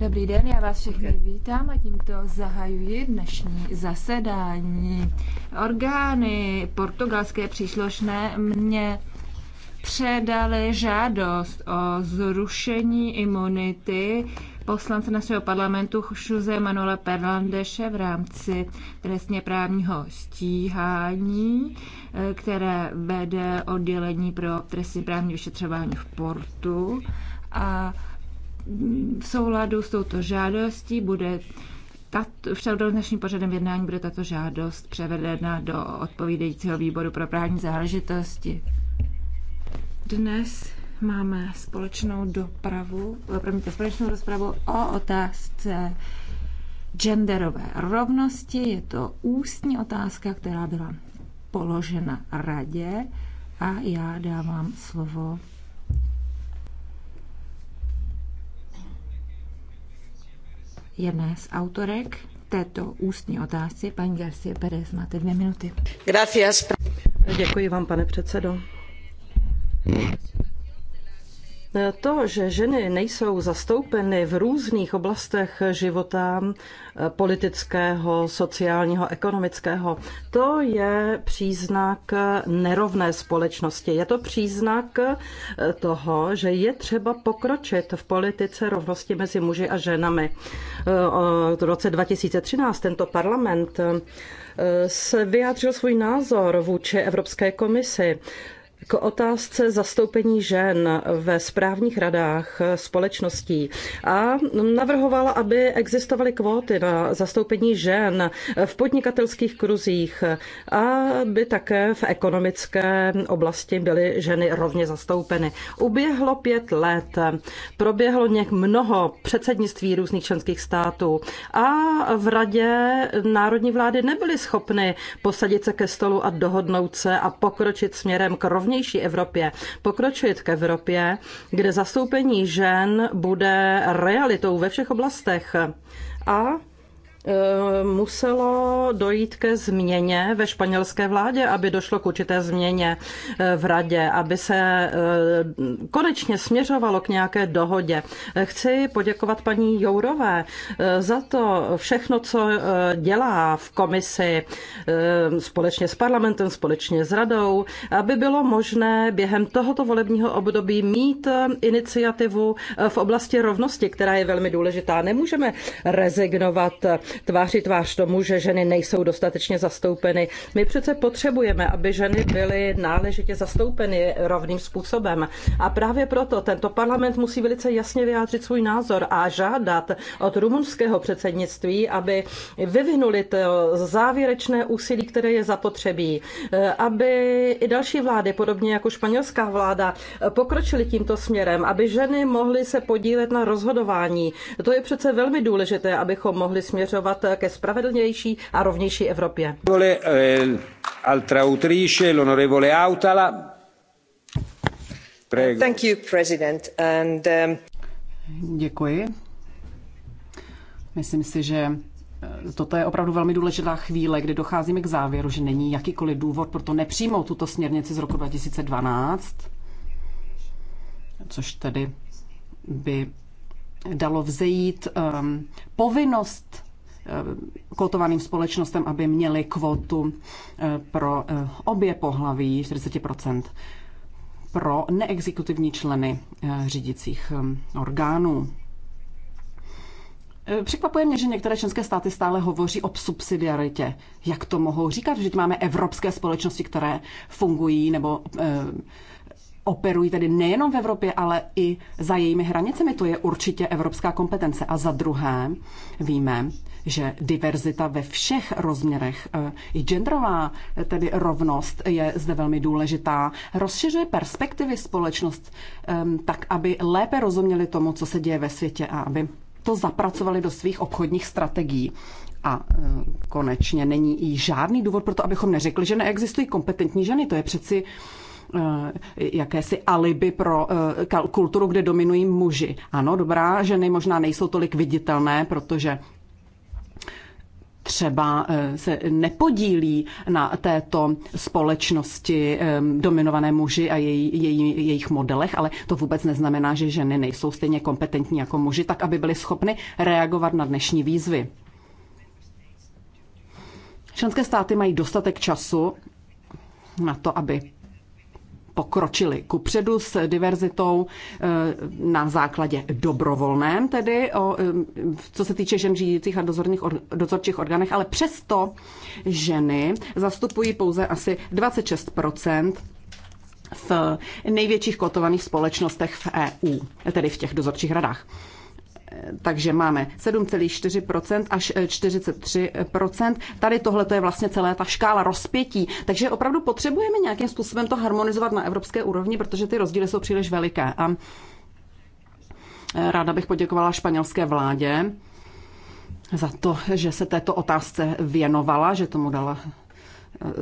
Dobrý den, já vás všechny vítám a tímto zahajuji dnešní zasedání. Orgány portugalské příslušné mě předali žádost o zrušení imunity poslance našeho parlamentu Jose Manuela Perlandeše v rámci trestně právního stíhání, eh, které vede oddělení pro trestně právní vyšetřování v Portu. A v souladu s touto žádostí bude tato, v souladu s pořadem jednání bude tato žádost převedena do odpovídajícího výboru pro právní záležitosti. Dnes máme společnou dopravu, eh, promiňte, společnou rozpravu o otázce genderové rovnosti. Je to ústní otázka, která byla položena radě a já dávám slovo jedné z autorek této ústní otázky, paní Garcia Pérez. Máte dvě minuty. Gracias. Děkuji vám, pane předsedo. To, že ženy nejsou zastoupeny v různých oblastech života eh, politického, sociálního, ekonomického, to je příznak nerovné společnosti. Je to příznak eh, toho, že je třeba pokročit v politice rovnosti mezi muži a ženami. Eh, v roce 2013 tento parlament se vyjádřil svůj názor vůči Evropské komisi k otázce zastoupení žen ve správních radách společností a navrhovala, aby existovaly kvóty na zastoupení žen v podnikatelských kruzích a by také v ekonomické oblasti byly ženy rovně zastoupeny. Uběhlo pět let, proběhlo něk mnoho předsednictví různých členských států a v radě národní vlády nebyly schopny posadit se ke stolu a dohodnout se a pokročit směrem k rovně silnější Evropě, pokročit k Evropě, kde zastoupení žen bude realitou ve všech oblastech. A Eh, muselo dojít ke změně ve španělské vládě, aby došlo k určité změně eh, v radě, aby se eh, konečně směřovalo k nějaké dohodě. Chci poděkovat paní Jourové za to všechno, co dělá v komisi společně s parlamentem, společně s radou, aby bylo možné během tohoto volebního období mít iniciativu v oblasti rovnosti, která je velmi důležitá. Nemůžeme rezignovat tváří tvář tomu, že ženy nejsou dostatečně zastoupeny. My přece potřebujeme, aby ženy byly náležitě zastoupeny rovným způsobem. A právě proto tento parlament musí velice jasně vyjádřit svůj názor a žádat od rumunského předsednictví, aby vyvinuli to závěrečné úsilí, které je zapotřebí, aby i další vlády, podobně jako španělská vláda, pokročily tímto směrem, aby ženy mohly se podílet na rozhodování. To je přece velmi důležité, abychom mohli směřovat směřovat ke spravedlnější a rovnější Evropě. Eh, altra autrice, l'onorevole Autala. Prego. Thank you, President. And, um... Děkuji. Myslím si, že eh, toto je opravdu velmi důležitá chvíle, kdy docházíme k závěru, že není jakýkoliv důvod pro to nepřijmout tuto směrnici z roku 2012, což tedy by dalo vzejít um, povinnost Eh, kotovaným společnostem, aby měli kvotu eh, pro eh, obě pohlaví 40% pro neexekutivní členy řídicích orgánů. Překvapuje mě, že některé členské státy stále hovoří o subsidiaritě. Jak to mohou říkat? Vždyť máme evropské společnosti, které fungují nebo operují tedy nejenom v Evropě, ale i za jejími hranicemi. To je určitě evropská kompetence. A za druhé víme, že diverzita ve všech rozměrech, e, i genderová e, tedy rovnost je zde velmi důležitá, rozšiřuje perspektivy společnost tak, aby lépe rozuměli tomu, co se děje ve světě a aby to zapracovali do svých obchodních strategií. A e, konečně není i žádný důvod pro to, abychom neřekli, že neexistují kompetentní ženy. To je přeci Eh, jakési alibi pro eh, kulturu, kde dominují muži. Ano, dobrá, ženy možná nejsou tolik viditelné, protože třeba eh, se nepodílí na této společnosti dominované muži a její, její, jejich modelech, ale to vůbec neznamená, že ženy nejsou stejně kompetentní jako muži, tak aby byly schopny reagovat na dnešní výzvy. Členské státy mají dostatek času na to, aby pokročili ku předu s diverzitou eh, na základě dobrovolném, tedy o, eh, co se týče žen řídících a dozorných, dozorčích orgánech, ale přesto ženy zastupují pouze asi 26 v největších kotovaných společnostech v EU, tedy v těch dozorčích radách takže máme 7,4% až 43%. Eh, Tady tohle je vlastně celá ta škála rozpětí. Takže opravdu potřebujeme nějakým způsobem to harmonizovat na evropské úrovni, protože ty rozdíly jsou příliš veliké. A eh, ráda bych poděkovala španělské vládě za to, že se této otázce věnovala, že tomu dala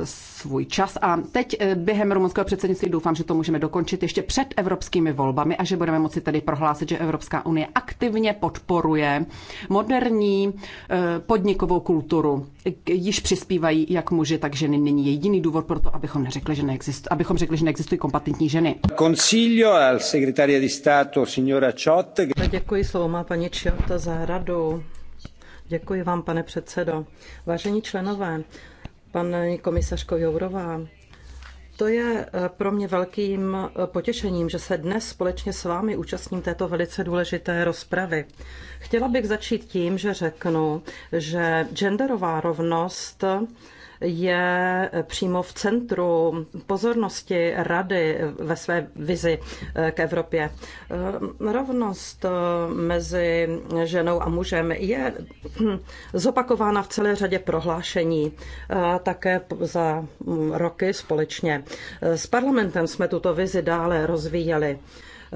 svůj čas. A teď eh, během rumunského předsednictví doufám, že to můžeme dokončit ještě před evropskými volbami a že budeme moci tedy prohlásit, že Evropská unie aktivně podporuje moderní eh, podnikovou kulturu. Již přispívají jak muži, tak ženy. Není jediný důvod pro to, abychom, neřekli, že neexist, abychom řekli, že neexistují kompatentní ženy. Consiglio al segretaria di Stato, signora Ciot. Děkuji, slovo má paní Ciot za radu. Děkuji vám, pane předsedo. Vážení členové, paní komisařko Jourová. To je eh, pro mě velkým eh, potěšením, že se dnes společně s vámi účastním této velice důležité rozpravy. Chtěla bych začít tím, že řeknu, že genderová rovnost je přímo v centru pozornosti rady ve své vizi eh, k Evropě. Eh, rovnost eh, mezi ženou a mužem je hm, zopakována v celé řadě prohlášení, také za hm, roky společně. S parlamentem jsme tuto vizi dále rozvíjeli.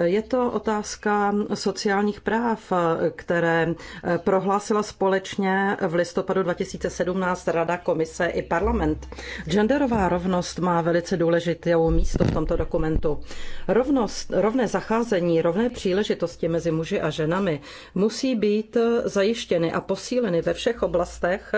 Je to otázka sociálních práv, které eh, prohlásila společně v listopadu 2017 Rada, Komise i parlament. Genderová rovnost má velice důležitou místo v tomto dokumentu. Rovnost, rovné zacházení, rovné příležitosti mezi muži a ženami musí být eh, zajištěny a posíleny ve všech oblastech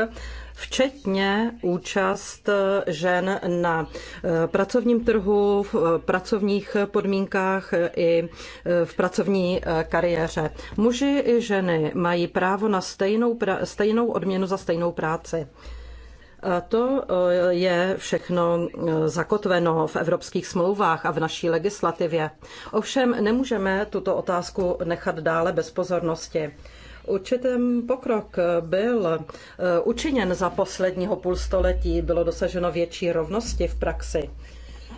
včetně účast žen na eh, pracovním trhu, v eh, pracovních podmínkách i eh, v pracovní kariéře. Muži i ženy mají právo na stejnou, stejnou odměnu za stejnou práci. A to je všechno zakotveno v evropských smlouvách a v naší legislativě. Ovšem nemůžeme tuto otázku nechat dále bez pozornosti určitý pokrok byl eh, učiněn za posledního půlstoletí, bylo dosaženo větší rovnosti v praxi.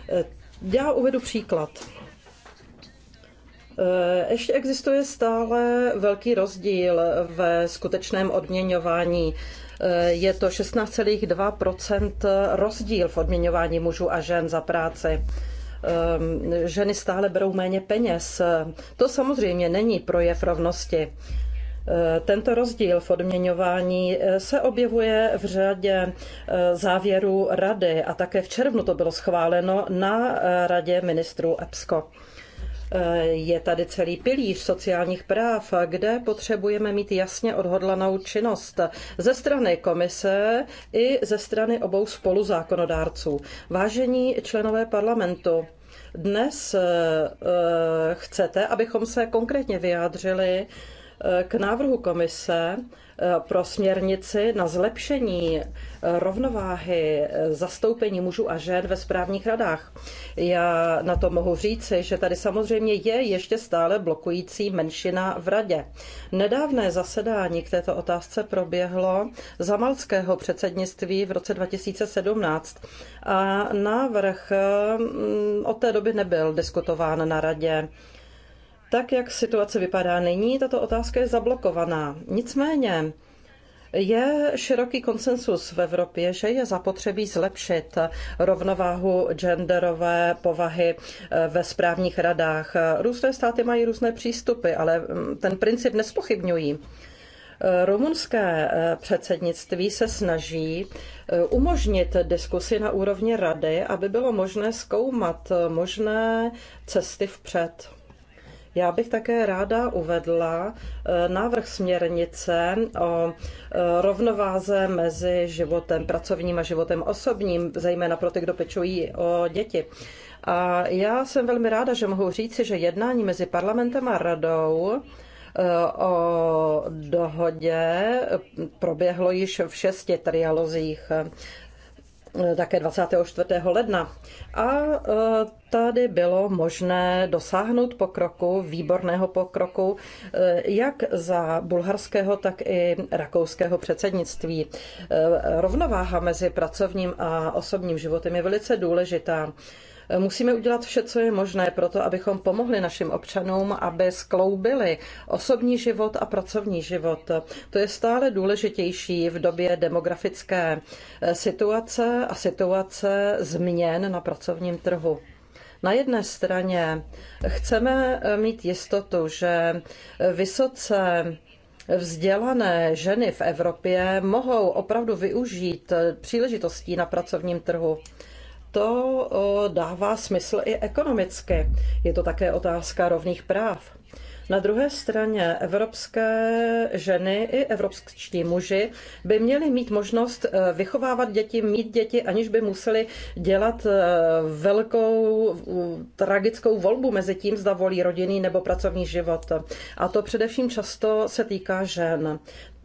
Eh, já uvedu příklad. Eh, ještě existuje stále velký rozdíl ve skutečném odměňování. Je to 16,2 rozdíl v odměňování mužů a žen za práci ehm, ženy stále berou méně peněz. To samozřejmě není projev rovnosti. Eh, tento rozdíl v odměňování eh, se objevuje v řadě eh, závěrů rady a také v červnu to bylo schváleno na radě ministrů EPSCO. Je tady celý pilíř sociálních práv, kde potřebujeme mít jasně odhodlanou činnost ze strany komise i ze strany obou spoluzákonodárců. Vážení členové parlamentu, dnes chcete, abychom se konkrétně vyjádřili Eh, k návrhu komise eh, pro směrnici na zlepšení eh, rovnováhy zastoupení mužů a žen ve správních radách. Já na to mohu říci, že tady samozřejmě je ještě stále blokující menšina v radě. Nedávné zasedání k této otázce proběhlo za malckého předsednictví v roce 2017 a návrh od té doby nebyl diskutován na radě. Tak, jak situace vypadá nyní, tato otázka je zablokovaná. Nicméně je široký konsensus v Evropě, že je zapotřebí zlepšit rovnováhu genderové povahy eh, ve správních radách. Různé státy mají různé přístupy, ale mm, ten princip nespochybňují. Eh, rumunské eh, předsednictví se snaží umožnit diskusi na úrovni rady, aby bylo možné zkoumat možné cesty vpřed. Já bych také ráda uvedla eh, návrh směrnice o eh, rovnováze mezi životem pracovním a životem osobním, zejména pro ty, kdo pečují o děti. A já jsem velmi ráda, že mohu říci, že jednání mezi parlamentem a radou eh, o dohodě proběhlo již v šesti trialozích Eh, také 24. ledna. A eh, tady bylo možné dosáhnout pokroku, výborného pokroku, eh, jak za bulharského, tak i rakouského předsednictví. Rovnováha mezi pracovním a osobním životem je velice důležitá. Musíme udělat vše, co je možné pro to, abychom pomohli našim občanům, aby skloubili osobní život a pracovní život. To je stále důležitější v době demografické eh, situace a situace změn na pracovním trhu. Na jedné straně chceme eh, mít jistotu, že eh, vysoce vzdělané ženy v Evropě mohou opravdu využít příležitostí na pracovním trhu to dává smysl i ekonomicky. Je to také otázka rovných práv. Na druhé straně evropské ženy i evropskí muži by měli mít možnost e, vychovávat děti, mít děti, aniž by museli dělat e, velkou tragickou volbu mezi tím, zda volí rodinný nebo pracovní život. A to především často se týká žen.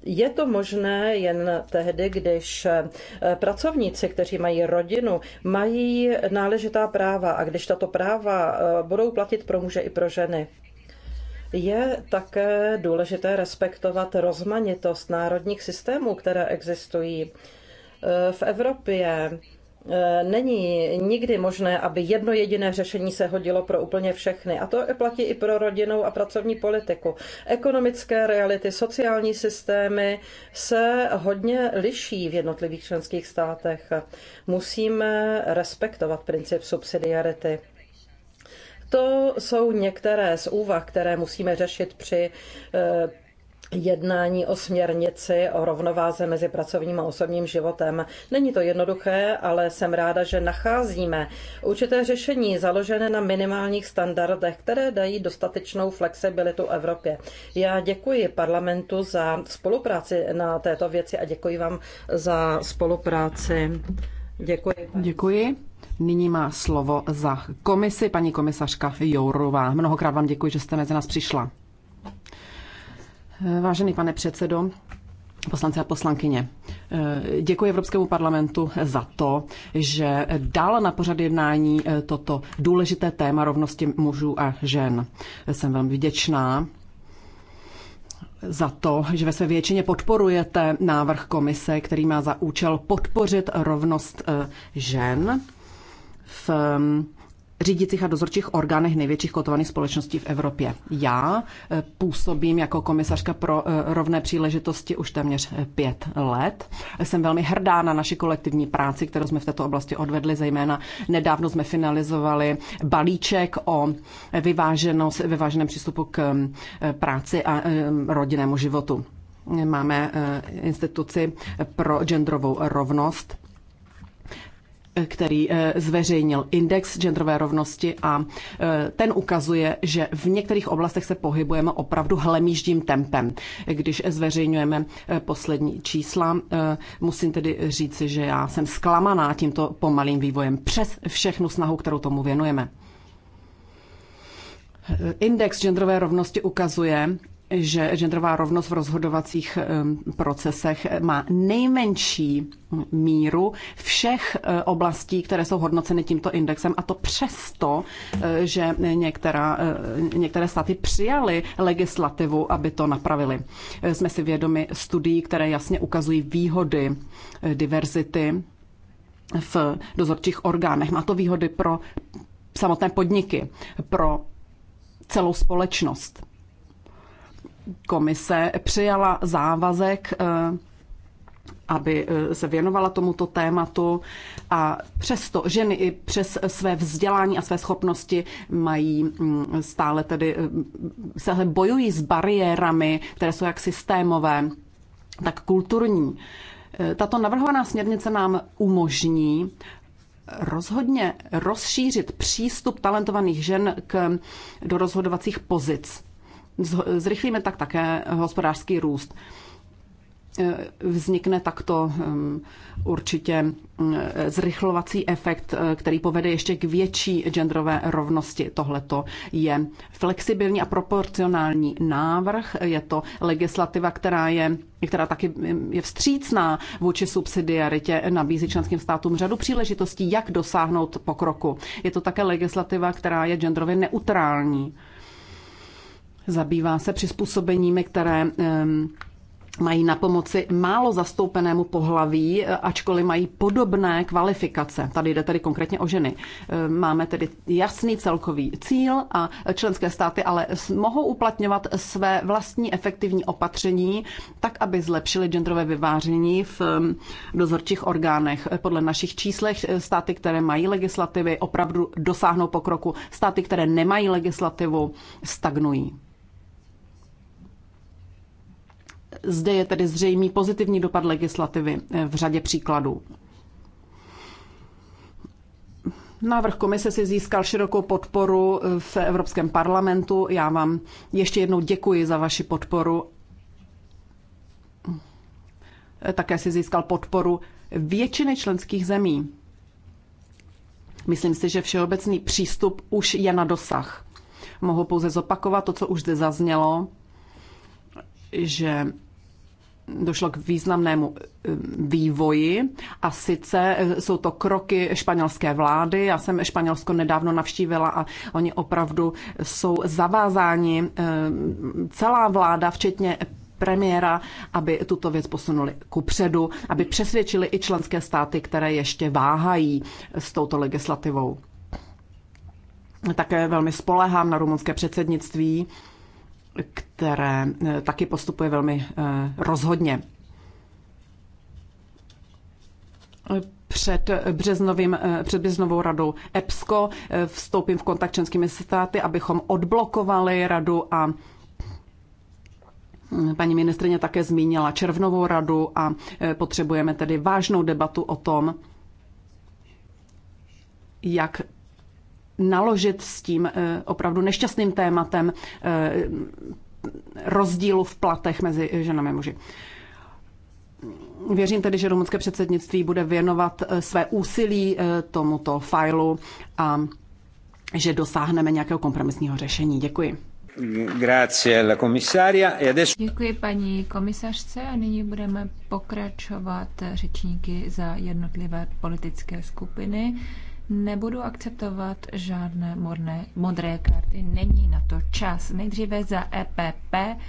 Je to možné jen tehdy, když eh, pracovníci, kteří mají rodinu, mají náležitá práva a když tato práva eh, budou platit pro muže i pro ženy. Je také důležité respektovat rozmanitost národních systémů, které existují eh, v Evropě Eh, není nikdy možné, aby jedno jediné řešení se hodilo pro úplně všechny. A to platí i pro rodinnou a pracovní politiku. Ekonomické reality, sociální systémy se hodně liší v jednotlivých členských státech. Musíme respektovat princip subsidiarity. To jsou některé z úvah, které musíme řešit při eh, jednání o směrnici o rovnováze mezi pracovním a osobním životem. Není to jednoduché, ale jsem ráda, že nacházíme určité řešení založené na minimálních standardech, které dají dostatečnou flexibilitu Evropě. Já děkuji parlamentu za spolupráci na této věci a děkuji vám za spolupráci. Děkuji. Děkuji. Nyní má slovo za komisi paní komisařka Jourová. Mnohokrát vám děkuji, že jste mezi nás přišla. Vážený pane předsedo, poslanci a poslankyně. Eh, děkuji Evropskému parlamentu za to, že dal na pořad jednání eh, toto důležité téma rovnosti mužů a žen. Jsem velmi vděčná za to, že ve své většině podporujete návrh komise, který má za účel podpořit rovnost eh, žen v řídících a dozorčích orgánech největších kotovaných společností v Evropě. Já eh, působím jako komisařka pro eh, rovné příležitosti už téměř eh, pět let. Jsem velmi hrdá na naši kolektivní práci, kterou jsme v této oblasti odvedli, zejména nedávno jsme finalizovali balíček o vyváženost, vyváženém přístupu k práci a rodinnému životu. Máme instituci pro genderovou rovnost který eh, zveřejnil index genderové rovnosti a eh, ten ukazuje, že v některých oblastech se pohybujeme opravdu hlemíždím tempem. Když zveřejňujeme eh, poslední čísla, musím tedy říci, že já jsem zklamaná tímto pomalým vývojem přes všechnu snahu, kterou tomu věnujeme. Index genderové rovnosti ukazuje, že genderová rovnost v rozhodovacích procesech má nejmenší míru všech e, oblastí, které jsou hodnoceny tímto indexem a to přesto, e, že některá, e, některé státy přijaly legislativu, aby to napravili. Jsme si vědomi studií, které jasně ukazují výhody diverzity v dozorčích orgánech. Má to výhody pro samotné podniky, pro celou společnost komise přijala závazek, eh, aby eh, se věnovala tomuto tématu a přesto ženy i přes své vzdělání a své schopnosti mají mm, stále tedy, eh, se bojují s bariérami, které jsou jak systémové, tak kulturní. Tato navrhovaná směrnice nám umožní rozhodně rozšířit přístup talentovaných žen k, do rozhodovacích pozic zrychlíme tak také hospodářský růst. E, vznikne takto určitě e, zrychlovací efekt, e, který povede ještě k větší genderové rovnosti. Tohleto je flexibilní a proporcionální návrh. Je to legislativa, která je která taky je vstřícná vůči subsidiaritě, nabízí členským státům řadu příležitostí, jak dosáhnout pokroku. Je to také legislativa, která je genderově neutrální Zabývá se přizpůsobeními, které mají na pomoci málo zastoupenému pohlaví, e, ačkoliv mají podobné kvalifikace. Tady jde tedy konkrétně o ženy. Máme tedy jasný celkový cíl a členské státy ale mohou uplatňovat své vlastní efektivní opatření tak, aby zlepšili genderové vyvážení v dozorčích orgánech. Podle našich číslech e, státy, které mají legislativy, opravdu dosáhnou pokroku. Státy, které nemají legislativu, stagnují. Zde je tedy zřejmý pozitivní dopad legislativy eh, v řadě příkladů. Návrh komise si získal širokou podporu eh, v Evropském parlamentu. Já vám ještě jednou děkuji za vaši podporu. Eh, také si získal podporu většiny členských zemí. Myslím si, že všeobecný přístup už je na dosah. Mohu pouze zopakovat to, co už zde zaznělo, že došlo k významnému eh, vývoji a sice eh, jsou to kroky španělské vlády. Já jsem Španělsko nedávno navštívila a oni opravdu jsou zavázáni, eh, celá vláda, včetně premiéra, aby tuto věc posunuli ku předu, aby přesvědčili i členské státy, které ještě váhají s touto legislativou. Také velmi spolehám na rumunské předsednictví, k které eh, taky postupuje velmi eh, rozhodně. Před, březnovým, eh, před březnovou radou EPSCO vstoupím v kontakt členskými státy, abychom odblokovali radu a hm, Paní ministrině také zmínila červnovou radu a potřebujeme tedy vážnou debatu o tom, jak naložit s tím opravdu nešťastným tématem rozdílu v platech mezi ženami a muži. Věřím tedy, že rumunské předsednictví bude věnovat eh, své úsilí eh, tomuto failu a že dosáhneme nějakého kompromisního řešení. Děkuji. E Děkuji paní komisařce a nyní budeme pokračovat eh, řečníky za jednotlivé politické skupiny nebudu akceptovat žádné modré, modré karty. Není na to čas. Nejdříve za EPP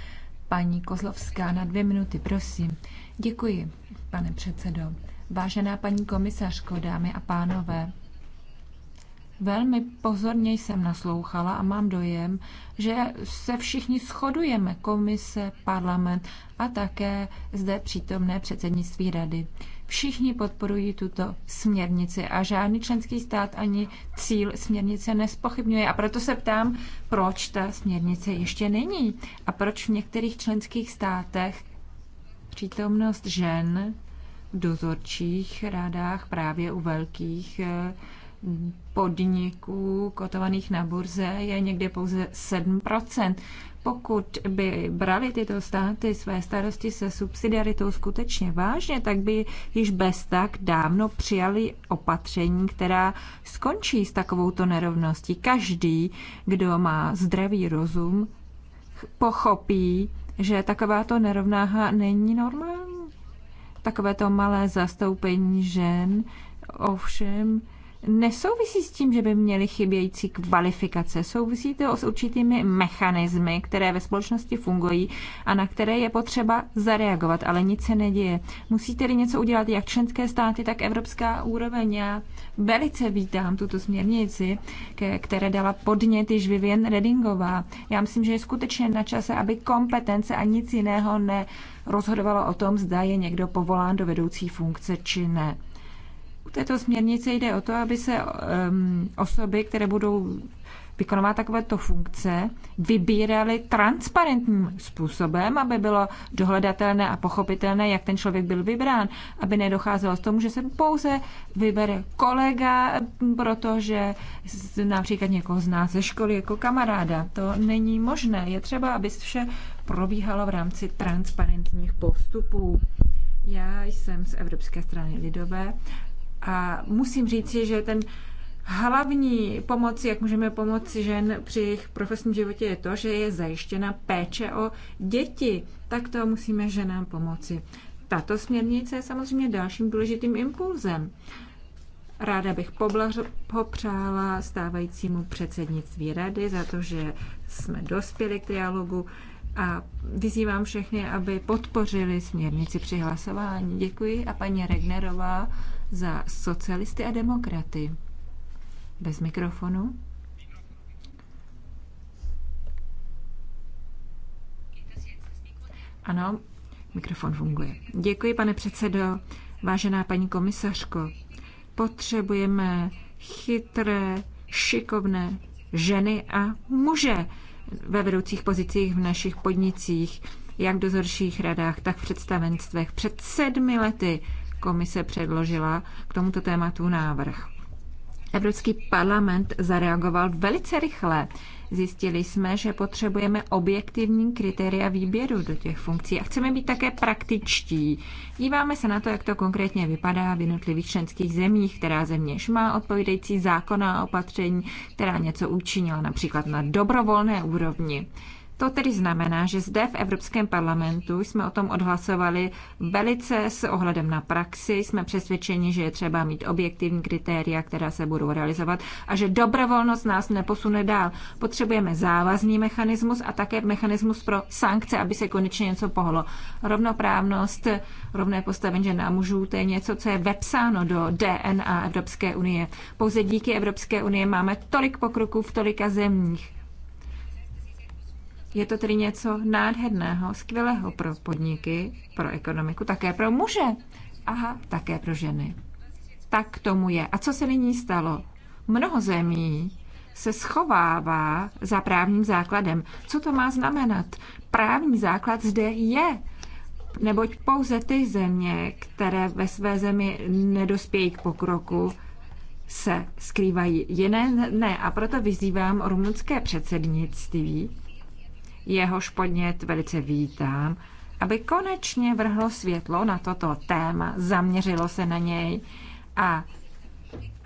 paní Kozlovská na dvě minuty, prosím. Děkuji, pane předsedo. Vážená paní komisařko, dámy a pánové, Velmi pozorně jsem naslouchala a mám dojem, že se všichni shodujeme, komise, parlament a také zde přítomné předsednictví rady. Všichni podporují tuto směrnici a žádný členský stát ani cíl směrnice nespochybňuje. A proto se ptám, proč ta směrnice ještě není a proč v některých členských státech přítomnost žen v dozorčích radách právě u velkých eh, podniků kotovaných na burze je někde pouze 7 pokud by brali tyto státy své starosti se subsidiaritou skutečně vážně, tak by již bez tak dávno přijali opatření, která skončí s takovouto nerovností. Každý, kdo má zdravý rozum, pochopí, že takováto nerovnáha není normální. Takovéto malé zastoupení žen ovšem nesouvisí s tím, že by měly chybějící kvalifikace. Souvisí to s určitými mechanismy, které ve společnosti fungují a na které je potřeba zareagovat, ale nic se neděje. Musí tedy něco udělat jak členské státy, tak evropská úroveň. Já velice vítám tuto směrnici, které dala podnět již Vivien Redingová. Já myslím, že je skutečně na čase, aby kompetence a nic jiného ne rozhodovalo o tom, zda je někdo povolán do vedoucí funkce či ne. U této směrnice jde o to, aby se um, osoby, které budou vykonovat takovéto funkce, vybírali transparentním způsobem, aby bylo dohledatelné a pochopitelné, jak ten člověk byl vybrán, aby nedocházelo k tomu, že se pouze vybere kolega, protože například někoho zná ze školy jako kamaráda. To není možné. Je třeba, aby vše probíhalo v rámci transparentních postupů. Já jsem z Evropské strany lidové a musím říci, že ten hlavní pomoc, jak můžeme pomoci žen při jejich profesním životě, je to, že je zajištěna péče o děti. Tak to musíme ženám pomoci. Tato směrnice je samozřejmě dalším důležitým impulzem. Ráda bych popřála stávajícímu předsednictví rady za to, že jsme dospěli k dialogu a vyzývám všechny, aby podpořili směrnici při hlasování. Děkuji a paní Regnerová za socialisty a demokraty. Bez mikrofonu. Ano, mikrofon funguje. Děkuji, pane předsedo. Vážená paní komisařko, potřebujeme chytré, šikovné ženy a muže ve vedoucích pozicích v našich podnicích, jak v dozorčích radách, tak v představenstvech. Před sedmi lety komise předložila k tomuto tématu návrh. Evropský parlament zareagoval velice rychle. Zjistili jsme, že potřebujeme objektivní kritéria výběru do těch funkcí a chceme být také praktičtí. Díváme se na to, jak to konkrétně vypadá v jednotlivých členských zemích, která zeměž má odpovídající zákonná opatření, která něco učinila například na dobrovolné úrovni. To tedy znamená, že zde v Evropském parlamentu jsme o tom odhlasovali velice s ohledem na praxi. Jsme přesvědčeni, že je třeba mít objektivní kritéria, která se budou realizovat a že dobrovolnost nás neposune dál. Potřebujeme závazný mechanismus a také mechanismus pro sankce, aby se konečně něco pohlo. Rovnoprávnost, rovné postavení žen a mužů, to je něco, co je vepsáno do DNA Evropské unie. Pouze díky Evropské unie máme tolik pokroků v tolika zemích je to tedy něco nádherného, skvělého pro podniky, pro ekonomiku, také pro muže aha, také pro ženy. Tak tomu je. A co se nyní stalo? Mnoho zemí se schovává za právním základem. Co to má znamenat? Právní základ zde je neboť pouze ty země, které ve své zemi nedospějí k pokroku, se skrývají jiné ne. A proto vyzývám rumunské předsednictví, jehož podnět velice vítám, aby konečně vrhlo světlo na toto téma, zaměřilo se na něj a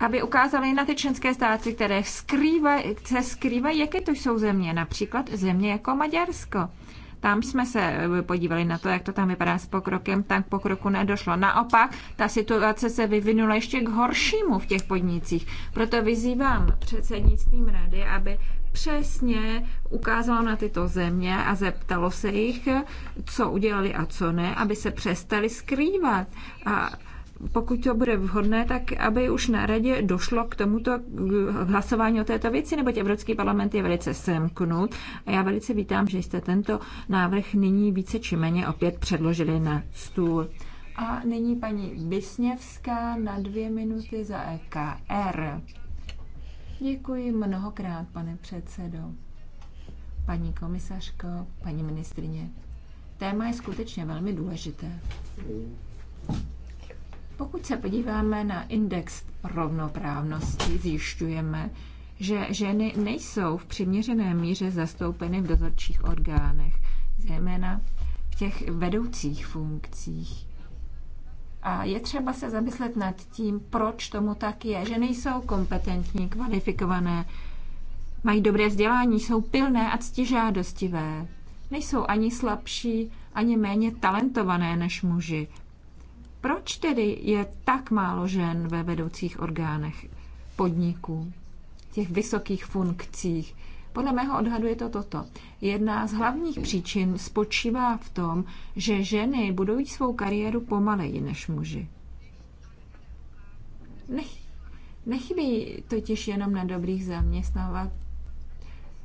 aby ukázali na ty členské státy, které skrývaj, se skrývají, jaké to jsou země, například země jako Maďarsko. Tam jsme se eh, podívali na to, jak to tam vypadá s pokrokem, tam k pokroku nedošlo. Naopak, ta situace se vyvinula ještě k horšímu v těch podnicích. Proto vyzývám předsednictvím rady, aby přesně ukázalo na tyto země a zeptalo se jich, co udělali a co ne, aby se přestali skrývat. A pokud to bude vhodné, tak aby už na radě došlo k tomuto hlasování o této věci, neboť Evropský parlament je velice semknut a já velice vítám, že jste tento návrh nyní více či méně opět předložili na stůl. A nyní paní Bisněvská na dvě minuty za EKR. Děkuji mnohokrát, pane předsedo. Paní komisařko, paní ministrině, téma je skutečně velmi důležité. Pokud se podíváme na index rovnoprávnosti, zjišťujeme, že ženy nejsou v přiměřené míře zastoupeny v dozorčích orgánech, zejména v těch vedoucích funkcích. A je třeba se zamyslet nad tím, proč tomu tak je, že nejsou kompetentní, kvalifikované, mají dobré vzdělání, jsou pilné a ctižádostivé. Nejsou ani slabší, ani méně talentované než muži. Proč tedy je tak málo žen ve vedoucích orgánech podniků, těch vysokých funkcích? Podle mého odhadu je to toto. Jedna z hlavních příčin spočívá v tom, že ženy budují svou kariéru pomaleji než muži. Nech, nechybí totiž jenom na dobrých zaměstnávat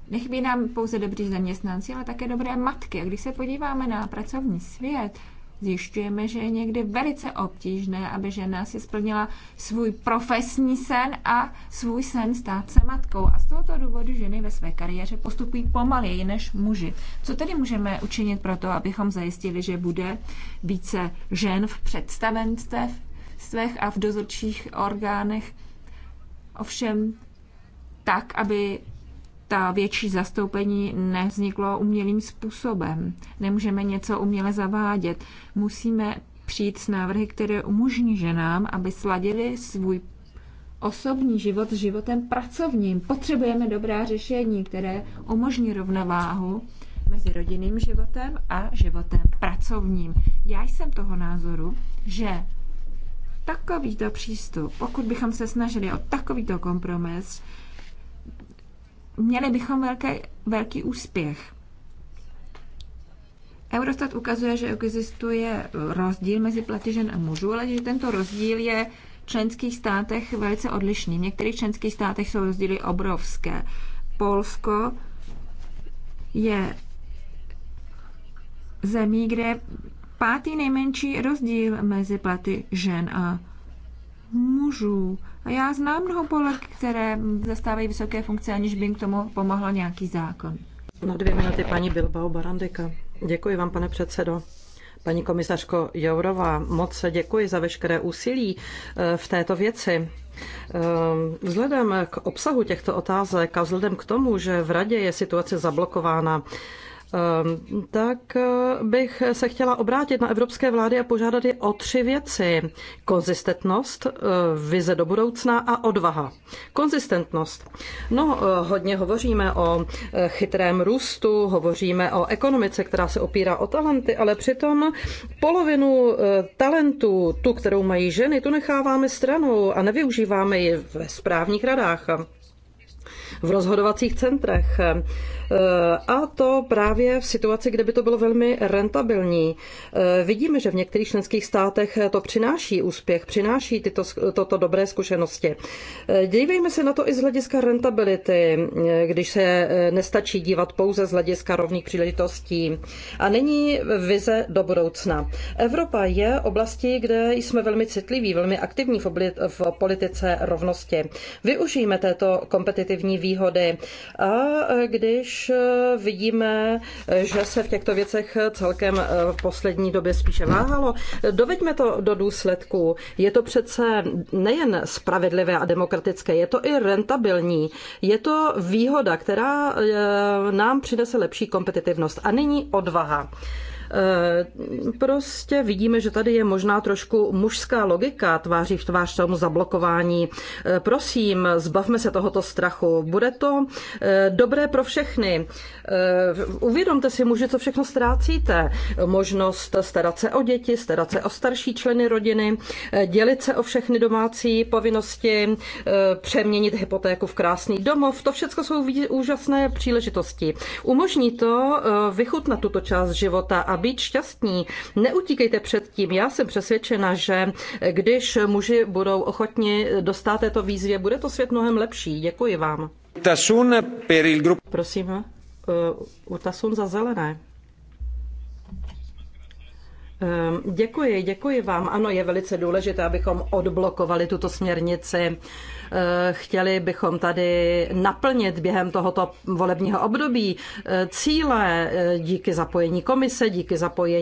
Nechybí nám pouze dobrý zaměstnanci, ale také dobré matky. A když se podíváme na pracovní svět, zjišťujeme, že je někdy velice obtížné, aby žena si splnila svůj profesní sen a svůj sen stát se matkou. A z tohoto důvodu ženy ve své kariéře postupují pomaleji než muži. Co tedy můžeme učinit pro to, abychom zajistili, že bude více žen v představenstvech a v dozorčích orgánech? Ovšem tak, aby ta větší zastoupení nevzniklo umělým způsobem. Nemůžeme něco uměle zavádět. Musíme přijít s návrhy, které umožní ženám, aby sladili svůj osobní život s životem pracovním. Potřebujeme dobrá řešení, které umožní rovnováhu mezi rodinným životem a životem pracovním. Já jsem toho názoru, že takovýto přístup, pokud bychom se snažili o takovýto kompromis, měli bychom velké, velký úspěch. Eurostat ukazuje, že existuje rozdíl mezi platy žen a mužů, ale že tento rozdíl je v členských státech velice odlišný. V některých členských státech jsou rozdíly obrovské. Polsko je zemí, kde je pátý nejmenší rozdíl mezi platy žen a mužů. A já znám mnoho polek, které zastávají vysoké funkce, aniž by jim k tomu pomohl nějaký zákon. Na dvě minuty paní Bilbao Barandika. Děkuji vám, pane předsedo. Paní komisařko Jourová, moc děkuji za veškeré úsilí eh, v této věci. Eh, vzhledem k obsahu těchto otázek a vzhledem k tomu, že v Radě je situace zablokována, Ehm, tak eh, bych se chtěla obrátit na evropské vlády a požádat je o tři věci. Konzistentnost, eh, vize do budoucna a odvaha. Konzistentnost. No, eh, hodně hovoříme o chytrém růstu, hovoříme o ekonomice, která se opírá o talenty, ale přitom polovinu talentů, tu, kterou mají ženy, tu necháváme stranou a nevyužíváme ji ve správních radách v rozhodovacích centrech. A to právě v situaci, kde by to bylo velmi rentabilní. E, vidíme, že v některých členských státech to přináší úspěch, přináší tyto, toto dobré zkušenosti. E, dívejme se na to i z hlediska rentability, e, když se nestačí dívat pouze z hlediska rovných příležitostí. A není vize do budoucna. Evropa je oblastí, kde jsme velmi citliví, velmi aktivní v politice rovnosti. Využijeme této kompetitivní výhody. A když Eh, vidíme, eh, že se v těchto věcech eh, celkem v poslední době spíše váhalo. Doveďme to do důsledku? Je to přece nejen spravedlivé a demokratické, je to i rentabilní. Je to výhoda, která nám přinese lepší kompetitivnost. A nyní odvaha. Eh, prostě vidíme, že tady je možná trošku mužská logika tváří v tvář tomu zablokování. Eh, prosím, zbavme se tohoto strachu. Bude to eh, dobré pro všechny. Uvědomte si muži, co všechno ztrácíte. Možnost starat se o děti, starat se o starší členy rodiny, dělit se o všechny domácí povinnosti, přeměnit hypotéku v krásný domov. To všechno jsou úžasné příležitosti. Umožní to vychutnat tuto část života a být šťastní. Neutíkejte před tím. Já jsem přesvědčena, že když muži budou ochotni dostat této výzvě, bude to svět mnohem lepší. Děkuji vám. Tasun per il grup... Prosím, eh, Tasun za zelené. Eh, děkuji, děkuji vám. Ano, je velice důležité, abychom odblokovali tuto směrnici Eh, chtěli bychom tady naplnit během tohoto volebního období eh, cíle eh, díky zapojení komise, díky zapojení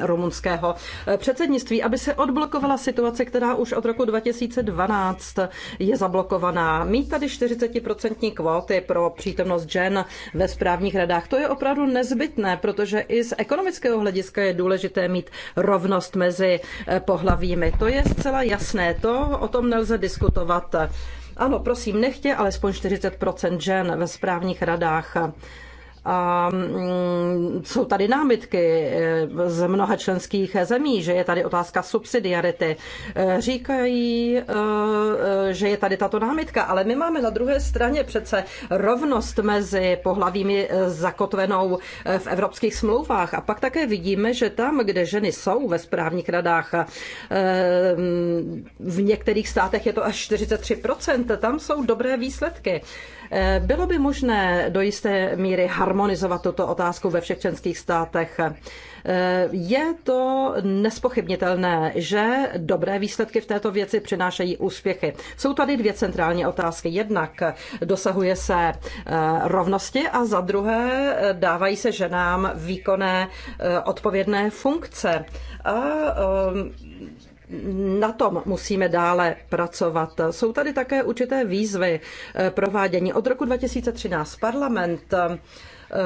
rumunského předsednictví, aby se odblokovala situace, která už od roku 2012 je zablokovaná. Mít tady 40% kvóty pro přítomnost žen ve správních radách, to je opravdu nezbytné, protože i z ekonomického hlediska je důležité mít rovnost mezi pohlavími. To je zcela jasné, to o tom nelze diskutovat diskutovat. Ano, prosím, nechtě alespoň 40 žen ve správních radách. A mm, jsou tady námitky eh, z mnoha členských zemí, že je tady otázka subsidiarity. Eh, říkají, eh, že je tady tato námitka, ale my máme na druhé straně přece rovnost mezi pohlavími zakotvenou v evropských smlouvách. A pak také vidíme, že tam, kde ženy jsou ve správních radách, mm, v některých státech je to až 43%, tam jsou dobré výsledky. Bylo by možné do jisté míry harmonizovat tuto otázku ve všech členských státech. Je to nespochybnitelné, že dobré výsledky v této věci přinášejí úspěchy. Jsou tady dvě centrální otázky. Jednak dosahuje se eh, rovnosti a za druhé eh, dávají se ženám výkonné eh, odpovědné funkce. A ehm, na tom musíme dále pracovat. Jsou tady také určité výzvy eh, provádění. Od roku 2013 parlament eh, eh,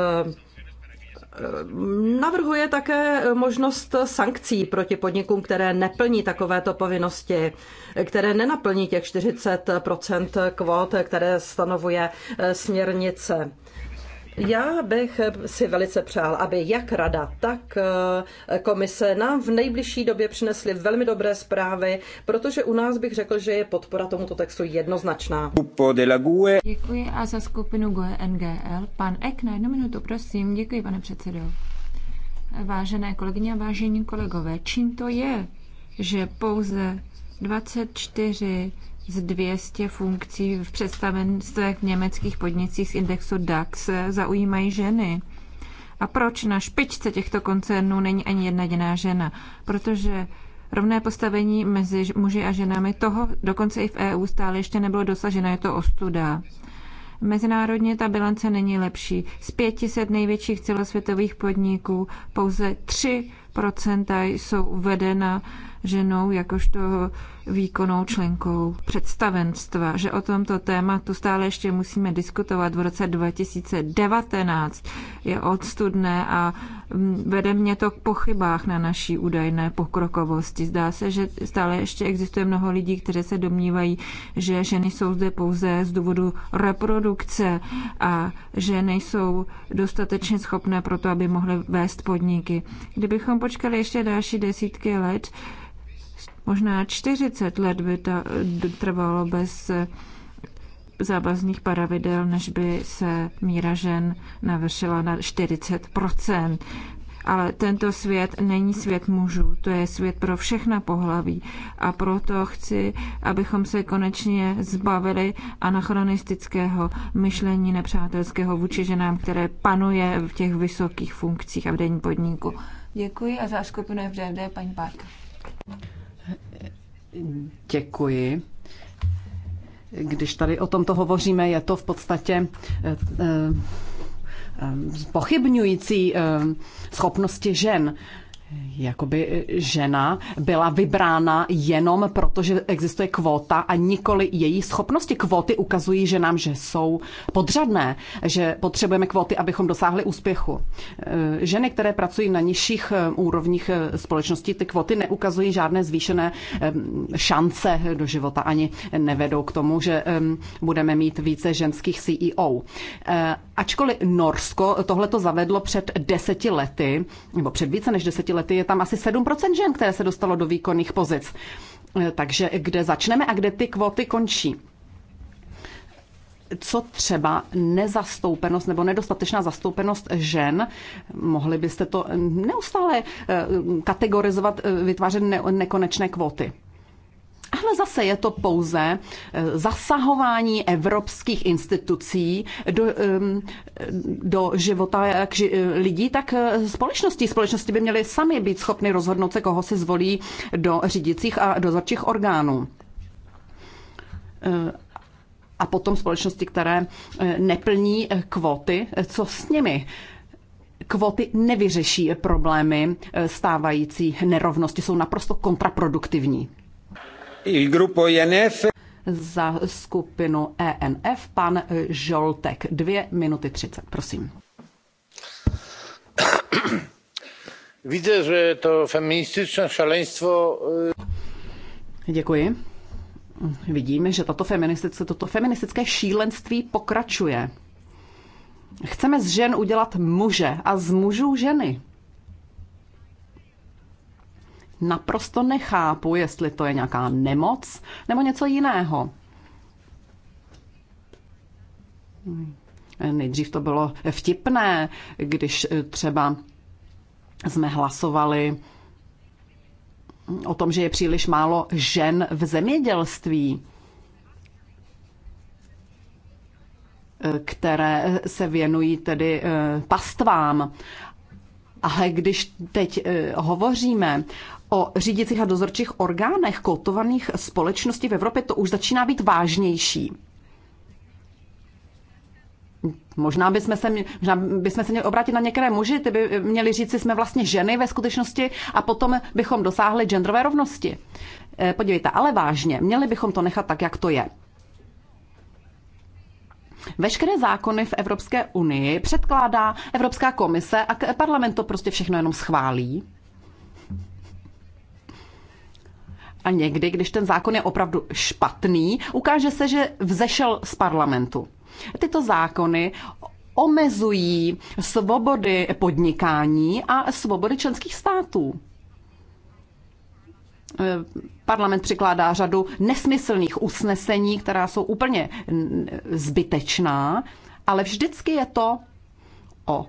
navrhuje také možnost sankcí proti podnikům, které neplní takovéto povinnosti, které nenaplní těch 40 kvót, které stanovuje směrnice. Já bych si velice přál, aby jak rada, tak eh, komise nám v nejbližší době přinesly velmi dobré zprávy, protože u nás bych řekl, že je podpora tomuto textu jednoznačná. E. Děkuji a za skupinu GUE NGL. Pan Ek, na jednu minutu, prosím. Děkuji, pane předsedo. Vážené kolegyně a vážení kolegové, čím to je, že pouze 24 z 200 funkcí v představenstvech v německých podnicích z indexu DAX eh, zaujímají ženy. A proč na špičce těchto koncernů není ani jedna jediná žena? Protože rovné postavení mezi muži a ženami, toho dokonce i v EU stále ještě nebylo dosaženo, je to ostuda. Mezinárodně ta bilance není lepší. Z 500 největších celosvětových podniků pouze 3% jsou uvedena ženou jakožto výkonnou členkou představenstva, že o tomto tématu stále ještě musíme diskutovat v roce 2019. Je odstudné a mm, vede mě to k pochybách na naší údajné pokrokovosti. Zdá se, že stále ještě existuje mnoho lidí, kteří se domnívají, že ženy jsou zde pouze z důvodu reprodukce a že nejsou dostatečně schopné pro to, aby mohly vést podniky. Kdybychom počkali ještě další desítky let, Možná 40 let by to trvalo bez eh, závazných paravidel, než by se míra žen navršila na 40 ale tento svět není svět mužů, to je svět pro všechna pohlaví. A proto chci, abychom se konečně zbavili anachronistického myšlení nepřátelského vůči ženám, které panuje v těch vysokých funkcích a v denní podniku. Děkuji a za skupinu FDD paní Park. Děkuji. Když tady o tomto hovoříme, je to v podstatě eh, eh, eh, pochybňující schopnosti žen jakoby žena byla vybrána jenom proto, že existuje kvóta a nikoli její schopnosti. Kvóty ukazují ženám, že jsou podřadné, že potřebujeme kvóty, abychom dosáhli úspěchu. Eh, ženy, které pracují na nižších eh, úrovních eh, společnosti, ty kvóty neukazují žádné zvýšené šance do života, ani nevedou k tomu, že budeme mít více ženských CEO. Ačkoliv Norsko tohleto zavedlo před deseti lety, nebo před více než deseti lety, lety je tam asi 7% žen, které se dostalo do výkonných pozic. Eh, takže kde začneme a kde ty kvóty končí? co třeba nezastoupenost nebo nedostatečná zastoupenost žen, mohli byste to neustále eh, kategorizovat, eh, vytvářet ne- nekonečné kvóty. Ale zase je to pouze eh, zasahování evropských institucí do, ehm, do života jak lidí, tak eh, společnosti. Společnosti by měly sami být schopny rozhodnout se, koho si zvolí do řídicích a dozorčích orgánů. Eh, a potom společnosti, které neplní kvóty, co s nimi? Kvóty nevyřeší problémy stávající nerovnosti, jsou naprosto kontraproduktivní. Za skupinu ENF pan Žoltek. Dvě minuty třicet, prosím. Widzę, że to eh, Děkuji. Vidíme, že tato feministické, toto feministické šílenství pokračuje. Chceme z žen udělat muže a z mužů ženy naprosto nechápu, jestli to je nějaká nemoc nebo něco jiného. Nejdřív to bylo vtipné, když třeba jsme hlasovali o tom, že je příliš málo žen v zemědělství, které se věnují tedy eh, pastvám. Ale když teď eh, hovoříme o řídicích a dozorčích orgánech kotovaných společností v Evropě, to už začíná být vážnější. Možná bychom se, možná bychom se měli obrátit na některé muži, ty by měli říct, že jsme vlastně ženy ve skutečnosti a potom bychom dosáhli genderové rovnosti. E, podívejte, ale vážně, měli bychom to nechat tak, jak to je. Veškeré zákony v Evropské unii předkládá Evropská komise a parlament to prostě všechno jenom schválí. A někdy, když ten zákon je opravdu špatný, ukáže se, že vzešel z parlamentu. Tyto zákony omezují svobody podnikání a svobody členských států. Eh, parlament přikládá řadu nesmyslných usnesení, která jsou úplně zbytečná, ale vždycky je to o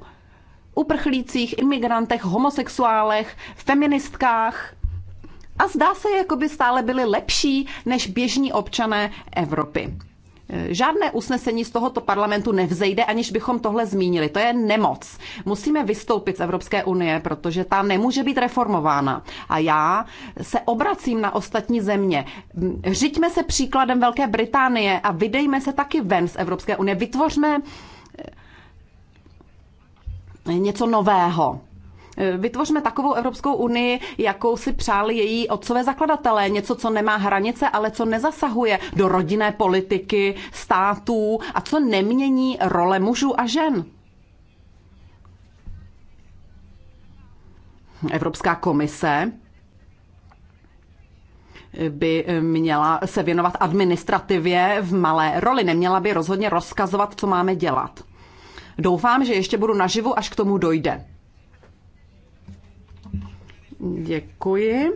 uprchlících, imigrantech, homosexuálech, feministkách a zdá se, jako by stále byli lepší než běžní občané Evropy. E, žádné usnesení z tohoto parlamentu nevzejde, aniž bychom tohle zmínili. To je nemoc. Musíme vystoupit z Evropské unie, protože ta nemůže být reformována. A já se obracím na ostatní země. Řiďme se příkladem Velké Británie a vydejme se taky ven z Evropské unie. Vytvořme e, něco nového. Vytvořme takovou Evropskou unii, jakou si přáli její otcové zakladatelé. Něco, co nemá hranice, ale co nezasahuje do rodinné politiky, států a co nemění role mužů a žen. Evropská komise by měla se věnovat administrativě v malé roli. Neměla by rozhodně rozkazovat, co máme dělat. Doufám, že ještě budu naživu, až k tomu dojde. Děkuji.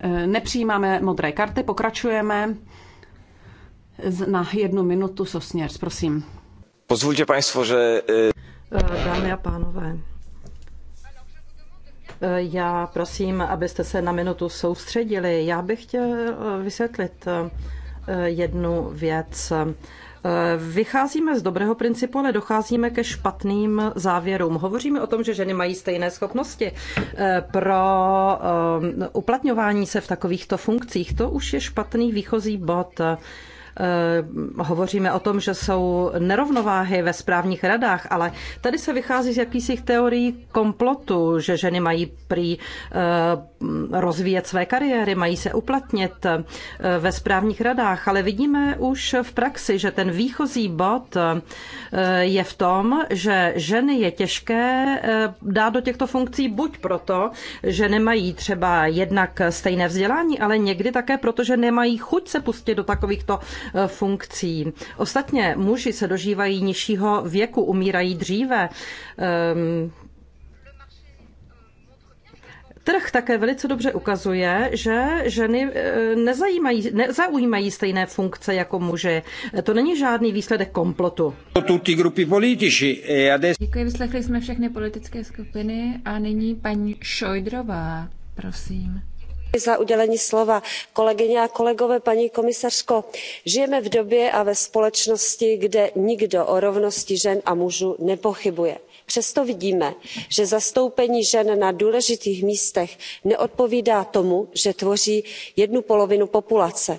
E, nepřijímáme modré karty, pokračujeme na jednu minutu Sosněř, prosím. Pozwólcie Państwo, že e, e, Dámy a pánové, já prosím, abyste se na minutu soustředili. Já bych chtěl vysvětlit jednu věc. Vycházíme z dobrého principu, ale docházíme ke špatným závěrům. Hovoříme o tom, že ženy mají stejné schopnosti eh, pro eh, uplatňování se v takovýchto funkcích. To už je špatný výchozí bod. Eh, hovoříme o tom, že jsou nerovnováhy ve správních radách, ale tady se vychází z jakýsi teorií komplotu, že ženy mají prý eh, rozvíjet své kariéry, mají se uplatnit eh, ve správních radách, ale vidíme už v praxi, že ten výchozí bod je v tom, že ženy je těžké dát do těchto funkcí buď proto, že nemají třeba jednak stejné vzdělání, ale někdy také proto, že nemají chuť se pustit do takovýchto Eh, funkcí. Ostatně muži se dožívají nižšího věku, umírají dříve. Ehm, trh také velice dobře ukazuje, že ženy eh, nezajímají, nezaujímají stejné funkce jako muži. To není žádný výsledek komplotu. Eh, Děkuji, vyslechli jsme všechny politické skupiny a nyní paní Šojdrová, prosím kolegyně a kolegové paní komisařko žijeme v době a ve společnosti kde nikdo o rovnosti žen a mužů nepochybuje. přesto vidíme že zastoupení žen na důležitých místech neodpovídá tomu že tvoří jednu polovinu populace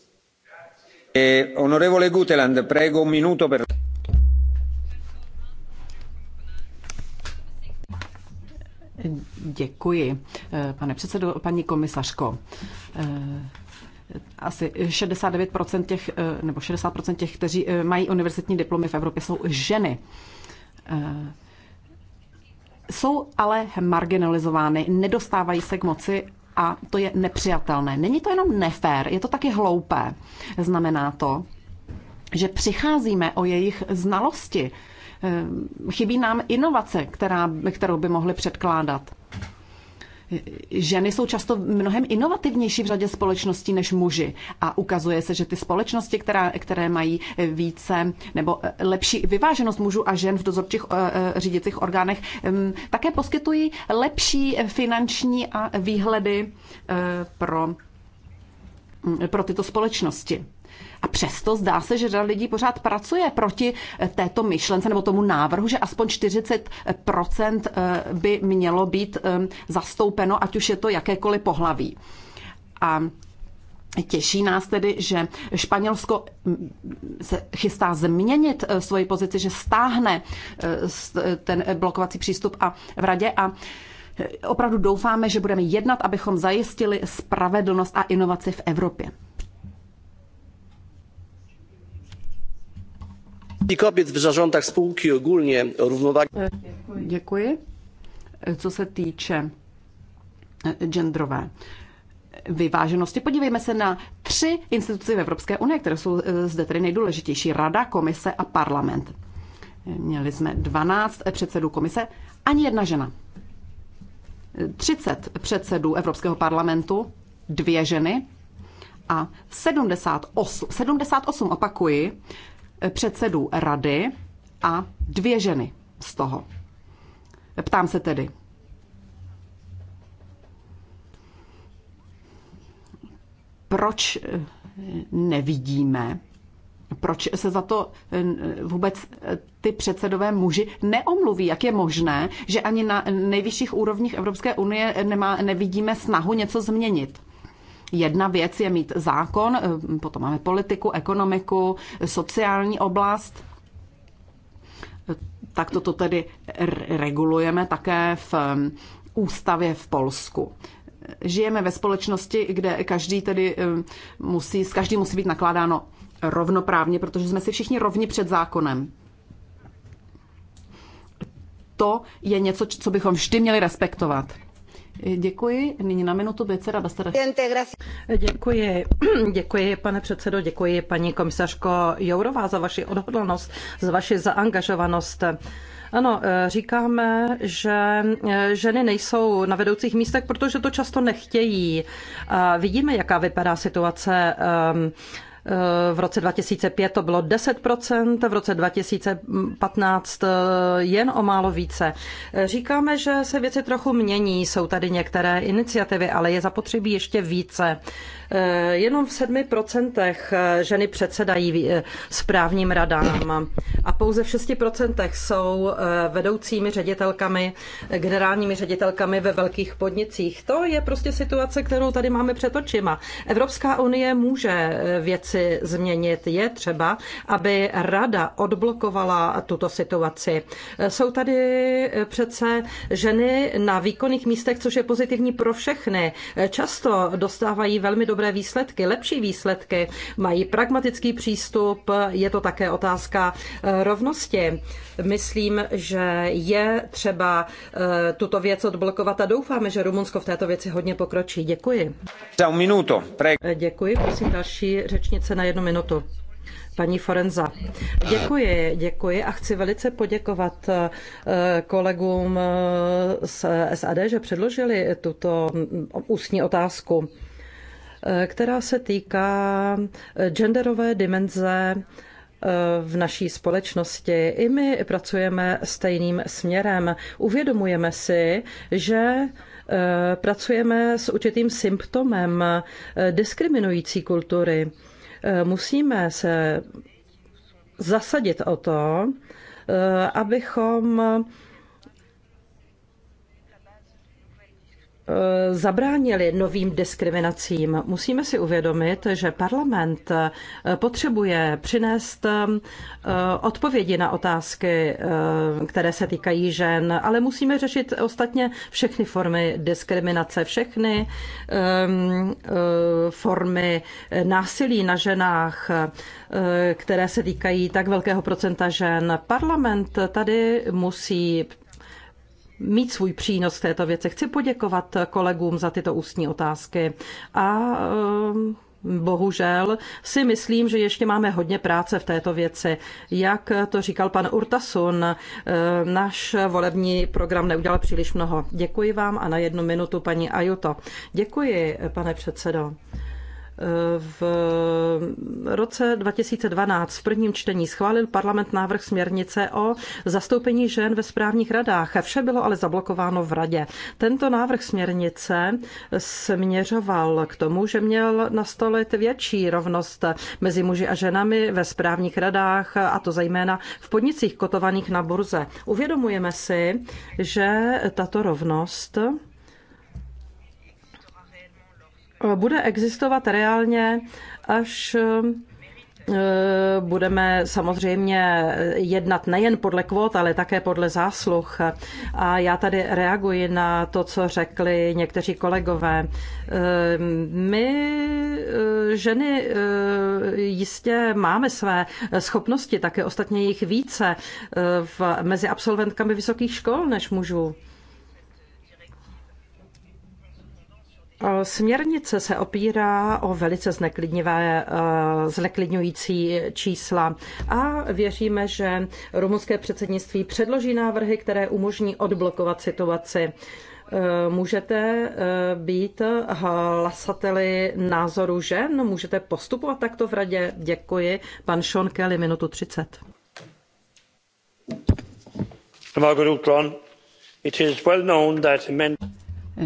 E, Děkuji, e, pane předsedající, paní komisařko. E, asi 69% těch, nebo 60% těch, kteří mají univerzitní diplomy v Evropě, jsou ženy jsou ale marginalizovány, nedostávají se k moci a to je nepřijatelné. Není to jenom nefér, je to taky hloupé. Znamená to, že přicházíme o jejich znalosti. Ehm, chybí nám inovace, která, kterou by mohli předkládat. Ženy jsou často mnohem inovativnější v řadě společností než muži a ukazuje se, že ty společnosti, která, které mají více nebo eh, lepší vyváženost mužů a žen v dozorčích eh, eh, řídicích orgánech, mm, také poskytují lepší finanční a výhledy pro, mm, pro tyto společnosti. A přesto zdá se, že řada lidí pořád pracuje proti eh, této myšlence nebo tomu návrhu, že aspoň 40 eh, eh, by mělo být ehm, zastoupeno, ať už je to jakékoliv pohlaví. A Těší nás tedy, že Španělsko mm, se chystá změnit svoji pozici, že stáhne ten blokovací přístup a v radě a opravdu doufáme, že budeme jednat, abychom zajistili spravedlnost a inovaci v Evropě. kobiet v zarządach spółki ogólnie równowagi. E, Děkuji. E, co se týče e, genderové vyváženosti. Podívejme se na tři instituce v Evropské unie, které jsou zde tedy nejdůležitější. Rada, komise a parlament. Měli jsme 12 předsedů komise, ani jedna žena. 30 předsedů Evropského parlamentu, dvě ženy a 78, 78 opakuji, předsedů rady a dvě ženy z toho. Ptám se tedy, proč eh, nevidíme, proč se za to eh, vůbec eh, ty předsedové muži neomluví, jak je možné, že ani na nejvyšších úrovních Evropské unie nemá, nevidíme snahu něco změnit. Jedna věc je mít zákon, eh, potom máme politiku, ekonomiku, sociální oblast. Eh, tak toto tedy regulujeme také v eh, ústavě v Polsku. Žijeme ve společnosti, kde každý tedy musí, s každým musí být nakládáno rovnoprávně, protože jsme si všichni rovni před zákonem. To je něco, co bychom vždy měli respektovat. Děkuji. Nyní na minutu Becera Bastarek. Děkuji. Děkuji, pane předsedo, děkuji paní komisařko Jourová za vaši odhodlnost, za vaši zaangažovanost. Ano, eh, říkáme, že eh, ženy nejsou na vedoucích místech, protože to často nechtějí. Vidíme, jaká vypadá situace ehm, v roce 2005 to bylo 10%, v roce 2015 jen o málo více. Říkáme, že se věci trochu mění, jsou tady některé iniciativy, ale je zapotřebí ještě více. Eh, jenom v 7% eh, ženy předsedají eh, správním radám a pouze v 6% jsou vedoucími ředitelkami, generálními ředitelkami ve velkých podnicích. To je prostě situace, kterou tady máme před očima. Evropská unie může věci změnit. Je třeba, aby rada odblokovala tuto situaci. Jsou tady přece ženy na výkonných místech, což je pozitivní pro všechny. Často dostávají velmi dobré dobré výsledky, lepší výsledky, mají pragmatický přístup, je to také otázka eh, rovnosti. Myslím, že je třeba eh, tuto věc odblokovat a doufáme, že Rumunsko v této věci hodně pokročí. Děkuji. Za minuto. Eh, děkuji, prosím další řečnice na jednu minutu paní Forenza. Děkuji, děkuji a chci velice poděkovat kolegům z SAD, že předložili tuto mm, ústní otázku. Eh, která se týká eh, genderové dimenze eh, v naší společnosti. I my pracujeme stejným směrem. Uvědomujeme si, že pracujeme s určitým symptomem diskriminující kultury. Musíme se zasadit o to, abychom Eh, zabránili novým diskriminacím. Musíme si uvědomit, že parlament eh, potřebuje přinést eh, odpovědi na otázky, které se týkají žen, ale musíme řešit ostatně všechny formy diskriminace, všechny formy násilí na ženách, které se týkají tak velkého procenta žen. Parlament tady musí mít svůj přínos v této věci. Chci poděkovat kolegům za tyto ústní otázky a um, Bohužel si myslím, že ještě máme hodně práce v této věci. Jak to říkal pan Urtasun, um, náš volební program neudělal příliš mnoho. Děkuji vám a na jednu minutu paní Ajuto. Děkuji, pane předsedo. V roce 2012 v prvním čtení schválil parlament návrh směrnice o zastoupení žen ve správních radách. Vše bylo ale zablokováno v radě. Tento návrh směrnice směřoval k tomu, že měl nastolit větší rovnost mezi muži a ženami ve správních radách, a to zejména v podnicích kotovaných na burze. Uvědomujeme si, že tato rovnost bude existovat reálně až eh, Budeme samozřejmě jednat nejen podle kvót, ale také podle zásluh. A já tady reaguji na to, co řekli někteří kolegové. Eh, my eh, ženy jistě máme své schopnosti, také ostatně jich více v, mezi absolventkami vysokých škol než mužů. Směrnice se opírá o velice zneklidnivé, eh, zneklidňující čísla a věříme, že rumunské předsednictví předloží návrhy, které umožní odblokovat situaci. Eh, můžete eh, být hlasateli názoru žen? Můžete postupovat takto v radě? Děkuji. Pan Sean Kelly, minutu 30.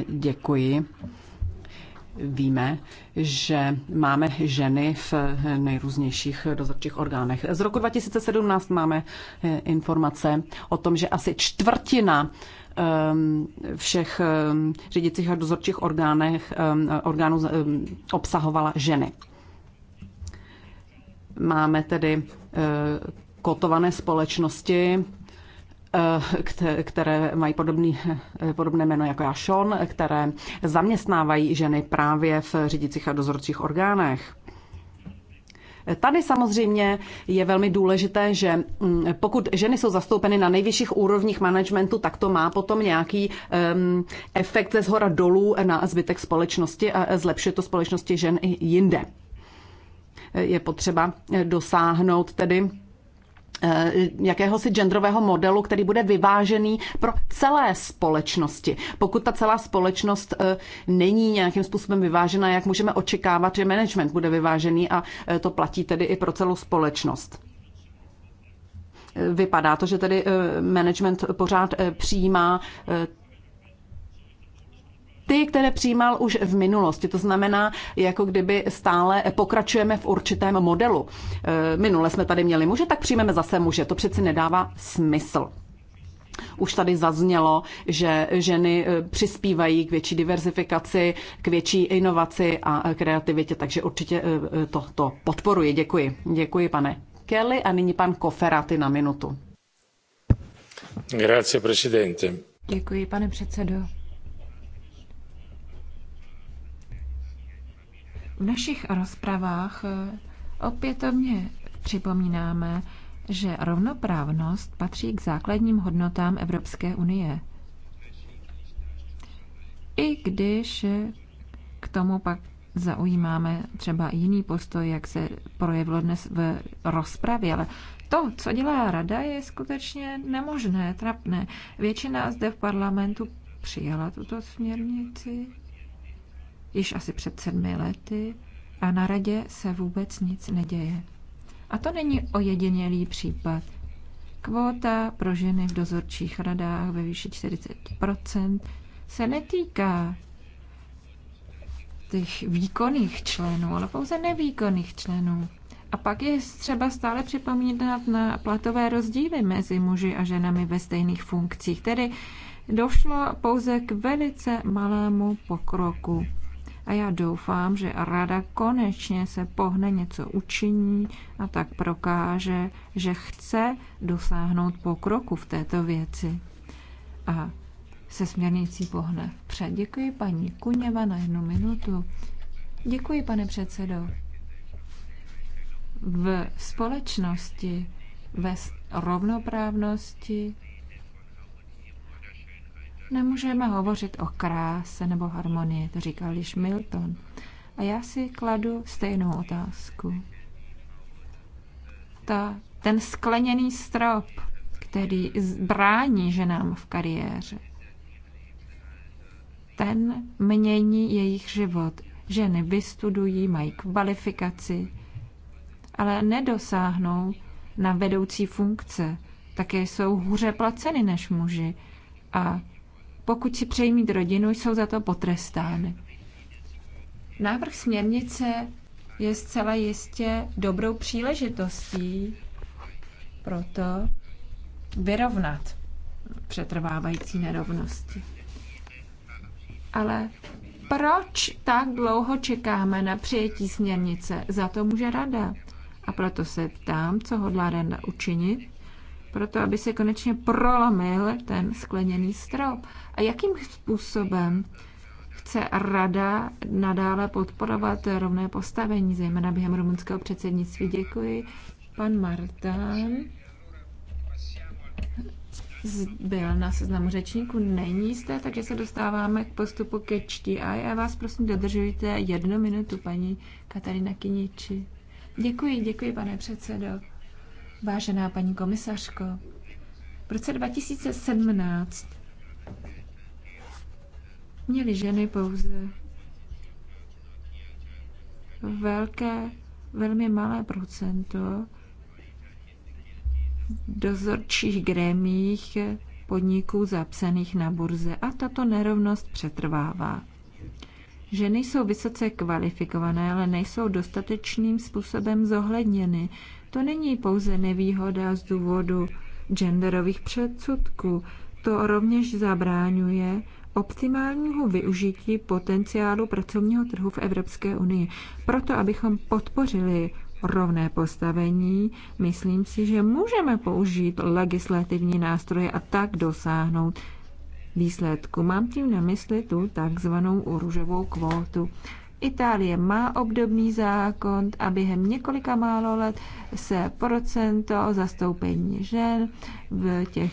Děkuji víme, že máme ženy v nejrůznějších dozorčích orgánech. Z roku 2017 máme eh, informace o tom, že asi čtvrtina ehm, všech ehm, řídicích a dozorčích orgánech, ehm, orgánů obsahovala ženy. Máme tedy eh, kotované společnosti, Eh, které mají podobný, eh, podobné jméno jako já, Sean, které zaměstnávají ženy právě v řídicích a dozorčích orgánech. Tady samozřejmě je velmi důležité, že mm, pokud ženy jsou zastoupeny na nejvyšších úrovních managementu, tak to má potom nějaký um, efekt ze zhora dolů na zbytek společnosti a zlepšuje to společnosti žen i jinde. Je potřeba dosáhnout tedy Eh, jakéhosi genderového modelu, který bude vyvážený pro celé společnosti. Pokud ta celá společnost eh, není nějakým způsobem vyvážená, jak můžeme očekávat, že management bude vyvážený a eh, to platí tedy i pro celou společnost. Vypadá to, že tedy management pořád přijímá ty, které přijímal už v minulosti. To znamená, jako kdyby stále pokračujeme v určitém modelu. E, minule jsme tady měli muže, tak přijmeme zase muže. To přeci nedává smysl. Už tady zaznělo, že ženy e, přispívají k větší diverzifikaci, k větší inovaci a kreativitě, takže určitě e, to, to podporuji. Děkuji. Děkuji, pane Kelly. A nyní pan Koferaty na minutu. Grazie, presidente. Děkuji, pane předsedo. V našich rozpravách eh, opětovně připomínáme, že rovnoprávnost patří k základním hodnotám Evropské unie. I když k tomu pak zaujímáme třeba jiný postoj, jak se projevilo dnes v rozpravě, ale to, co dělá rada, je skutečně nemožné, trapné. Většina zde v parlamentu přijala tuto směrnici již asi před sedmi lety a na radě se vůbec nic neděje. A to není ojedinělý případ. Kvóta pro ženy v dozorčích radách ve výši 40% se netýká těch výkonných členů, ale pouze nevýkonných členů. A pak je třeba stále připomínat na platové rozdíly mezi muži a ženami ve stejných funkcích, tedy došlo pouze k velice malému pokroku a já doufám, že rada konečně se pohne něco učiní a tak prokáže, že chce dosáhnout pokroku v této věci. A se směrnicí pohne vpřed. Děkuji paní Kuněva na jednu minutu. Děkuji, pane předsedo. V společnosti, ve rovnoprávnosti, Nemůžeme hovořit o kráse nebo harmonii, to říkal již Milton. A já si kladu stejnou otázku. Ta, ten skleněný strop, který brání ženám v kariéře, ten mění jejich život. Ženy vystudují, mají kvalifikaci, ale nedosáhnou na vedoucí funkce. Také jsou hůře placeny než muži. A pokud si přejí mít rodinu, jsou za to potrestány. Návrh směrnice je zcela jistě dobrou příležitostí pro to vyrovnat přetrvávající nerovnosti. Ale proč tak dlouho čekáme na přijetí směrnice? Za to může rada. A proto se ptám, co hodlá rada učinit, proto aby se konečně prolomil ten skleněný strop a jakým způsobem chce Rada nadále podporovat rovné postavení, zejména během rumunského předsednictví. Děkuji. Pan Martán byl na seznamu řečníků, není jste, takže se dostáváme k postupu ke čtí. A já vás prosím, dodržujte jednu minutu, paní Katarina Kiniči. Děkuji, děkuji, pane předsedo. Vážená paní komisařko, v roce 2017 měly ženy pouze velké, velmi malé procento v dozorčích grémích podniků zapsaných na burze a tato nerovnost přetrvává. Ženy jsou vysoce kvalifikované, ale nejsou dostatečným způsobem zohledněny. To není pouze nevýhoda z důvodu genderových předsudků. To rovněž zabráňuje optimálního využití potenciálu pracovního trhu v Evropské unii. Proto, abychom podpořili rovné postavení, myslím si, že můžeme použít legislativní nástroje a tak dosáhnout výsledku. Mám tím na mysli tu takzvanou růžovou kvótu. Itálie má obdobný zákon a během několika málo let se procento zastoupení žen v těch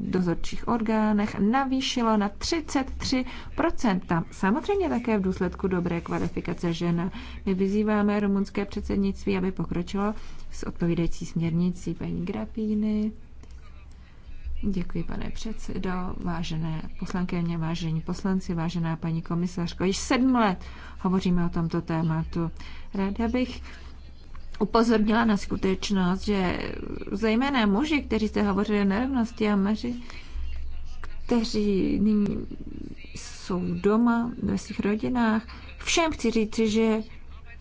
dozorčích orgánech navýšilo na 33%. Tam samozřejmě také v důsledku dobré kvalifikace žena. My vyzýváme rumunské předsednictví, aby pokročilo s odpovídající směrnicí paní Grapíny. Děkuji, pane předsedo, vážené poslankyně, vážení poslanci, vážená paní komisařko. Již sedm let hovoříme o tomto tématu. Ráda bych upozornila na skutečnost, že zejména muži, kteří jste hovořili o nerovnosti a muži, kteří nyní jsou doma ve svých rodinách, všem chci říct, že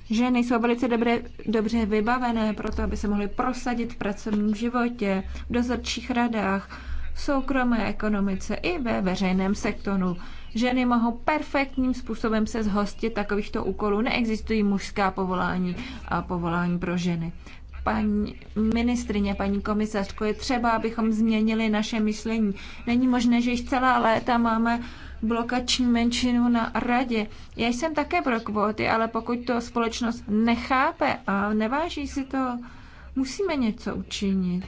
Ženy jsou velice dobré, dobře vybavené pro to, aby se mohly prosadit v pracovním životě, v dozorčích radách, v soukromé ekonomice i ve veřejném sektoru. Ženy mohou perfektním způsobem se zhostit takovýchto úkolů. Neexistují mužská povolání a povolání pro ženy paní ministrině, paní komisařko, je třeba, abychom změnili naše myšlení. Není možné, že již celá léta máme blokační menšinu na radě. Já jsem také pro kvóty, ale pokud to společnost nechápe a neváží si to, musíme něco učinit.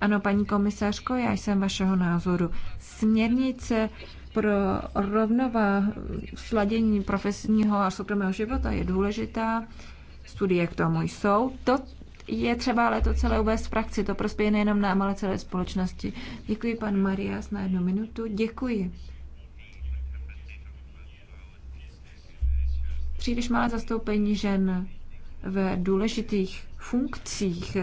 Ano, paní komisařko, já jsem vašeho názoru. Směrnice pro rovnová sladění profesního a soukromého života je důležitá. Studie k tomu jsou. To je třeba ale to celé uvést v praxi. To prospěje nejenom nám, ale celé společnosti. Děkuji, pan Marias, na jednu minutu. Děkuji. příliš malé zastoupení žen v důležitých funkcích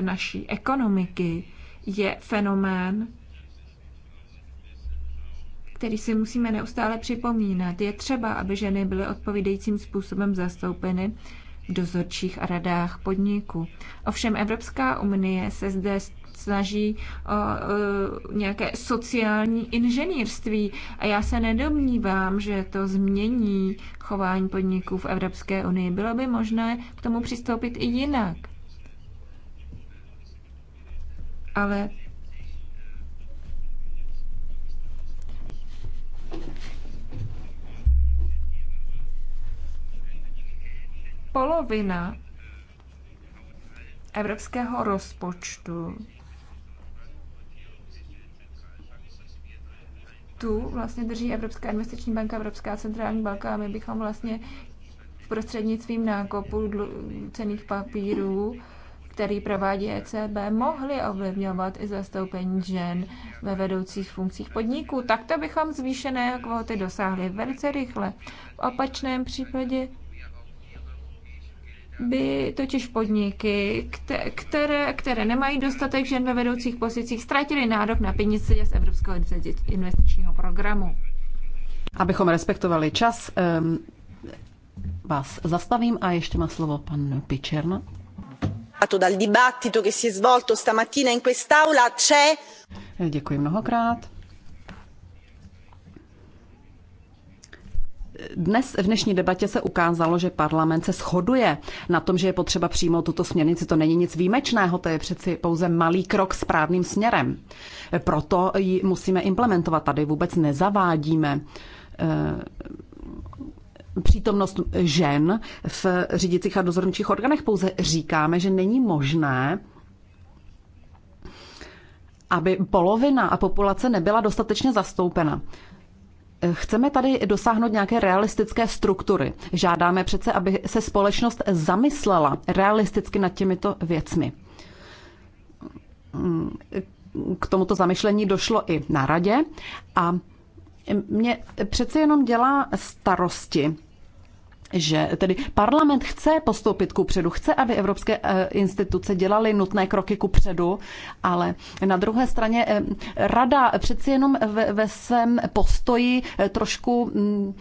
naší ekonomiky je fenomén, který si musíme neustále připomínat. Je třeba, aby ženy byly odpovídajícím způsobem zastoupeny v dozorčích a radách podniku. Ovšem Evropská unie se zde snaží o eh, eh, nějaké sociální inženýrství. A já se nedomnívám, že to změní chování podniků v Evropské unii. Bylo by možné k tomu přistoupit i jinak. Ale polovina evropského rozpočtu tu vlastně drží Evropská investiční banka, Evropská centrální banka a my bychom vlastně prostřednictvím nákupu cených papírů, který provádí ECB, mohli ovlivňovat i zastoupení žen ve vedoucích funkcích podniků. Takto bychom zvýšené kvóty dosáhli velice rychle. V opačném případě by totiž podniky, které, které nemají dostatek žen ve vedoucích pozicích, ztratily nárok na peníze z Evropského investičního programu. Abychom respektovali čas, vás zastavím a ještě má slovo pan Pičerna. Dal dibattito che si svolto stamattina in quest'aula c'è. Děkuji mnohokrát. dnes v dnešní debatě se ukázalo, že parlament se shoduje na tom, že je potřeba přijmout tuto směrnici. To není nic výjimečného, to je přeci pouze malý krok správným směrem. Proto ji musíme implementovat. Tady vůbec nezavádíme eh, přítomnost žen v řídicích a dozorčích orgánech. Pouze říkáme, že není možné aby polovina a populace nebyla dostatečně zastoupena. Chceme tady dosáhnout nějaké realistické struktury. Žádáme přece, aby se společnost zamyslela realisticky nad těmito věcmi. K tomuto zamyšlení došlo i na radě a mě přece jenom dělá starosti že tedy parlament chce postoupit ku předu, chce, aby evropské eh, instituce dělaly nutné kroky ku předu, ale na druhé straně eh, rada přeci jenom ve, ve svém postoji eh, trošku mm,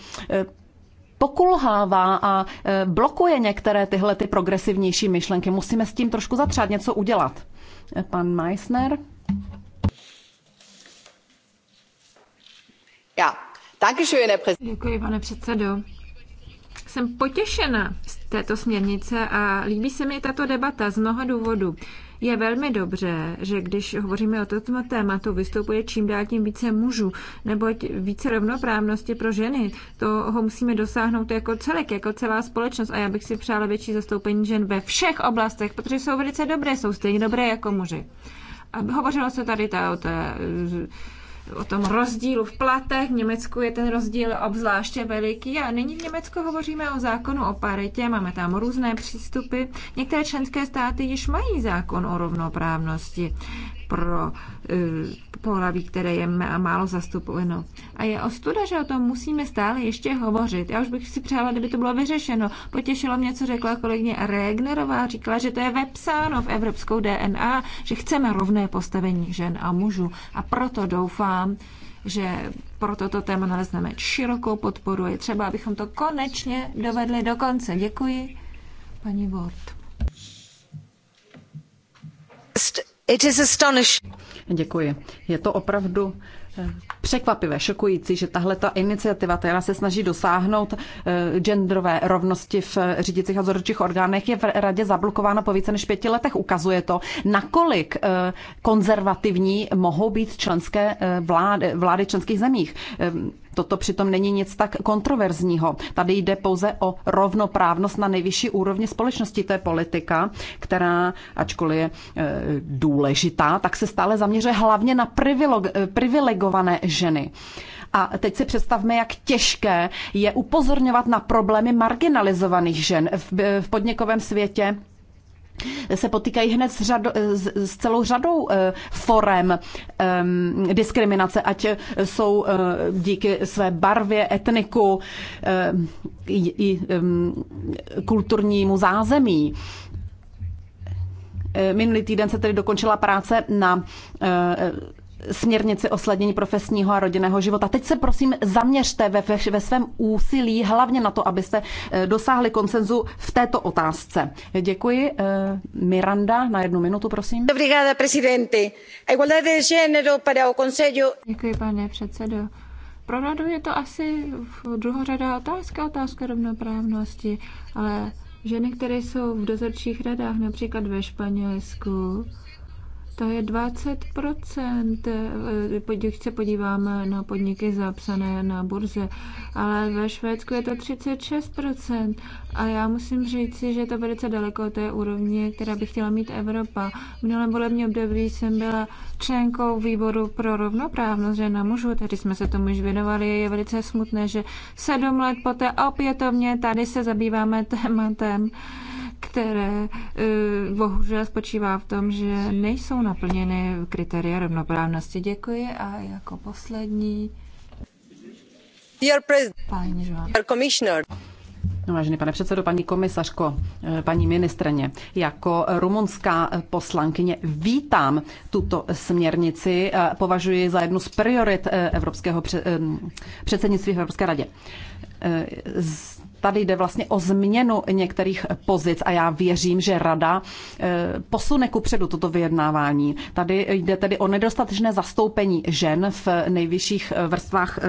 pokulhává a blokuje některé tyhle ty progresivnější myšlenky. Musíme s tím trošku zatřát, něco udělat. Pan Meissner. Ja, Děkuji, pane předsedo. Jsem potěšena z této směrnice a líbí se mi tato debata z mnoha důvodů. Je velmi dobře, že když hovoříme o tomto tématu, vystupuje čím dál tím více mužů, neboť více rovnoprávnosti pro ženy. Toho musíme dosáhnout jako celek, jako celá společnost. A já bych si přála větší zastoupení žen ve všech oblastech, protože jsou velice dobré, jsou stejně dobré jako muži. A hovořilo se tady ta, o té o tom rozdílu v platech. V Německu je ten rozdíl obzvláště veliký a nyní v Německu hovoříme o zákonu o paritě, máme tam různé přístupy. Některé členské státy již mají zákon o rovnoprávnosti pro eh, pohlaví, které je málo zastupeno. A je ostuda, že o tom musíme stále ještě hovořit. Já už bych si přála, kdyby to bylo vyřešeno. Potěšilo mě, co řekla kolegyně Regnerová. Říkala, že to je vepsáno v evropskou DNA, že chceme rovné postavení žen a mužů. A proto doufám, že pro toto téma nalezneme širokou podporu. Je třeba, abychom to konečně dovedli do konce. Děkuji, paní Ward. It is astonishing. Děkuji. Je to opravdu eh, překvapivé, šokující, že tahle ta iniciativa, která se snaží dosáhnout eh, genderové rovnosti v eh, řídicích a dozorčích orgánech, je v radě zablokována po více než pěti letech. Ukazuje to, nakolik konzervativní mohou být členské vlády, vlády členských zemích. Ehm, Toto přitom není nic tak kontroverzního. Tady jde pouze o rovnoprávnost na nejvyšší úrovni společnosti. To je politika, která, ačkoliv je e, důležitá, tak se stále zaměřuje hlavně na e, privilegované ženy. A teď si představme, jak těžké je upozorňovat na problémy marginalizovaných žen v, e, v podnikovém světě se potýkají hned s, řado, s celou řadou eh, forem ehm, diskriminace, ať eh, jsou eh, díky své barvě, etniku i ehm, kulturnímu zázemí. Minulý týden se tedy dokončila práce na směrnici o sladění profesního a rodinného života. Teď se prosím zaměřte ve, ve svém úsilí hlavně na to, abyste eh, dosáhli konsenzu v této otázce. Děkuji. Eh, Miranda, na jednu minutu, prosím. Obrigada, presidente. igualdad de género para o Consejo. Děkuji, pane předsedo. Pro radu je to asi druhořada otázka, otázka rovnoprávnosti, ale ženy, které jsou v dozorčích radách, například ve Španělsku, to je 20 eh, když se podíváme na podniky zapsané na burze, ale ve Švédsku je to 36 a já musím říct si, že je to velice daleko od té úrovně, která by chtěla mít Evropa. V minulém volebním období jsem byla členkou výboru pro rovnoprávnost žen a mužů, tady jsme se tomu už věnovali. Je velice smutné, že sedm let poté opětovně tady se zabýváme tématem, které eh, bohužel spočívá v tom, že nejsou naplněny kritéria rovnoprávnosti. Děkuji a jako poslední paní Žván. No, vážený pane předsedo, paní komisařko, eh, paní ministrně, jako rumunská poslankyně vítám tuto směrnici, eh, považuji za jednu z priorit Evropského předsednictví v Evropské radě. Z tady jde vlastně o změnu některých pozic a já věřím, že rada e, posune ku předu toto vyjednávání. Tady jde tedy o nedostatečné zastoupení žen v nejvyšších e, vrstvách e,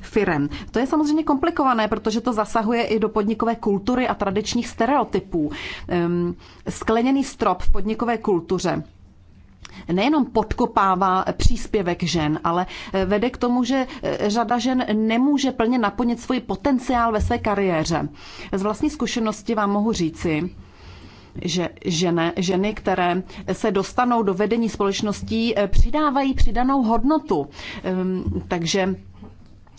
firem. To je samozřejmě komplikované, protože to zasahuje i do podnikové kultury a tradičních stereotypů. Ehm, skleněný strop v podnikové kultuře nejenom podkopává příspěvek žen, ale eh, vede k tomu, že eh, řada žen nemůže plně naplnit svůj potenciál ve své kariéře. Z vlastní zkušenosti vám mohu říci, že ženy, ženy, které se dostanou do vedení společností, eh, přidávají přidanou hodnotu. Ehm, takže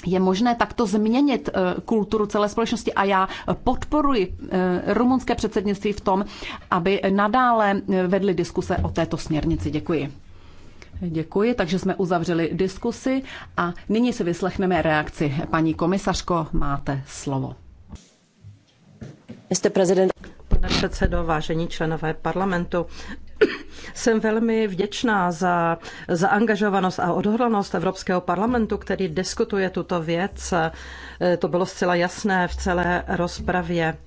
je možné takto změnit eh, kulturu celé společnosti a já podporuji eh, rumunské předsednictví v tom, aby nadále eh, vedli diskuse o této směrnici. Děkuji. Děkuji, takže jsme uzavřeli diskusy a nyní si vyslechneme reakci. Paní komisařko, máte slovo. Pane předsedo, vážení členové parlamentu, jsem velmi vděčná za zaangažovanost a odhodlanost Evropského parlamentu, který diskutuje tuto věc. To bylo zcela jasné v celé rozpravě.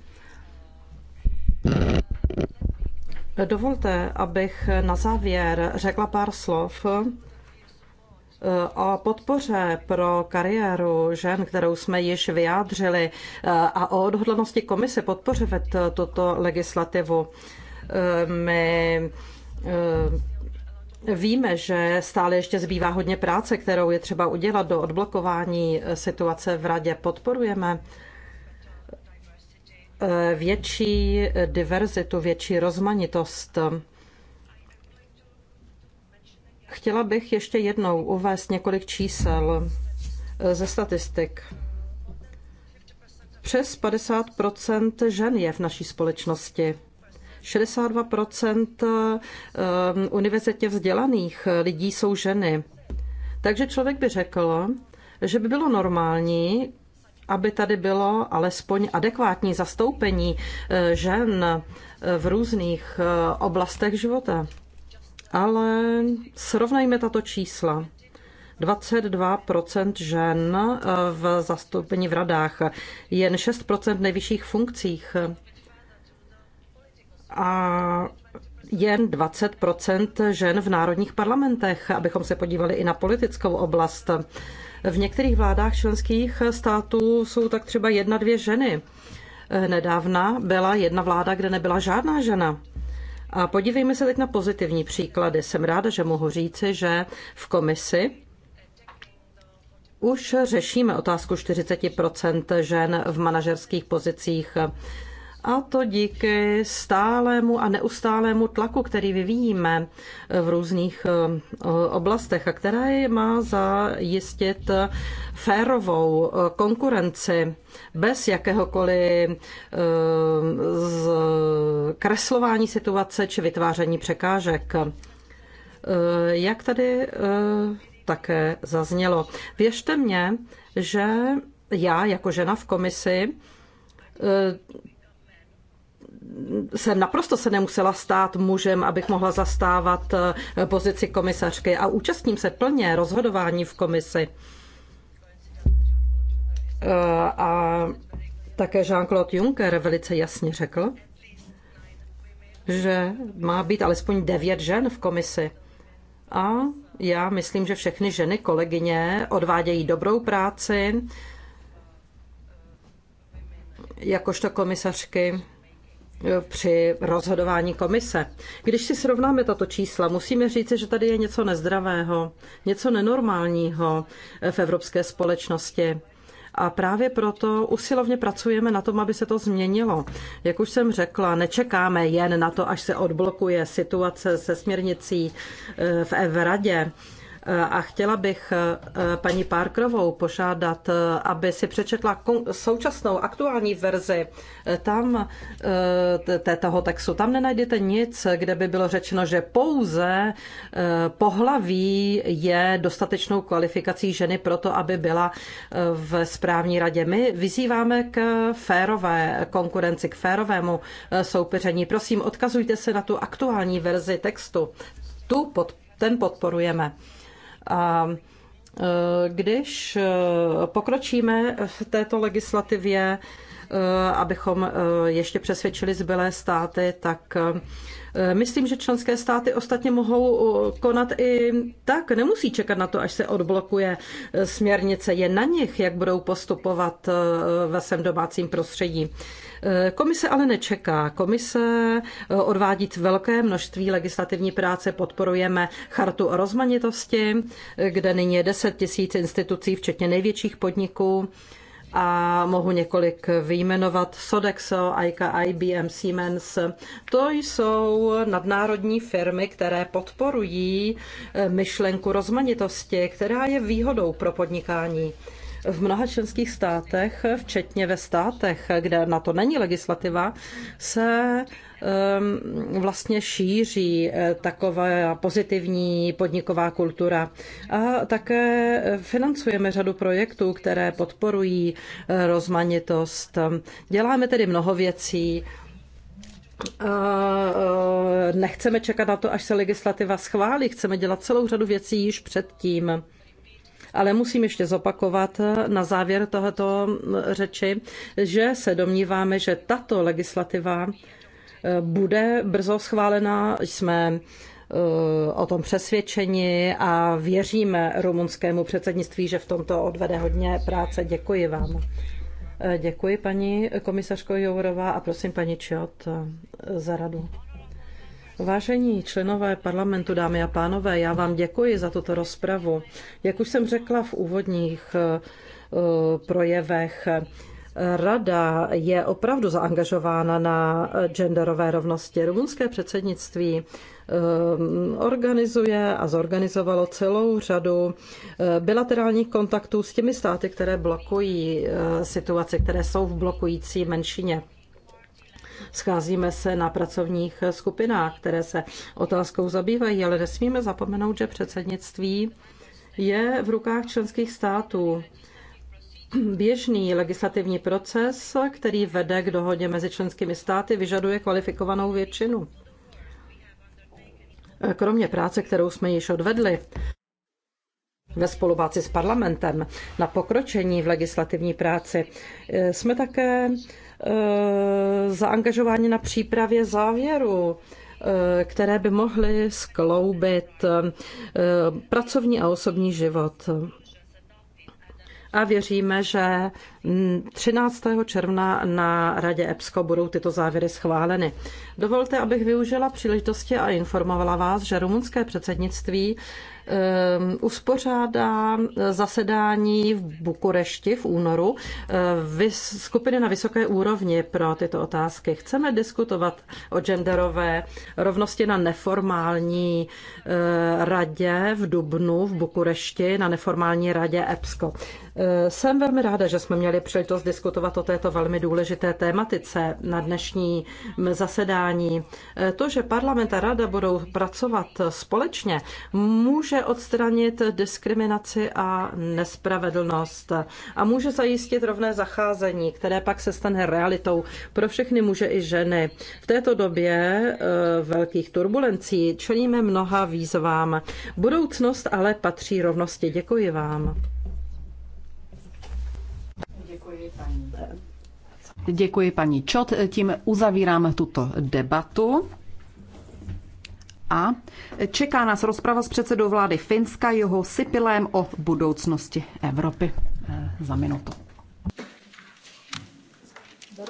Dovolte, abych na závěr řekla pár slov o podpoře pro kariéru žen, kterou jsme již vyjádřili, a o odhodlanosti komise podpořit tuto legislativu. My eh, Víme, že stále ještě zbývá hodně práce, kterou je třeba udělat do odblokování situace v radě. Podporujeme eh, větší diverzitu, větší rozmanitost. Chtěla bych ještě jednou uvést několik čísel eh, ze statistik. Přes 50 žen je v naší společnosti. 62% ehm, univerzitně vzdělaných eh, lidí jsou ženy. Takže člověk by řekl, že by bylo normální, aby tady bylo alespoň adekvátní zastoupení eh, žen eh, v různých oblastech života. Ale srovnejme tato čísla. 22% žen v zastoupení v radách, jen 6% v nejvyšších funkcích a jen 20 žen v národních parlamentech, abychom se podívali i na politickou oblast. V některých vládách členských států jsou tak třeba jedna, dvě ženy. Nedávna byla jedna vláda, kde nebyla žádná žena. A podívejme se teď na pozitivní příklady. Jsem ráda, že mohu říci, že v komisi už řešíme otázku 40 žen v manažerských pozicích. A to díky stálému a neustálému tlaku, který vyvíjíme v různých eh, oblastech a který má zajistit férovou eh, konkurenci bez jakéhokoliv eh, kreslování situace či vytváření překážek. Jak tady také zaznělo. Věřte mě, že já jako žena v komisi jsem naprosto se nemusela stát mužem, abych mohla zastávat eh, pozici komisařky a účastním se plně rozhodování v komisi. Eh, a také Jean-Claude Juncker velice jasně řekl, že má být alespoň devět žen v komisi. A já myslím, že všechny ženy, kolegyně, odvádějí dobrou práci jakožto komisařky E, při rozhodování komise. Když si srovnáme tato čísla, musíme říct, že tady je něco nezdravého, něco nenormálního e, v evropské společnosti. A právě proto usilovně pracujeme na tom, aby se to změnilo. Jak už jsem řekla, nečekáme jen na to, až se odblokuje situace se směrnicí e, v Evradě. Eh, a chtěla bych eh, paní Parkrovou požádat, eh, aby si přečetla současnou aktuální verzi tam toho textu. Tam nenajdete nic, kde by bylo řečeno, že pouze pohlaví je dostatečnou kvalifikací ženy pro to, aby byla v správní radě. My vyzýváme k férové konkurenci, k férovému soupeření. Prosím, odkazujte se na tu aktuální verzi textu. Tu pod, ten podporujeme. A e, když e, pokročíme v této legislativě, e, abychom ještě přesvědčili zbylé státy, tak myslím, že členské státy ostatně mohou konat i tak. Nemusí čekat na to, až se odblokuje směrnice. Je na nich, jak budou postupovat ve svém domácím prostředí. Komise ale nečeká. Komise eh, odvádí velké množství legislativní práce. Podporujeme chartu o rozmanitosti, eh, kde nyní je 10 tisíc institucí, včetně největších podniků a mohu několik vyjmenovat. Sodexo, Aika, IBM, Siemens. To jsou nadnárodní firmy, které podporují eh, myšlenku rozmanitosti, která je výhodou pro podnikání. V mnoha členských státech, včetně ve státech, kde na to není legislativa, se ehm, vlastně šíří eh, taková pozitivní podniková kultura. A také financujeme řadu projektů, které podporují eh, rozmanitost. Děláme tedy mnoho věcí, a eh, nechceme čekat na to, až se legislativa schválí, chceme dělat celou řadu věcí již předtím ale musím ještě zopakovat na závěr tohoto řeči, že se domníváme, že tato legislativa e, bude brzo schválena. Jsme e, o tom přesvědčeni a věříme rumunskému předsednictví, že v tomto odvede hodně práce. Děkuji vám. E, děkuji paní komisařko Jourová a prosím paní Čiot za radu. Vážení členové parlamentu, dámy a pánové, já vám děkuji za tuto rozpravu. Jak už jsem řekla v úvodních eh, projevech, Rada je opravdu zaangažována na genderové rovnosti. Rumunské předsednictví eh, organizuje a zorganizovalo celou řadu eh, bilaterálních kontaktů s těmi státy, které blokují situaci, které jsou v blokující menšině. Scházíme se na pracovních skupinách, které se otázkou zabývají, ale nesmíme zapomenout, že předsednictví je v rukách členských států. Běžný legislativní proces, který vede k dohodě mezi členskými státy, vyžaduje kvalifikovanou většinu. Kromě práce, kterou jsme již odvedli, ve spolupráci s parlamentem na pokročení v legislativní práci. Jsme také Eh, zaangažováni na přípravě závěru eh, které by mohly skloubit eh, pracovní a osobní život. A věříme, že 13. června na Radě EPSCO budou tyto závěry schváleny. Dovolte, abych využila příležitosti a informovala vás, že rumunské předsednictví Um, uspořádá zasedání v Bukurešti v únoru uh, skupiny na vysoké úrovni pro tyto otázky. Chceme diskutovat o genderové rovnosti na neformální uh, radě v Dubnu v Bukurešti, na neformální radě EPSCO. Uh, jsem velmi ráda, že jsme měli příležitost diskutovat o této velmi důležité tématice na dnešním zasedání. To, že parlament a rada budou pracovat společně, může může odstranit diskriminaci a nespravedlnost a může zajistit rovné zacházení, které pak se stane realitou pro všechny muže i ženy. V této době eh, velkých turbulencí čelíme mnoha výzvám. Budoucnost ale patří rovnosti. Děkuji vám. Děkuji paní. Děkuji paní Čot. Tím uzavírám tuto debatu a čeká nás rozprava s předsedou vlády Finska, jeho Sipilem o budoucnosti Evropy. Eh, za minutu. Dar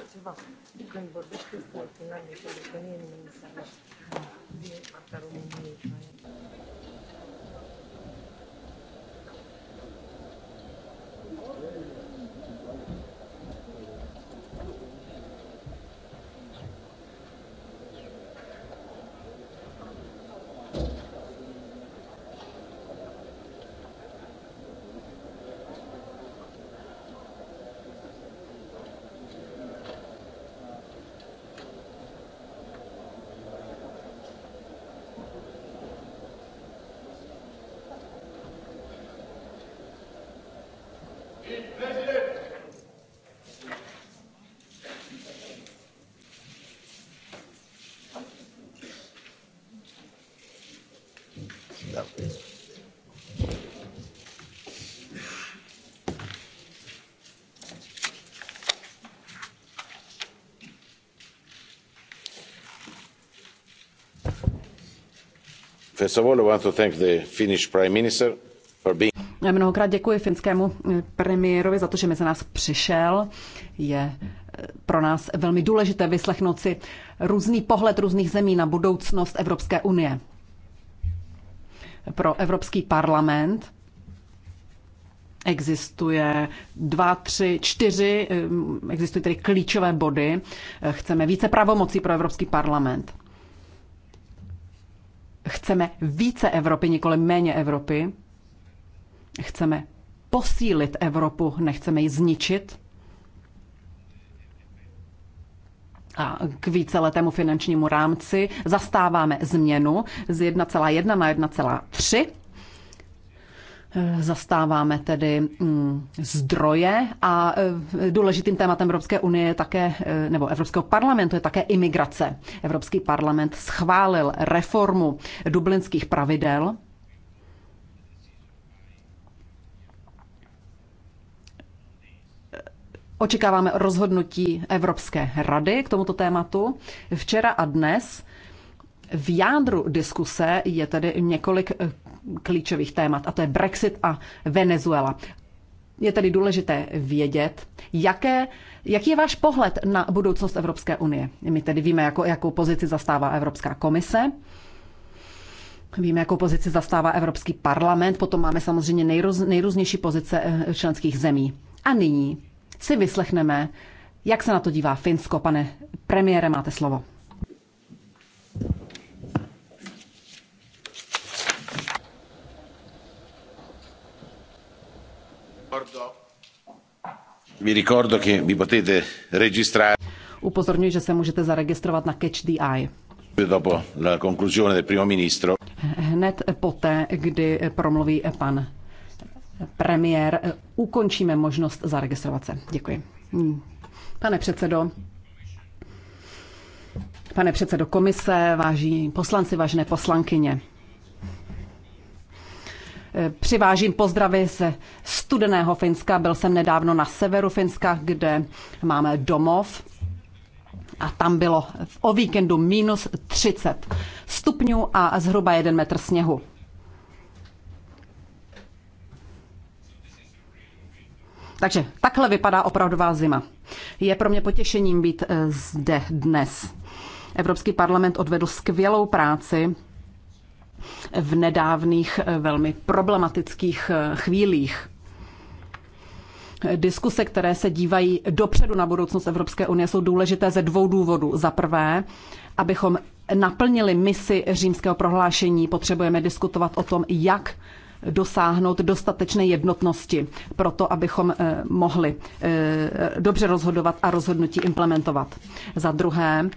First of all, I want to thank the Finnish Prime Minister for being... Mnohokrát děkuji finskému eh, premiérovi za to, že mezi nás přišel. Je eh, pro nás velmi důležité vyslechnout si různý pohled různých zemí na budoucnost Evropské unie. Pro Evropský parlament existuje dva, tři, čtyři, eh, existují tedy klíčové body. Chceme více pravomocí pro Evropský parlament. Chceme více Evropy, nikoli méně Evropy. Chceme posílit Evropu, nechceme ji zničit. A k víceletému finančnímu rámci zastáváme změnu z 1,1 na 1,3 Eh, zastáváme tedy mm, zdroje a eh, důležitým tématem Evropské unie je také, eh, nebo Evropského parlamentu je také imigrace. Evropský parlament schválil reformu dublinských pravidel, Očekáváme rozhodnutí Evropské rady k tomuto tématu. Včera a dnes v jádru diskuse je tedy několik klíčových témat, a to je Brexit a Venezuela. Je tedy důležité vědět, jaké, jaký je váš pohled na budoucnost Evropské unie. My tedy víme, jako, jakou pozici zastává Evropská komise. Víme, jakou pozici zastává Evropský parlament, potom máme samozřejmě nejrůz, nejrůznější pozice eh, členských zemí. A nyní si vyslechneme, jak se na to dívá Finsko. Pane premiére, máte slovo. Vi ricordo che vi potete registrare. Upozorňuji, že se můžete zaregistrovat na Catch the Eye. Dopo la conclusione del primo ministro. Hned poté, kdy promluví pan premiér, ukončíme možnost zaregistrovat se. Děkuji. Hmm. Pane předsedo, pane předsedo komise, vážení poslanci, vážené poslankyně. Přivážím pozdravy ze studeného Finska. Byl jsem nedávno na severu Finska, kde máme domov a tam bylo o víkendu minus 30 stupňů a zhruba jeden metr sněhu. Takže takhle vypadá opravdová zima. Je pro mě potěšením být eh, zde dnes. Evropský parlament odvedl skvělou práci v nedávných eh, velmi problematických eh, chvílích. Diskuse, které se dívají dopředu na budoucnost Evropské unie, jsou důležité ze dvou důvodů. Za prvé, abychom naplnili misi římského prohlášení, potřebujeme diskutovat o tom, jak dosáhnout dostatečné jednotnosti pro to, abychom eh, mohli dobře rozhodovat a rozhodnutí implementovat. Za druhé,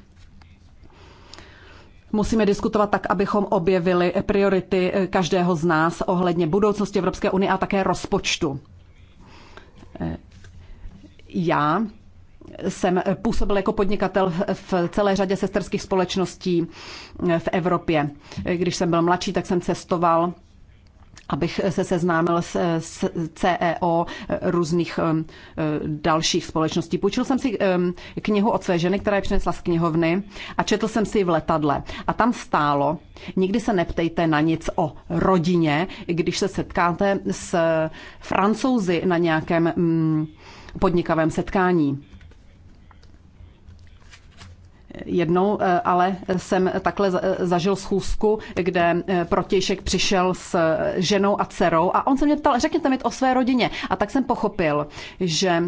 Musíme diskutovat tak, abychom objevili priority eh, každého z nás ohledně budoucnosti Evropské unie a také rozpočtu. Eh, já jsem působil jako podnikatel v celé řadě sesterských společností eh, v Evropě. Když jsem byl mladší, tak jsem cestoval abych se seznámil s CEO různých eh, dalších společností. Půjčil jsem si eh, knihu od své ženy, která je přinesla z knihovny a četl jsem si ji v letadle. A tam stálo, nikdy se neptejte na nic o rodině, když se setkáte s francouzi na nějakém mm, podnikavém setkání jednou, eh, ale jsem takhle zažil schůzku, kde eh, protějšek přišel s eh, ženou a dcerou a on se mě ptal, řekněte mi o své rodině. A tak jsem pochopil, že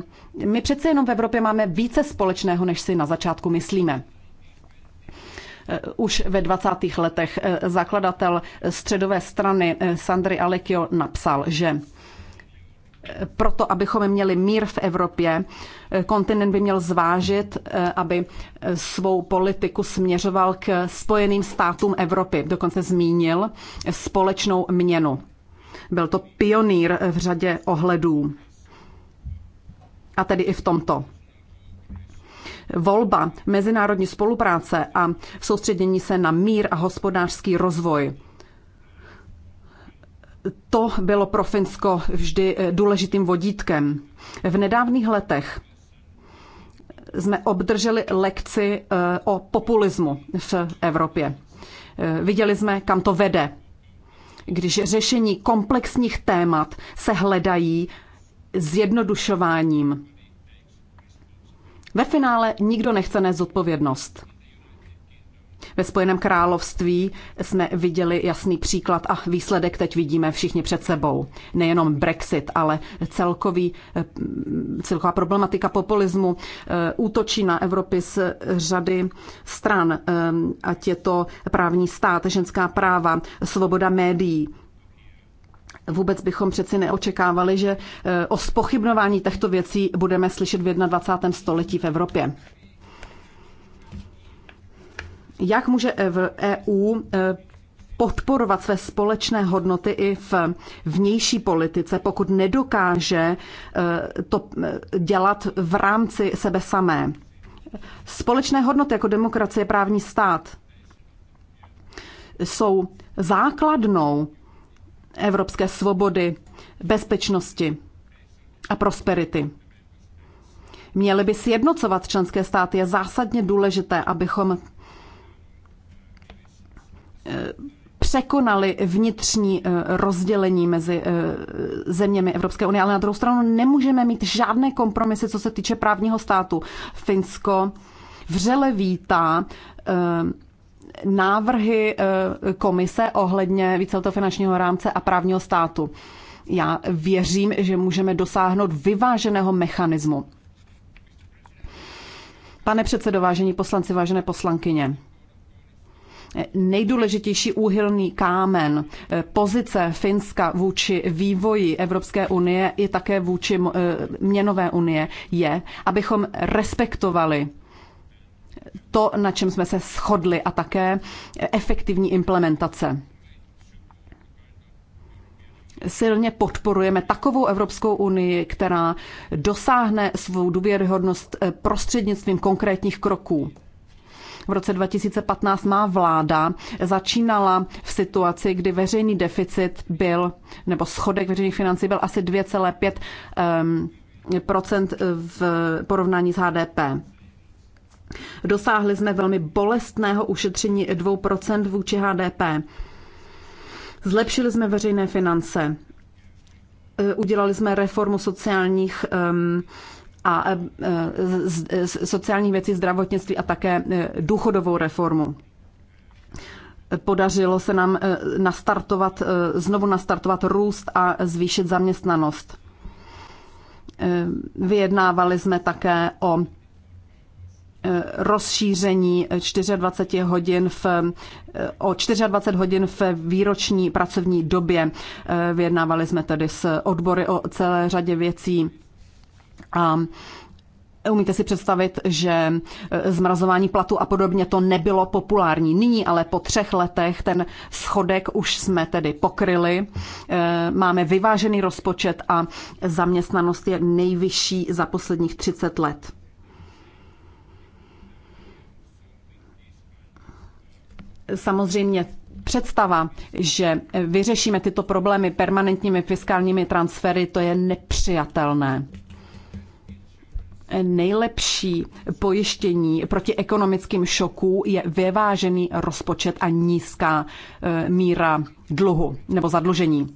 my přece jenom v Evropě máme více společného, než si na začátku myslíme už ve 20. letech zakladatel středové strany Sandry Alekio napsal, že proto, abychom měli mír v Evropě, kontinent by měl zvážit, aby svou politiku směřoval k Spojeným státům Evropy. Dokonce zmínil společnou měnu. Byl to pionýr v řadě ohledů. A tedy i v tomto. Volba mezinárodní spolupráce a soustředění se na mír a hospodářský rozvoj – to bylo pro Finsko vždy eh, důležitým vodítkem. V nedávných letech jsme obdrželi lekci eh, o populismu v Evropě. Eh, viděli jsme, kam to vede. Když řešení komplexních témat se hledají zjednodušováním. Ve finále nikdo nechce nést zodpovědnost. Ve Spojeném království jsme viděli jasný příklad a výsledek teď vidíme všichni před sebou. Nejenom Brexit, ale celkový, eh, celková problematika populismu eh, útočí na Evropy z řady stran, eh, ať je to právní stát, ženská práva, svoboda médií. Vůbec bychom přeci neočekávali, že o spochybnování těchto věcí budeme slyšet v 21. století v Evropě jak může EU e e, podporovat své společné hodnoty i v vnější politice, pokud nedokáže e, to dělat v rámci sebe samé. Společné hodnoty jako demokracie, právní stát jsou základnou evropské svobody, bezpečnosti a prosperity. Měly by sjednocovat členské státy. Je zásadně důležité, abychom překonali vnitřní eh, rozdělení mezi eh, zeměmi Evropské unie, ale na druhou stranu nemůžeme mít žádné kompromisy, co se týče právního státu. Finsko vřele vítá eh, návrhy komise ohledně víceletého finančního rámce a právního státu. Já věřím, že můžeme dosáhnout vyváženého mechanismu. Pane předsedo, vážení poslanci, vážené poslankyně, nejdůležitější úhylný kámen pozice Finska vůči vývoji Evropské unie i také vůči eh, měnové unie je, abychom respektovali to, na čem jsme se shodli a také efektivní implementace silně podporujeme takovou Evropskou unii, která dosáhne svou důvěryhodnost eh, prostřednictvím konkrétních kroků v roce 2015 má vláda začínala v situaci, kdy veřejný deficit byl, nebo schodek veřejných financí byl asi 2,5 ehm, procent v porovnání s HDP. Dosáhli jsme velmi bolestného ušetření 2% vůči HDP. Zlepšili jsme veřejné finance, e, udělali jsme reformu sociálních um, a e, sociální věci, zdravotnictví a také e, důchodovou reformu. Podařilo se nám e, nastartovat, znovu nastartovat růst a zvýšit zaměstnanost. Vyjednávali jsme také o rozšíření 24 hodin v, o 24 hodin v výroční pracovní době. Vyjednávali jsme tedy s odbory o celé řadě věcí. A Umíte si představit, že e, zmrazování platu a podobně to nebylo populární. Nyní ale po třech letech ten schodek už jsme tedy pokryli. E, máme vyvážený rozpočet a zaměstnanost je nejvyšší za posledních 30 let. Samozřejmě představa, že vyřešíme tyto problémy permanentními fiskálními transfery, to je nepřijatelné nejlepší pojištění proti ekonomickým šokům je vyvážený rozpočet a nízká eh, míra dluhu nebo zadlužení.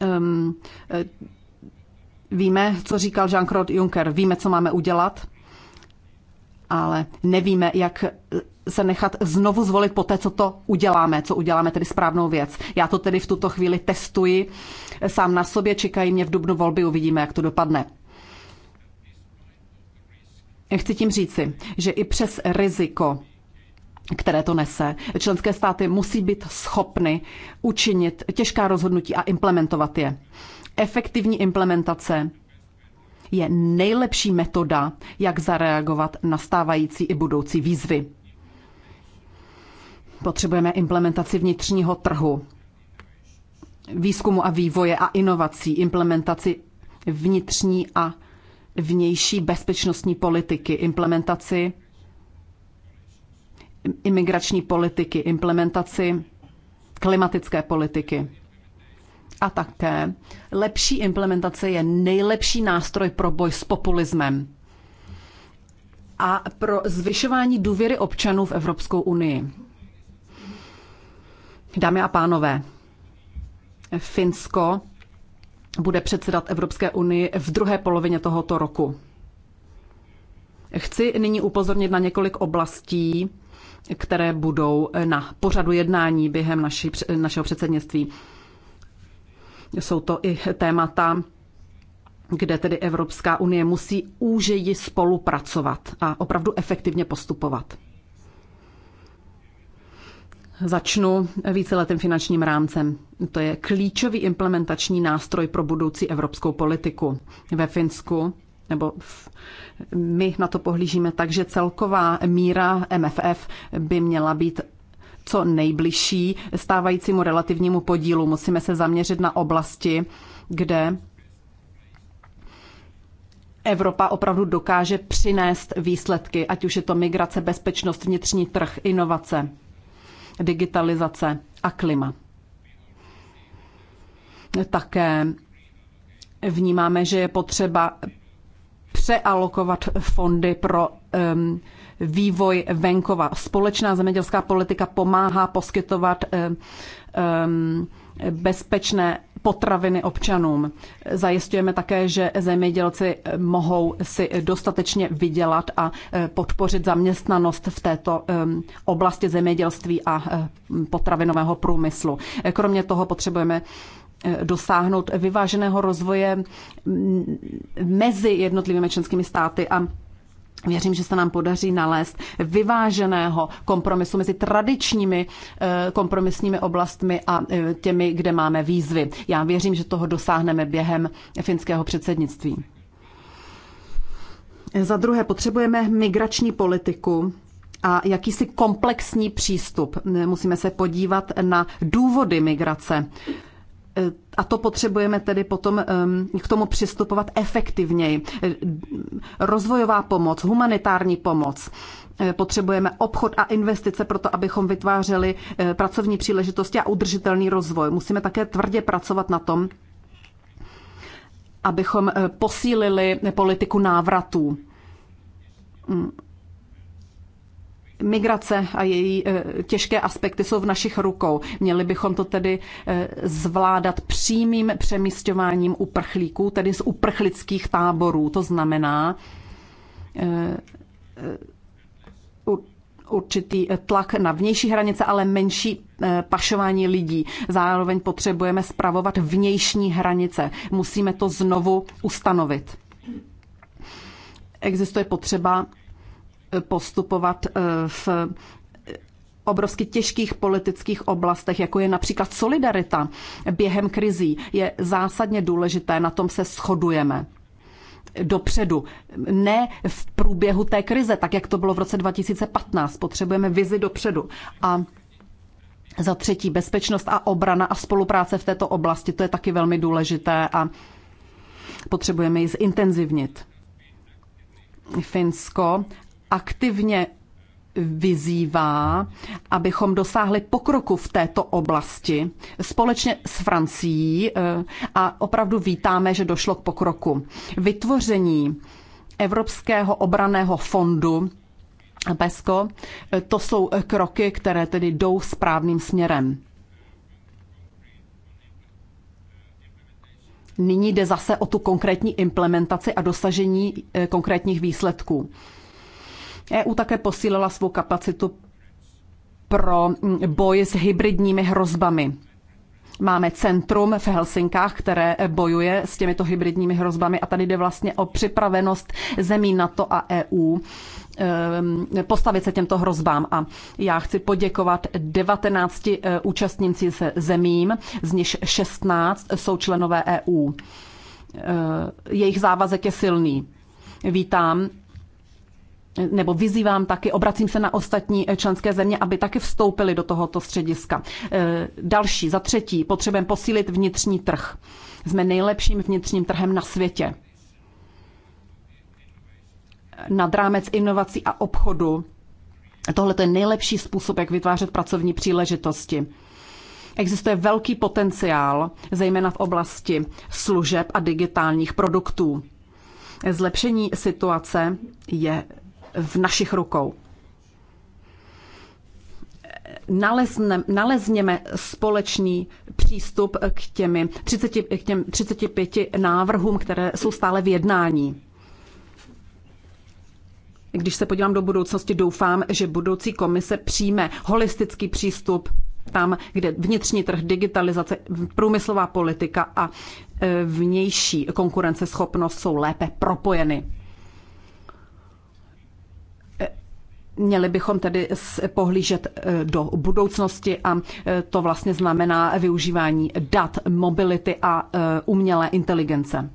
Ehm, eh, víme, co říkal Jean-Claude Juncker, víme, co máme udělat ale nevíme, jak se nechat znovu zvolit po té, co to uděláme, co uděláme tedy správnou věc. Já to tedy v tuto chvíli testuji sám na sobě, čekají mě v dubnu volby, uvidíme, jak to dopadne. Chci tím říci, že i přes riziko, které to nese, členské státy musí být schopny učinit těžká rozhodnutí a implementovat je. Efektivní implementace je nejlepší metoda, jak zareagovat na stávající i budoucí výzvy. Potřebujeme implementaci vnitřního trhu, výzkumu a vývoje a inovací, implementaci vnitřní a vnější bezpečnostní politiky, implementaci imigrační politiky, implementaci klimatické politiky. A také lepší implementace je nejlepší nástroj pro boj s populismem a pro zvyšování důvěry občanů v Evropskou unii. Dámy a pánové, Finsko bude předsedat Evropské unii v druhé polovině tohoto roku. Chci nyní upozornit na několik oblastí, které budou na pořadu jednání během naši, našeho předsednictví. Jsou to i témata, kde tedy Evropská unie musí úžeji spolupracovat a opravdu efektivně postupovat. Začnu víceletým finančním rámcem. To je klíčový implementační nástroj pro budoucí evropskou politiku. Ve Finsku nebo my na to pohlížíme tak, že celková míra MFF by měla být co nejbližší stávajícímu relativnímu podílu. Musíme se zaměřit na oblasti, kde Evropa opravdu dokáže přinést výsledky, ať už je to migrace, bezpečnost, vnitřní trh, inovace, digitalizace a klima. Také vnímáme, že je potřeba přealokovat fondy pro um, vývoj venkova. Společná zemědělská politika pomáhá poskytovat eh, eh, bezpečné potraviny občanům. Zajistujeme také, že zemědělci mohou si dostatečně vydělat a eh, podpořit zaměstnanost v této oblasti zemědělství a potravinového průmyslu. Kromě toho potřebujeme dosáhnout vyváženého rozvoje mezi jednotlivými členskými státy a Věřím, že se nám podaří nalézt vyváženého kompromisu mezi tradičními eh, kompromisními oblastmi a eh, těmi, kde máme výzvy. Já věřím, že toho dosáhneme během finského předsednictví. Za druhé, potřebujeme migrační politiku a jakýsi komplexní přístup. Musíme se podívat na důvody migrace. Eh, a to potřebujeme tedy potom ehm, k tomu přistupovat efektivněji rozvojová pomoc, humanitární pomoc. E, potřebujeme obchod a investice pro to, abychom vytvářeli e, pracovní příležitosti a udržitelný rozvoj. Musíme také tvrdě pracovat na tom, abychom e, posílili politiku návratů mm. Migrace a její eh, těžké aspekty jsou v našich rukou. Měli bychom to tedy eh, zvládat přímým přemístěváním uprchlíků, tedy z uprchlických táborů. To znamená eh, určitý tlak na vnější hranice, ale menší pašování lidí. Zároveň potřebujeme spravovat vnější hranice. Musíme to znovu ustanovit. Existuje potřeba postupovat eh, v obrovsky těžkých politických oblastech, jako je například solidarita během krizí, je zásadně důležité, na tom se shodujeme dopředu, ne v průběhu té krize, tak jak to bylo v roce 2015. Potřebujeme vizi dopředu. A za třetí, bezpečnost a obrana a spolupráce v této oblasti, to je taky velmi důležité a potřebujeme ji zintenzivnit. Finsko aktivně vyzývá, abychom dosáhli pokroku v této oblasti společně s Francií eh, a opravdu vítáme, že došlo k pokroku. Vytvoření Evropského obraného fondu PESCO, eh, to jsou kroky, které tedy jdou správným směrem. Nyní jde zase o tu konkrétní implementaci a dosažení eh, konkrétních výsledků. EU také posílila svou kapacitu pro mm, boj s hybridními hrozbami. Máme centrum v Helsinkách, které bojuje s těmito hybridními hrozbami a tady jde vlastně o připravenost zemí NATO a EU ehm, postavit se těmto hrozbám. A já chci poděkovat 19 e, účastníci se zemím, z nich 16 jsou členové EU. E, jejich závazek je silný. Vítám nebo vyzývám taky, obracím se na ostatní eh, členské země, aby taky vstoupili do tohoto střediska. Eh, další, za třetí, potřebujeme posílit vnitřní trh. Jsme nejlepším vnitřním trhem na světě. Nad rámec inovací a obchodu tohle je nejlepší způsob, jak vytvářet pracovní příležitosti. Existuje velký potenciál, zejména v oblasti služeb a digitálních produktů. Zlepšení situace je v našich rukou. Nalezne, nalezněme společný přístup k, těmi 30, k těm 35 návrhům, které jsou stále v jednání. Když se podívám do budoucnosti, doufám, že budoucí komise přijme holistický přístup tam, kde vnitřní trh, digitalizace, průmyslová politika a e, vnější konkurenceschopnost jsou lépe propojeny. Měli bychom tedy pohlížet eh, do budoucnosti a eh, to vlastně znamená využívání dat, mobility a eh, umělé inteligence.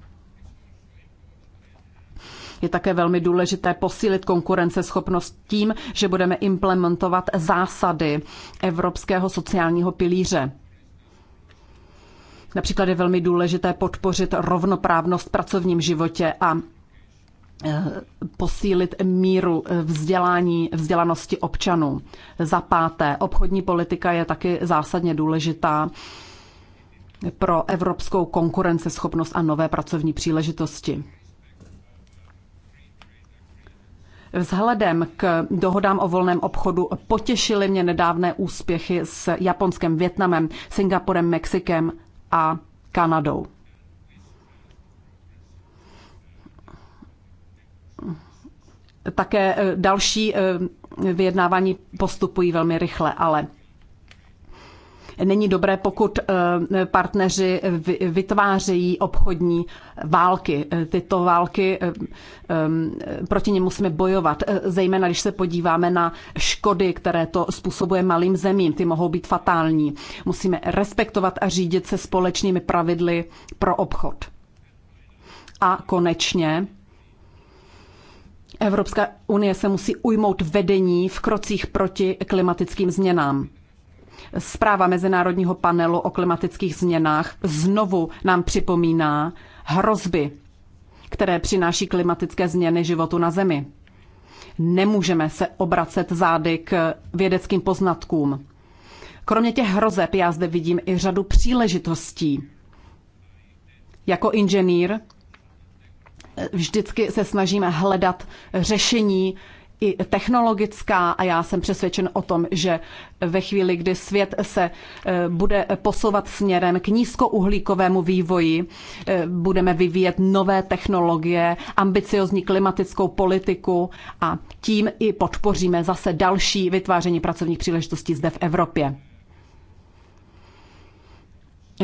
Je také velmi důležité posílit konkurenceschopnost tím, že budeme implementovat zásady Evropského sociálního pilíře. Například je velmi důležité podpořit rovnoprávnost v pracovním životě a Eh, posílit míru eh, vzdělání, vzdělanosti občanů. Za páté, obchodní politika je taky zásadně důležitá pro evropskou konkurenceschopnost a nové pracovní příležitosti. Vzhledem k dohodám o volném obchodu potěšily mě nedávné úspěchy s Japonskem, Větnamem, Singapurem, Mexikem a Kanadou. také eh, další eh, vyjednávání postupují velmi rychle, ale není dobré, pokud eh, partneři vytvářejí obchodní války. Tyto války proti ně musíme bojovat, zejména když se podíváme na škody, které to způsobuje malým zemím. Ty mohou být fatální. Musíme respektovat a řídit se společnými pravidly pro obchod. A konečně Evropská unie se musí ujmout vedení v krocích proti klimatickým změnám. Zpráva Mezinárodního panelu o klimatických změnách znovu nám připomíná hrozby, které přináší klimatické změny životu na Zemi. Nemůžeme se obracet zády k vědeckým poznatkům. Kromě těch hrozeb já zde vidím i řadu příležitostí. Jako inženýr vždycky se snažíme hledat řešení i technologická a já jsem přesvědčen o tom, že ve chvíli, kdy svět se e, bude posouvat směrem k nízkouhlíkovému vývoji, e, budeme vyvíjet nové technologie, ambiciozní klimatickou politiku a tím i podpoříme zase další vytváření pracovních příležitostí zde v Evropě.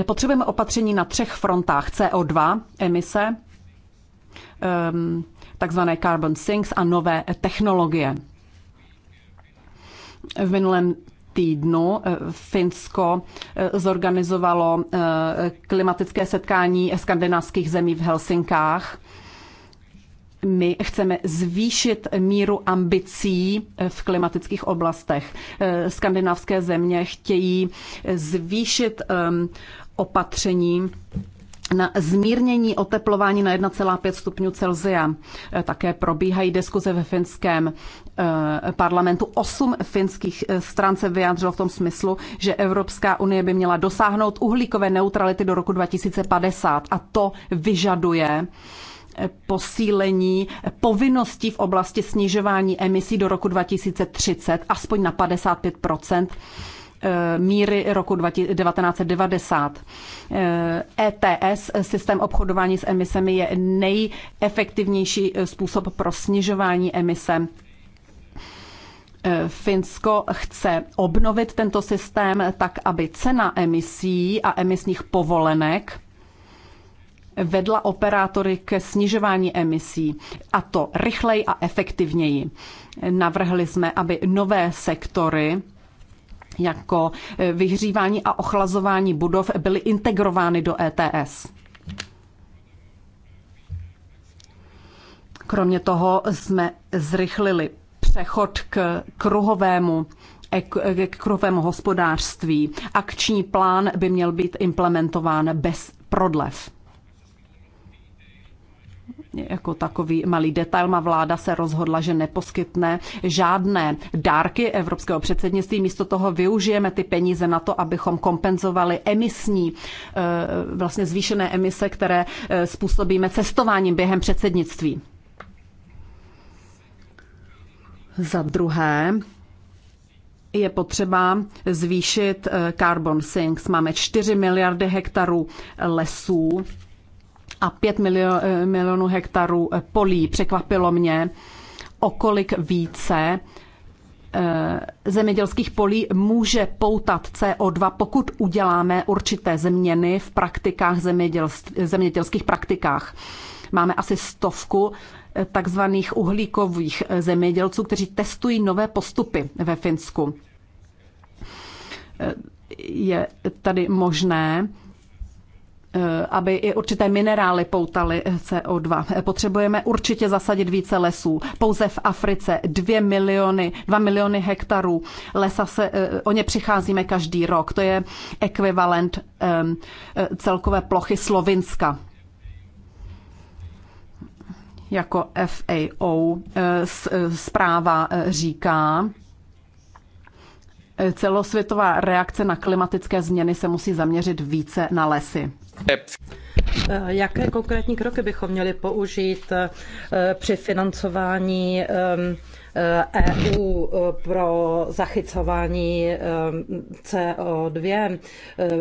Potřebujeme opatření na třech frontách CO2, emise, Ehm, takzvané carbon sinks a nové technologie. V minulém týdnu eh, Finsko eh, zorganizovalo eh, klimatické setkání skandinávských zemí v Helsinkách. My chceme zvýšit míru ambicí v klimatických oblastech. Skandinávské země chtějí zvýšit ehm, opatření na zmírnění oteplování na 1,5 stupňů Celsia. E, také probíhají diskuze ve finském e, parlamentu. Osm finských e, stran se vyjádřilo v tom smyslu, že Evropská unie by měla dosáhnout uhlíkové neutrality do roku 2050 a to vyžaduje posílení povinností v oblasti snižování emisí do roku 2030 aspoň na 55 Eh, míry roku 1990. ETS, eh, e systém obchodování s emisemi, je nejefektivnější eh, způsob pro snižování emise Finsko chce obnovit tento systém tak, aby cena emisí a emisních povolenek vedla operátory ke snižování emisí, a to rychleji a efektivněji. Navrhli jsme, aby nové sektory jako e, vyhřívání a ochlazování budov byly integrovány do ETS. Kromě toho jsme zrychlili přechod k kruhovému e, k kruhovému hospodářství. Akční plán by měl být implementován bez prodlev jako takový malý detail. Má vláda se rozhodla, že neposkytne žádné dárky evropského předsednictví. Místo toho využijeme ty peníze na to, abychom kompenzovali emisní, eh, vlastně zvýšené emise, které eh, způsobíme cestováním během předsednictví. Za druhé, je potřeba zvýšit eh, carbon sinks. Máme 4 miliardy hektarů lesů a 5 eh, milionů hektarů eh, polí. Překvapilo mě, okolik více eh, zemědělských polí může poutat CO2, pokud uděláme určité změny v praktikách zemědělských praktikách. Máme asi stovku takzvaných uhlíkových zemědělců, kteří testují nové postupy ve Finsku. Je tady možné Eh, aby i určité minerály poutaly CO2. Potřebujeme určitě zasadit více lesů. Pouze v Africe 2 miliony, 2 miliony hektarů lesa se, eh, o ně přicházíme každý rok. To je ekvivalent ehm, eh, celkové plochy Slovinska jako FAO zpráva říká, celosvětová reakce na klimatické změny se musí zaměřit více na lesy. Eh, jaké konkrétní kroky bychom měli použít eh, při financování EU ehm, eh, e pro zachycování ehm, CO2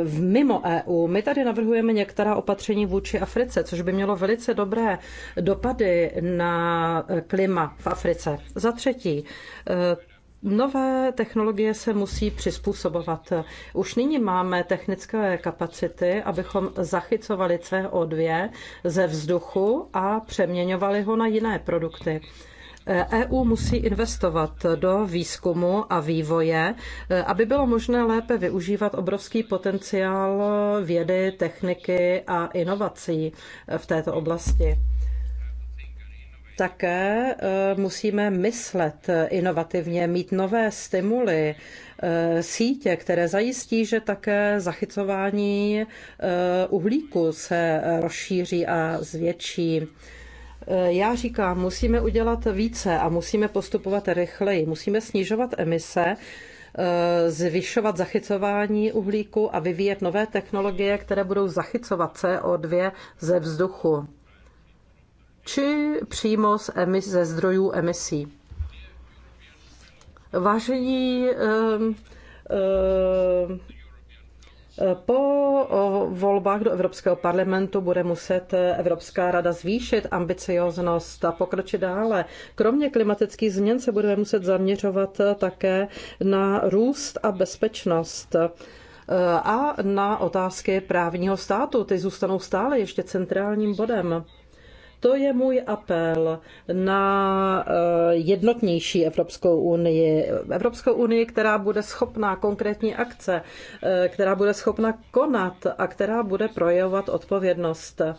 v mimo EU. My tady navrhujeme některá opatření vůči Africe, což by mělo velice dobré dopady na klima v Africe. Za třetí, Nové technologie se musí přizpůsobovat. Už nyní máme technické kapacity, abychom zachycovali CO2 ze vzduchu a přeměňovali ho na jiné produkty. EU e musí investovat do výzkumu a vývoje, e, aby bylo možné lépe využívat obrovský potenciál vědy, techniky a inovací v této oblasti. Také eh, musíme myslet eh, inovativně, mít nové stimuly, eh, sítě, které zajistí, že také zachycování uhlíku se rozšíří a zvětší. Já říkám, musíme udělat více a musíme postupovat rychleji. Musíme snižovat emise, zvyšovat zachycování uhlíku a vyvíjet nové technologie, které budou zachycovat CO2 ze vzduchu či přímo z emis, ze zdrojů emisí. Vážení po volbách do Evropského parlamentu bude muset Evropská rada zvýšit ambicioznost a pokročit dále. Kromě klimatických změn se budeme muset zaměřovat také na růst a bezpečnost eh, a na otázky právního státu. Ty zůstanou stále ještě centrálním bodem. To je můj apel na eh, jednotnější Evropskou unii. Evropskou unii, která bude schopná konkrétní akce, eh, která bude schopna konat a která bude projevovat odpovědnost eh,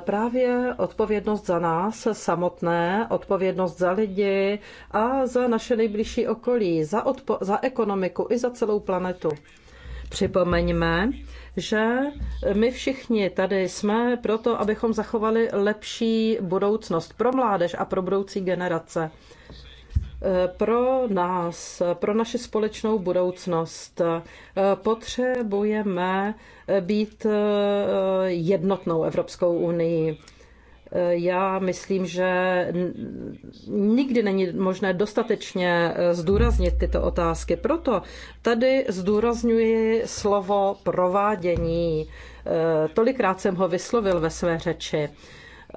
právě odpovědnost za nás samotné, odpovědnost za lidi a za naše nejbližší okolí, za, odpo- za ekonomiku i za celou planetu. Připomeňme, že my všichni tady jsme proto, abychom zachovali lepší budoucnost pro mládež a pro budoucí generace. Pro nás, pro naši společnou budoucnost potřebujeme být jednotnou Evropskou unii. Já myslím, že nikdy není možné dostatečně eh, zdůraznit tyto otázky. Proto tady zdůrazňuji slovo provádění. Eh, tolikrát jsem ho vyslovil ve své řeči.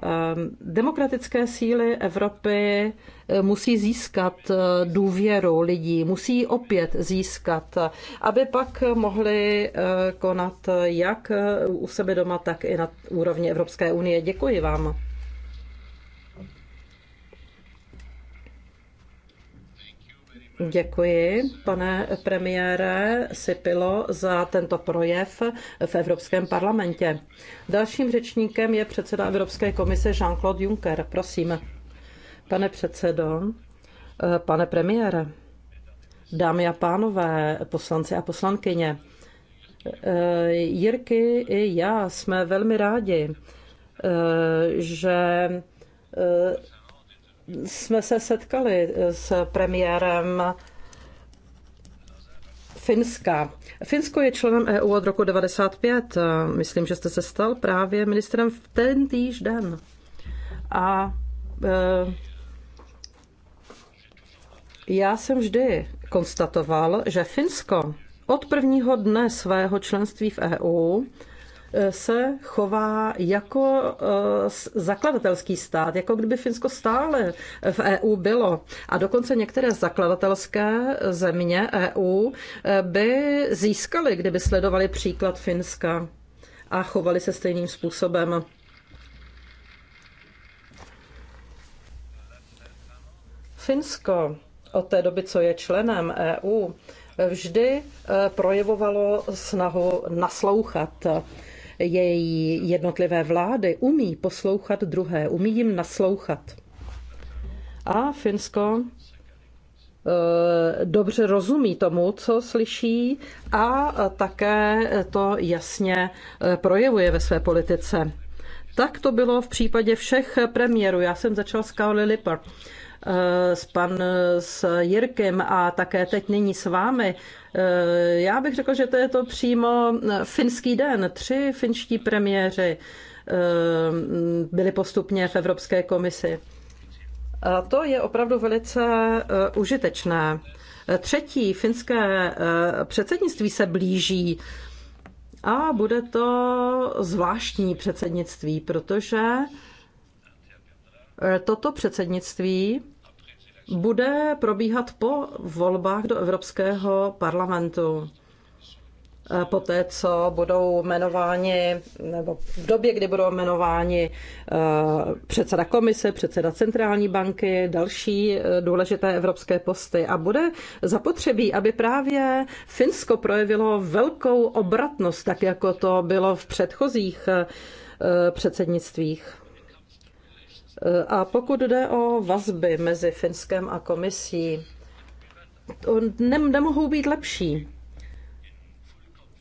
Ehm, demokratické síly Evropy eh, musí získat eh, důvěru lidí, musí opět získat, aby pak mohli eh, konat jak u sebe doma, tak i na úrovni Evropské unie. Děkuji vám. Děkuji, pane premiére Sipilo, za tento projev v Evropském parlamentě. Dalším řečníkem je předseda Evropské komise Jean-Claude Juncker. Prosím. Pane předsedo, pane premiére, dámy a pánové, poslanci a poslankyně, Jirky i já jsme velmi rádi, že jsme se setkali s premiérem Finska. Finsko je členem EU od roku 95. Myslím, že jste se stal právě ministrem v ten týž den. A e, já jsem vždy konstatoval, že Finsko od prvního dne svého členství v EU Eh, se chová jako eh, zakladatelský stát, jako kdyby Finsko stále v EU bylo. A dokonce některé zakladatelské země EU eh, by získaly, kdyby sledovali příklad Finska a chovali se stejným způsobem. Finsko od té doby, co je členem EU, vždy projevovalo snahu naslouchat její jednotlivé vlády umí poslouchat druhé, umí jim naslouchat. A Finsko eh, dobře rozumí tomu, co slyší a také to jasně eh, projevuje ve své politice. Tak to bylo v případě všech premiérů. Já jsem začal s Kaoli Lipper. Eh, s pan s Jirkem a také teď nyní s vámi, eh, já bych řekl, že to je to přímo eh, finský den. Tři finští premiéři byli postupně v Evropské komisi. A to je opravdu velice užitečné. Třetí finské předsednictví se blíží a bude to zvláštní předsednictví, protože toto předsednictví bude probíhat po volbách do Evropského parlamentu. E, Poté, co budou jmenováni, nebo v době, kdy budou jmenováni e, předseda komise, předseda centrální banky, další e, důležité evropské posty. A bude zapotřebí, aby právě Finsko projevilo velkou obratnost, tak jako to bylo v předchozích předsednictvích. A pokud jde o vazby mezi Finskem a komisí, to nemohou být lepší.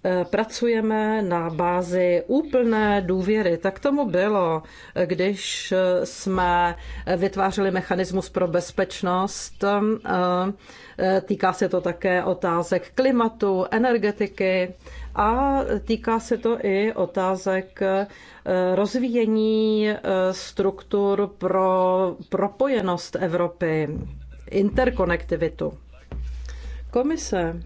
Eh, pracujeme na bázi úplné důvěry. Tak tomu bylo, když eh, jsme vytvářeli mechanismus pro bezpečnost. Eh, týká se to také otázek klimatu, energetiky a týká se to i otázek eh, rozvíjení eh, struktur pro propojenost Evropy, interkonektivitu. Komise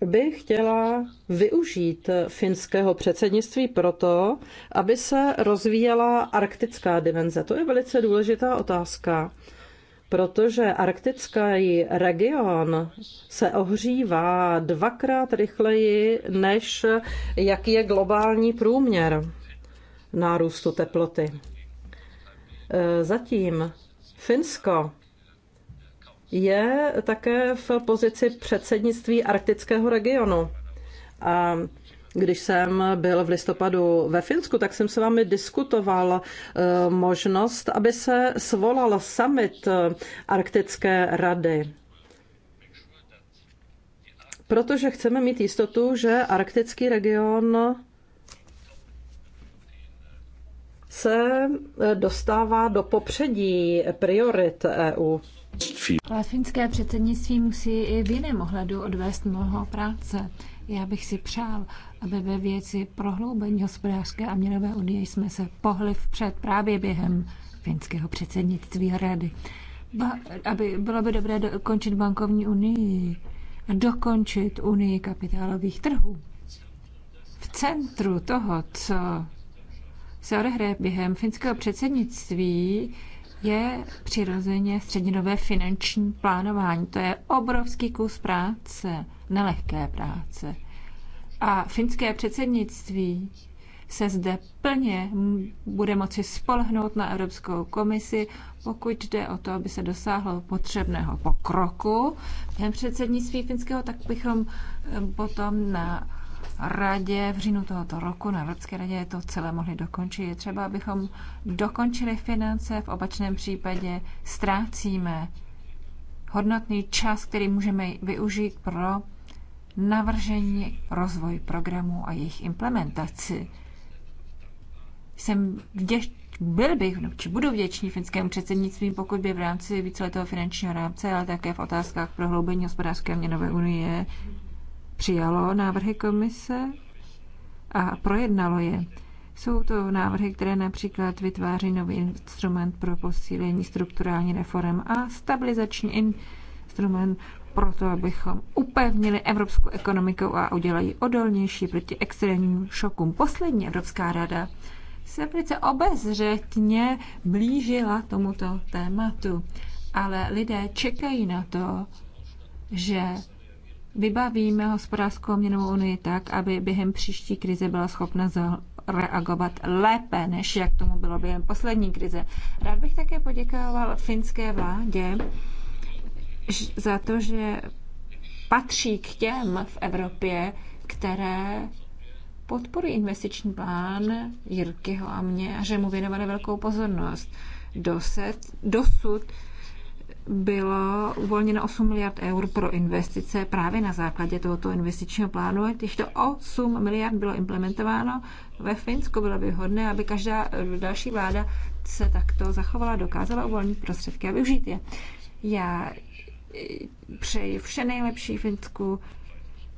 by chtěla využít finského předsednictví proto, aby se rozvíjela arktická dimenze. To je velice důležitá otázka protože arktický region se ohřívá dvakrát rychleji, než jaký je globální průměr nárůstu teploty. Zatím Finsko je také v pozici předsednictví arktického regionu. A když jsem byl v listopadu ve Finsku, tak jsem s vámi diskutoval eh, možnost, aby se svolal summit eh, Arktické rady protože chceme mít jistotu, že arktický region se eh, dostává do popředí priorit EU. Ale finské předsednictví musí i v jiném ohledu odvést mnoho práce. Já bych si přál, aby ve věci prohloubení hospodářské a měnové unie jsme se pohli vpřed právě během finského předsednictví rady. Ba, aby bylo by dobré dokončit bankovní unii a dokončit unii kapitálových trhů. V centru toho, co se odehraje během finského předsednictví, je přirozeně střednědové finanční plánování. To je obrovský kus práce, nelehké práce. A finské předsednictví se zde plně bude moci spolhnout na Evropskou komisi, pokud jde o to, aby se dosáhlo potřebného pokroku během předsednictví finského, tak bychom eh, potom na radě v říjnu tohoto roku, na Evropské radě to celé mohli dokončit. Je třeba, abychom dokončili finance, v opačném případě ztrácíme hodnotný čas, který můžeme využít pro navržení rozvoj programů a jejich implementaci. Jsem vděč, byl bych, no, či budu vděčný finskému předsednictví, pokud by v rámci víceletého finančního rámce, ale také v otázkách prohloubení hospodářské a měnové unie přijalo návrhy komise a projednalo je. Jsou to návrhy, které například vytváří nový instrument pro posílení strukturální reform a stabilizační instrument pro to, abychom upevnili evropskou ekonomiku a udělali odolnější proti extrémním šokům. Poslední Evropská rada se velice obezřetně blížila tomuto tématu, ale lidé čekají na to, že vybavíme hospodářskou měnovou unii tak, aby během příští krize byla schopna reagovat lépe, než jak tomu bylo během poslední krize. Rád bych také poděkoval finské vládě za to, že patří k těm v Evropě, které podporují investiční plán Jirkyho a mě a že mu věnovali velkou pozornost. Dosud, dosud bylo uvolněno 8 miliard eur pro investice právě na základě tohoto investičního plánu. Těchto 8 miliard bylo implementováno ve Finsku. Bylo by hodné, aby každá další vláda se takto zachovala, dokázala uvolnit prostředky a využít je. Já přeji vše nejlepší Finsku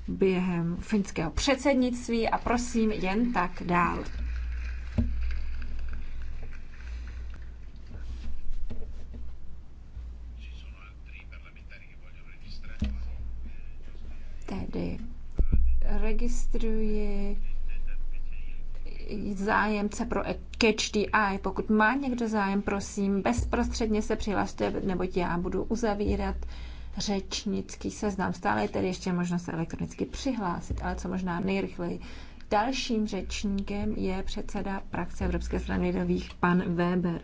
během finského předsednictví a prosím jen tak dál. Tedy registruji zájemce pro Catch the Eye. Pokud má někdo zájem, prosím, bezprostředně se přihlašte, neboť já budu uzavírat řečnický seznam. Stále je tedy ještě možnost elektronicky přihlásit, ale co možná nejrychleji. Dalším řečníkem je předseda praxe Evropské strany lidových, pan Weber.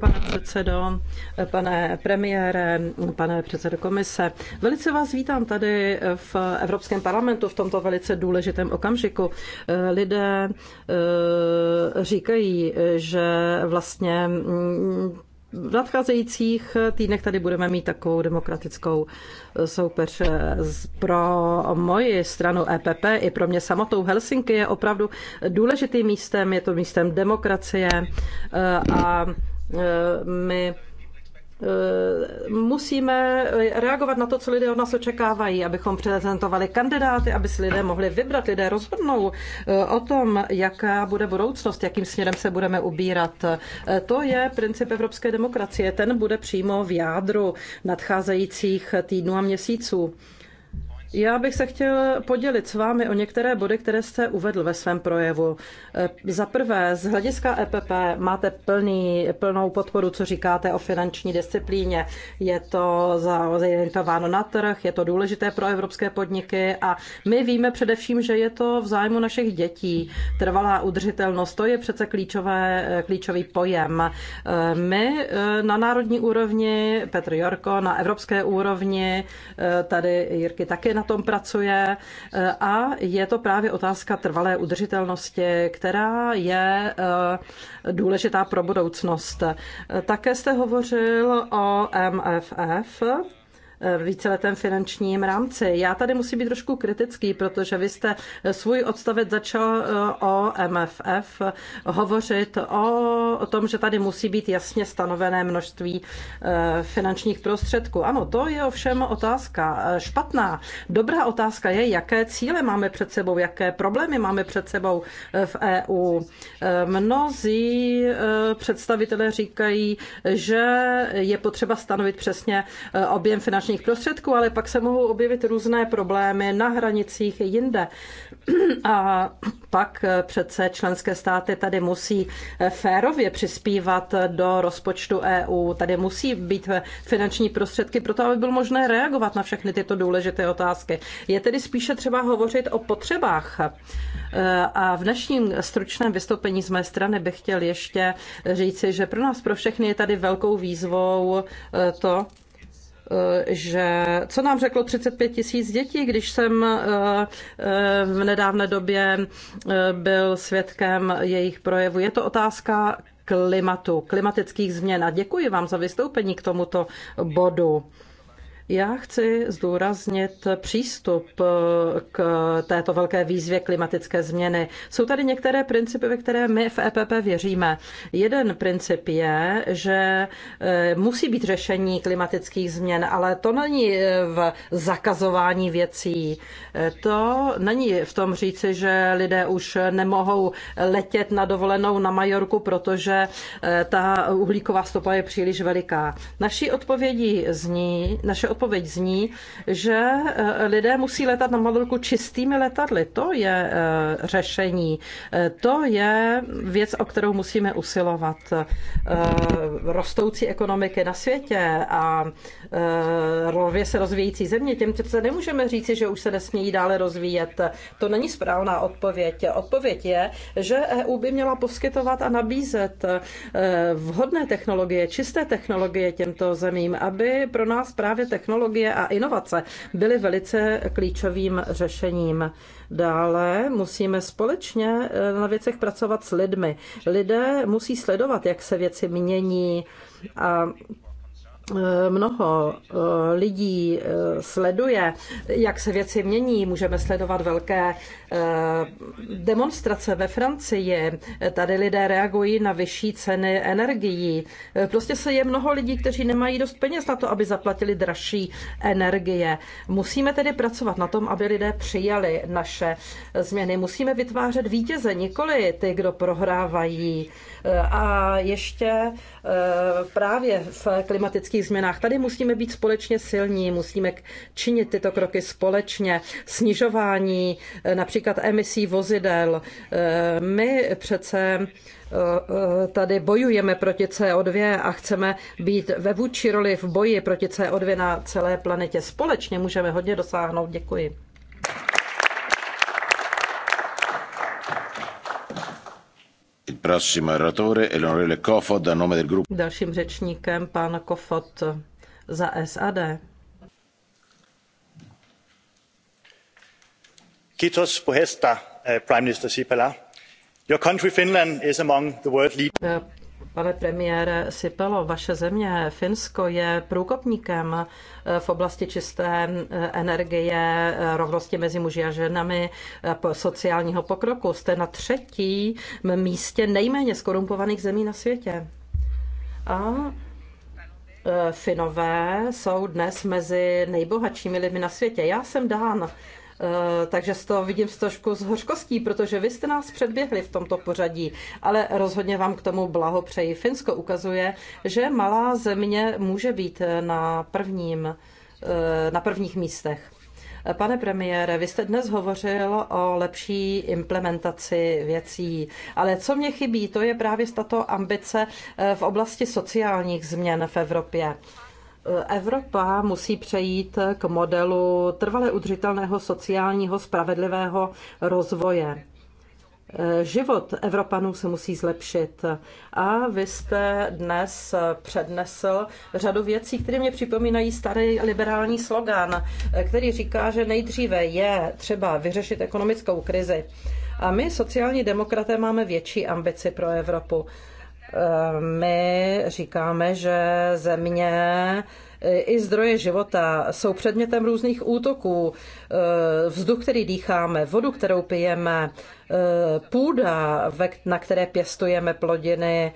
Pane předsedo, pane premiére, pane předsedo komise, velice vás vítám tady v Evropském parlamentu v tomto velice důležitém okamžiku. Lidé eh, říkají, že vlastně mm, v nadcházejících týdnech tady budeme mít takovou demokratickou eh, soupeř eh, pro moji stranu EPP i pro mě samotnou. Helsinki je opravdu důležitým místem, je to místem demokracie a my eh, musíme reagovat na to, co lidé od nás očekávají, abychom prezentovali kandidáty, aby si lidé mohli vybrat, lidé rozhodnou eh, o tom, jaká bude budoucnost, jakým směrem se budeme ubírat. Eh, to je princip evropské demokracie. Ten bude přímo v jádru nadcházejících týdnů a měsíců. Já bych se chtěl podělit s vámi o některé body, které jste uvedl ve svém projevu. Eh, za prvé, z hlediska EPP máte plný, plnou podporu, co říkáte o finanční disciplíně. Je to zorientováno na trh, je to důležité pro evropské podniky a my víme především, že je to v zájmu našich dětí. Trvalá udržitelnost, to je přece klíčové, eh, klíčový pojem. Eh, my na národní úrovni, Petr Jorko, na evropské úrovni, tady Jirky taky na tom pracuje eh, a je to právě otázka trvalé udržitelnosti, která je eh, důležitá pro budoucnost. Eh, také jste hovořil o MFF, Eh, víceletém finančním rámci. Já tady musím být trošku kritický, protože vy jste eh, svůj odstavec začal eh, o MFF hovořit o, o tom, že tady musí být jasně stanovené množství finančních prostředků. Ano, to je ovšem otázka špatná. Dobrá otázka je, jaké cíle máme před sebou, jaké problémy máme před sebou v EU. Mnozí představitelé říkají, že je potřeba stanovit přesně objem finančních finančních prostředků, ale pak se mohou objevit různé problémy na hranicích jinde. A pak přece členské státy tady musí férově přispívat do rozpočtu EU. Tady musí být finanční prostředky pro to, aby bylo možné reagovat na všechny tyto důležité otázky. Je tedy spíše třeba hovořit o potřebách. A v dnešním stručném vystoupení z mé strany bych chtěl ještě říci, že pro nás, pro všechny je tady velkou výzvou to, Eh, že co nám řeklo 35 tisíc dětí, když jsem eh, eh, v nedávné době byl svědkem jejich projevu. Je to otázka klimatu, klimatických změn. A děkuji vám za vystoupení k tomuto bodu. Já chci zdůraznit přístup eh, k této velké výzvě klimatické změny. Jsou tady některé principy, ve které my v EPP věříme. Jeden princip je, že eh, musí být řešení klimatických změn, ale to není eh, v zakazování věcí. To není v tom říci, že lidé už nemohou letět na dovolenou na Majorku, protože ta uhlíková stopa je příliš veliká. Naší odpovědí zní, naše odpověď zní, že eh, lidé musí letat na modelku čistými letadly. To je eh, řešení. Eh, to je věc, o kterou musíme usilovat. Rostoucí ekonomiky na světě a rově se rozvíjící země, těm přece nemůžeme říci, že už se nesmějí dále rozvíjet. To není správná odpověď. Odpověď je, že EU by měla poskytovat a nabízet vhodné technologie, čisté technologie těmto zemím, aby pro nás právě technologie technologie a inovace byly velice klíčovým řešením. Dále musíme společně eh, na věcech pracovat s lidmi. Lidé musí sledovat, jak se věci mění a Eh, mnoho eh, lidí eh, sleduje, jak se věci mění. Můžeme sledovat velké demonstrace ve Francii. Tady lidé reagují na vyšší ceny energií. Prostě se je mnoho lidí, kteří nemají dost peněz na to, aby zaplatili dražší energie. Musíme tedy pracovat na tom, aby lidé přijali naše změny. Musíme vytvářet vítěze, nikoli ty, kdo prohrávají. A ještě právě v klimatických klimatických změnách. Tady musíme být společně silní, musíme činit tyto kroky společně. Snižování eh, například emisí vozidel. Eh, my přece eh, tady bojujeme proti CO2 a chceme být ve vůči roli v boji proti CO2 na celé planetě. Společně můžeme hodně dosáhnout. Děkuji. Dalším řečníkem pan Kofod za SAD. Kiitos puheesta, eh, Prime Minister Sipilä. Your country Finland is among the world leaders. Eh, Pane premiére Sipelo, vaše země, Finsko, je průkopníkem eh, v oblasti čisté eh, energie, eh, rovnosti mezi muži a ženami, sociálního pokroku. Jste na třetím místě nejméně skorumpovaných zemí na světě. A Finové jsou dnes mezi nejbohatšími lidmi na světě. Já jsem Dán Eh, takže to vidím s trošku s hořkostí, protože vy jste nás předběhli v tomto pořadí, ale rozhodně vám k tomu blahopřeji. Finsko ukazuje, že malá země může být eh, na, prvním, eh, na prvních místech. Pane premiére, vy jste dnes hovořil o lepší implementaci věcí, ale co mě chybí, to je právě tato ambice v oblasti sociálních změn v Evropě. Evropa musí přejít k modelu trvale udržitelného sociálního spravedlivého rozvoje. Život Evropanů se musí zlepšit. A vy jste dnes přednesl řadu věcí, které mě připomínají starý liberální slogan, který říká, že nejdříve je třeba vyřešit ekonomickou krizi. A my, sociální demokraté, máme větší ambici pro Evropu my říkáme, že země i zdroje života jsou předmětem různých útoků. Vzduch, který dýcháme, vodu, kterou pijeme, půda, na které pěstujeme plodiny,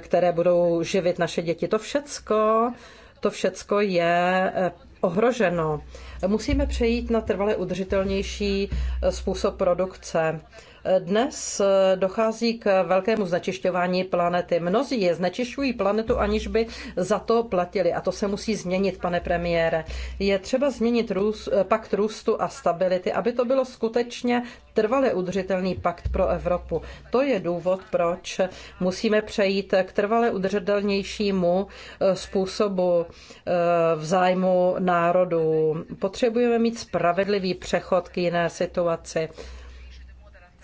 které budou živit naše děti. To všecko, to všecko je ohroženo. Musíme přejít na trvale udržitelnější způsob produkce. Dnes eh, dochází k velkému znečišťování planety. Mnozí je znečišťují planetu, aniž by za to platili. A to se musí změnit, pane premiére. Je třeba změnit růst, eh, pakt růstu a stability, aby to bylo skutečně trvale udržitelný pakt pro Evropu. To je důvod, proč musíme přejít k trvale udržitelnějšímu eh, způsobu vzájmu národů. Potřebujeme mít spravedlivý přechod k jiné situaci.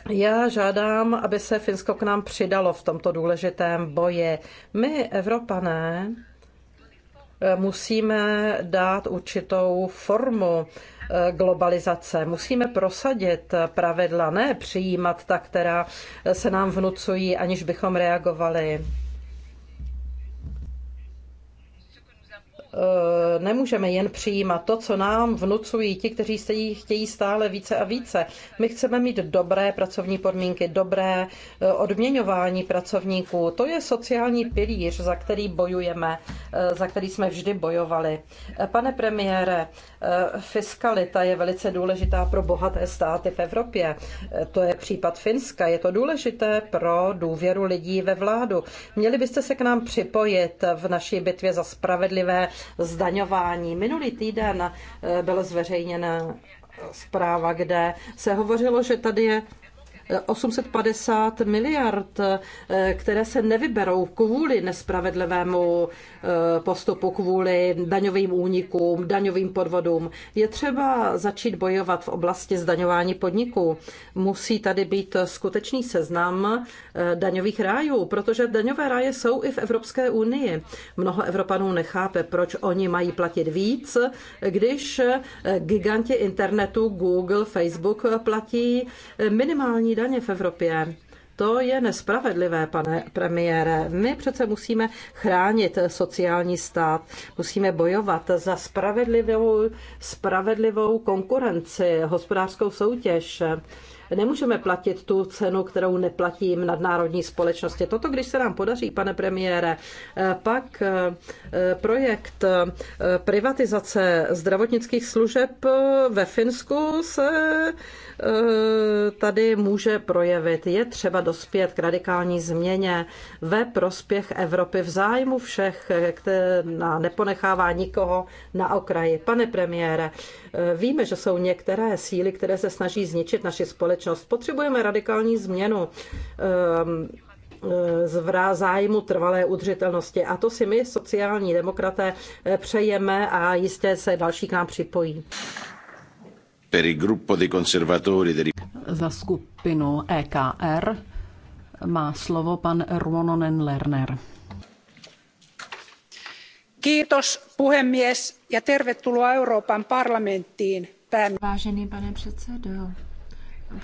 Já žádám, aby se Finsko k nám přidalo v tomto důležitém boji. My, Evropané, musíme dát určitou formu eh, globalizace. Musíme prosadit pravidla, ne přijímat ta, která se nám vnucují, aniž bychom reagovali. Eh, nemůžeme jen přijímat to, co nám vnucují ti, kteří se jí chtějí stále více a více. My chceme mít dobré pracovní podmínky, dobré eh, odměňování pracovníků. To je sociální pilíř, za který bojujeme, eh, za který jsme vždy bojovali. Pane premiére, fiskalita je velice důležitá pro bohaté státy v Evropě. To je případ Finska. Je to důležité pro důvěru lidí ve vládu. Měli byste se k nám připojit v naší bitvě za spravedlivé zdaňování. Minulý týden eh, byla zveřejněna zpráva, kde se hovořilo, že tady je 850 miliard, eh, které se nevyberou kvůli nespravedlivému eh, postupu, kvůli daňovým únikům, daňovým podvodům. Je třeba začít bojovat v oblasti zdaňování podniků. Musí tady být skutečný seznam eh, daňových rájů, protože daňové ráje jsou i v Evropské unii. Mnoho Evropanů nechápe, proč oni mají platit víc, když giganti internetu Google, Facebook platí minimální daně v Evropě. To je nespravedlivé, pane premiére. My přece musíme chránit sociální stát, musíme bojovat za spravedlivou, spravedlivou konkurenci, hospodářskou soutěž. Nemůžeme platit tu cenu, kterou neplatí nadnárodní společnosti. Toto, když se nám podaří, pane premiére, pak eh, projekt eh, privatizace zdravotnických služeb eh, ve Finsku se Eh, tady může projevit. Je třeba dospět k radikální změně ve prospěch Evropy v zájmu všech, které neponechává nikoho na okraji. Pane premiére, eh, víme, že jsou některé síly, které se snaží zničit naši společnost. Potřebujeme radikální změnu eh, zvrá zájmu trvalé udržitelnosti. A to si my, sociální demokraté, přejeme a jistě se další k nám připojí per il gruppo dei conservatori dei... Za skupinu EKR má slovo pan Ruononen Lerner. Kiitos puhemies ja tervetuloa Euroopan parlamenttiin. Pään... Vážený pane předsedo,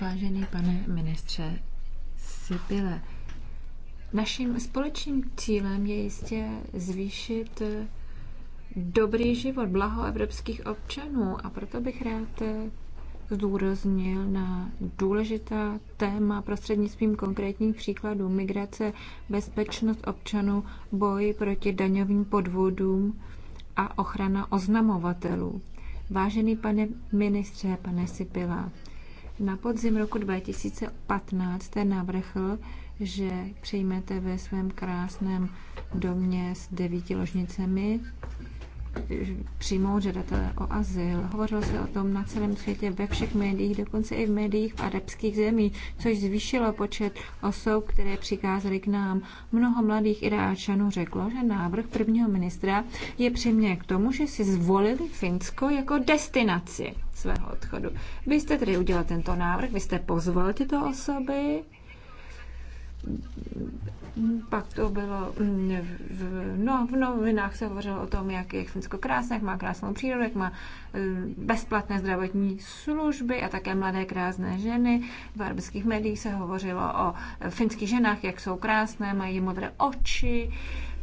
vážený pane ministře Sipile, naším společným cílem je jistě zvýšit eh, dobrý život, blaho evropských občanů a proto bych rád eh, zdůraznil na důležitá téma prostřednictvím konkrétních příkladů migrace, bezpečnost občanů, boj proti daňovým podvodům a ochrana oznamovatelů. Vážený pane ministře, pane Sipila, na podzim roku 2015 jste navrhl, že přijmete ve svém krásném domě s devíti ložnicemi přijmout žadatele o azyl. Hovořilo se o tom na celém světě, ve všech médiích, dokonce i v médiích v arabských zemích, což zvýšilo počet osob, které přikázaly k nám. Mnoho mladých Iráčanů řeklo, že návrh prvního ministra je přiměje k tomu, že si zvolili Finsko jako destinaci svého odchodu. Vy jste tedy udělal tento návrh, vy jste pozval tyto osoby, pak to bylo mm, v, no, v novinách se hovořilo o tom, jak je Finsko krásné, jak má krásnou přírodu, jak má mm, bezplatné zdravotní služby a také mladé krásné ženy. V arabských médiích se hovořilo o eh, finských ženách, jak jsou krásné, mají modré oči,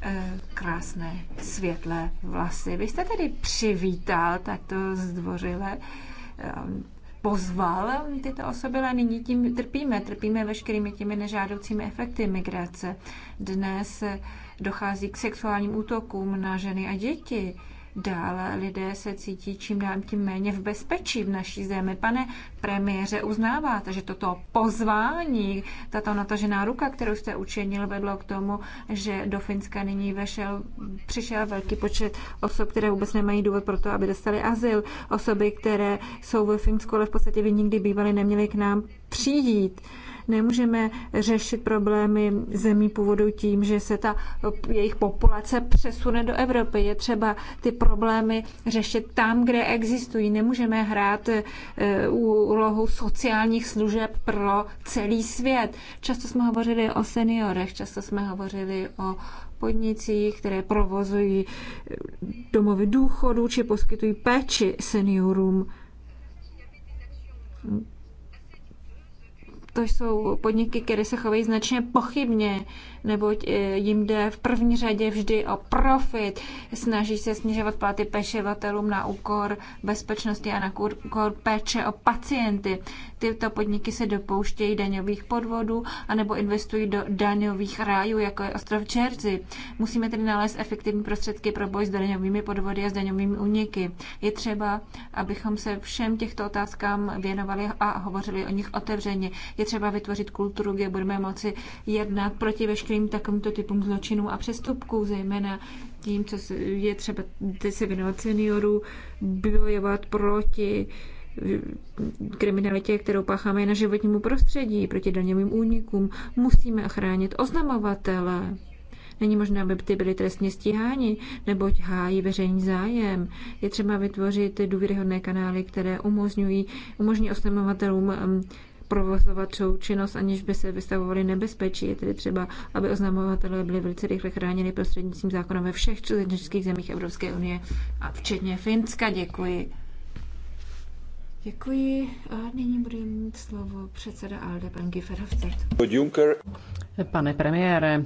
eh, krásné světlé vlasy. Vy jste tedy přivítal takto zdvořile eh, pozval tyto osoby, ale nyní tím trpíme. Trpíme veškerými těmi nežádoucími efekty migrace. Dnes dochází k sexuálním útokům na ženy a děti Dále lidé se cítí čím dál tím méně v bezpečí v naší zemi. Pane premiére, uznáváte, že toto pozvání, tato natažená ruka, kterou jste učinil, vedlo k tomu, že do Finska nyní vešel, přišel velký počet osob, které vůbec nemají důvod pro to, aby dostali azyl. Osoby, které jsou ve Finsku, ale v podstatě by nikdy bývaly, neměly k nám přijít. Nemůžeme řešit problémy zemí původu tím, že se ta jejich populace přesune do Evropy. Je třeba ty problémy řešit tam, kde existují. Nemůžeme hrát e, úlohu sociálních služeb pro celý svět. Často jsme hovořili o seniorech, často jsme hovořili o podnicích, které provozují e, domovy důchodů či poskytují péči seniorům to jsou podniky, které se chovají značně pochybně neboť e, jim jde v první řadě vždy o profit. Snaží se snižovat platy pečovatelům na úkor bezpečnosti a na úkor péče o pacienty. Tyto podniky se dopouštějí daňových podvodů anebo investují do daňových rájů, jako je ostrov Čerzy. Musíme tedy nalézt efektivní prostředky pro boj s daňovými podvody a s daňovými úniky. Je třeba, abychom se všem těchto otázkám věnovali a hovořili o nich otevřeně. Je třeba vytvořit kulturu, kde budeme moci jednat proti veškerým některým takovýmto typům zločinů a přestupků, zejména tím, co je třeba se věnovat seniorů, bojovat proti eh, kriminalitě, kterou pácháme na životnímu prostředí, proti daňovým únikům, musíme chránit oznamovatele. Není možné, aby ty byly trestně stíháni, neboť hájí veřejný zájem. Je třeba vytvořit důvěryhodné kanály, které umožňují, umožní oznamovatelům mm, provozovat svou činnost, aniž by se vystavovali nebezpečí. Je tedy třeba, aby oznamovatelé byli velice rychle chráněni prostřednictvím zákona ve všech členských zemích Evropské unie a včetně Finska. Děkuji. Děkuji a nyní bude mít slovo předseda ALDE, pan Giferovcet. Pane premiére,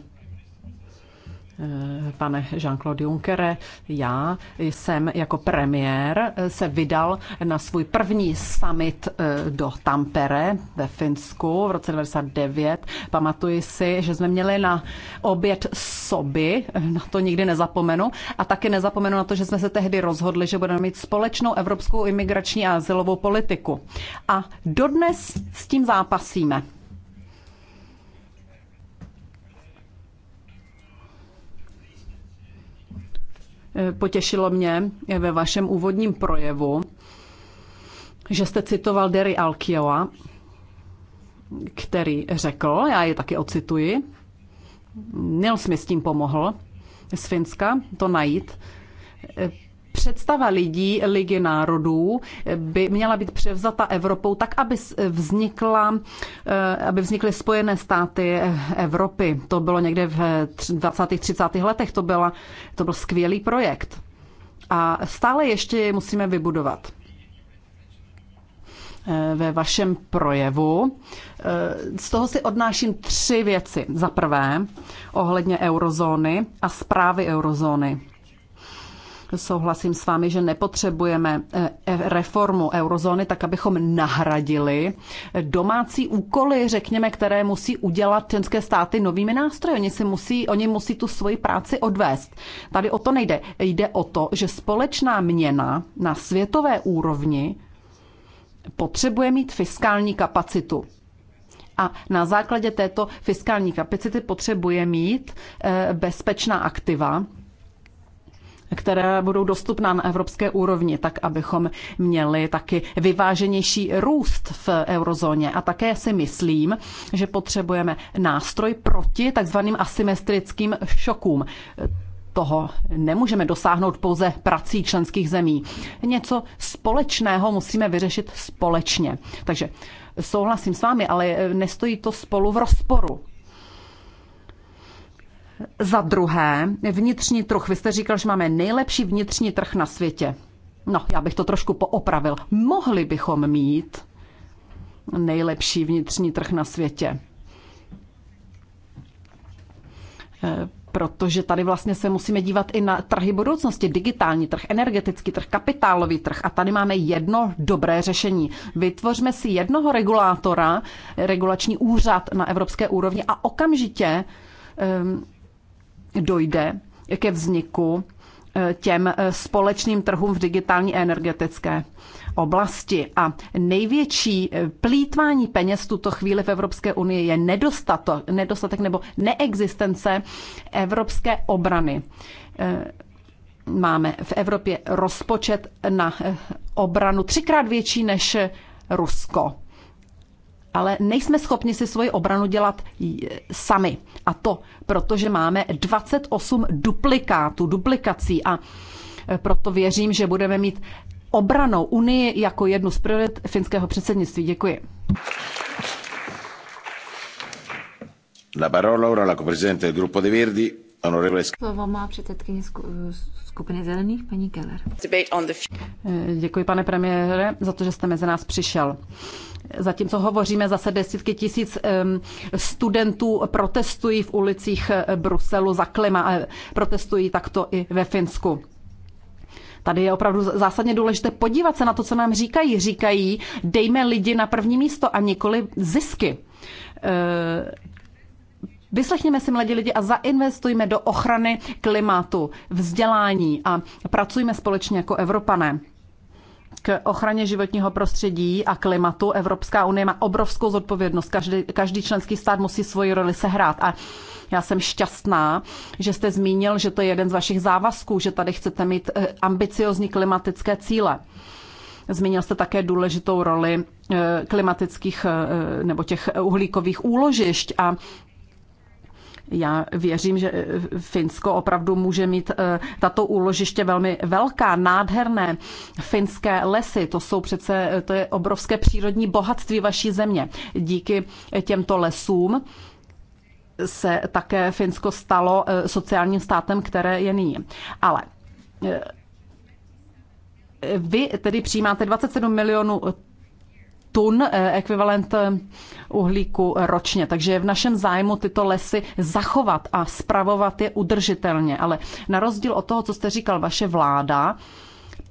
Eh, pane Jean-Claude Juncker, já jsem jako premiér eh, se vydal na svůj první summit eh, do Tampere ve Finsku v roce 1999. Pamatuji si, že jsme měli na oběd soby, na to nikdy nezapomenu, a taky nezapomenu na to, že jsme se tehdy rozhodli, že budeme mít společnou evropskou imigrační a azylovou politiku. A dodnes s tím zápasíme. Potěšilo mě ve vašem úvodním projevu, že jste citoval Derry Alkioa, který řekl, já je taky ocituji, Nils mi s tím pomohl z Finska to najít, představa lidí Ligy národů by měla být převzata Evropou tak, aby, vznikla, eh, aby vznikly spojené státy Evropy. To bylo někde v 20. 30. letech, to, byla, to byl skvělý projekt. A stále ještě je musíme vybudovat. Eh, ve vašem projevu. Eh, z toho si odnáším tři věci. Za prvé, ohledně eurozóny a zprávy eurozóny Souhlasím s vámi, že nepotřebujeme eh, e, reformu eurozóny tak, abychom nahradili domácí úkoly, řekněme, které musí udělat členské státy novými nástroji. Oni, si musí, oni musí tu svoji práci odvést. Tady o to nejde. Jde o to, že společná měna na světové úrovni potřebuje mít fiskální kapacitu. A na základě této fiskální kapacity potřebuje mít eh, bezpečná aktiva, které budou dostupná na evropské úrovni, tak abychom měli taky vyváženější růst v eurozóně. A také si myslím, že potřebujeme nástroj proti takzvaným asymetrickým šokům toho nemůžeme dosáhnout pouze prací členských zemí. Něco společného musíme vyřešit společně. Takže souhlasím s vámi, ale nestojí to spolu v rozporu. Za druhé, vnitřní trh. Vy jste říkal, že máme nejlepší vnitřní trh na světě. No, já bych to trošku poopravil. Mohli bychom mít nejlepší vnitřní trh na světě. Eh, protože tady vlastně se musíme dívat i na trhy budoucnosti. Digitální trh, energetický trh, kapitálový trh. A tady máme jedno dobré řešení. Vytvořme si jednoho regulátora, regulační úřad na evropské úrovni a okamžitě ehm, dojde ke vzniku eh, těm eh, společným trhům v digitální energetické oblasti. A největší eh, plítvání peněz v tuto chvíli v Evropské unii je nedostatek, nedostatek nebo neexistence evropské obrany. Máme v Evropě rozpočet na obranu třikrát větší než Rusko ale nejsme schopni si svoji obranu dělat sami. A to, protože máme 28 duplikátů, duplikací a e, proto věřím, že budeme mít obranou Unii jako jednu z priorit finského předsednictví. Děkuji. La parola ora la co-presidente del gruppo dei Verdi, onorevole Slovo má předsedkyně skupiny zelených, paní Keller. Eh, děkuji, pane premiére, za to, že jste mezi nás přišel. Zatímco hovoříme, zase desítky tisíc studentů protestují v ulicích eh, Bruselu za klima a eh, protestují takto i ve Finsku. Tady je opravdu zásadně důležité podívat se na to, co nám říkají. Říkají, dejme lidi na první místo a nikoli zisky Vyslechněme si mladí lidi a zainvestujme do ochrany klimatu, vzdělání a pracujme společně jako Evropané. K ochraně životního prostředí a klimatu Evropská unie má obrovskou zodpovědnost. Každý, každý členský stát musí svoji roli sehrát. A já jsem šťastná, že jste zmínil, že to je jeden z vašich závazků, že tady chcete mít eh, ambiciozní klimatické cíle. Zmínil jste také důležitou roli eh, klimatických eh, nebo těch uhlíkových úložišť a já věřím, že eh, Finsko opravdu může mít eh, tato úložiště velmi velká, nádherné finské lesy. To jsou přece, eh, to je obrovské přírodní bohatství vaší země. Díky těmto lesům se také Finsko stalo sociálním státem, které je nyní. Ale vy tedy přijímáte 27 milionů tun eh, ekvivalent eh, uhlíku ročně. Takže je v našem zájmu tyto lesy zachovat a spravovat je udržitelně. Ale na rozdíl od toho, co jste říkal, vaše vláda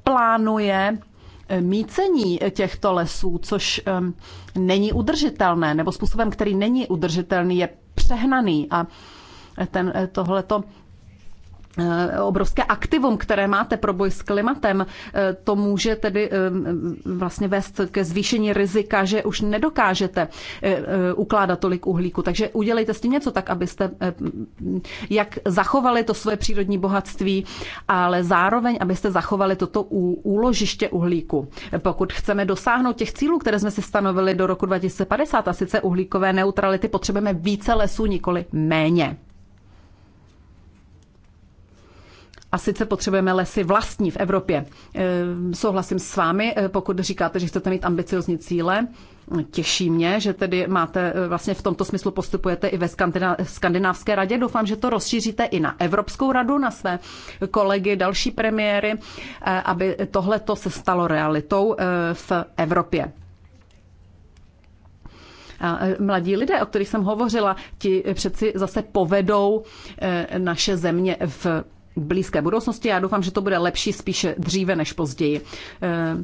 plánuje eh, mícení těchto lesů, což ehm, není udržitelné, nebo způsobem, který není udržitelný, je přehnaný. A ten, tohleto Eh, obrovské aktivum, které máte pro boj s klimatem, eh, to může tedy eh, vlastně vést ke zvýšení rizika, že už nedokážete ukládat tolik uhlíku. Takže udělejte s tím něco tak, abyste jak zachovali to svoje přírodní bohatství, ale zároveň, abyste zachovali toto úložiště uhlíku. Pokud chceme dosáhnout těch cílů, které jsme si stanovili do roku 2050, a sice uhlíkové neutrality, potřebujeme více lesů, nikoli méně. A sice potřebujeme lesy vlastní v Evropě. E, souhlasím s vámi, e, pokud říkáte, že chcete mít ambiciozní cíle. Těší mě, že tedy máte e, vlastně v tomto smyslu postupujete i ve Skandinávské radě. Doufám, že to rozšíříte i na Evropskou radu, na své kolegy, další premiéry, aby tohleto se stalo realitou v Evropě. A mladí lidé, o kterých jsem hovořila, ti přeci zase povedou naše země v blízké budoucnosti. Já doufám, že to bude lepší spíše dříve než později. Eh,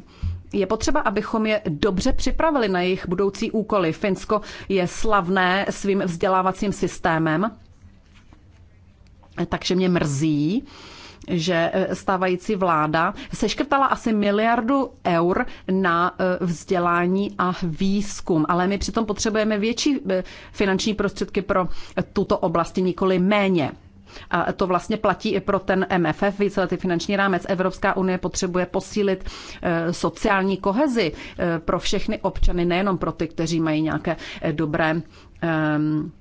je potřeba, abychom je dobře připravili na jejich budoucí úkoly. Finsko je slavné svým vzdělávacím systémem, takže mě mrzí, že eh, stávající vláda seškrtala asi miliardu eur na eh, vzdělání a výzkum, ale my přitom potřebujeme větší finanční prostředky pro tuto oblast, nikoli méně. A to vlastně platí i pro ten MFF, víceletý finanční rámec. Evropská unie potřebuje posílit eh, sociální kohezi eh, pro všechny občany, nejenom pro ty, kteří mají nějaké eh, dobré ehm,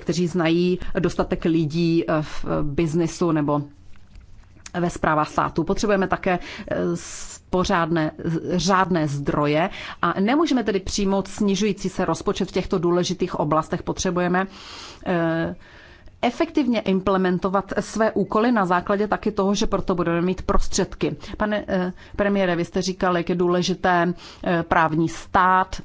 kteří znají dostatek lidí v biznisu nebo ve zprávách státu. Potřebujeme také pořádné, řádné zdroje a nemůžeme tedy přijmout snižující se rozpočet v těchto důležitých oblastech. Potřebujeme efektivně implementovat své úkoly na základě taky toho, že proto budeme mít prostředky. Pane eh, premiére, vy jste říkal, jak je důležité eh, právní stát,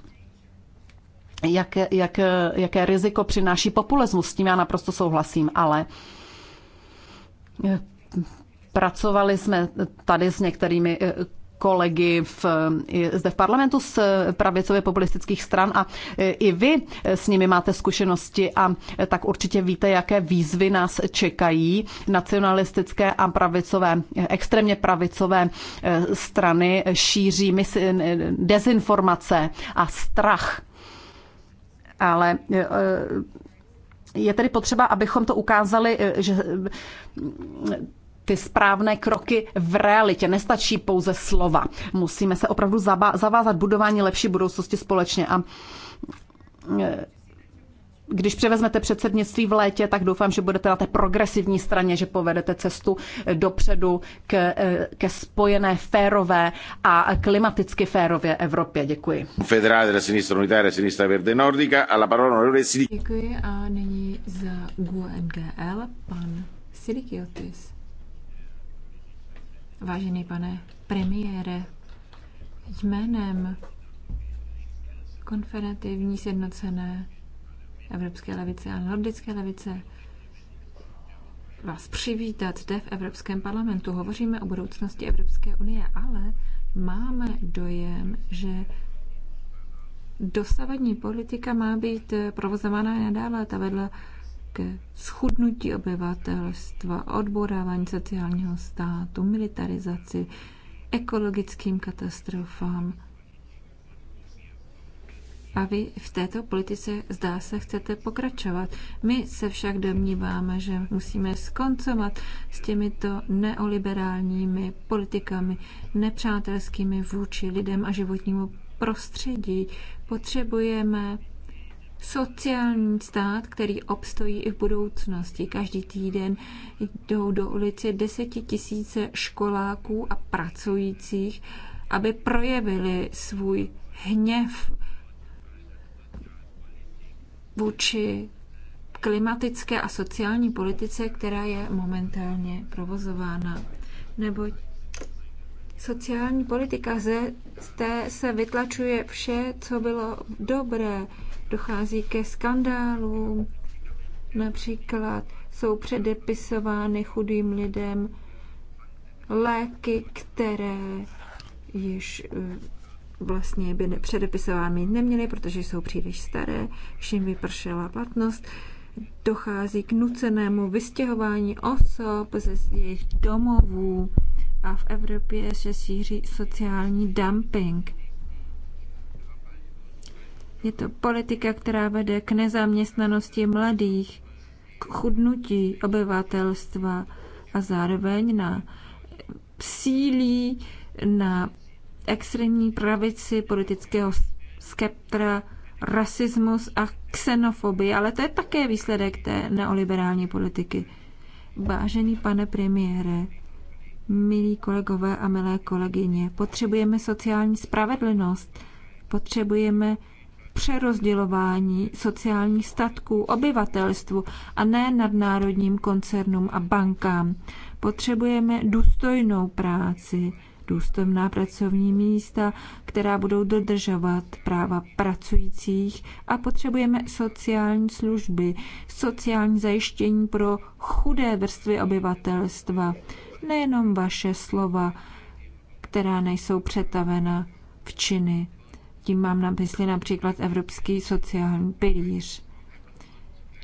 jak, jak, jaké riziko přináší populismus. S tím já naprosto souhlasím, ale eh, pracovali jsme tady s některými kolegy v, zde v parlamentu z pravicově populistických stran a e, i vy s nimi máte zkušenosti a e, tak určitě víte, jaké výzvy nás čekají nacionalistické a pravicové, e, extrémně pravicové strany šíří dezinformace a strach. Ale je tedy potřeba, abychom to ukázali, že ty správné kroky v realitě. Nestačí pouze slova. Musíme se opravdu zavázat budování lepší budoucnosti společně. A e, když převezmete předsednictví v létě, tak doufám, že budete na té progresivní straně, že povedete cestu dopředu k, e, ke spojené férové a klimaticky férové Evropě. Děkuji. Sinistra Sinistra Verde Nordica, parola Děkuji a nyní za GUNGL pan Sirikiotis. Vážený pane premiére, jménem konferativní sjednocené Evropské levice a Nordické levice vás přivítat zde v Evropském parlamentu. Hovoříme o budoucnosti Evropské unie, ale máme dojem, že dosavadní politika má být provozovaná nadále. Ta vedla ke schudnutí obyvatelstva, odborávání sociálního státu, militarizaci, ekologickým katastrofám. A vy v této politice zdá se chcete pokračovat. My se však domníváme, že musíme skoncovat s těmito neoliberálními politikami, nepřátelskými vůči lidem a životnímu prostředí. Potřebujeme sociální stát, který obstojí i v budoucnosti. Každý týden jdou do ulice desetitisíce školáků a pracujících, aby projevili svůj hněv vůči klimatické a sociální politice, která je momentálně provozována. Neboť sociální politika ze, z té se vytlačuje vše, co bylo dobré, dochází ke skandálům. Například jsou předepisovány chudým lidem léky, které již eh, vlastně by předepisovány neměly, protože jsou příliš staré, všim vypršela platnost. Dochází k nucenému vystěhování osob ze jejich domovů a v Evropě se šíří sociální dumping. Je to politika, která vede k nezaměstnanosti mladých, k chudnutí obyvatelstva a zároveň na sílí na extrémní pravici politického skeptra, rasismus a xenofobii, ale to je také výsledek té neoliberální politiky. Vážený pane premiére, milí kolegové a milé kolegyně, potřebujeme sociální spravedlnost, potřebujeme přerozdělování sociálních statků obyvatelstvu a ne nadnárodním koncernům a bankám. Potřebujeme důstojnou práci, důstojná pracovní místa, která budou dodržovat práva pracujících a potřebujeme sociální služby, sociální zajištění pro chudé vrstvy obyvatelstva. Nejenom vaše slova, která nejsou přetavena v činy tím mám na mysli například Evropský sociální pilíř.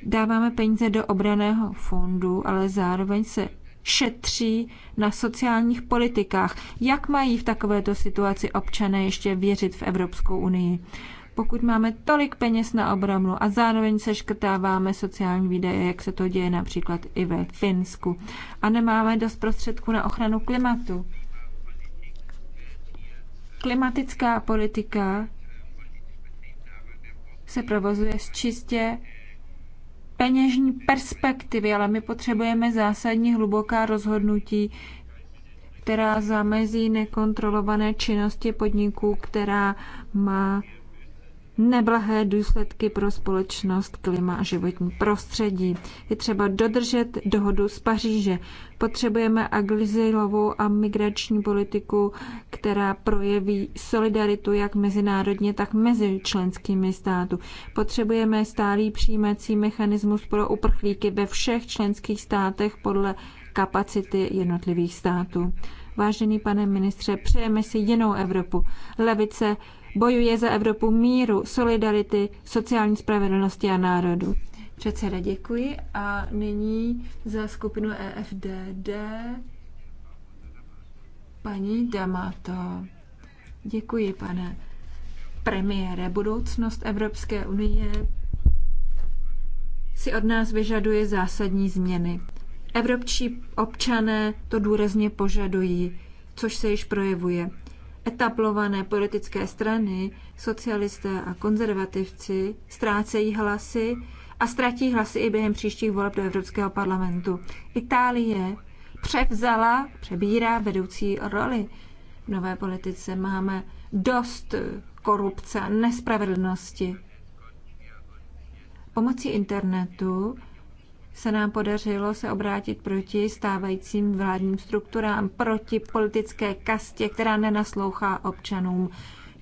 Dáváme peníze do obraného fondu, ale zároveň se šetří na sociálních politikách. Jak mají v takovéto situaci občané ještě věřit v Evropskou unii? Pokud máme tolik peněz na obranu a zároveň se škrtáváme sociální výdaje, jak se to děje například i ve Finsku, a nemáme dost prostředků na ochranu klimatu. Klimatická politika se provozuje z čistě peněžní perspektivy, ale my potřebujeme zásadní hluboká rozhodnutí, která zamezí nekontrolované činnosti podniků, která má neblahé důsledky pro společnost, klima a životní prostředí. Je třeba dodržet dohodu z Paříže. Potřebujeme aglizilovou a migrační politiku, která projeví solidaritu jak mezinárodně, tak mezi členskými státy. Potřebujeme stálý přijímací mechanismus pro uprchlíky ve všech členských státech podle kapacity jednotlivých států. Vážený pane ministře, přejeme si jinou Evropu. Levice Bojuje za Evropu míru, solidarity, sociální spravedlnosti a národu. Předseda, děkuji. A nyní za skupinu EFDD paní Damato. Děkuji, pane premiére. Budoucnost Evropské unie si od nás vyžaduje zásadní změny. Evropčí občané to důrazně požadují, což se již projevuje etablované politické strany, socialisté a konzervativci, ztrácejí hlasy a ztratí hlasy i během příštích voleb do Evropského parlamentu. Itálie převzala, přebírá vedoucí roli v nové politice. Máme dost korupce a nespravedlnosti. Pomocí internetu se nám podařilo se obrátit proti stávajícím vládním strukturám, proti politické kastě, která nenaslouchá občanům.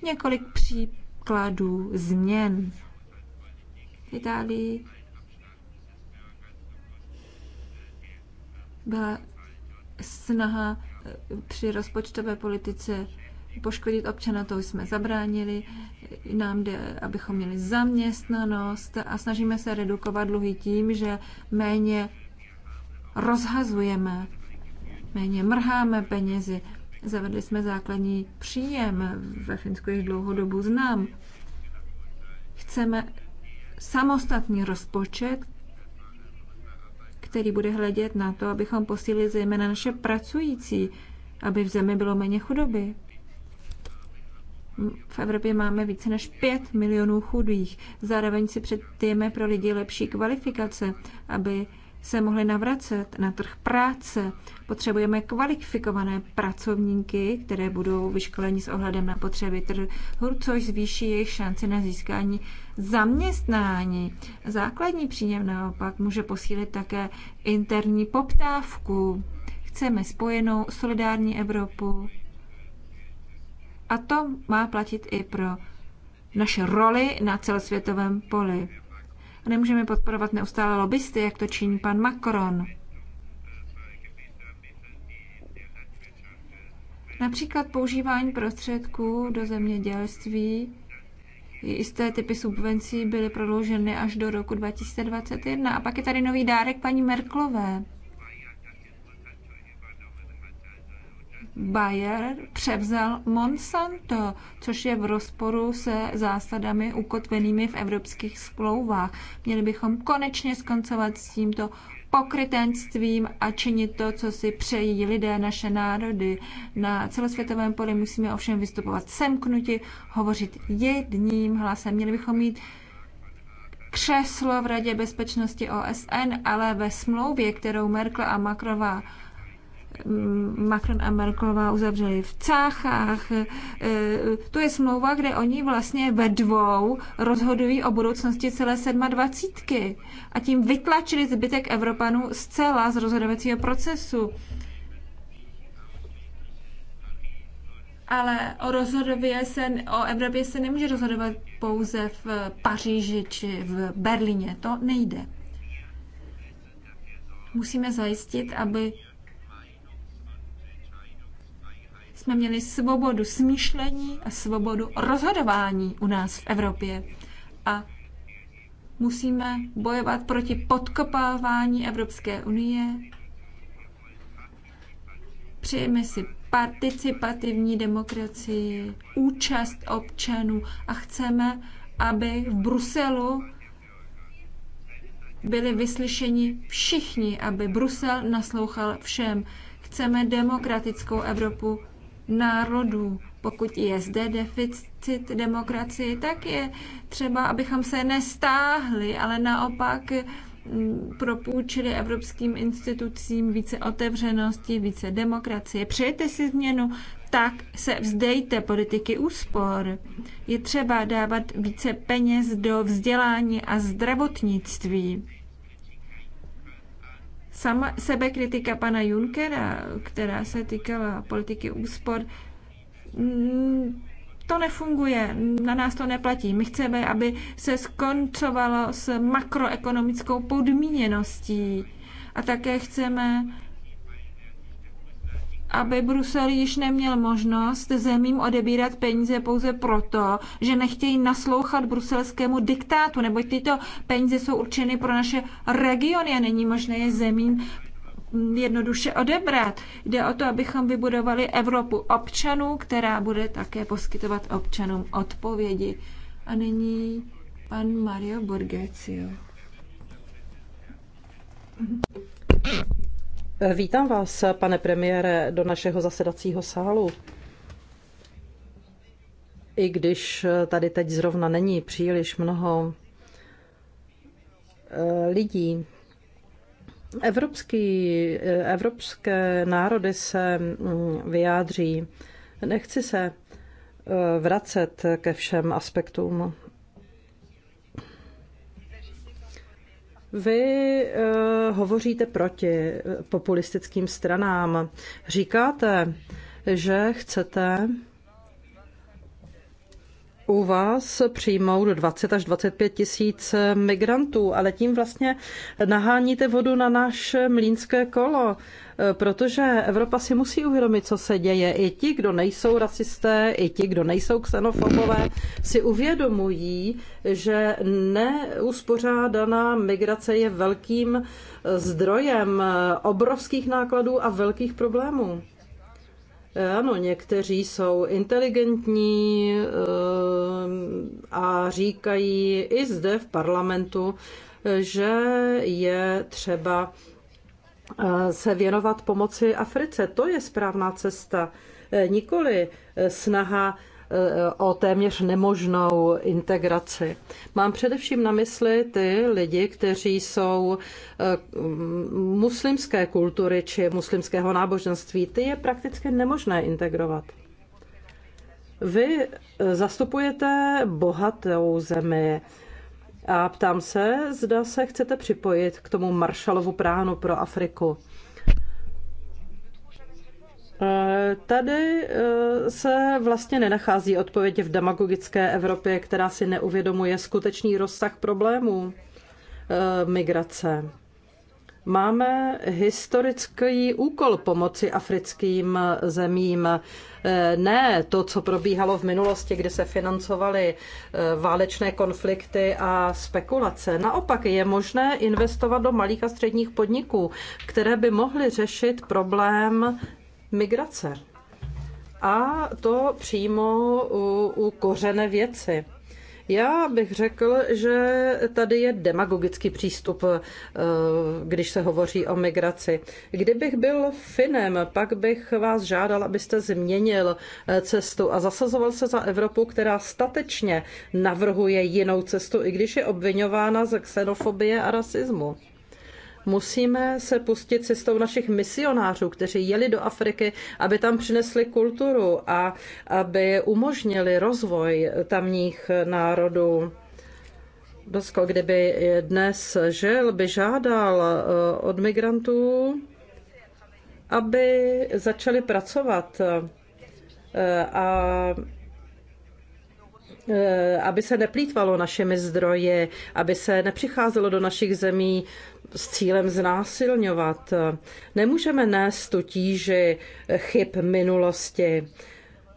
Několik příkladů změn. V Itálii byla snaha při rozpočtové politice poškodit občana, to jsme zabránili. Nám jde, abychom měli zaměstnanost a snažíme se redukovat dluhy tím, že méně rozhazujeme, méně mrháme penězi. Zavedli jsme základní příjem, ve Finsku již dlouhou dobu znám. Chceme samostatný rozpočet, který bude hledět na to, abychom posílili zejména naše pracující, aby v zemi bylo méně chudoby v Evropě máme více než 5 milionů chudých. Zároveň si předtíme pro lidi lepší kvalifikace, aby se mohli navracet na trh práce. Potřebujeme kvalifikované pracovníky, které budou vyškoleni s ohledem na potřeby trhu, což zvýší jejich šanci na získání zaměstnání. Základní příjem naopak může posílit také interní poptávku. Chceme spojenou solidární Evropu, a to má platit i pro naše roli na celosvětovém poli. A nemůžeme podporovat neustále lobbysty, jak to činí pan Macron. Například používání prostředků do zemědělství. Jisté typy subvencí byly prodlouženy až do roku 2021. A pak je tady nový dárek paní Merklové. Bayer převzal Monsanto, což je v rozporu se zásadami ukotvenými v evropských smlouvách. Měli bychom konečně skoncovat s tímto pokrytenstvím a činit to, co si přejí lidé, naše národy. Na celosvětovém poli musíme ovšem vystupovat semknuti, hovořit jedním hlasem. Měli bychom mít křeslo v Radě bezpečnosti OSN, ale ve smlouvě, kterou Merkel a Makrová Mm, Macron a Merkelová uzavřeli v Cáchách. E, to je smlouva, kde oni vlastně ve dvou rozhodují o budoucnosti celé 27. A tím vytlačili zbytek Evropanů zcela z rozhodovacího procesu. Ale o, rozhodově se, o Evropě se nemůže rozhodovat pouze v Paříži či v Berlíně. To nejde. Musíme zajistit, aby jsme měli svobodu smýšlení a svobodu rozhodování u nás v Evropě. A musíme bojovat proti podkopávání Evropské unie. Přejeme si participativní demokracii, účast občanů a chceme, aby v Bruselu byli vyslyšeni všichni, aby Brusel naslouchal všem. Chceme demokratickou Evropu národů. Pokud je zde deficit demokracie, tak je třeba, abychom se nestáhli, ale naopak mm, propůjčili evropským institucím více otevřenosti, více demokracie. Přejete si změnu, tak se vzdejte politiky úspor. Je třeba dávat více peněz do vzdělání a zdravotnictví. Sama sebekritika pana Junckera, která se týkala politiky úspor, mm, to nefunguje, na nás to neplatí. My chceme, aby se skončovalo s makroekonomickou podmíněností a také chceme, aby Brusel již neměl možnost zemím odebírat peníze pouze proto, že nechtějí naslouchat bruselskému diktátu, nebo tyto peníze jsou určeny pro naše regiony a není možné je zemím jednoduše odebrat. Jde o to, abychom vybudovali Evropu občanů, která bude také poskytovat občanům odpovědi. A nyní pan Mario Borgesio. Vítám vás, pane premiére, do našeho zasedacího sálu. I když tady teď zrovna není příliš mnoho eh, lidí, Evropský, eh, evropské národy se mm, vyjádří. Nechci se eh, vracet ke všem aspektům Vy uh, hovoříte proti eh, populistickým stranám. Říkáte, že chcete u vás přijmout 20 až 25 tisíc migrantů, ale tím vlastně naháníte vodu na náš mlínské kolo, protože Evropa si musí uvědomit, co se děje. I ti, kdo nejsou rasisté, i ti, kdo nejsou xenofobové, si uvědomují, že neuspořádaná migrace je velkým zdrojem obrovských nákladů a velkých problémů. Ano, někteří jsou inteligentní eh, a říkají i zde v parlamentu, že je třeba eh, se věnovat pomoci Africe. To je správná cesta. Eh, nikoli snaha o téměř nemožnou integraci. Mám především na mysli ty lidi, kteří jsou eh, muslimské kultury či muslimského náboženství. Ty je prakticky nemožné integrovat. Vy eh, zastupujete bohatou zemi a ptám se, zda se chcete připojit k tomu Marshallovu pránu pro Afriku. Eh, tady eh, se vlastně nenachází odpověď v demagogické Evropě, která si neuvědomuje skutečný rozsah problémů eh, migrace. Máme historický úkol pomoci africkým zemím. Ne to, co probíhalo v minulosti, kdy se financovaly válečné konflikty a spekulace. Naopak je možné investovat do malých a středních podniků, které by mohly řešit problém migrace. A to přímo u, u kořene věci. Já bych řekl, že tady je demagogický přístup, eh, když se hovoří o migraci. Kdybych byl Finem, pak bych vás žádal, abyste změnil eh, cestu a zasazoval se za Evropu, která statečně navrhuje jinou cestu, i když je obvinována ze xenofobie a rasismu. Musíme se pustit cestou našich misionářů, kteří jeli do Afriky, aby tam přinesli kulturu a aby umožnili rozvoj tamních národů. Dosko, kdyby dnes žil, by žádal eh, od migrantů, aby začali pracovat eh, a eh, aby se neplýtvalo našimi zdroji, aby se nepřicházelo do našich zemí s cílem znásilňovat. Nemůžeme nést tu tíži chyb minulosti.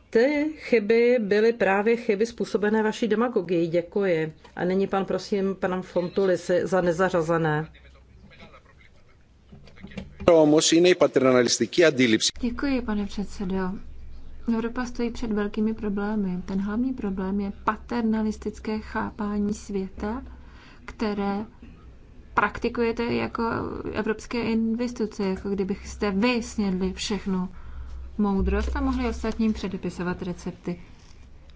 Ty chyby byly právě chyby způsobené vaší demagogii. Děkuji. A nyní pan, prosím, panem Fontulis za nezařazené. Děkuji, pane předsedo. Evropa stojí před velkými problémy. Ten hlavní problém je paternalistické chápání světa, které praktikujete jako evropské investice, jako kdybyste vy snědli všechno moudrost a mohli ostatním předepisovat recepty.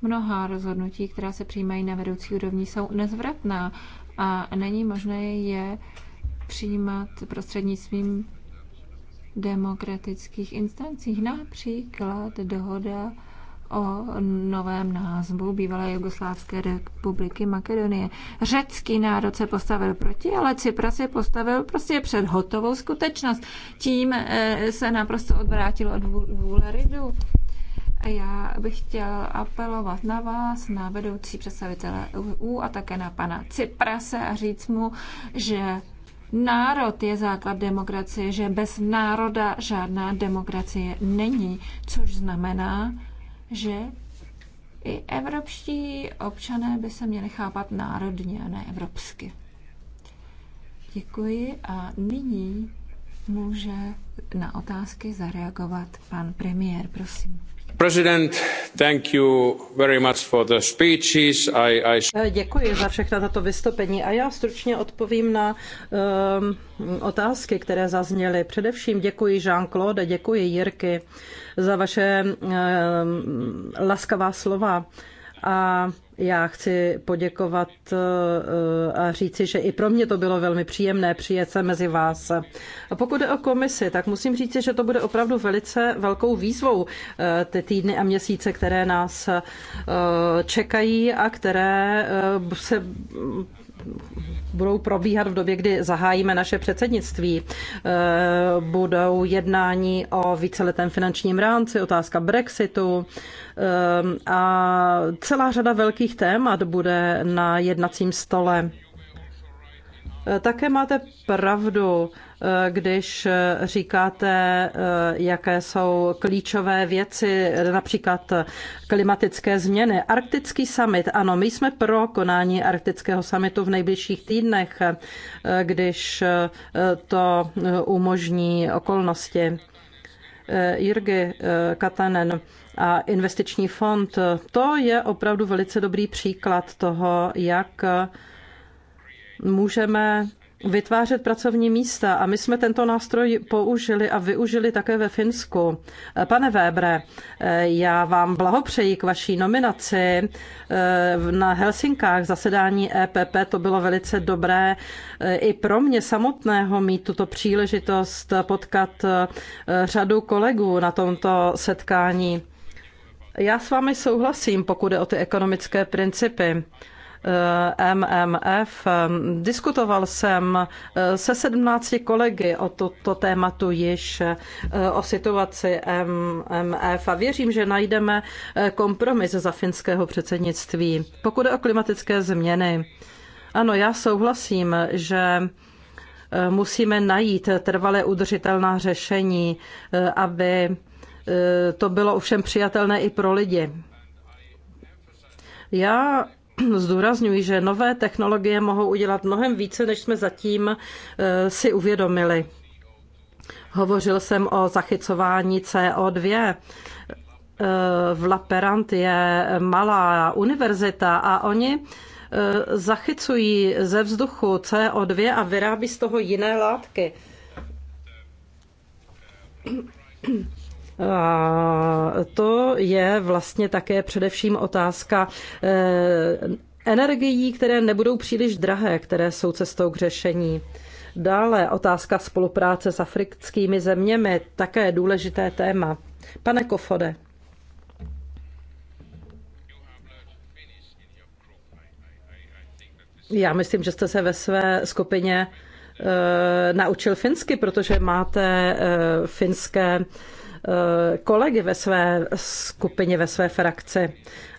Mnoha rozhodnutí, která se přijímají na vedoucí úrovni, jsou nezvratná a není možné je přijímat prostřednictvím demokratických instancích, například dohoda o novém názvu bývalé Jugoslávské republiky Makedonie. Řecký národ se postavil proti, ale Cypras se postavil prostě před hotovou skutečnost. Tím eh, se naprosto odvrátil od vůle Ridu. A já bych chtěl apelovat na vás, na vedoucí představitele EU a také na pana Cyprase a říct mu, že Národ je základ demokracie, že bez národa žádná demokracie není, což znamená, že i evropští občané by se měli chápat národně a ne evropsky. Děkuji a nyní může na otázky zareagovat pan premiér, prosím. President, thank you very much for the speeches. I, I... Eh, děkuji za všechna tato vystoupení a já stručně odpovím na um, otázky, které zazněly. Především děkuji Jean-Claude, děkuji Jirky za vaše um, laskavá slova. A já chci poděkovat eh, eh, a říci, že i pro mě to bylo velmi příjemné přijet se mezi vás. A pokud je o komisi, tak musím říci, že to bude opravdu velice velkou výzvou eh, ty týdny a měsíce, které nás čekají a které se budou probíhat v době, kdy zahájíme naše předsednictví. Eh, budou jednání o víceletém finančním rámci, otázka Brexitu eh, a celá řada velkých témat bude na jednacím stole. Eh, také máte pravdu. Eh, když eh, říkáte, eh, jaké jsou klíčové věci, například klimatické změny. Arktický summit, ano, my jsme pro konání arktického summitu v nejbližších týdnech, když to umožní okolnosti. Jirgy Katanen a investiční fond, to je opravdu velice dobrý příklad toho, jak můžeme vytvářet pracovní místa a my jsme tento nástroj použili a využili také ve Finsku. Pane Webre, já vám blahopřeji k vaší nominaci na Helsinkách zasedání EPP. To bylo velice dobré i pro mě samotného mít tuto příležitost potkat řadu kolegů na tomto setkání. Já s vámi souhlasím, pokud je o ty ekonomické principy. MMF. Diskutoval jsem eh, se 17 kolegy o toto tématu již, eh, o situaci MMF a věřím, že najdeme eh, kompromis za finského předsednictví. Pokud je o klimatické změny, ano, já souhlasím, že musíme najít trvale udržitelná řešení, aby to bylo ovšem přijatelné i pro lidi. Já zdůrazňuji, že nové technologie mohou udělat mnohem více, než jsme zatím eh, si uvědomili. Hovořil jsem o zachycování CO2 eh, v Laperant je malá univerzita a oni eh, zachycují ze vzduchu CO2 a vyrábí z toho jiné látky. A to je vlastně také především otázka eh, energií, které nebudou příliš drahé, které jsou cestou k řešení. Dále otázka spolupráce s africkými zeměmi, také důležité téma. Pane Kofode. Já myslím, že jste se ve své skupině eh, naučil finsky, protože máte eh, finské Eh, kolegy ve své skupině, ve své frakci.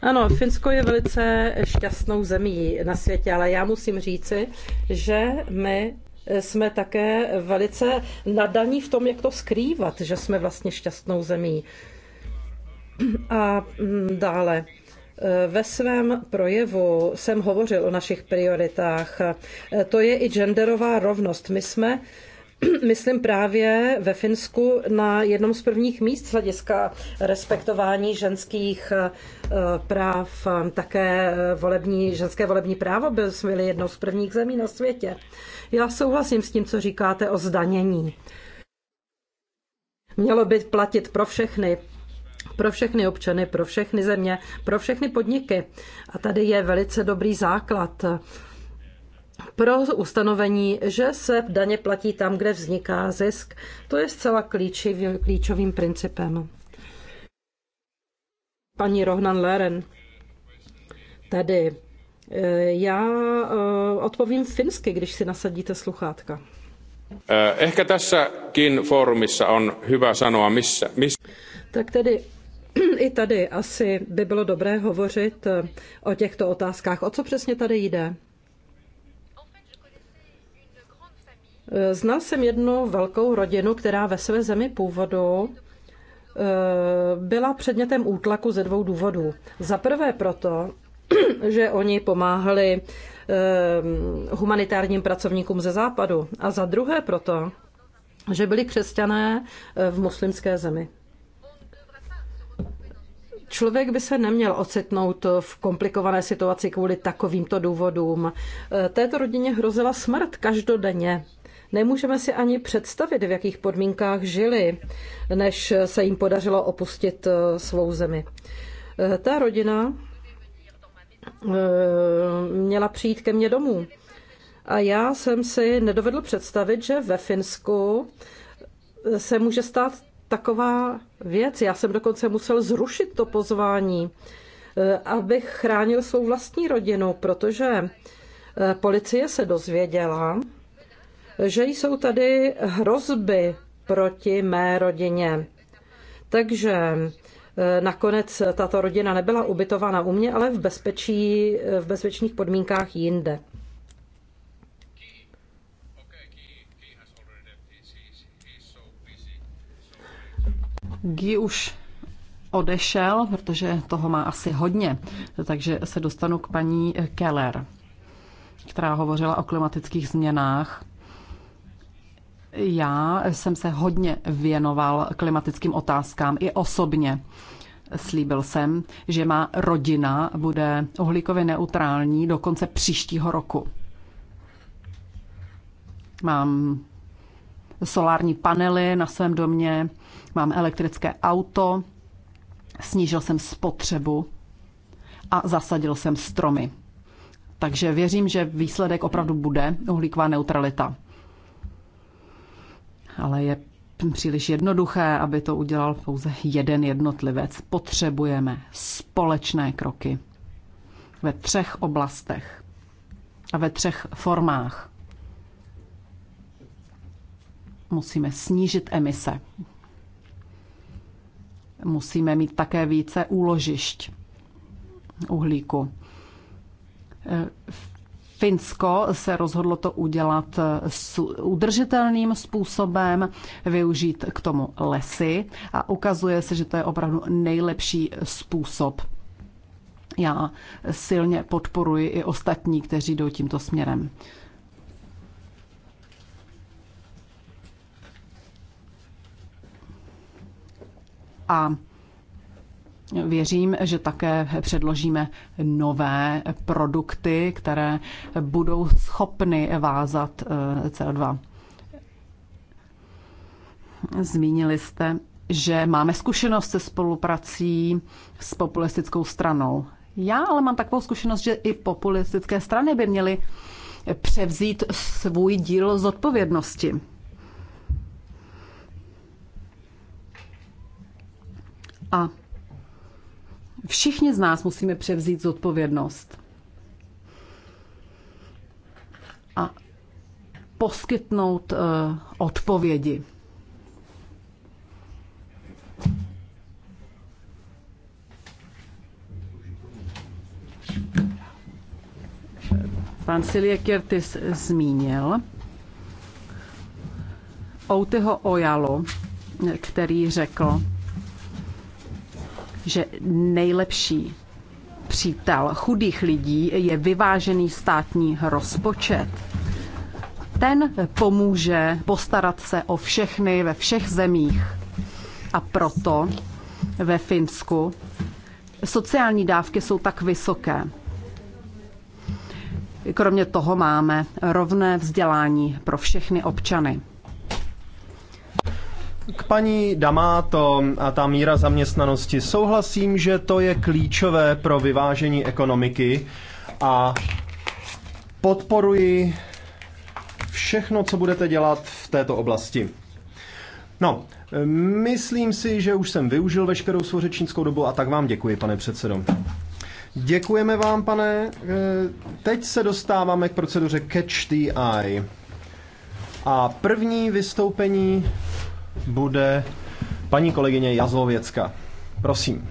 Ano, Finsko je velice šťastnou zemí na světě, ale já musím říci, že my jsme také velice nadaní v tom, jak to skrývat, že jsme vlastně šťastnou zemí. A mm, dále. Eh, ve svém projevu jsem hovořil o našich prioritách. Eh, to je i genderová rovnost. My jsme myslím právě ve Finsku na jednom z prvních míst z hlediska respektování ženských eh, práv. Eh, také eh, volební, ženské volební právo byl, jsme byli jednou z prvních zemí na světě. Já souhlasím s tím, co říkáte o zdanění. Mělo by platit pro všechny, pro všechny občany, pro všechny země, pro všechny podniky. A tady je velice dobrý základ pro ustanovení, že se daně platí tam, kde vzniká zisk. To je zcela klíčivý, klíčovým principem. Paní Rohnan Leren, tady e, já e, odpovím finsky, když si nasadíte sluchátka. E, ehkä tässäkin foorumissa on hyvä sanoa, missä... missä... Tak tedy i tady asi by bylo dobré hovořit o těchto otázkách. O co přesně tady jde? Eh, znal jsem jednu velkou rodinu, která ve své zemi původu eh, byla předmětem útlaku ze dvou důvodů. Za prvé proto, že oni pomáhali eh, humanitárním pracovníkům ze západu a za druhé proto, že byli křesťané v muslimské zemi. Člověk by se neměl ocitnout v komplikované situaci kvůli takovýmto důvodům. Této rodině hrozila smrt každodenně Nemůžeme si ani představit, v jakých podmínkách žili, než se jim podařilo opustit eh, svou zemi. Eh, ta rodina eh, měla přijít ke mně domů. A já jsem si nedovedl představit, že ve Finsku se může stát taková věc. Já jsem dokonce musel zrušit to pozvání, abych chránil svou vlastní rodinu, protože policie se dozvěděla, že jsou tady hrozby proti mé rodině. Takže eh, nakonec tato rodina nebyla ubytována u mě, ale v, bezpečí, eh, v bezpečných podmínkách jinde. Guy už odešel, protože toho má asi hodně, takže se dostanu k paní Keller, která hovořila o klimatických změnách já jsem se hodně věnoval klimatickým otázkám i osobně. Slíbil jsem, že má rodina bude uhlíkově neutrální do konce příštího roku. Mám solární panely na svém domě, mám elektrické auto, snížil jsem spotřebu a zasadil jsem stromy. Takže věřím, že výsledek opravdu bude uhlíková neutralita ale je příliš jednoduché, aby to udělal pouze jeden jednotlivec. Potřebujeme společné kroky ve třech oblastech a ve třech formách. Musíme snížit emise. Musíme mít také více úložišť uhlíku. V Finsko se rozhodlo to udělat s udržitelným způsobem, využít k tomu lesy a ukazuje se, že to je opravdu nejlepší způsob. Já silně podporuji i ostatní, kteří jdou tímto směrem. A Věřím, že také předložíme nové produkty, které budou schopny vázat eh, CO2. Zmínili jste, že máme zkušenost se spoluprací s populistickou stranou. Já ale mám takovou zkušenost, že i populistické strany by měly převzít svůj díl zodpovědnosti. A Všichni z nás musíme převzít zodpovědnost. A poskytnout eh, odpovědi. Pan Silie Kirtis zmínil Outeho Ojalo, který řekl, že nejlepší přítel chudých lidí je vyvážený státní rozpočet. Ten pomůže postarat se o všechny ve všech zemích. A proto ve Finsku sociální dávky jsou tak vysoké. Kromě toho máme rovné vzdělání pro všechny občany. K paní Damáto a ta míra zaměstnanosti souhlasím, že to je klíčové pro vyvážení ekonomiky a podporuji všechno, co budete dělat v této oblasti. No, myslím si, že už jsem využil veškerou svou řečnickou dobu a tak vám děkuji, pane předsedo. Děkujeme vám, pane. Eh, teď se dostáváme k proceduře Catch the Eye. A první vystoupení bude paní kolegyně Jazlověcka. Prosím.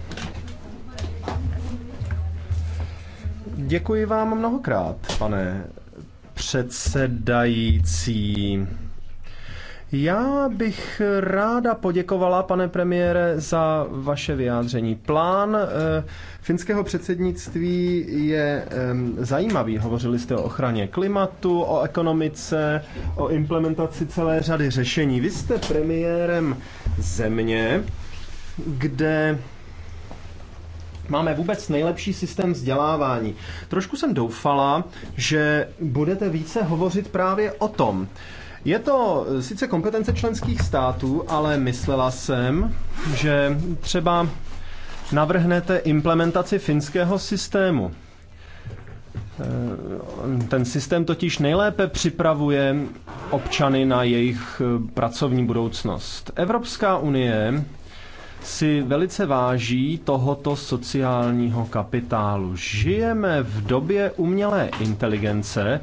Děkuji vám mnohokrát, pane předsedající. Já bych ráda poděkovala, pane premiére, za vaše vyjádření. Plán eh, finského předsednictví je zajímavý. Hovořili jste o ochraně klimatu, o ekonomice, o implementaci celé řady řešení. Vy jste premiérem země, kde máme vůbec nejlepší systém vzdělávání. Trošku jsem doufala, že budete více hovořit právě o tom, je to eh, sice kompetence členských států, ale myslela jsem, že třeba navrhnete implementaci finského systému. Eh, ten systém totiž nejlépe připravuje občany na jejich eh, pracovní budoucnost. Evropská unie si velice váží tohoto sociálního kapitálu. Žijeme v době umělé inteligence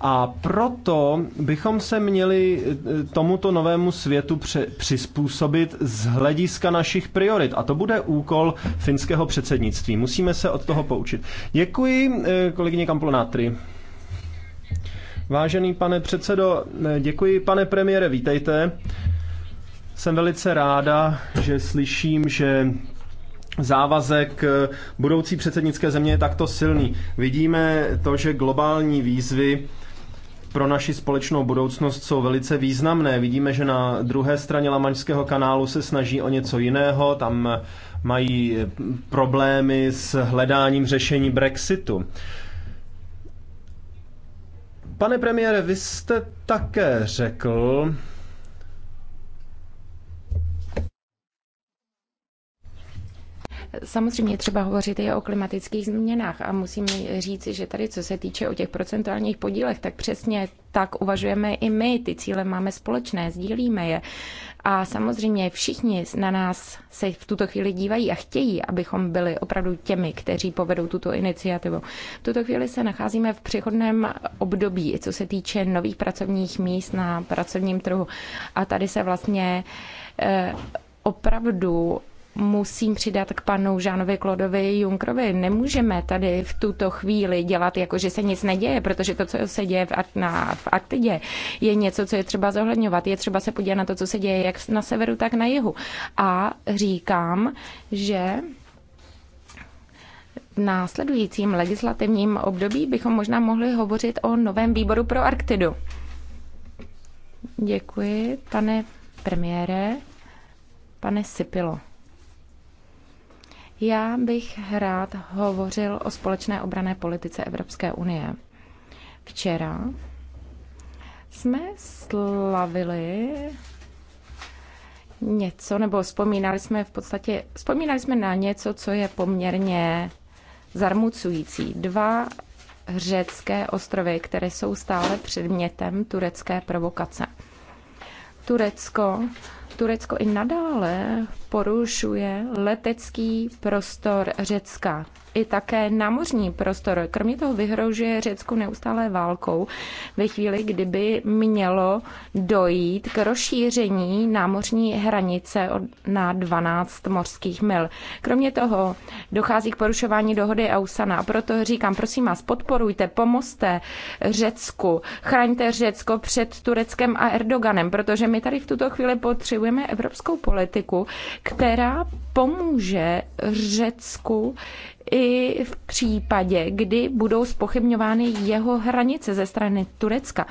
a proto bychom se měli eh, tomuto novému světu přizpůsobit z hlediska našich priorit. A to bude úkol finského předsednictví. Musíme se od toho poučit. Děkuji eh, kolegyně Kamplonátry. Vážený pane předsedo, eh, děkuji pane premiére, vítejte. Jsem velice ráda, že slyším, že závazek budoucí předsednické země je takto silný. Vidíme to, že globální výzvy pro naši společnou budoucnost jsou velice významné. Vidíme, že na druhé straně Lamaňského kanálu se snaží o něco jiného, tam mají problémy s hledáním řešení Brexitu. Pane premiére, vy jste také řekl, Samozřejmě třeba hovořit i o klimatických změnách a musím říct, že tady, co se týče o těch procentuálních podílech, tak přesně tak uvažujeme i my. Ty cíle máme společné, sdílíme je. A samozřejmě všichni na nás se v tuto chvíli dívají a chtějí, abychom byli opravdu těmi, kteří povedou tuto iniciativu. V tuto chvíli se nacházíme v přechodném období, co se týče nových pracovních míst na pracovním trhu. A tady se vlastně eh, opravdu musím přidat k panu Žánovi Klodovi Junkrovi. Nemůžeme tady v tuto chvíli dělat, jako že se nic neděje, protože to, co se děje v, na, v Arktidě, je něco, co je třeba zohledňovat. Je třeba se podívat na to, co se děje jak na severu, tak na jihu. A říkám, že v následujícím legislativním období bychom možná mohli hovořit o novém výboru pro Arktidu. Děkuji, pane premiére, pane Sipilo. Já bych rád hovořil o společné obrané politice Evropské unie. Včera jsme slavili něco, nebo vzpomínali jsme v podstatě, vzpomínali jsme na něco, co je poměrně zarmucující. Dva řecké ostrovy, které jsou stále předmětem turecké provokace. Turecko, Turecko i nadále porušuje letecký prostor Řecka i také námořní prostor. Kromě toho vyhrožuje Řecku neustále válkou ve chvíli, kdyby mělo dojít k rozšíření námořní hranice na 12 mořských mil. Kromě toho dochází k porušování dohody Ausana. A proto říkám, prosím vás, podporujte, pomozte Řecku, chraňte Řecko před Tureckem a Erdoganem, protože my tady v tuto chvíli potřebujeme evropskou politiku, která pomůže Řecku i v případě, kdy budou spochybňovány jeho hranice ze strany Turecka.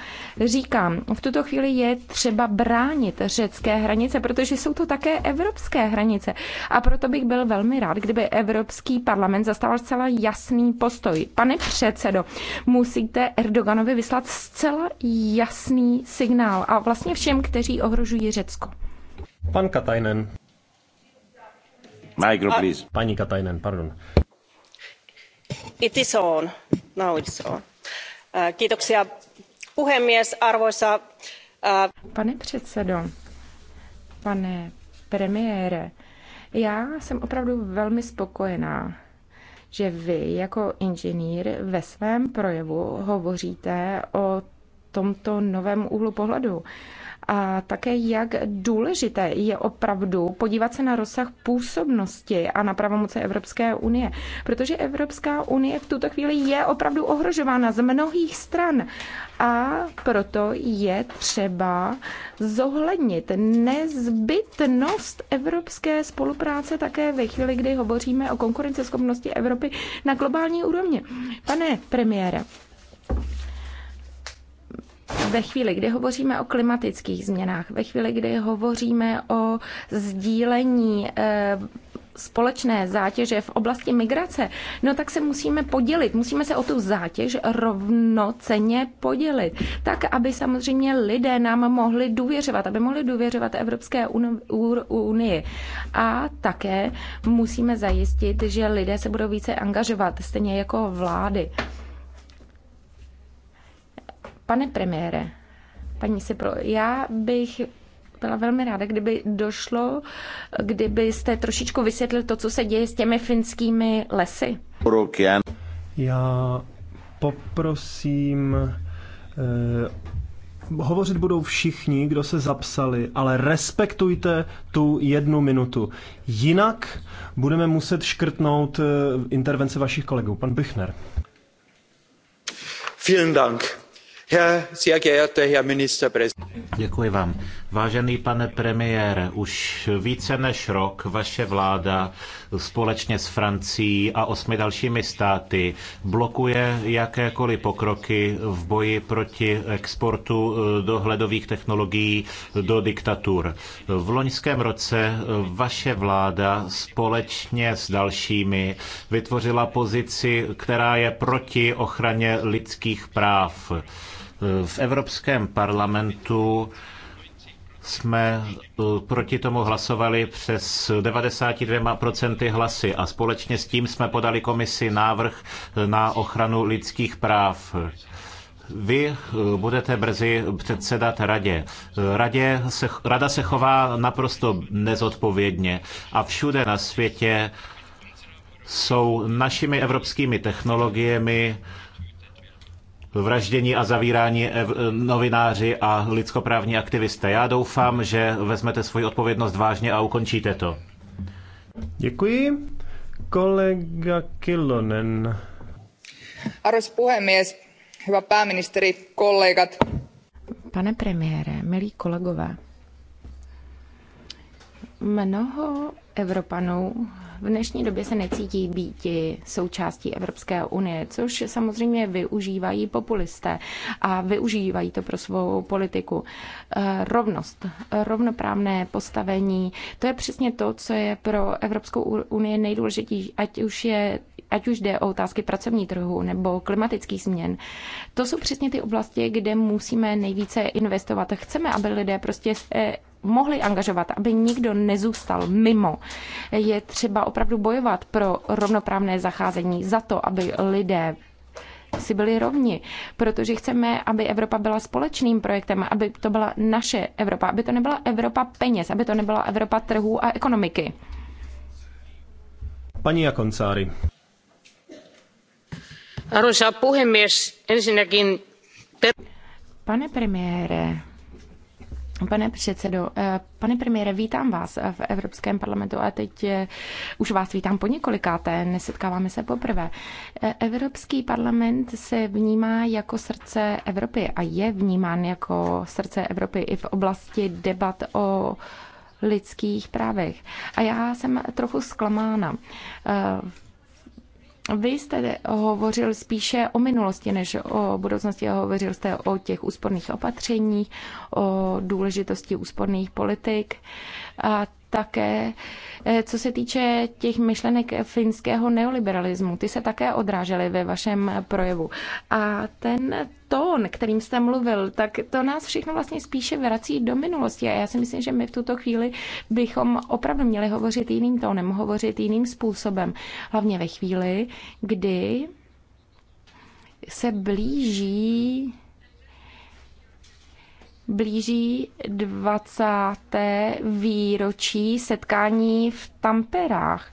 Říkám, v tuto chvíli je třeba bránit řecké hranice, protože jsou to také evropské hranice. A proto bych byl velmi rád, kdyby Evropský parlament zastával zcela jasný postoj. Pane předsedo, musíte Erdoganovi vyslat zcela jasný signál a vlastně všem, kteří ohrožují Řecko. Pan Katajnen. Micro, please. Paní Katajnen, pardon. It is on. Now it's on. Eh, kiitoksia puhemies, arvoisa... Eh, pane předsedo, pane premiére, já jsem opravdu velmi spokojená, že vy jako inženýr ve svém projevu hovoříte o tomto novém úhlu pohledu a také jak důležité je opravdu podívat se na rozsah působnosti a na pravomoce Evropské unie, protože Evropská unie v tuto chvíli je opravdu ohrožována z mnohých stran a proto je třeba zohlednit nezbytnost evropské spolupráce také ve chvíli, kdy hovoříme o konkurenceschopnosti Evropy na globální úrovni. Pane premiére, ve chvíli, kdy hovoříme o klimatických změnách, ve chvíli, kdy hovoříme o sdílení eh, společné zátěže v oblasti migrace, no tak se musíme podělit, musíme se o tu zátěž rovnoceně podělit, tak, aby samozřejmě lidé nám mohli důvěřovat, aby mohli důvěřovat Evropské unii. A také musíme zajistit, že lidé se budou více angažovat, stejně jako vlády. Pane premiére, paní Sipro, já bych byla velmi ráda, kdyby došlo, kdybyste trošičku vysvětlil to, co se děje s těmi finskými lesy. Já poprosím eh, Hovořit budou všichni, kdo se zapsali, ale respektujte tu jednu minutu. Jinak budeme muset škrtnout eh, intervence vašich kolegů. Pan Bychner. Vielen Dank. Děkuji vám. Vážený pane premiére, už více než rok vaše vláda společně s Francií a osmi dalšími státy blokuje jakékoliv pokroky v boji proti exportu eh, dohledových technologií do diktatur. V loňském roce vaše vláda společně s dalšími vytvořila pozici, která je proti ochraně lidských práv. Eh, v Evropském parlamentu jsme eh, proti tomu hlasovali přes 92% hlasy a společně s tím jsme podali komisi návrh eh, na ochranu lidských práv. Vy eh, budete brzy předsedat radě. radě se, rada se chová naprosto nezodpovědně a všude na světě jsou našimi evropskými technologiemi vraždění a zavírání eh, eh, novináři a lidskoprávní aktivisté. Já doufám, že vezmete svoji odpovědnost vážně a ukončíte to. Děkuji. Kolega Killonen. Arvoisa puhemies, hyvä pääministeri, kollegat. Pane premiére, milí kolegové, mnoho Evropanů v dnešní době se necítí být součástí Evropské unie, což samozřejmě využívají populisté a využívají to pro svou politiku. Eh, rovnost, rovnoprávné postavení, to je přesně to, co je pro Evropskou unii nejdůležitější, ať už je ať už jde o otázky pracovní trhu nebo klimatických změn. To jsou přesně ty oblasti, kde musíme nejvíce investovat. Chceme, aby lidé prostě mohli angažovat, aby nikdo nezůstal mimo. Je třeba opravdu bojovat pro rovnoprávné zacházení, za to, aby lidé si byli rovni, protože chceme, aby Evropa byla společným projektem, aby to byla naše Evropa, aby to nebyla Evropa peněz, aby to nebyla Evropa trhů a ekonomiky. Paní Jakoncári. Arvoisa puhemies, ensinnäkin... Pane premiére, Pane předsedo, eh, pane premiére, vítám vás eh, v Evropském parlamentu a teď eh, už vás vítám po několikáté, nesetkáváme se poprvé. Evropský parlament se vnímá jako srdce Evropy a je vnímán jako srdce Evropy i v oblasti debat o lidských právech. A já jsem trochu zklamána. V vy jste hovořil spíše o minulosti než o budoucnosti. Hovořil jste o těch úsporných opatřeních, o důležitosti úsporných politik. A také, eh, co se týče těch myšlenek finského neoliberalismu. Ty se také odrážely ve vašem projevu. A ten tón, kterým jste mluvil, tak to nás všechno vlastně spíše vrací do minulosti. A já si myslím, že my v tuto chvíli bychom opravdu měli hovořit jiným tónem, hovořit jiným způsobem. Hlavně ve chvíli, kdy se blíží blíží 20. výročí setkání v Tamperách.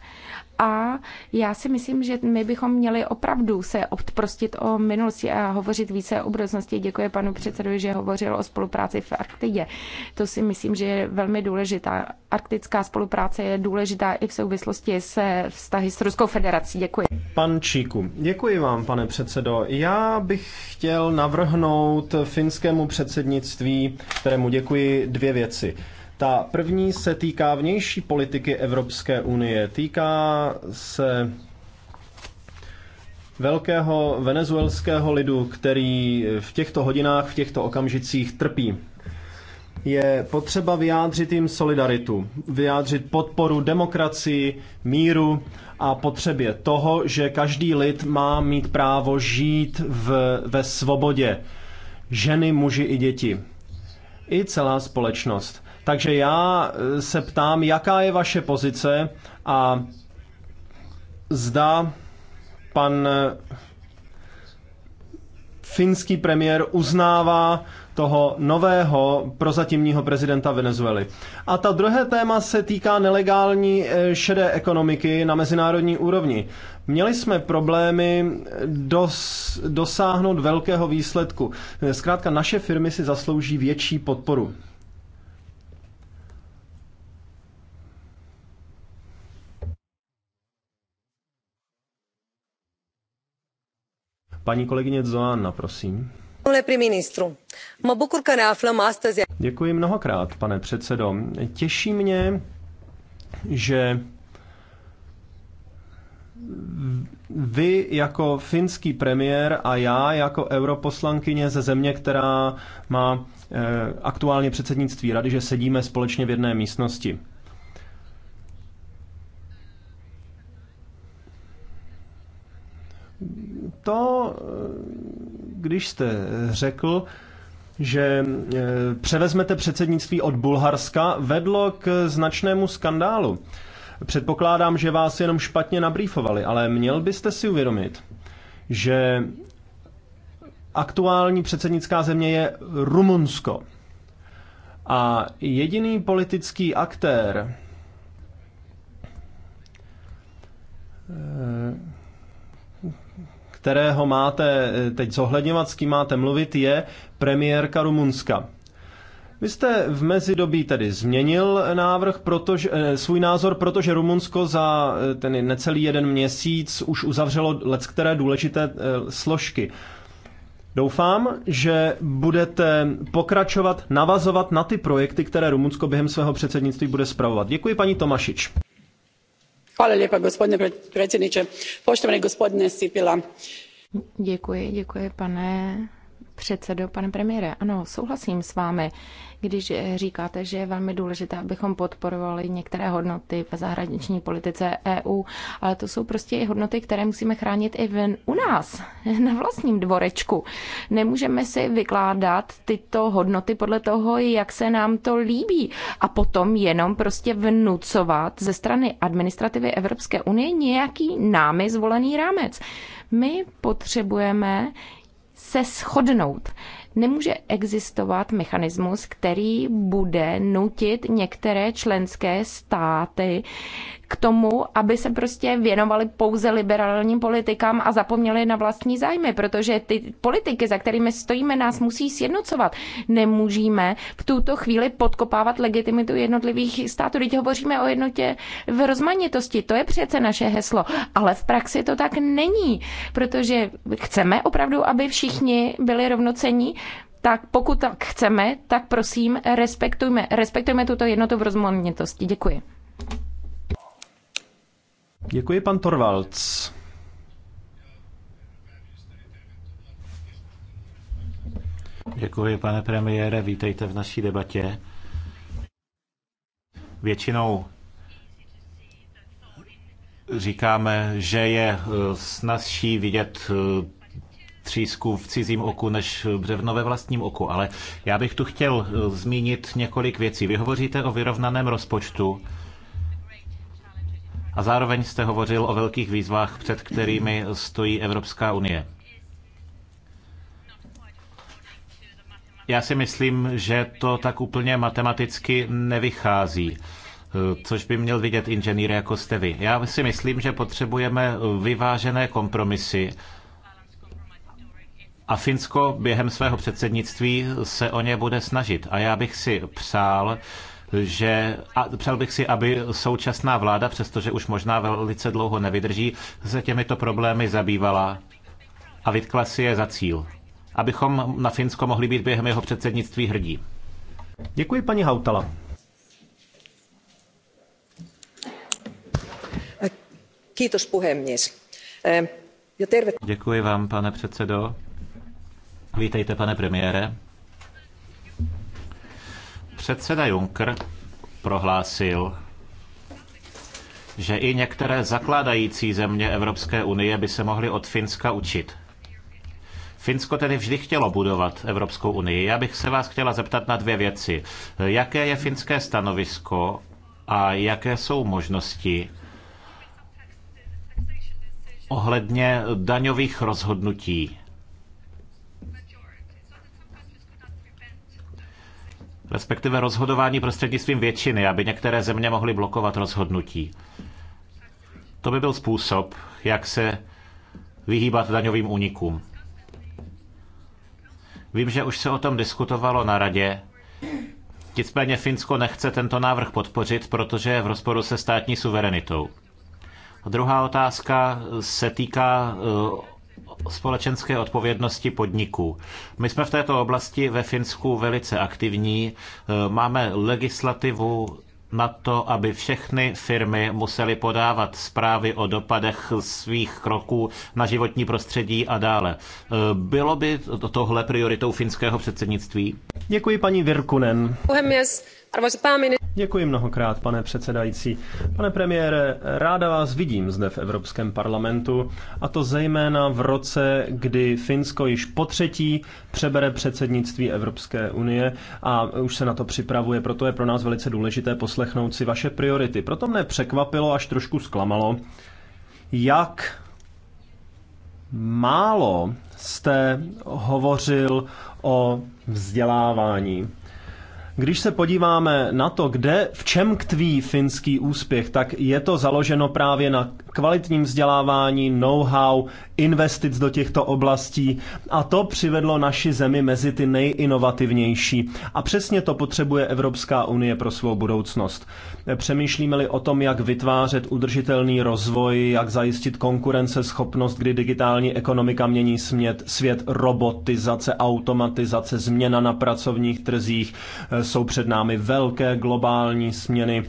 A já si myslím, že my bychom měli opravdu se odprostit o minulosti a hovořit více o budoucnosti. Děkuji panu předsedovi, že hovořil o spolupráci v Arktidě. To si myslím, že je velmi důležitá. Arktická spolupráce je důležitá i v souvislosti se vztahy s Ruskou federací. Děkuji. Pan Číku, děkuji vám, pane předsedo. Já bych chtěl navrhnout finskému předsednictví, kterému děkuji, dvě věci. Ta první se týká vnější politiky Evropské unie. Týká se velkého venezuelského lidu, který v těchto hodinách, v těchto okamžicích trpí. Je potřeba vyjádřit jim solidaritu, vyjádřit podporu demokracii, míru a potřebě toho, že každý lid má mít právo žít v, ve svobodě. Ženy, muži i děti. I celá společnost. Takže já eh, se ptám, jaká je vaše pozice a zda pan eh, finský premiér uznává toho nového prozatímního prezidenta Venezuely. A ta druhé téma se týká nelegální eh, šedé ekonomiky na mezinárodní úrovni. Měli jsme problémy dos, dosáhnout velkého výsledku. Zkrátka, naše firmy si zaslouží větší podporu. Paní kolegyně Zoanna, prosím. Děkuji mnohokrát, pane předsedo. Těší mě, že vy jako finský premiér a já jako europoslankyně ze země, která má eh, aktuálně předsednictví rady, že sedíme společně v jedné místnosti. to, když jste řekl, že eh, převezmete předsednictví od Bulharska, vedlo k značnému skandálu. Předpokládám, že vás jenom špatně nabrýfovali, ale měl byste si uvědomit, že aktuální předsednická země je Rumunsko. A jediný politický aktér, eh, kterého máte eh, teď zohledňovat, s kým máte mluvit, je premiérka Rumunska. Vy jste v mezidobí tedy změnil eh, návrh, protože, eh, svůj názor, protože Rumunsko za ten necelý jeden měsíc už uzavřelo let, které důležité složky. Doufám, že budete pokračovat, navazovat na ty projekty, které Rumunsko během svého předsednictví bude spravovat. Děkuji paní Tomašič gospodine predsjedniče poštovani gospodine sipila Děkuji, děkuji, pane předsedo, pane premiére. Ano, souhlasím s vámi když říkáte, že je velmi důležité, abychom podporovali některé hodnoty v zahraniční politice EU, ale to jsou prostě i hodnoty, které musíme chránit i ven u nás, na vlastním dvorečku. Nemůžeme si vykládat tyto hodnoty podle toho, jak se nám to líbí a potom jenom prostě vnucovat ze strany administrativy Evropské unie nějaký námi zvolený rámec. My potřebujeme se shodnout. Nemůže existovat mechanismus, který bude nutit některé členské státy k tomu, aby se prostě věnovali pouze liberálním politikám a zapomněli na vlastní zájmy, protože ty politiky, za kterými stojíme, nás musí sjednocovat. Nemůžeme v tuto chvíli podkopávat legitimitu jednotlivých států. Teď hovoříme o jednotě v rozmanitosti, to je přece naše heslo, ale v praxi to tak není, protože chceme opravdu, aby všichni byli rovnocení, tak pokud tak chceme, tak prosím, respektujme, respektujme tuto jednotu v rozmanitosti. Děkuji. Děkuji, pan Torvalds. Děkuji, pane premiére, vítejte v naší debatě. Většinou říkáme, že je eh, snazší vidět eh, třísku v cizím oku než břevno ve vlastním oku. Ale já bych tu chtěl eh, zmínit několik věcí. Vy hovoříte o vyrovnaném rozpočtu a zároveň jste hovořil o velkých výzvách, před kterými stojí Evropská unie. Já si myslím, že to tak úplně matematicky nevychází což by měl vidět inženýr jako jste vy. Já si myslím, že potřebujeme vyvážené kompromisy. A Finsko během svého předsednictví se o ně bude snažit. A já bych si přál, že a přál bych si, aby současná vláda, přestože už možná velice dlouho nevydrží, se těmito problémy zabývala a vytkla si je za cíl, abychom na Finsko mohli být během jeho předsednictví hrdí. Děkuji paní Hautala. Kýtos puhemies. Ehm, Děkuji vám, pane předsedo. Vítejte, pane premiére. Předseda Juncker prohlásil, že i některé zakládající země Evropské unie by se mohly od Finska učit. Finsko tedy vždy chtělo budovat Evropskou unii. Já bych se vás chtěla zeptat na dvě věci. Jaké je finské stanovisko a jaké jsou možnosti ohledně daňových rozhodnutí respektive rozhodování prostřednictvím většiny, aby některé země mohly blokovat rozhodnutí. To by byl způsob, jak se vyhýbat daňovým únikům. Vím, že už se o tom diskutovalo na radě. Nicméně Finsko nechce tento návrh podpořit, protože je v rozporu se státní suverenitou. A druhá otázka se týká eh, společenské odpovědnosti podniků. My jsme v této oblasti ve Finsku velice aktivní. E, máme legislativu na to, aby všechny firmy musely podávat zprávy o dopadech svých kroků na životní prostředí a dále. E, bylo by tohle prioritou finského předsednictví? Děkuji paní Virkunen. Puhemies. Děkuji mnohokrát, pane předsedající. Pane premiére, ráda vás vidím zde v Evropském parlamentu, a to zejména v roce, kdy Finsko již po třetí přebere předsednictví Evropské unie a už se na to připravuje, proto je pro nás velice důležité poslechnout si vaše priority. Proto mne překvapilo, až trošku zklamalo, jak málo jste hovořil o vzdělávání když se podíváme na to, kde, v čem tkví finský úspěch, tak je to založeno právě na kvalitním vzdělávání, know-how, investic do těchto oblastí a to přivedlo naši zemi mezi ty nejinovativnější. A přesně to potřebuje Evropská unie pro svou budoucnost. Přemýšlíme-li o tom, jak vytvářet udržitelný rozvoj, jak zajistit konkurenceschopnost, kdy digitální ekonomika mění smět, svět robotizace, automatizace, změna na pracovních trzích, eh, jsou před námi velké globální směny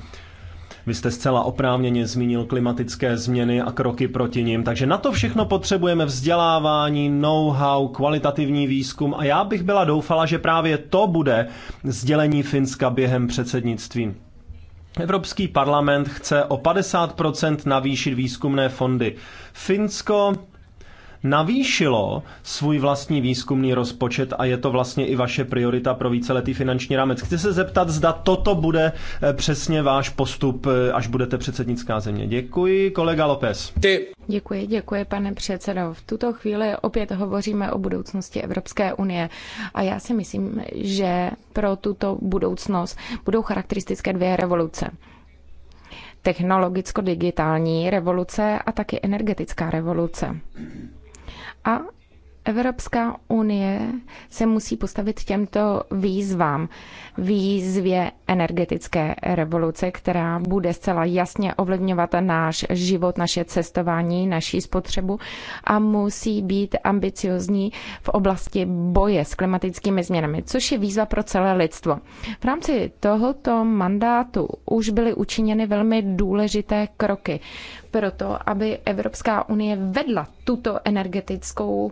vy jste zcela oprávněně zmínil klimatické změny a kroky proti nim, takže na to všechno potřebujeme vzdělávání, know-how, kvalitativní výzkum a já bych byla doufala, že právě to bude sdělení Finska během předsednictví. Evropský parlament chce o 50% navýšit výzkumné fondy. Finsko navýšilo svůj vlastní výzkumný rozpočet a je to vlastně i vaše priorita pro víceletý finanční rámec. Chci se zeptat, zda toto bude eh, přesně váš postup, eh, až budete předsednická země. Děkuji, kolega López. Ty. Děkuji, děkuji, pane předsedo. V tuto chvíli opět hovoříme o budoucnosti Evropské unie a já si myslím, že pro tuto budoucnost budou charakteristické dvě revoluce technologicko-digitální revoluce a taky energetická revoluce. A Evropská unie se musí postavit těmto výzvám. Výzvě energetické revoluce, která bude zcela jasně ovlivňovat náš život, naše cestování, naší spotřebu a musí být ambiciozní v oblasti boje s klimatickými změnami, což je výzva pro celé lidstvo. V rámci tohoto mandátu už byly učiněny velmi důležité kroky pro to, aby Evropská unie vedla tuto energetickou um,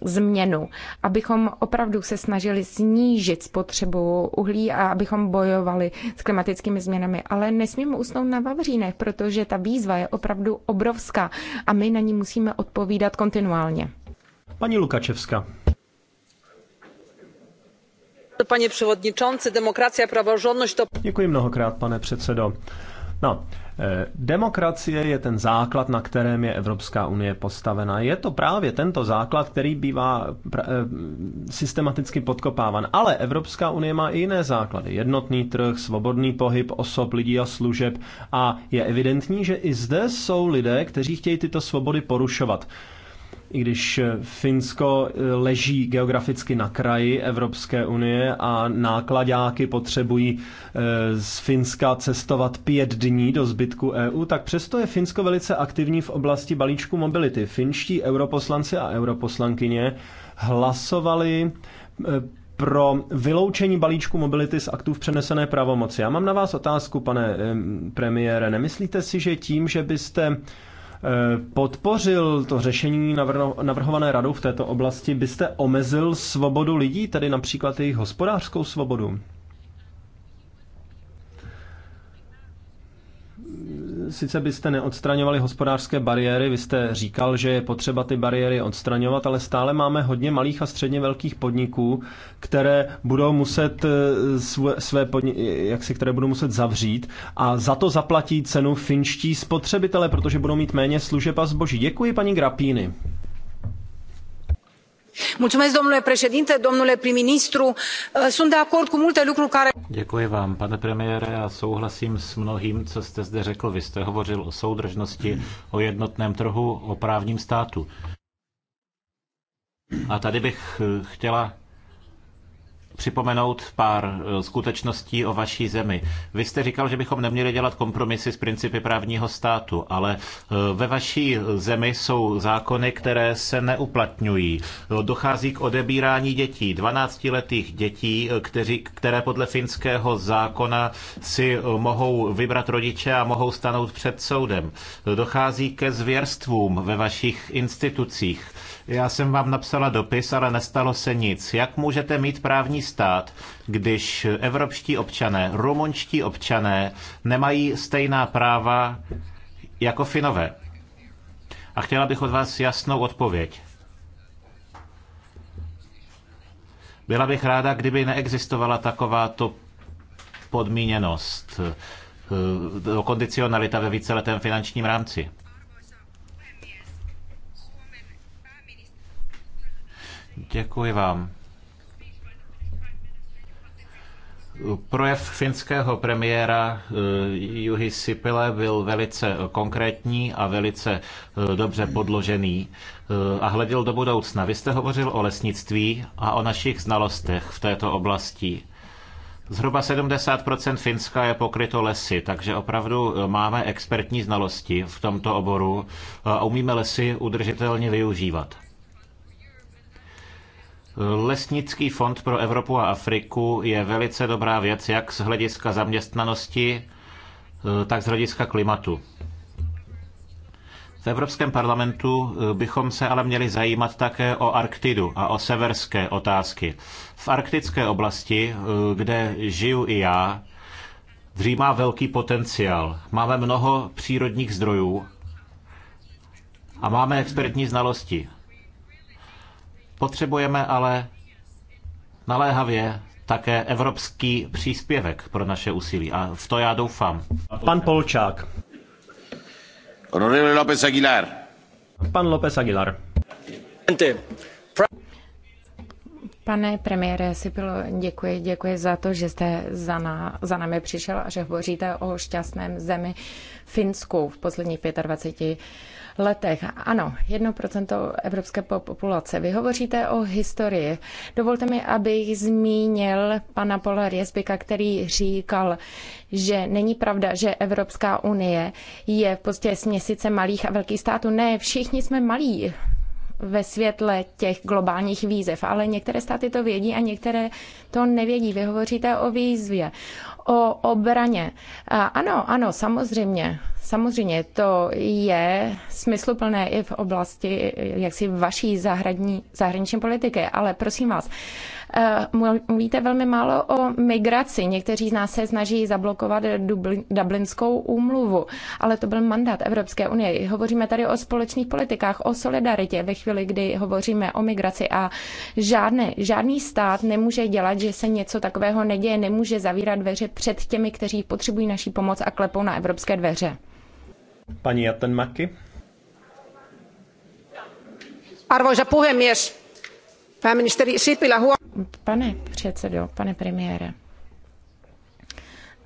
změnu, abychom opravdu se snažili snížit spotřebu uhlí a abychom bojovali s klimatickými změnami. Ale nesmíme usnout na Vavřínech, protože ta výzva je opravdu obrovská a my na ní musíme odpovídat kontinuálně. Paní Lukačevská. Pane předsedající, demokracie a praworządność to... Děkuji mnohokrát, pane předsedo. No, Eh, demokracie je ten základ, na kterém je Evropská unie postavena. Je to právě tento základ, který bývá eh, systematicky podkopávan. Ale Evropská unie má i jiné základy. Jednotný trh, svobodný pohyb osob, lidí a služeb. A je evidentní, že i zde jsou lidé, kteří chtějí tyto svobody porušovat i když Finsko eh, leží geograficky na kraji Evropské unie a nákladáky potřebují eh, z Finska cestovat pět dní do zbytku EU, tak přesto je Finsko velice aktivní v oblasti balíčku mobility. Finští europoslanci a europoslankyně hlasovali eh, pro vyloučení balíčku mobility z aktů v přenesené pravomoci. Já mám na vás otázku, pane premiére. Nemyslíte si, že tím, že byste Eh, podpořil to řešení navrhované radou v této oblasti, byste omezil svobodu lidí, tedy například jejich hospodářskou svobodu? sice byste neodstraňovali hospodářské bariéry, vy jste říkal, že je potřeba ty bariéry odstraňovat, ale stále máme hodně malých a středně velkých podniků, které budou muset eh, své, podni- jak si, které budou muset zavřít a za to zaplatí cenu finští spotřebitele, protože budou mít méně služeb a zboží. Děkuji paní Grapíny domnule președinte domnule prim ministru uh, sunt de acord cu multe lucruri care. Děkuji vám, pane premiére, a souhlasím s mnohým, co jste zde řekl. Vy jste hovořil o soudržnosti, o jednotném trhu, o právním státu. A tady bych eh, chtěla připomenout pár eh, skutečností o vaší zemi. Vy jste říkal, že bychom neměli dělat kompromisy s principy právního státu, ale eh, ve vaší zemi jsou zákony, které se neuplatňují. Dochází k odebírání dětí, 12-letých dětí, eh, kteří, které podle finského zákona si mohou vybrat rodiče a mohou stanout před soudem. Dochází ke zvěrstvům ve vašich institucích já jsem vám napsala dopis, ale nestalo se nic. Jak můžete mít právní stát, když evropští občané, rumunští občané nemají stejná práva jako Finové? A chtěla bych od vás jasnou odpověď. Byla bych ráda, kdyby neexistovala takováto podmíněnost, eh, kondicionalita ve víceletém finančním rámci. Děkuji vám. Projev finského premiéra eh, Juhi Sipile byl velice eh, konkrétní a velice eh, dobře podložený a hleděl do budoucna. Vy jste hovořil o lesnictví a o našich znalostech v této oblasti. Zhruba 70 Finska je pokryto lesy, takže opravdu máme expertní znalosti v tomto oboru a umíme lesy udržitelně využívat. Lesnický fond pro Evropu a Afriku je velice dobrá věc, jak z hlediska zaměstnanosti, eh, tak z hlediska klimatu. V Evropském parlamentu eh, bychom se ale měli zajímat také o Arktidu a o severské otázky. V arktické oblasti, eh, kde žiju i já, dřímá velký potenciál. Máme mnoho přírodních zdrojů a máme expertní znalosti. Potřebujeme ale naléhavě také evropský příspěvek pro naše úsilí. A v to já doufám. Pan Polčák. Honorable López Aguilar. Pan López Aguilar. Pane premiére bylo, děkuji, děkuji za to, že jste za, na, za námi přišel a že hovoříte o šťastném zemi Finsku v posledních 25 letech. Ano, 1% evropské populace. Vy hovoříte o historii. Dovolte mi, abych zmínil pana Paula Riesbika, který říkal, že není pravda, že Evropská unie je v podstatě směsice malých a velkých států. Ne, všichni jsme malí ve světle těch globálních výzev, ale některé státy to vědí a některé to nevědí. Vy hovoříte o výzvě, o obraně. A ano, ano, samozřejmě, Samozřejmě to je smysluplné i v oblasti jaksi vaší zahradní, zahraniční politiky, ale prosím vás, eh, mluvíte velmi málo o migraci. Někteří z nás se snaží zablokovat Dublinskou úmluvu, ale to byl mandát Evropské unie. Hovoříme tady o společných politikách, o solidaritě ve chvíli, kdy hovoříme o migraci a žádné, žádný stát nemůže dělat, že se něco takového neděje, nemůže zavírat dveře před těmi, kteří potřebují naší pomoc a klepou na evropské dveře. Pani Jatenmaki. Arvoisa puhemies, pääministeri Sipilä huo... Pane předsedo, pane premiére,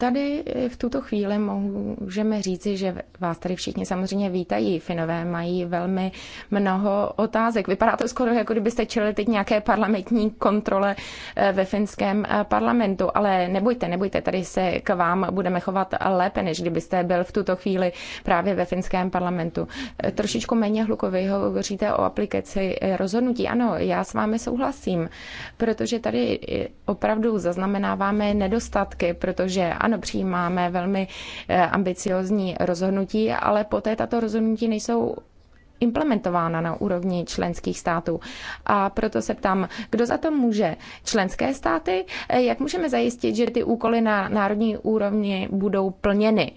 Tady v tuto chvíli můžeme říci, že vás tady všichni samozřejmě vítají. Finové mají velmi mnoho otázek. Vypadá to skoro, jako kdybyste čelili teď nějaké parlamentní kontrole eh, ve finském eh, parlamentu, ale nebojte, nebojte, tady se k vám budeme chovat lépe, než kdybyste byl v tuto chvíli právě ve finském parlamentu. Eh, trošičku méně hlukově hovoříte o aplikaci rozhodnutí. Ano, já s vámi souhlasím, protože tady opravdu zaznamenáváme nedostatky, protože ano, ano, přijímáme velmi eh, ambiciozní rozhodnutí, ale poté tato rozhodnutí nejsou implementována na úrovni členských států. A proto se ptám, kdo za to může? Členské státy? Eh, jak můžeme zajistit, že ty úkoly na národní úrovni budou plněny?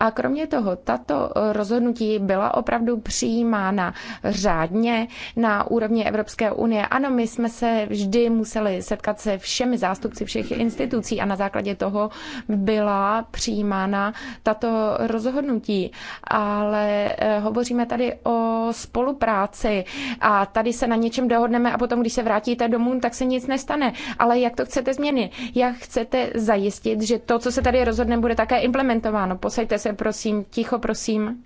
A kromě toho, tato rozhodnutí byla opravdu přijímána řádně na úrovni Evropské unie. Ano, my jsme se vždy museli setkat se všemi zástupci všech institucí a na základě toho byla přijímána tato rozhodnutí. Ale eh, hovoříme tady o spolupráci a tady se na něčem dohodneme a potom, když se vrátíte domů, tak se nic nestane. Ale jak to chcete změny? Jak chcete zajistit, že to, co se tady rozhodne, bude také implementováno? Posaďte se, prosím. Ticho, prosím.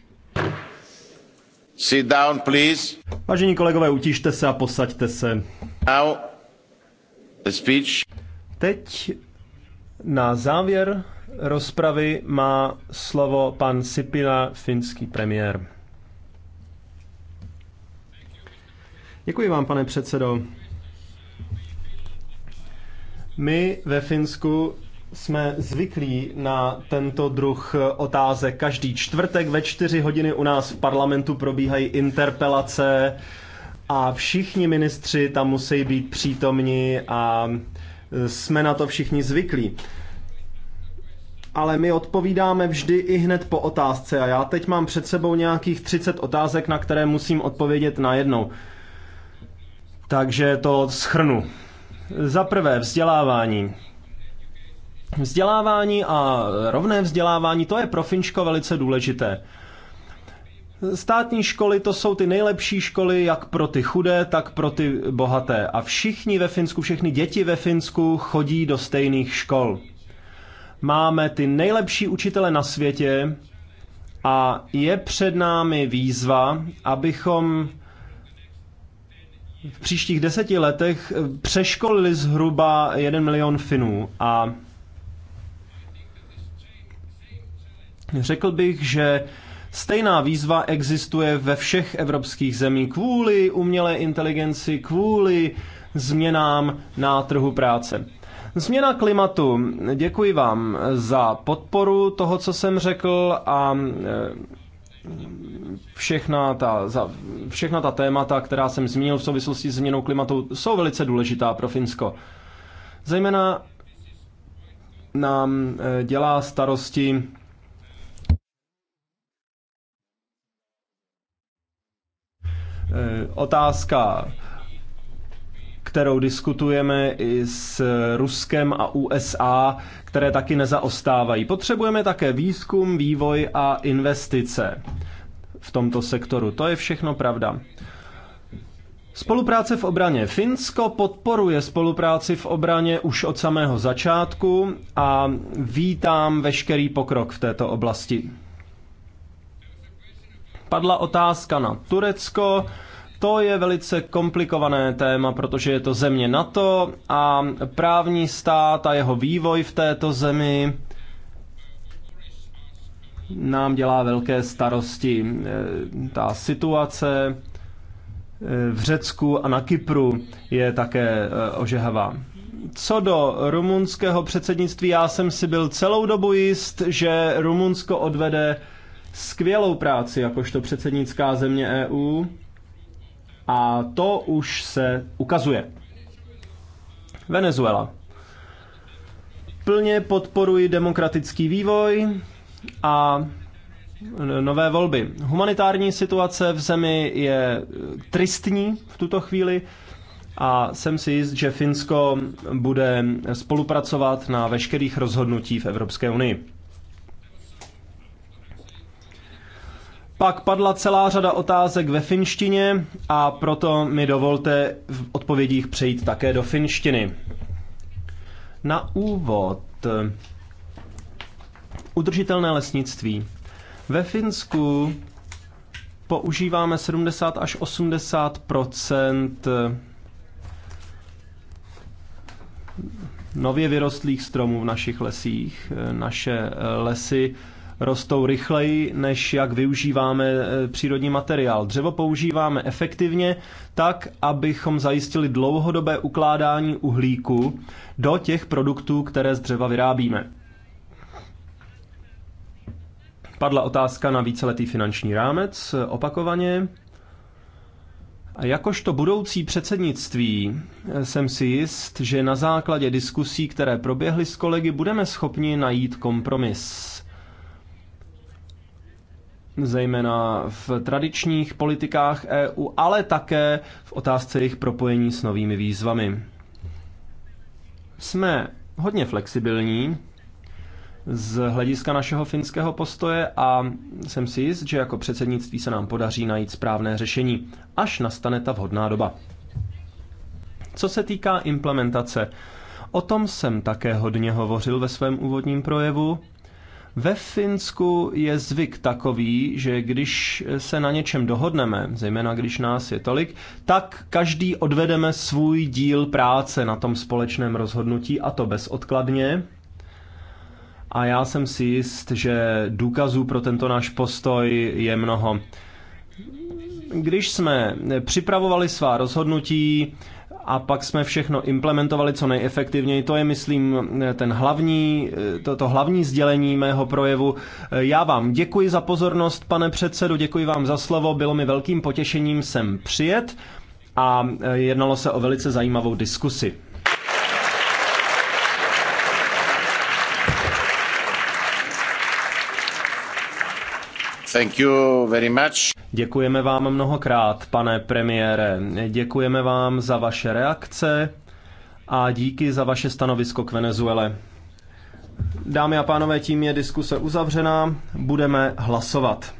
Sit down, please. Vážení kolegové, utište se a posaďte se. Now, the speech. Teď na závěr rozpravy má slovo pan Sipila, finský premiér. Děkuji vám, pane předsedo. My ve Finsku jsme zvyklí na tento druh otázek. Každý čtvrtek ve čtyři hodiny u nás v parlamentu probíhají interpelace a všichni ministři tam musí být přítomni a jsme na to všichni zvyklí. Ale my odpovídáme vždy i hned po otázce a já teď mám před sebou nějakých 30 otázek, na které musím odpovědět najednou. Takže to schrnu. Za prvé vzdělávání. Vzdělávání a rovné vzdělávání, to je pro Finsko velice důležité. Státní školy to jsou ty nejlepší školy jak pro ty chudé, tak pro ty bohaté. A všichni ve Finsku, všechny děti ve Finsku chodí do stejných škol. Máme ty nejlepší učitele na světě a je před námi výzva, abychom v příštích deseti letech přeškolili zhruba jeden milion Finů a Řekl bych, že Stejná výzva existuje ve všech evropských zemích kvůli umělé inteligenci, kvůli změnám na trhu práce. Změna klimatu. Děkuji vám za podporu toho, co jsem řekl a e, všechna ta, za, všechna ta témata, která jsem zmínil v souvislosti s změnou klimatu, jsou velice důležitá pro Finsko. Zejména nám e, dělá starosti Eh, otázka, kterou diskutujeme i s Ruskem a USA, které taky nezaostávají. Potřebujeme také výzkum, vývoj a investice v tomto sektoru. To je všechno pravda. Spolupráce v obraně. Finsko podporuje spolupráci v obraně už od samého začátku a vítám veškerý pokrok v této oblasti. Padla otázka na Turecko. To je velice komplikované téma, protože je to země NATO a právní stát a jeho vývoj v této zemi nám dělá velké starosti. E, ta situace e, v Řecku a na Kypru je také e, ožehavá. Co do rumunského předsednictví, já jsem si byl celou dobu jist, že Rumunsko odvede skvělou práci jakožto předsednická země EU a to už se ukazuje. Venezuela. Plně podporuji demokratický vývoj a nové volby. Humanitární situace v zemi je tristní v tuto chvíli a jsem si jist, že Finsko bude spolupracovat na veškerých rozhodnutí v Evropské unii. Pak padla celá řada otázek ve finštině a proto mi dovolte v odpovědích přejít také do finštiny. Na úvod. Eh, udržitelné lesnictví. Ve Finsku používáme 70 až 80 eh, nově vyrostlých stromů v našich lesích. Eh, naše lesy rostou rychleji, než jak využíváme e, přírodní materiál. Dřevo používáme efektivně tak, abychom zajistili dlouhodobé ukládání uhlíku do těch produktů, které z dřeva vyrábíme. Padla otázka na víceletý finanční rámec e, opakovaně. A jakožto budoucí předsednictví e, jsem si jist, že na základě diskusí, které proběhly s kolegy, budeme schopni najít kompromis zejména v tradičních politikách EU, ale také v otázce jejich propojení s novými výzvami. Jsme hodně flexibilní z hlediska našeho finského postoje a jsem si jist, že jako předsednictví se nám podaří najít správné řešení, až nastane ta vhodná doba. Co se týká implementace, o tom jsem také hodně hovořil ve svém úvodním projevu ve Finsku je zvyk takový, že když se na něčem dohodneme, zejména když nás je tolik, tak každý odvedeme svůj díl práce na tom společném rozhodnutí a to bezodkladně. A já jsem si jist, že důkazů pro tento náš postoj je mnoho. Když jsme připravovali svá rozhodnutí, a pak jsme všechno implementovali co nejefektivněji. To je, myslím, ten hlavní, to, to hlavní sdělení mého projevu. Já vám děkuji za pozornost, pane předsedu, děkuji vám za slovo, bylo mi velkým potěšením sem přijet a jednalo se o velice zajímavou diskusi. Thank you very much. Děkujeme vám mnohokrát, pane premiére. Děkujeme vám za vaše reakce a díky za vaše stanovisko k Venezuele. Dámy a pánové, tím je diskuse uzavřená. Budeme hlasovat.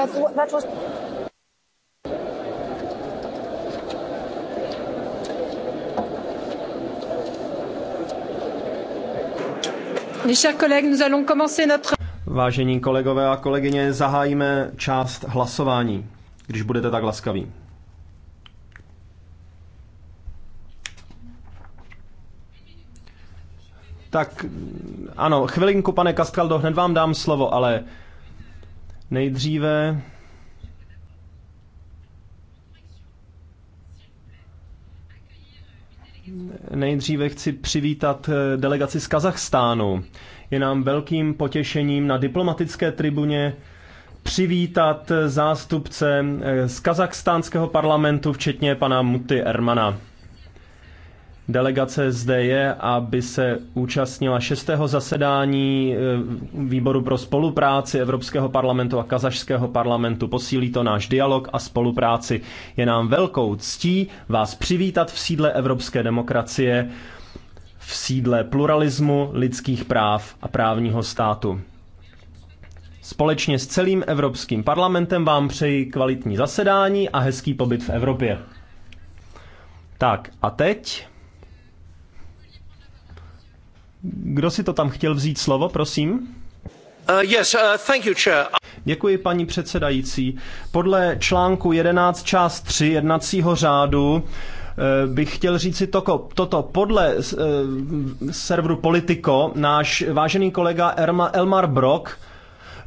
that's that was Vážení kolegové a kolegyně, zahájíme část hlasování, když budete tak laskaví. Tak ano, chvilinku, pane Kaskaldo, hned vám dám slovo, ale Nejdříve Nejdříve chci přivítat eh, delegaci z Kazachstánu. Je nám velkým potěšením na diplomatické tribuně přivítat eh, zástupce eh, z kazachstánského parlamentu, včetně pana Muty Ermana. Delegace zde je, aby se účastnila šestého zasedání eh, Výboru pro spolupráci Evropského parlamentu a Kazašského parlamentu. Posílí to náš dialog a spolupráci. Je nám velkou ctí vás přivítat v sídle Evropské demokracie, v sídle pluralismu, lidských práv a právního státu. Společně s celým Evropským parlamentem vám přeji kvalitní zasedání a hezký pobyt v Evropě. Tak a teď kdo si to tam chtěl vzít slovo, prosím? Uh, yes, uh, thank you, chair. Děkuji, paní předsedající. Podle článku 11 část 3 jednacího řádu uh, bych chtěl říci toko, toto. Podle uh, serveru Politico náš vážený kolega Elmar Brok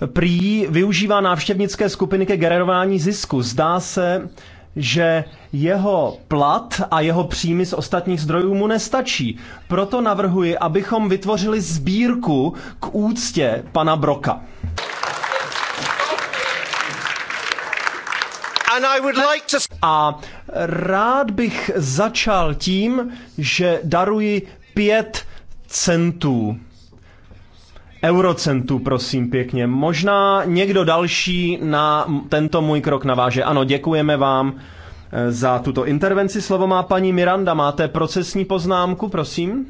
prý využívá návštěvnické skupiny ke generování zisku. Zdá se, že jeho plat a jeho příjmy z ostatních zdrojů mu nestačí. Proto navrhuji, abychom vytvořili sbírku k úctě pana Broka. A rád bych začal tím, že daruji pět centů eurocentů, prosím pěkně. Možná někdo další na tento můj krok naváže. Ano, děkujeme vám eh, za tuto intervenci. Slovo má paní Miranda. Máte procesní poznámku, prosím?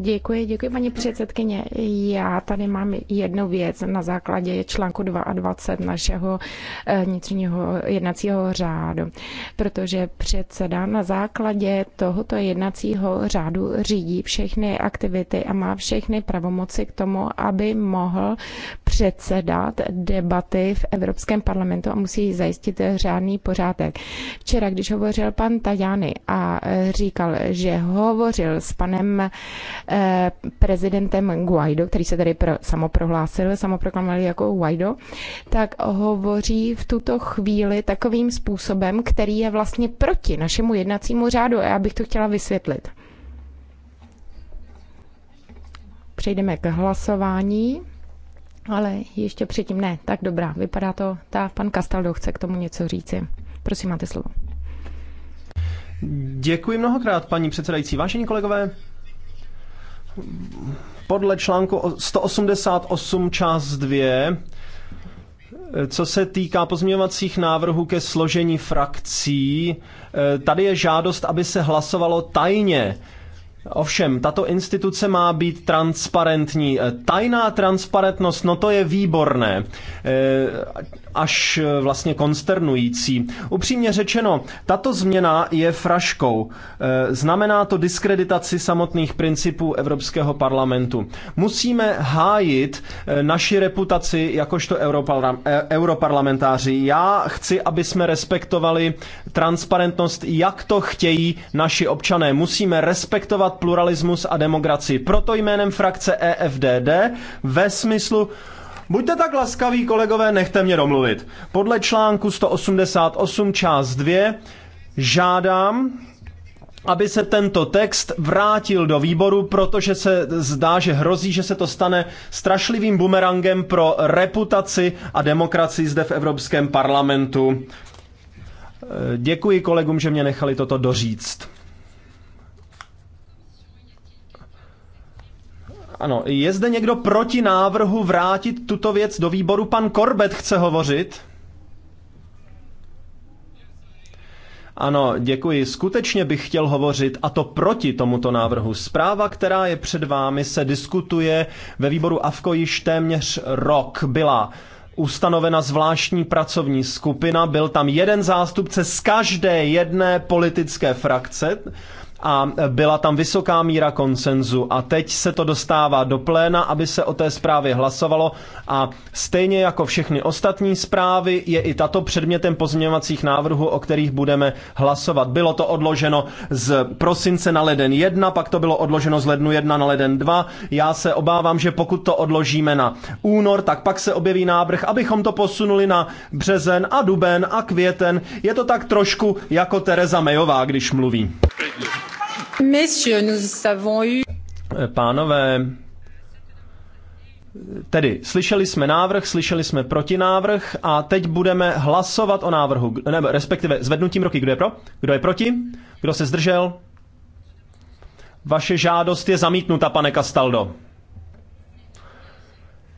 Děkuji, děkuji paní předsedkyně. Já tady mám jednu věc na základě článku 22 našeho eh, vnitřního jednacího řádu, protože předseda na základě tohoto jednacího řádu řídí všechny aktivity a má všechny pravomoci k tomu, aby mohl předsedat debaty v Evropském parlamentu a musí zajistit řádný pořádek. Včera, když hovořil pan Tajany a říkal, že hovořil s panem eh, prezidentem Guaido, který se tady pro, samoprohlásil, samoproklamoval jako Guaido, tak hovoří v tuto chvíli takovým způsobem, který je vlastně proti našemu jednacímu řádu a já bych to chtěla vysvětlit. Přejdeme k hlasování. Ale ještě předtím ne, tak dobrá, vypadá to, ta pan Kastaldo chce k tomu něco říci. Prosím, máte slovo. Děkuji mnohokrát, paní předsedající. Vážení kolegové, podle článku 188 část 2, co se týká pozměňovacích návrhů ke složení frakcí, eh, tady je žádost, aby se hlasovalo tajně. Ovšem, tato instituce má být transparentní. E, tajná transparentnost, no to je výborné, e, až e, vlastně konsternující. Upřímně řečeno, tato změna je fraškou. Znamená to diskreditaci samotných principů Evropského parlamentu. Musíme hájit naši reputaci jakožto europarlamentáři. Já chci, aby jsme respektovali transparentnost, jak to chtějí naši občané. Musíme respektovat podporovat pluralismus a demokracii. Proto jménem frakce EFDD ve smyslu Buďte tak laskaví, kolegové, nechte mě domluvit. Podle článku 188 část 2 žádám, aby se tento text vrátil do výboru, protože se zdá, že hrozí, že se to stane strašlivým bumerangem pro reputaci a demokracii zde v Evropském parlamentu. Děkuji kolegům, že mě nechali toto doříct. Ano, je zde někdo proti návrhu vrátit tuto věc do výboru? Pan Korbet chce hovořit. Ano, děkuji. Skutečně bych chtěl hovořit, a to proti tomuto návrhu. Zpráva, která je před vámi, se diskutuje ve výboru AFKO již téměř rok. Byla ustanovena zvláštní pracovní skupina, byl tam jeden zástupce z každé jedné politické frakce, a byla tam vysoká míra konsenzu a teď se to dostává do pléna, aby se o té zprávě hlasovalo a stejně jako všechny ostatní zprávy je i tato předmětem pozměňovacích návrhů, o kterých budeme hlasovat. Bylo to odloženo z prosince na leden 1, pak to bylo odloženo z lednu 1 na leden 2. Já se obávám, že pokud to odložíme na únor, tak pak se objeví návrh, abychom to posunuli na březen a duben a květen. Je to tak trošku jako Tereza Mejová, když mluví. Eh, pánové, Tedy slyšeli jsme návrh, slyšeli jsme protinávrh a teď budeme hlasovat o návrhu, nebo respektive zvednutím ruky. Kdo je pro? Kdo je proti? Kdo se zdržel? Vaše žádost je zamítnuta, pane Castaldo.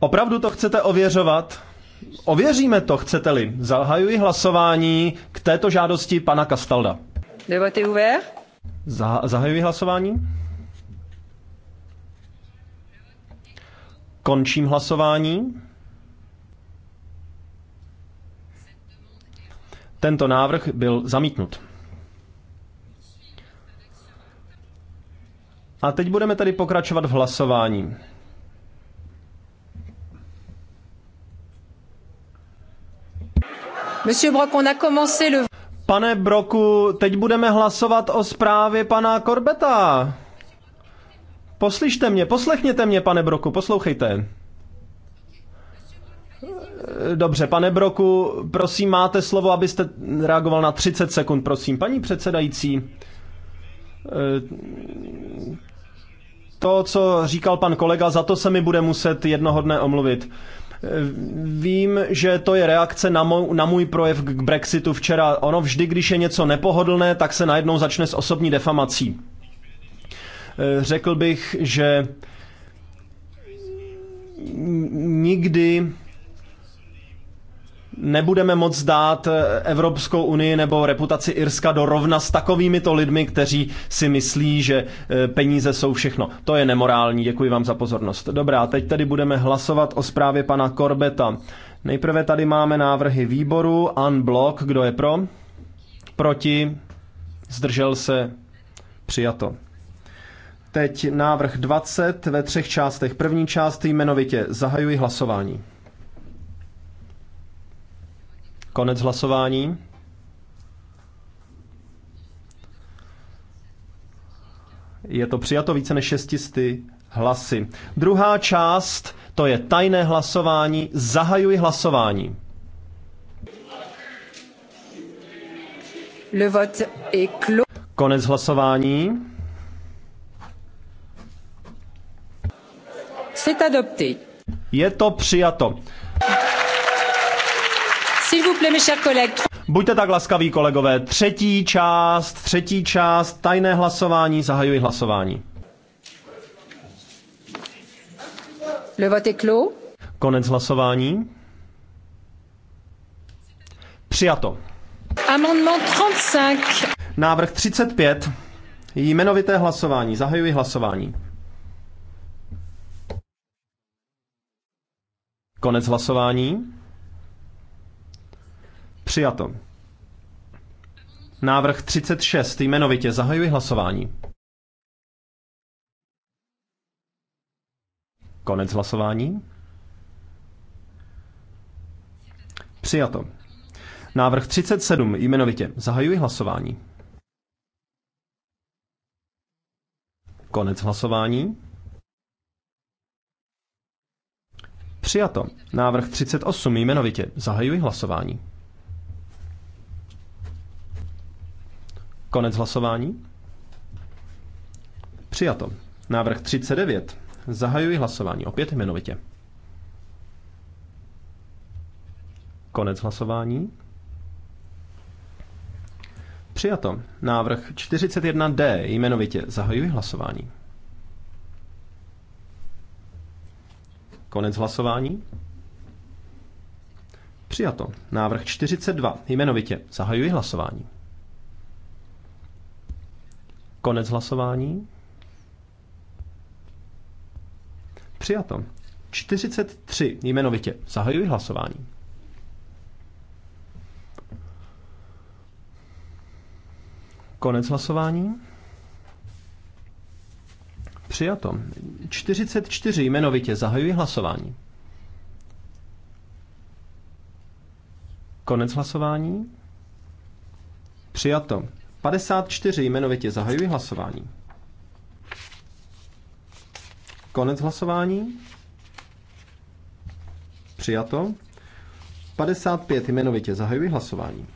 Opravdu to chcete ověřovat? Ověříme to, chcete-li. Zahajuji hlasování k této žádosti pana Castalda. Debatě ouvert. Zahajuji hlasování. Končím hlasování. Tento návrh byl zamítnut. A teď budeme tady pokračovat v hlasování. Monsieur Brock, on a commencé le... Pane Broku, teď budeme hlasovat o zprávě pana Korbeta. Poslyšte mě, poslechněte mě, pane Broku, poslouchejte. Dobře, pane Broku, prosím, máte slovo, abyste reagoval na 30 sekund, prosím. Paní předsedající, eh, to, co říkal pan kolega, za to se mi bude muset jednoho dne omluvit. Vím, že to je reakce na můj, na můj projev k Brexitu včera. Ono vždy, když je něco nepohodlné, tak se najednou začne s osobní defamací. Eh, řekl bych, že nikdy nebudeme moc dát eh, Evropskou unii nebo reputaci Irska do rovna s takovými to lidmi, kteří si myslí, že eh, peníze jsou všechno. To je nemorální. Děkuji vám za pozornost. Dobrá, teď tady budeme hlasovat o zprávě pana Korbeta. Nejprve tady máme návrhy výboru. Unblock, kdo je pro? Proti? Zdržel se? Přijato. Teď návrh 20 ve třech částech. První část jmenovitě. Zahajuji hlasování. Konec hlasování. Je to přijato více než 600 hlasy. Druhá část, to je tajné hlasování. Zahajuji hlasování. Le vote est clos. Konec hlasování. C'est adopté. Je to přijato. Buďte tak laskaví, kolegové. Třetí část, třetí část, tajné hlasování, zahajuji hlasování. Le vote est clos. Konec hlasování. Přijato. Amendement 35. Návrh 35. Jmenovité hlasování. Zahajuji hlasování. Konec hlasování. Přijato. Návrh 36. Jmenovitě zahajuji hlasování. Konec hlasování. Přijato. Návrh 37. Jmenovitě zahajuji hlasování. Konec hlasování. Přijato. Návrh 38 jmenovitě. Zahajuji hlasování. Konec hlasování. Přijato. Návrh 39. Zahajuji hlasování. Opět jmenovitě. Konec hlasování. Přijato. Návrh 41D jmenovitě. Zahajuji hlasování. Konec hlasování. Přijato. Návrh 42 jmenovitě. Zahajuji hlasování. Konec hlasování. Přijato. 43 jmenovitě. Zahajuji hlasování. Konec hlasování. Přijato. 44 jmenovitě. Zahajuji hlasování. Konec hlasování. Přijato. 54 jmenovitě zahajuji hlasování. Konec hlasování. Přijato. 55 jmenovitě zahajuji hlasování.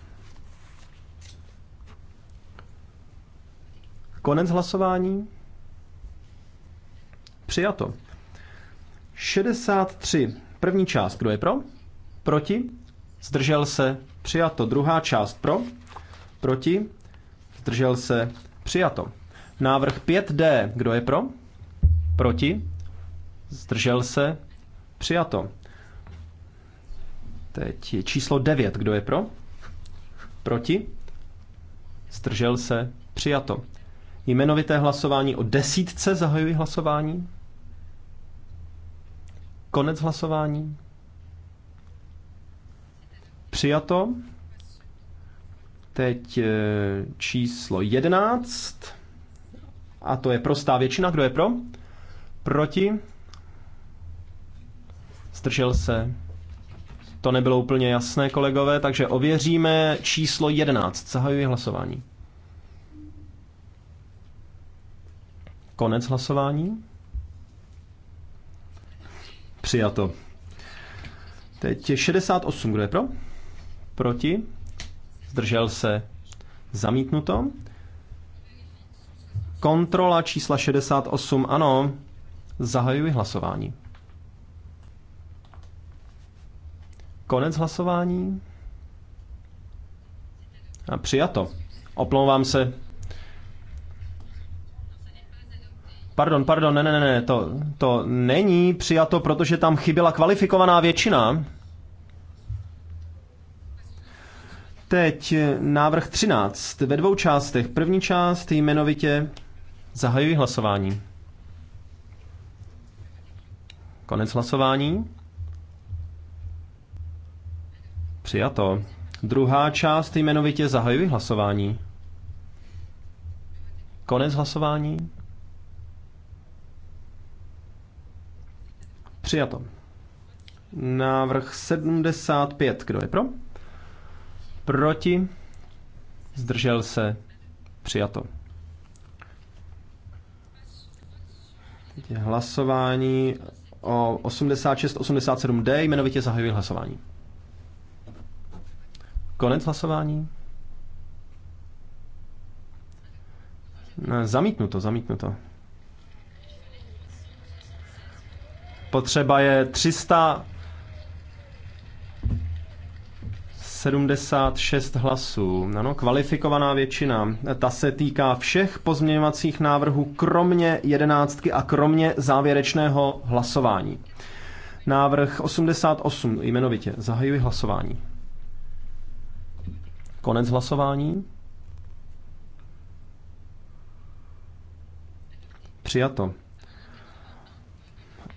Konec hlasování. Přijato. 63. První část. Kdo je pro? Proti? Zdržel se. Přijato. Druhá část pro? Proti? zdržel se, přijato. Návrh 5D, kdo je pro? Proti? Zdržel se, přijato. Teď je číslo 9, kdo je pro? Proti? Zdržel se, přijato. Jmenovité hlasování o desítce zahajuji hlasování. Konec hlasování. Přijato teď eh, číslo 11. A to je prostá většina. Kdo je pro? Proti? Zdržel se. To nebylo úplně jasné, kolegové, takže ověříme číslo 11. Zahajuji hlasování. Konec hlasování. Přijato. Teď je 68, kdo je pro? Proti? zdržel se, zamítnuto. Kontrola čísla 68, ano, zahajuji hlasování. Konec hlasování. A přijato. Oplouvám se. Pardon, pardon, ne, ne, ne, to, to není přijato, protože tam chyběla kvalifikovaná většina. Teď návrh 13 ve dvou částech. První část jmenovitě zahajuji hlasování. Konec hlasování. Přijato. Druhá část jmenovitě zahajuji hlasování. Konec hlasování. Přijato. Návrh 75. Kdo je pro? Proti? Zdržel se? Přijato. Teď je hlasování o 86-87D, jmenovitě zahajuji hlasování. Konec hlasování. Ne, zamítnuto, zamítnuto. Potřeba je 300 76 hlasů. Ano, kvalifikovaná většina. Ta se týká všech pozměňovacích návrhů, kromě jedenáctky a kromě závěrečného hlasování. Návrh 88, jmenovitě. Zahajuji hlasování. Konec hlasování. Přijato.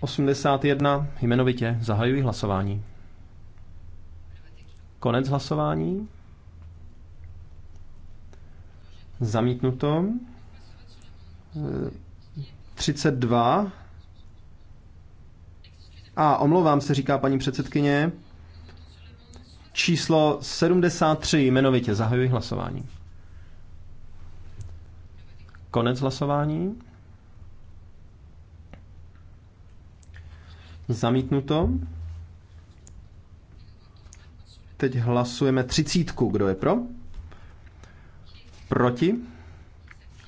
81, jmenovitě. Zahajuji hlasování. Konec hlasování. Zamítnuto. 32. A omlouvám se, říká paní předsedkyně. Číslo 73 jmenovitě. Zahajuji hlasování. Konec hlasování. Zamítnuto. Teď hlasujeme třicítku. Kdo je pro? Proti?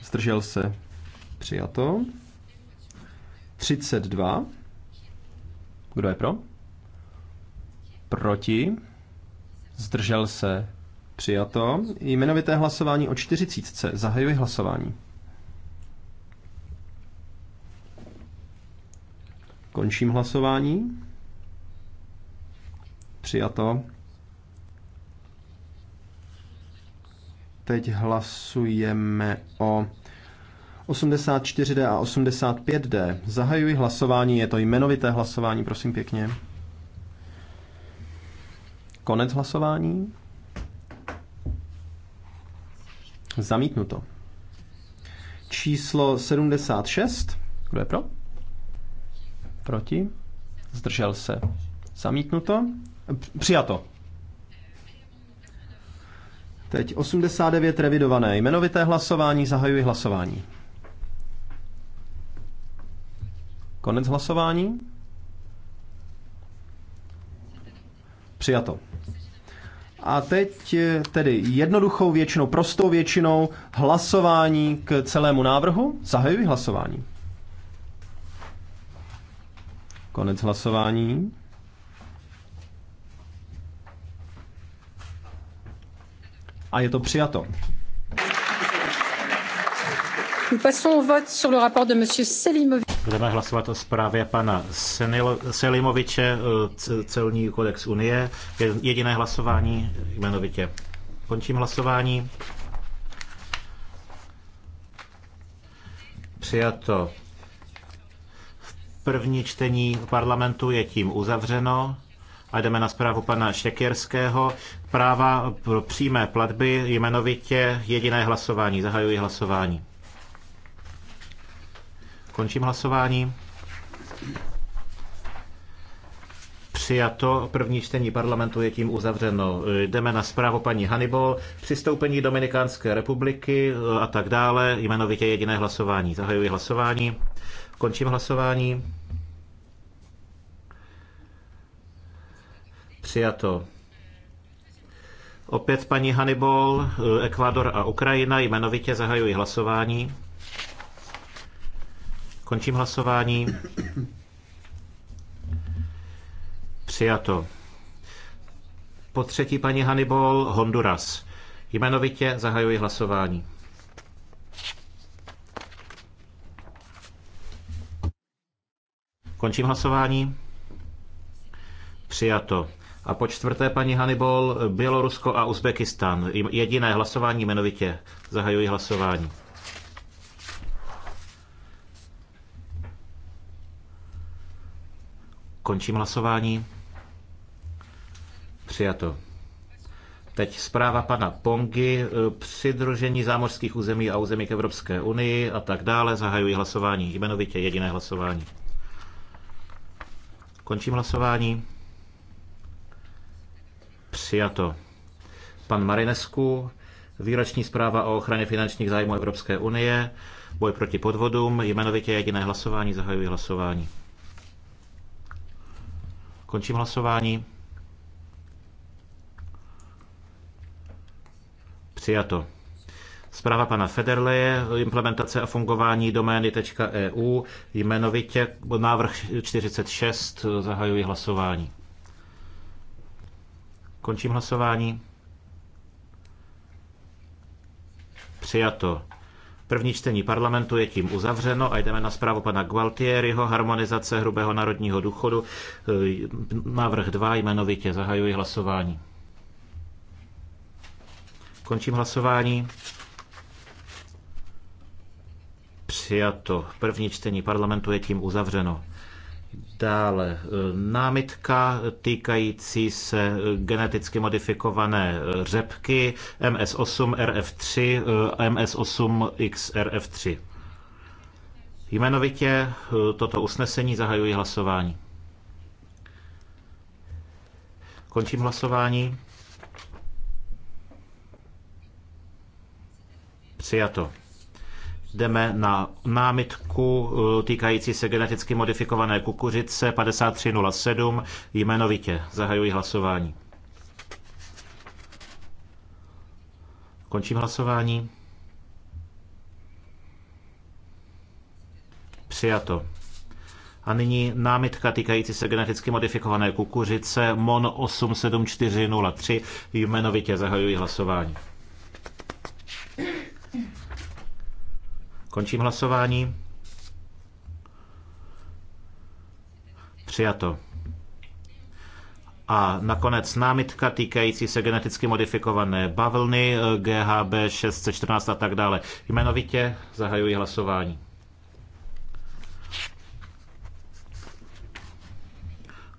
Zdržel se. Přijato. 32. Kdo je pro? Proti? Zdržel se. Přijato. Jmenovité hlasování o čtyřicítce. Zahajuji hlasování. Končím hlasování. Přijato. Teď hlasujeme o 84D a 85D. Zahajuji hlasování, je to jmenovité hlasování, prosím pěkně. Konec hlasování. Zamítnuto. Číslo 76. Kdo je pro? Proti? Zdržel se. Zamítnuto. Přijato. Teď 89 revidované jmenovité hlasování, zahajuji hlasování. Konec hlasování. Přijato. A teď eh, tedy jednoduchou většinou, prostou většinou hlasování k celému návrhu. Zahajuji hlasování. Konec hlasování. a je to přijato. Budeme hlasovat o zprávě pana Selimoviče, eh, celní kodex Unie. Jediné hlasování jmenovitě. Končím hlasování. Přijato. V první čtení parlamentu je tím uzavřeno a jdeme na zprávu pana Šekerského. Práva pro přímé platby, jmenovitě jediné hlasování. Zahajuji hlasování. Končím hlasování. Přijato. První čtení parlamentu je tím uzavřeno. Jdeme na zprávu paní Hannibal. Přistoupení Dominikánské republiky a tak dále. Jmenovitě jediné hlasování. Zahajuji hlasování. Končím hlasování. Přijato. Opět paní Hannibal, eh, Ekvádor a Ukrajina, jmenovitě zahajují hlasování. Končím hlasování. Přijato. Po třetí paní Hannibal, Honduras. Jmenovitě zahajují hlasování. Končím hlasování. Přijato. A po čtvrté, paní Hannibal, Bělorusko a Uzbekistán. Jediné hlasování jmenovitě. Zahajuji hlasování. Končím hlasování. Přijato. Teď zpráva pana Pongy, přidružení zámořských území a území k Evropské unii a tak dále. Zahajuji hlasování, jmenovitě jediné hlasování. Končím hlasování. Přijato. Pan Marinescu, výroční zpráva o ochraně finančních zájmů Evropské unie, boj proti podvodům, jmenovitě jediné hlasování, zahajuji hlasování. Končím hlasování. Přijato. Zpráva pana Federleje, implementace a fungování domény.eu, e jmenovitě návrh 46, zahajuji hlasování. Končím hlasování. Přijato. První čtení parlamentu je tím uzavřeno a jdeme na zprávu pana Gualtieriho, harmonizace hrubého národního důchodu. E, návrh 2 jmenovitě zahajuji hlasování. Končím hlasování. Přijato. První čtení parlamentu je tím uzavřeno. Dále e, námitka týkající se geneticky modifikované e, řepky MS8 RF3, e, MS8 XRF3. Jmenovitě toto usnesení zahajuji hlasování. Končím hlasování. Přijato jdeme na námitku eh, týkající se geneticky modifikované kukuřice 5307 jmenovitě. Zahajuji hlasování. Končím hlasování. Přijato. A nyní námitka týkající se geneticky modifikované kukuřice MON 87403. Jmenovitě zahajuji hlasování. Končím hlasování. Přijato. A nakonec námitka týkající se geneticky modifikované bavlny, eh, GHB 614 a tak dále. Jmenovitě zahajuji hlasování.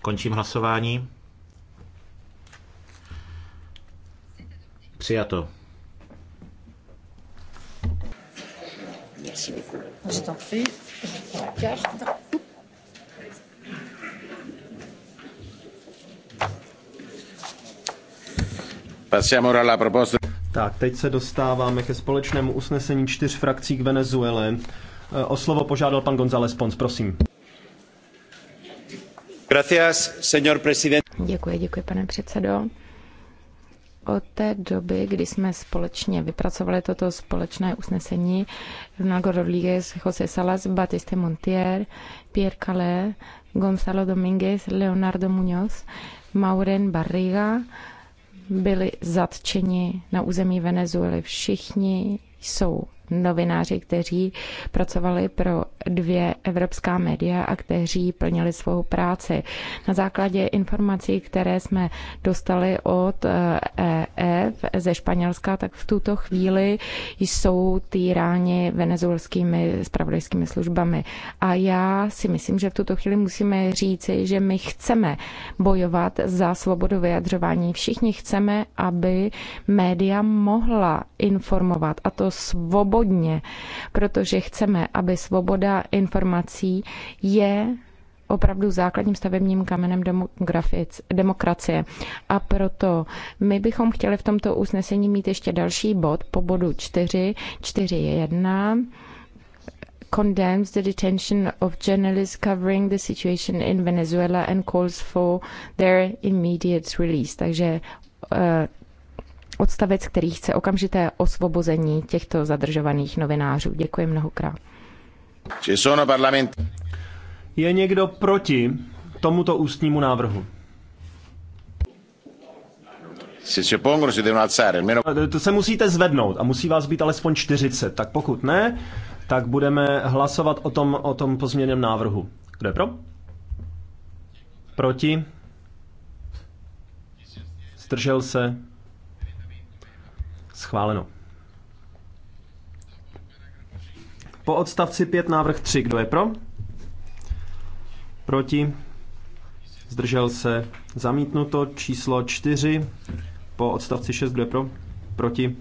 Končím hlasování. Přijato. Merci beaucoup. Je t'en prie. Je prends la carte. Passiamo alla proposta. Tak, teď se dostáváme ke společnému usnesení čtyř frakcí k Venezuele. Eh, o slovo požádal pan González Pons, prosím. Gracias, señor president. Děkuji, děkuji, pane předsedo od té doby, kdy jsme společně vypracovali toto společné usnesení, Ronaldo Rodríguez, José Salas, Batiste Montier, Pierre Calais, Gonzalo Domínguez, Leonardo Muñoz, Mauren Barriga byli zatčeni na území Venezuely. Všichni jsou novináři, kteří pracovali pro dvě evropská média a kteří plnili svou práci. Na základě informací, které jsme dostali od EF eh, e ze Španělska, tak v tuto chvíli jsou týráni venezuelskými spravodajskými službami. A já si myslím, že v tuto chvíli musíme říci, že my chceme bojovat za svobodu vyjadřování. Všichni chceme, aby média mohla informovat a to svobodu svobodně, protože chceme, aby svoboda informací je opravdu základním stavebním kamenem demokracie. A proto my bychom chtěli v tomto usnesení mít ještě další bod po bodu 4, 4 je 1, condemns the detention of journalists covering the situation in Venezuela and calls for their immediate release. Takže eh, odstavec, který chce okamžité osvobození těchto zadržovaných novinářů. Děkuji mnohokrát. Je někdo proti tomuto ústnímu návrhu? Eh, to se musíte zvednout a musí vás být alespoň 40. Tak pokud ne, tak budeme hlasovat o tom, o tom pozměněném návrhu. Kdo je pro? Proti? Zdržel se? Schváleno. Po odstavci 5 návrh 3. Kdo je pro? Proti? Zdržel se? Zamítnuto. Číslo 4. Po odstavci 6. Kdo je pro? Proti?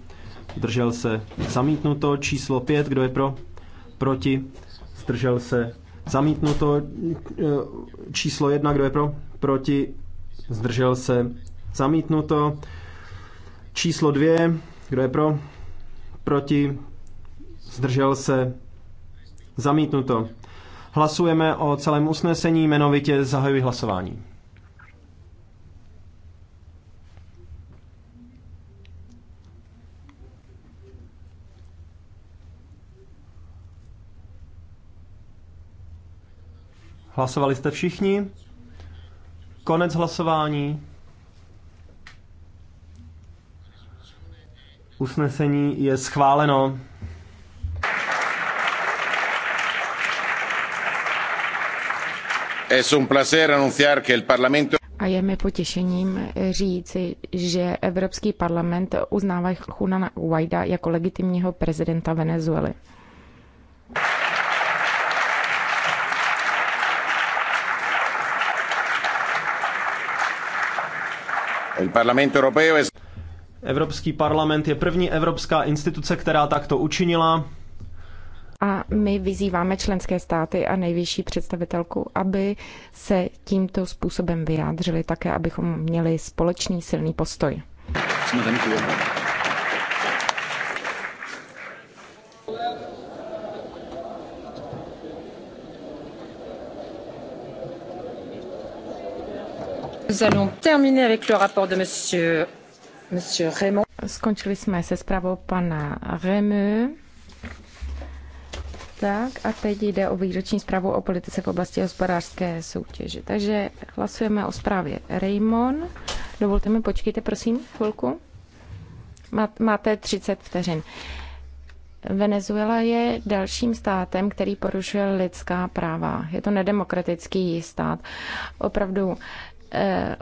Zdržel se? Zamítnuto. Číslo 5. Kdo je pro? Proti? Zdržel se? Zamítnuto. Číslo 1. Kdo je pro? Proti? Zdržel se? Zamítnuto. Číslo 2 kdo je pro? Proti? Zdržel se? Zamítnuto. Hlasujeme o celém usnesení, jmenovitě zahajuji hlasování. Hlasovali jste všichni? Konec hlasování. Usnesení je schváleno. Es un placer anunciar que el Parlamento a je mi potěšením říci, že Evropský parlament uznává Junana Guaida jako legitimního prezidenta Venezuely. El Parlamento Europeo es... Evropský parlament je první evropská instituce, která takto učinila. A my vyzýváme členské státy a nejvyšší představitelku, aby se tímto způsobem vyjádřili také, abychom měli společný silný postoj. Nous allons terminer avec le rapport de Monsieur Skončili jsme se zprávou pana Remy. Tak a teď jde o výroční zprávu o politice v oblasti hospodářské soutěže. Takže hlasujeme o zprávě Raymond. Dovolte mi, počkejte prosím chvilku. Máte 30 vteřin. Venezuela je dalším státem, který porušuje lidská práva. Je to nedemokratický stát. Opravdu eh,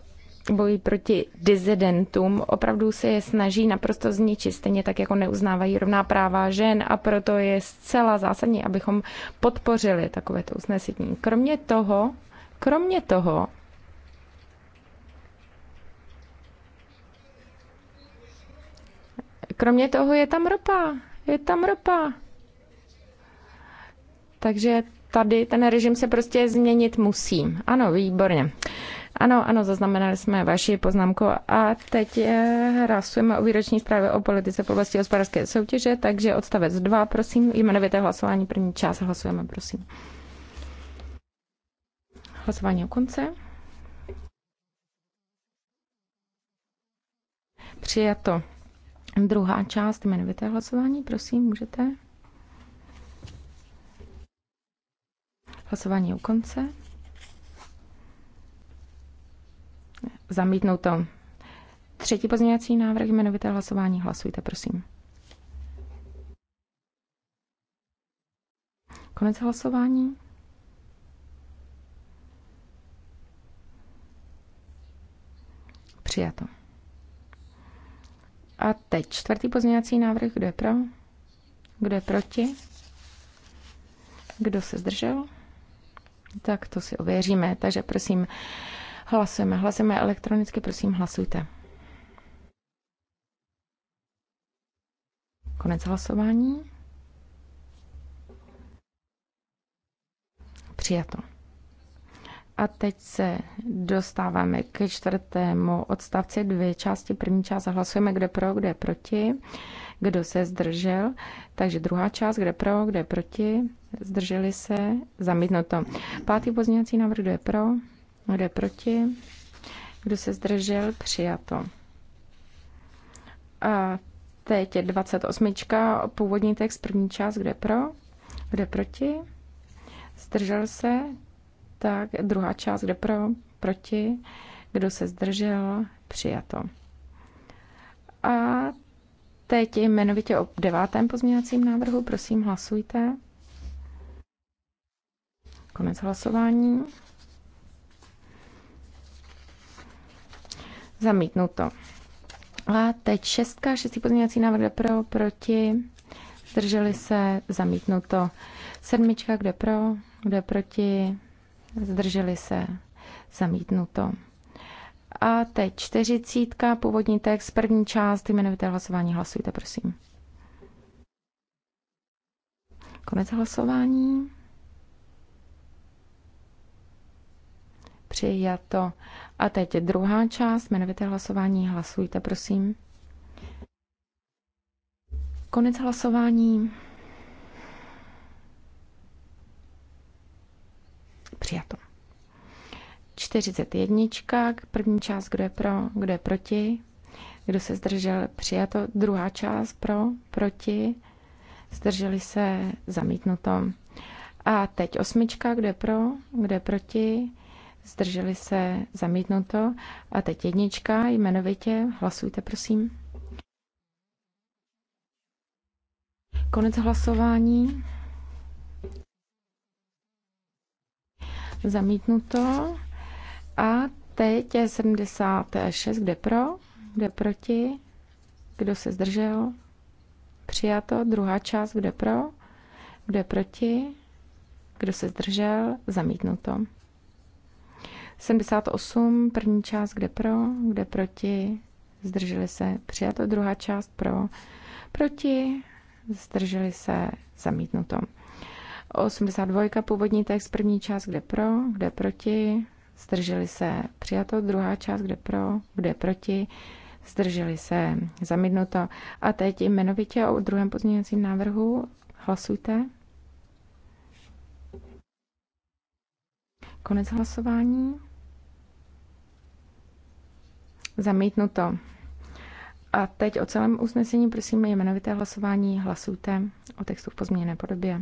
boji proti dizidentům opravdu se je snaží naprosto zničit, stejně tak jako neuznávají rovná práva žen a proto je zcela zásadní, abychom podpořili takovéto usnesení. Kromě toho, kromě toho, kromě toho je tam ropa, je tam ropa. Takže tady ten režim se prostě změnit musí. Ano, výborně. Ano, ano, zaznamenali jsme vaši poznámku a teď eh, hlasujeme o výroční zprávě o politice v oblasti hospodářské soutěže, takže odstavec 2, prosím, jmenovité hlasování, první část hlasujeme, prosím. Hlasování o konce. Přijato. Druhá část jmenovité hlasování, prosím, můžete. Hlasování u konce. to. Třetí pozměňovací návrh, jmenovité hlasování. Hlasujte, prosím. Konec hlasování. Přijato. A teď čtvrtý pozměňovací návrh. Kdo je pro? Kdo je proti? Kdo se zdržel? Tak to si ověříme. Takže prosím, Hlasujeme, hlasujeme elektronicky, prosím, hlasujte. Konec hlasování. Přijato. A teď se dostáváme ke čtvrtému odstavci dvě části. První část hlasujeme, kde pro, kde proti, kdo se zdržel. Takže druhá část, kde pro, kde proti, zdrželi se, zamítnuto. Pátý pozměňovací návrh, kde pro, kdo proti? Kdo se zdržel? Přijato. A teď je 28. Původní text, první část, kde pro? Kde proti? Zdržel se? Tak druhá část, kde pro? Proti? Kdo se zdržel? Přijato. A teď jmenovitě o devátém pozměňovacím návrhu. Prosím, hlasujte. Konec hlasování. Zamítnuto. A teď šestka, šestý pozměňovací návrh pro, proti, zdrželi se, zamítnuto. Sedmička, kde pro, kde proti, zdrželi se, zamítnuto. A teď čtyřicítka, původní text, první část, jmenovité hlasování, hlasujte, prosím. Konec hlasování. Přijato. A teď druhá část, jmenovité hlasování. Hlasujte, prosím. Konec hlasování. Přijato. 41. První část, kdo je pro, kdo je proti. Kdo se zdržel, přijato. Druhá část pro, proti. Zdrželi se, zamítnuto. A teď osmička, kdo je pro, kdo je proti zdrželi se zamítnuto. A teď jednička jmenovitě, hlasujte prosím. Konec hlasování. Zamítnuto. A teď je 76, kde pro, kde proti, kdo se zdržel. Přijato, druhá část, kde pro, kde proti, kdo se zdržel, zamítnuto. 78, první část, kde pro, kde proti, zdrželi se přijato, druhá část pro, proti, zdrželi se zamítnuto. 82, původní text, první část, kde pro, kde proti, zdrželi se přijato, druhá část, kde pro, kde proti, zdrželi se zamítnuto. A teď jmenovitě o druhém pozměňovacím návrhu hlasujte. Konec hlasování. Zamítnuto. A teď o celém usnesení prosíme jmenovité hlasování. Hlasujte o textu v pozměněné podobě.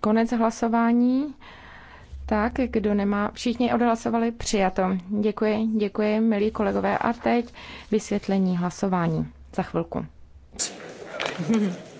Konec hlasování. Tak, kdo nemá, všichni odhlasovali přijato. Děkuji, děkuji, milí kolegové. A teď vysvětlení hlasování. Za chvilku.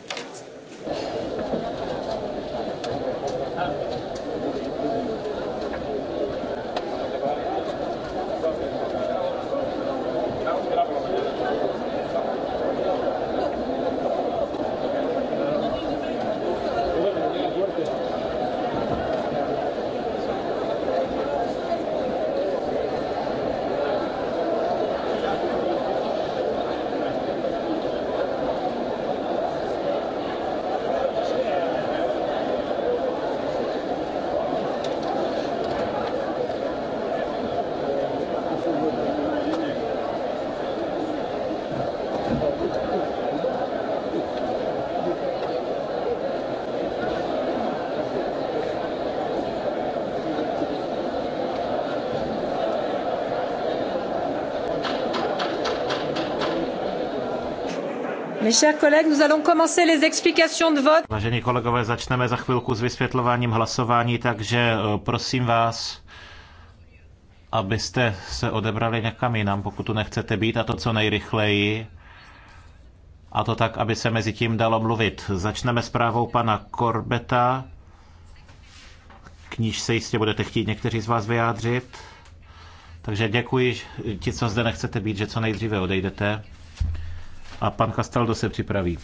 Vážení kolegové, začneme za chvilku s vysvětlováním hlasování, takže eh, prosím vás, abyste se odebrali někam jinam, pokud tu nechcete být, a to co nejrychleji. A to tak, aby se mezi tím dalo mluvit. Začneme s zprávou pana Korbeta, k níž se jistě budete chtít někteří z vás vyjádřit. Takže děkuji ti, co zde nechcete být, že co nejdříve odejdete a pan Castaldo se připraví.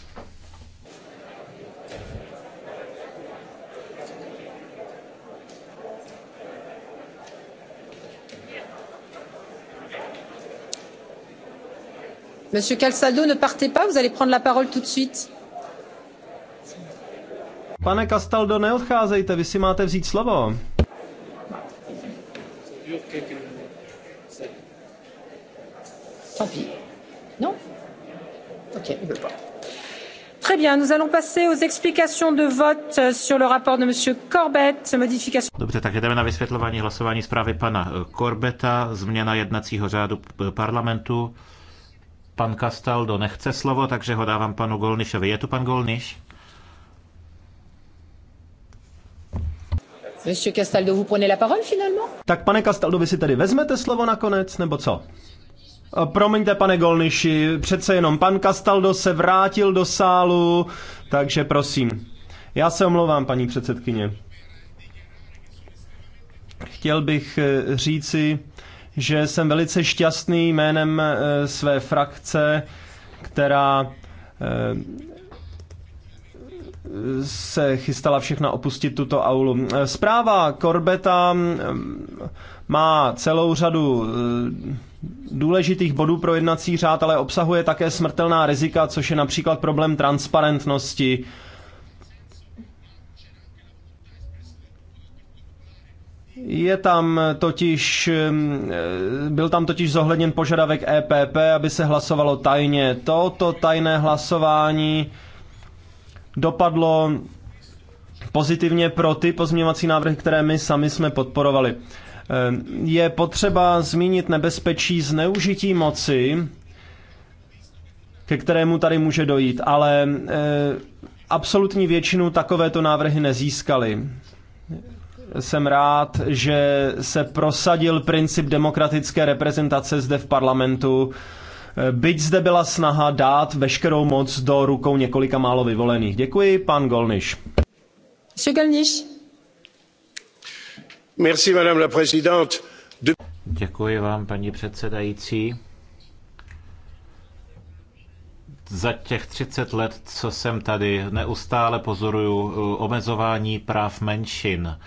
Monsieur Calçado, ne partez pas, vous allez prendre la parole tout de suite. Pane Castaldo, neodcházejte, vy si máte vzít slovo. Tant pis. Non Ok, il pas. Très bien, nous allons passer aux explications de vote euh, sur le rapport de M. Corbett, modification. Dobře, tak jdeme na vysvětlování hlasování zprávy pana eh, Corbetta, změna jednacího řádu eh, parlamentu. Pan Castaldo nechce slovo, takže ho dávám panu Golnišovi. Je tu pan Golniš? Monsieur Castaldo, vous prenez la parole finalement? Tak pane Castaldo, vy si tedy vezmete slovo nakonec, nebo co? Eh, promiňte, pane Golniši, přece jenom pan Kastaldo se vrátil do sálu, takže prosím. Já se omlouvám, paní předsedkyně. Chtěl bych eh, říci, že jsem velice šťastný jménem eh, své frakce, která se chystala všechna opustit tuto aulu. Zpráva Korbeta mm, má celou řadu důležitých bodů pro jednací řád, ale obsahuje také smrtelná rizika, což je například problém transparentnosti. Je tam totiž, e, byl tam totiž zohledněn požadavek EPP, aby se hlasovalo tajně. Toto tajné hlasování dopadlo pozitivně pro ty pozměňovací návrhy, které my sami jsme podporovali. Eh, je potřeba zmínit nebezpečí zneužití moci, ke kterému tady může dojít, ale eh, absolutní většinu takovéto návrhy nezískaly. Jsem rád, že se prosadil princip demokratické reprezentace zde v parlamentu, eh, byť zde byla snaha dát veškerou moc do rukou několika málo vyvolených. Děkuji, pan Golniš. Golniš. Merci, madame la présidente. Děkuji vám, paní předsedající. Za těch 30 let, co jsem tady, neustále pozoruju eh, omezování práv menšin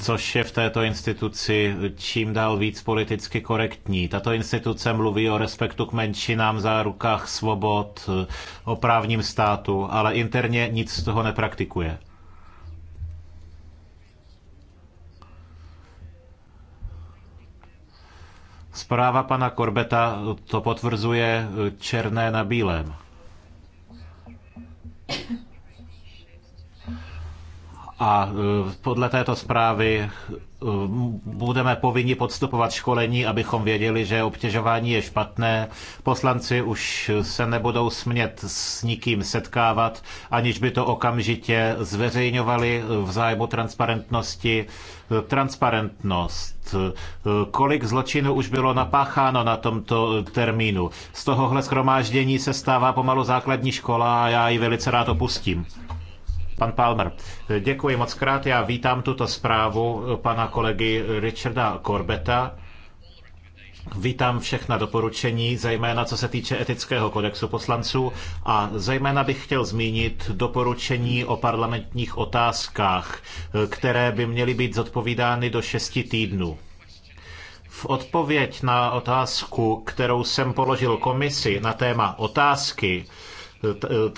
což je v této instituci čím dál víc politicky korektní. Tato instituce mluví o respektu k menšinám, zárukách svobod, eh, o právním státu, ale interně nic z toho nepraktikuje. Zpráva pana Korbeta to potvrzuje černé na bílém a e, podle této zprávy e, budeme povinni podstupovat školení, abychom věděli, že obtěžování je špatné. Poslanci už se nebudou smět s nikým setkávat, aniž by to okamžitě zveřejňovali v zájmu transparentnosti. E, transparentnost. Kolik zločinů už bylo napácháno na tomto termínu? Z tohohle schromáždění se stává pomalu základní škola a já ji velice rád opustím. Pan Palmer, děkuji moc krát. Já vítám tuto zprávu pana kolegy Richarda Corbeta. Vítám všechna doporučení, zejména co se týče etického kodexu poslanců a zejména bych chtěl zmínit doporučení o parlamentních otázkách, které by měly být zodpovídány do šesti týdnů. V odpověď na otázku, kterou jsem položil komisi na téma otázky,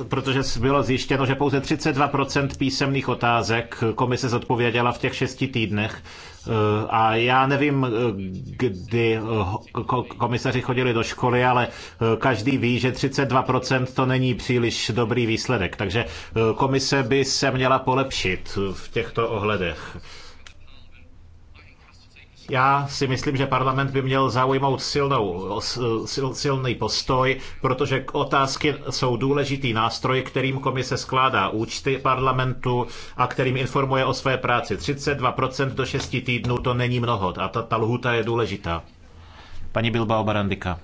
protože bylo zjištěno, že pouze 32% písemných otázek komise zodpověděla v těch šesti týdnech. Eh, a já nevím, eh, kdy eh, komisaři chodili do školy, ale každý ví, že 32% to není příliš dobrý výsledek. Takže komise by se měla polepšit v těchto ohledech. Já si myslím, že parlament by měl zaujmout silnou, sil, silný postoj, protože otázky jsou důležitý nástroj, kterým komise skládá účty parlamentu a kterým informuje o své práci. 32% do 6 týdnů to není mnoho a ta, ta lhuta je důležitá. Pani Bilbao Barandika.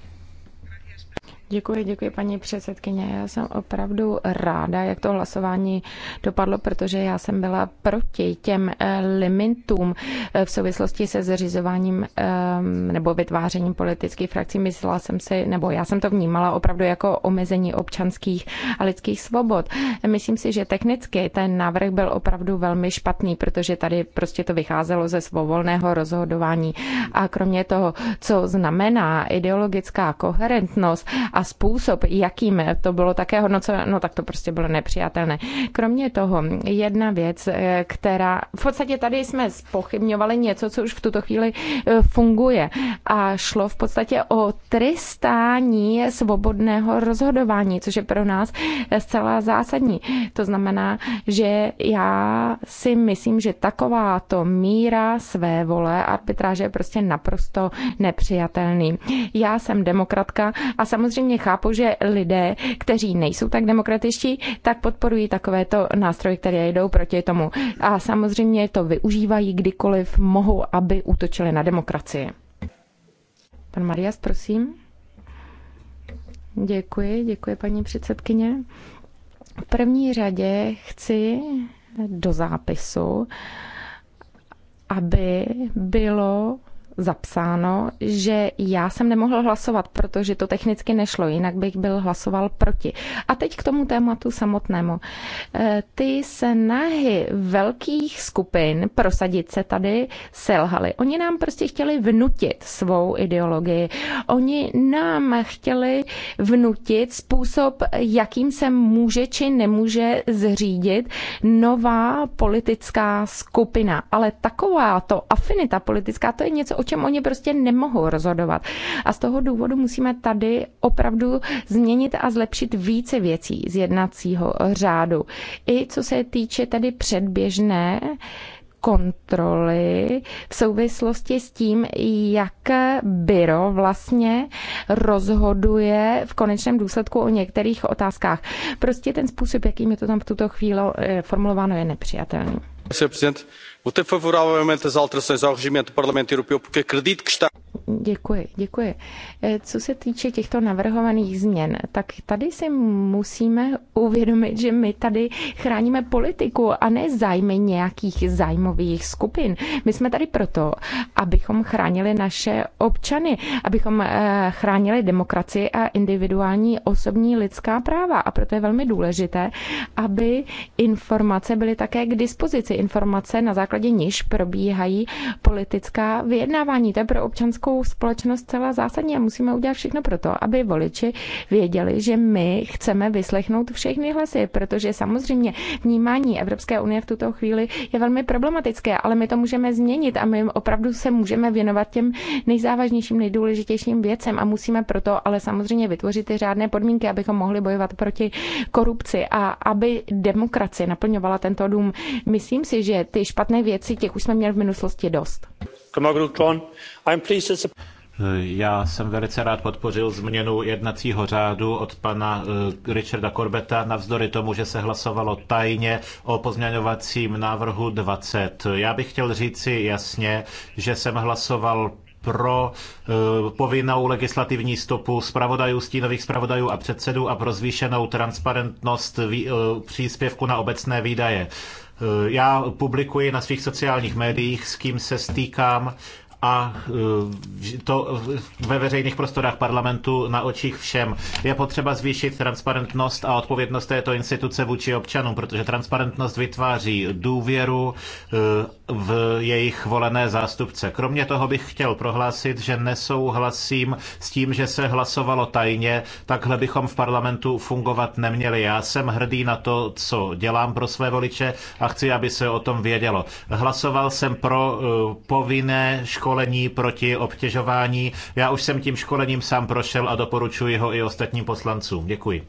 Děkuji, děkuji paní předsedkyně. Já jsem opravdu ráda, jak to hlasování dopadlo, protože já jsem byla proti těm eh, limitům eh, v souvislosti se zřizováním ehm, nebo vytvářením politických frakcí. Myslela jsem si, nebo já jsem to vnímala opravdu jako omezení občanských a lidských svobod. Myslím si, že technicky ten návrh byl opravdu velmi špatný, protože tady prostě to vycházelo ze svobodného rozhodování. A kromě toho, co znamená ideologická koherentnost a způsob, jakým to bylo také hodnoceno, no tak to prostě bylo nepřijatelné. Kromě toho, jedna věc, eh, která v podstatě tady jsme spochybňovali něco, co už v tuto chvíli eh, funguje a šlo v podstatě o trestání svobodného rozhodování, což je pro nás eh, zcela zásadní. To znamená, že já si myslím, že takováto míra své vole arbitráže je prostě naprosto nepřijatelný. Já jsem demokratka a samozřejmě samozřejmě chápu, že lidé, kteří nejsou tak demokratičtí, tak podporují takovéto nástroje, které jdou proti tomu. A samozřejmě to využívají kdykoliv mohou, aby útočili na demokracii. Pan Marias, prosím. Děkuji, děkuji paní předsedkyně. V první řadě chci do zápisu, aby bylo zapsáno, že já jsem nemohl hlasovat, protože to technicky nešlo, jinak bych byl hlasoval proti. A teď k tomu tématu samotnému. E, ty snahy velkých skupin prosadit se tady selhaly. Oni nám prostě chtěli vnutit svou ideologii. Oni nám chtěli vnutit způsob, jakým se může či nemůže zřídit nová politická skupina. Ale taková to afinita politická, to je něco, čem oni prostě nemohou rozhodovat. A z toho důvodu musíme tady opravdu změnit a zlepšit více věcí z jednacího řádu. I co se týče tedy předběžné kontroly v souvislosti s tím, jak byro vlastně rozhoduje v konečném důsledku o některých otázkách. Prostě ten způsob, jakým je to tam v tuto chvíli eh, formulováno, je nepřijatelný votei favoravelmente às alterações ao regimento do parlamento europeu porque acredito que está. Děkuji, děkuji. E, co se týče těchto navrhovaných změn, tak tady si musíme uvědomit, že my tady chráníme politiku a ne zájmy nějakých zájmových skupin. My jsme tady proto, abychom chránili naše občany, abychom e, chránili demokracii a individuální osobní lidská práva. A proto je velmi důležité, aby informace byly také k dispozici. Informace, na základě níž probíhají politická vyjednávání. To je pro občanskou českou společnost celá zásadní a musíme udělat všechno pro to, aby voliči věděli, že my chceme vyslechnout všechny hlasy, protože samozřejmě vnímání Evropské unie v tuto chvíli je velmi problematické, ale my to můžeme změnit a my opravdu se můžeme věnovat těm nejzávažnějším, nejdůležitějším věcem a musíme proto ale samozřejmě vytvořit ty řádné podmínky, abychom mohli bojovat proti korupci a aby demokracie naplňovala tento dům. Myslím si, že ty špatné věci, těch už jsme měli v minulosti dost. Já jsem velice rád podpořil změnu jednacího řádu od pana eh, Richarda Corbeta, navzdory tomu, že se hlasovalo tajně o pozměňovacím návrhu 20. Já bych chtěl říci jasně, že jsem hlasoval pro eh, povinnou legislativní stopu zpravodajů, stínových zpravodajů a předsedů a pro zvýšenou transparentnost eh, příspěvku na obecné výdaje. Eh, já publikuji na svých sociálních médiích, s kým se stýkám a eh, to ve veřejných prostorách parlamentu na očích všem. Je potřeba zvýšit transparentnost a odpovědnost této instituce vůči občanům, protože transparentnost vytváří důvěru eh, v jejich volené zástupce. Kromě toho bych chtěl prohlásit, že nesouhlasím s tím, že se hlasovalo tajně. Takhle bychom v parlamentu fungovat neměli. Já jsem hrdý na to, co dělám pro své voliče a chci, aby se o tom vědělo. Hlasoval jsem pro eh, povinné školy školení proti obtěžování. Já už jsem tím školením sám prošel a doporučuji ho i ostatním poslancům. Děkuji.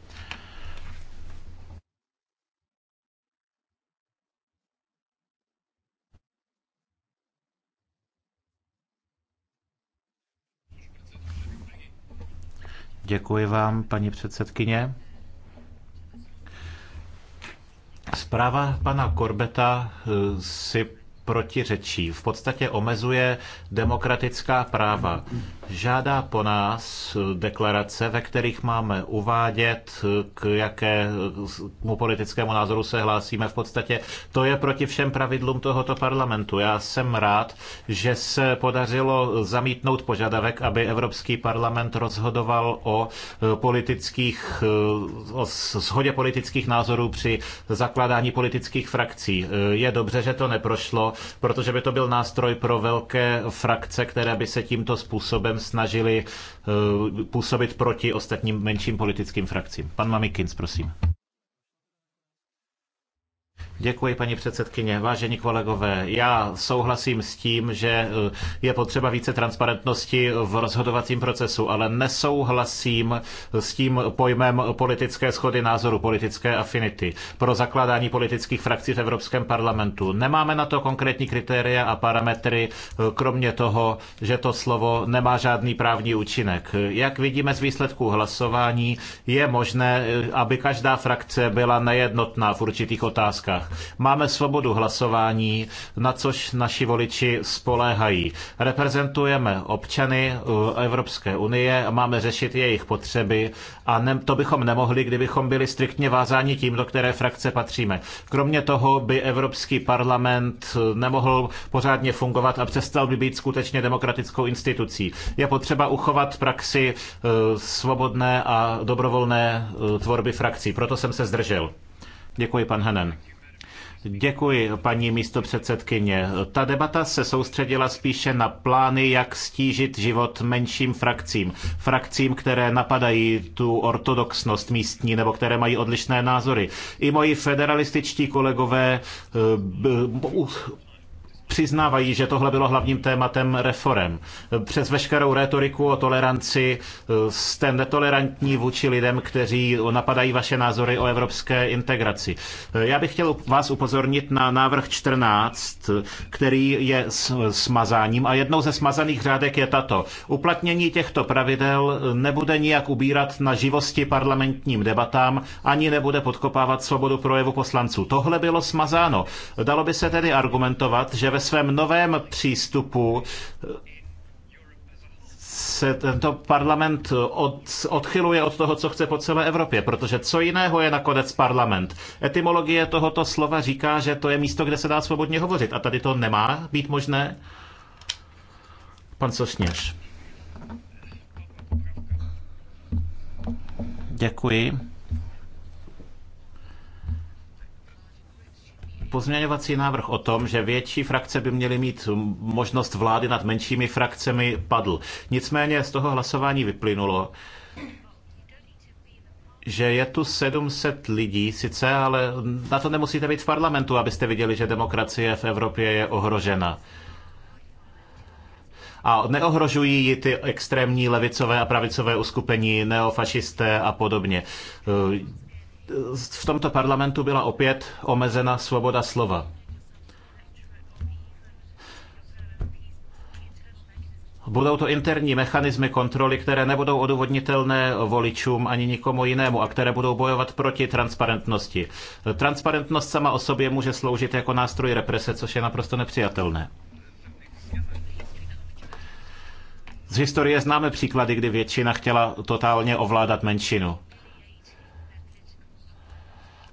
Děkuji vám, paní předsedkyně. Zpráva pana Korbeta eh, si protiřečí, v podstatě omezuje demokratická práva žádá po nás deklarace, ve kterých máme uvádět, k jakému politickému názoru se hlásíme. V podstatě to je proti všem pravidlům tohoto parlamentu. Já jsem rád, že se podařilo zamítnout požadavek, aby Evropský parlament rozhodoval o e, politických, e, o shodě politických názorů při zakládání politických frakcí. E, je dobře, že to neprošlo, protože by to byl nástroj pro velké frakce, které by se tímto způsobem způsobem snažili eh, působit proti ostatním menším politickým frakcím. Pan Mamikins, prosím. Děkuji, paní předsedkyně. Vážení kolegové, já souhlasím s tím, že eh, je potřeba více transparentnosti v rozhodovacím procesu, ale nesouhlasím s tím pojmem politické schody názoru, politické afinity pro zakládání politických frakcí v Evropském parlamentu. Nemáme na to konkrétní kritéria a parametry, eh, kromě toho, že to slovo nemá žádný právní účinek. Jak vidíme z výsledků hlasování, je možné, eh, aby každá frakce byla nejednotná v určitých otázkách volbách. Máme svobodu hlasování, na což naši voliči spoléhají. Reprezentujeme občany eh, Evropské unie, máme řešit jejich potřeby a ne, to bychom nemohli, kdybychom byli striktně vázáni tím, do které frakce patříme. Kromě toho by Evropský parlament eh, nemohl pořádně fungovat a přestal by být skutečně demokratickou institucí. Je potřeba uchovat praxi eh, svobodné a dobrovolné tvorby frakcí. Proto jsem se zdržel. Děkuji, pan Henen. Děkuji, paní místopředsedkyně. Ta debata se soustředila spíše na plány, jak stížit život menším frakcím. Frakcím, které napadají tu ortodoxnost místní nebo které mají odlišné názory. I moji federalističtí kolegové eh, přiznávají, že tohle bylo hlavním tématem reform. Přes veškerou retoriku o toleranci eh, jste netolerantní vůči lidem, kteří napadají vaše názory o evropské integraci. Eh, já bych chtěl vás upozornit na návrh 14, který je smazáním a jednou ze smazaných řádek je tato. Uplatnění těchto pravidel nebude nijak ubírat na živosti parlamentním debatám, ani nebude podkopávat svobodu projevu poslanců. Tohle bylo smazáno. Dalo by se tedy argumentovat, že ve svém novém přístupu se tento parlament od, odchyluje od toho, co chce po celé Evropě, protože co jiného je nakonec parlament. Etymologie tohoto slova říká, že to je místo, kde se dá svobodně hovořit a tady to nemá být možné. Pan Sošněš. Děkuji. pozměňovací návrh o tom, že větší frakce by měly mít možnost vlády nad menšími frakcemi, padl. Nicméně z toho hlasování vyplynulo, že je tu 700 lidí sice, ale na to nemusíte být v parlamentu, abyste viděli, že demokracie v Evropě je ohrožena. A neohrožují ji ty extrémní levicové a pravicové uskupení, neofašisté a podobně v tomto parlamentu byla opět omezena svoboda slova. Budou to interní mechanismy kontroly, které nebudou odůvodnitelné voličům ani nikomu jinému a které budou bojovat proti transparentnosti. Transparentnost sama o sobě může sloužit jako nástroj represe, což je naprosto nepřijatelné. Z historie známe příklady, kdy většina chtěla totálně ovládat menšinu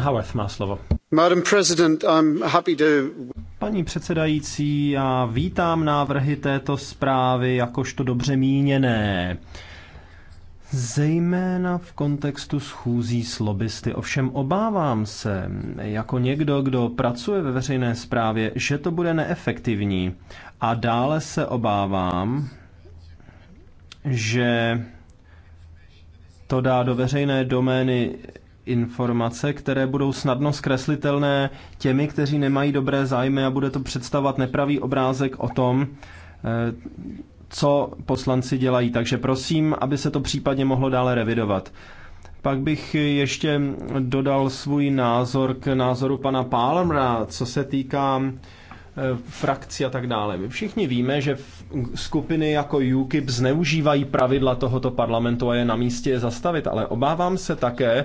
Howarth má slovo. Madam President, I'm happy to... Paní předsedající, já vítám návrhy této zprávy jakožto dobře míněné. Zejména v kontextu schůzí s lobbysty. Ovšem obávám se, jako někdo, kdo pracuje ve veřejné správě, že to bude neefektivní. A dále se obávám, že to dá do veřejné domény informace, které budou snadno zkreslitelné těmi, kteří nemají dobré zájmy a bude to představovat nepravý obrázek o tom, eh, co poslanci dělají. Takže prosím, aby se to případně mohlo dále revidovat. Pak bych ještě dodal svůj názor k názoru pana Palmra, co se týká Eh, frakci a tak dále. My všichni víme, že skupiny jako UKIP zneužívají pravidla tohoto parlamentu a je na místě je zastavit, ale obávám se také,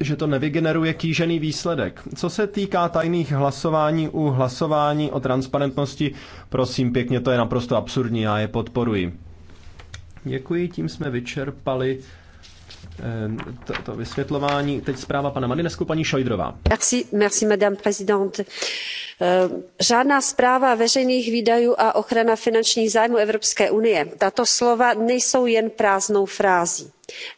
že to nevygeneruje kýžený výsledek. Co se týká tajných hlasování u hlasování o transparentnosti, prosím pěkně, to je naprosto absurdní, já je podporuji. Děkuji, tím jsme vyčerpali Ehm, to, to vysvětlování. Teď zpráva pana Madinesku, paní Šojdrová. Merci, merci, madame présidente. Žádná ehm, zpráva veřejných výdajů a ochrana finančních zájmů Evropské unie. Tato slova nejsou jen prázdnou frází.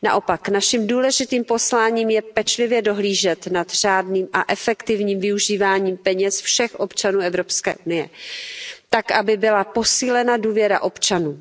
Naopak, naším důležitým posláním je pečlivě dohlížet nad řádným a efektivním využíváním peněz všech občanů Evropské unie, tak aby byla posílena důvěra občanů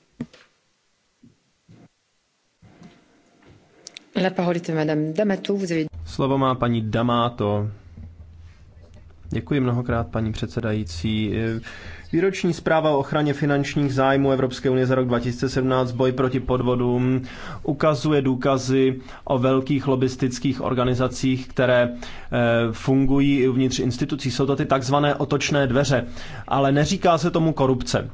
La parole est madame Damato. Vous avez... Slovo má paní Damato. Děkuji mnohokrát, paní předsedající. Výroční zpráva o ochraně finančních zájmů Evropské unie za rok 2017 boj proti podvodům ukazuje důkazy o velkých lobistických organizacích, které eh, fungují i uvnitř institucí. Jsou to ty takzvané otočné dveře, ale neříká se tomu korupce.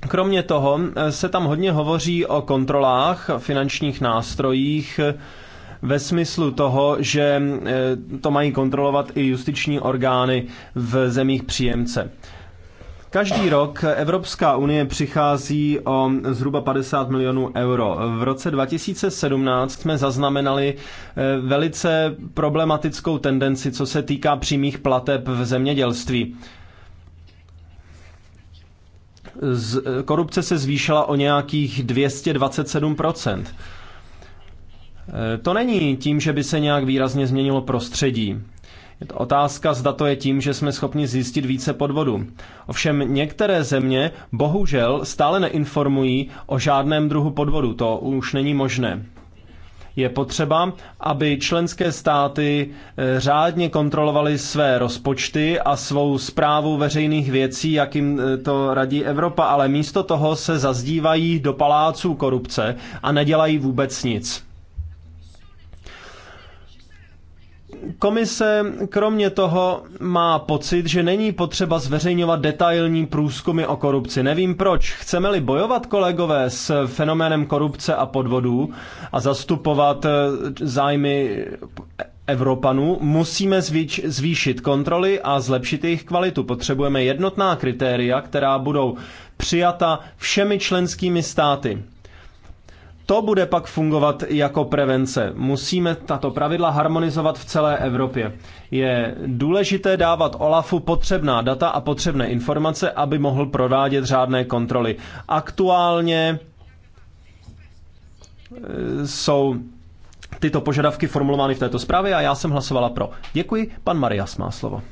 Kromě toho eh, se tam hodně hovoří o kontrolách, finančních nástrojích, eh, ve smyslu toho, že eh, to mají kontrolovat i justiční orgány v zemích příjemce. Každý rok Evropská unie přichází o zhruba 50 milionů euro. V roce 2017 jsme zaznamenali velice problematickou tendenci, co se týká přímých plateb v zemědělství. Z, korupce se zvýšila o nějakých 227 e, To není tím, že by se nějak výrazně změnilo prostředí. Je to otázka, zda to je tím, že jsme schopni zjistit více podvodů. Ovšem některé země bohužel stále neinformují o žádném druhu podvodu. To už není možné. Je potřeba, aby členské státy eh, řádně kontrolovaly své rozpočty a svou zprávu veřejných věcí, jak jim eh, to radí Evropa, ale místo toho se zazdívají do paláců korupce a nedělají vůbec nic. Komise kromě toho má pocit, že není potřeba zveřejňovat detailní průzkumy o korupci. Nevím proč. Chceme-li bojovat, kolegové, s fenoménem korupce a podvodů a zastupovat eh, zájmy Evropanů, musíme zvíč zvýšit kontroly a zlepšit jejich kvalitu. Potřebujeme jednotná kritéria, která budou přijata všemi členskými státy. To bude pak fungovat jako prevence. Musíme tato pravidla harmonizovat v celé Evropě. Je důležité dávat OLAFu potřebná data a potřebné informace, aby mohl provádět řádné kontroly. Aktuálně e, jsou tyto požadavky formulovány v této zprávě a já jsem hlasovala pro. Děkuji, pan Marias má slovo.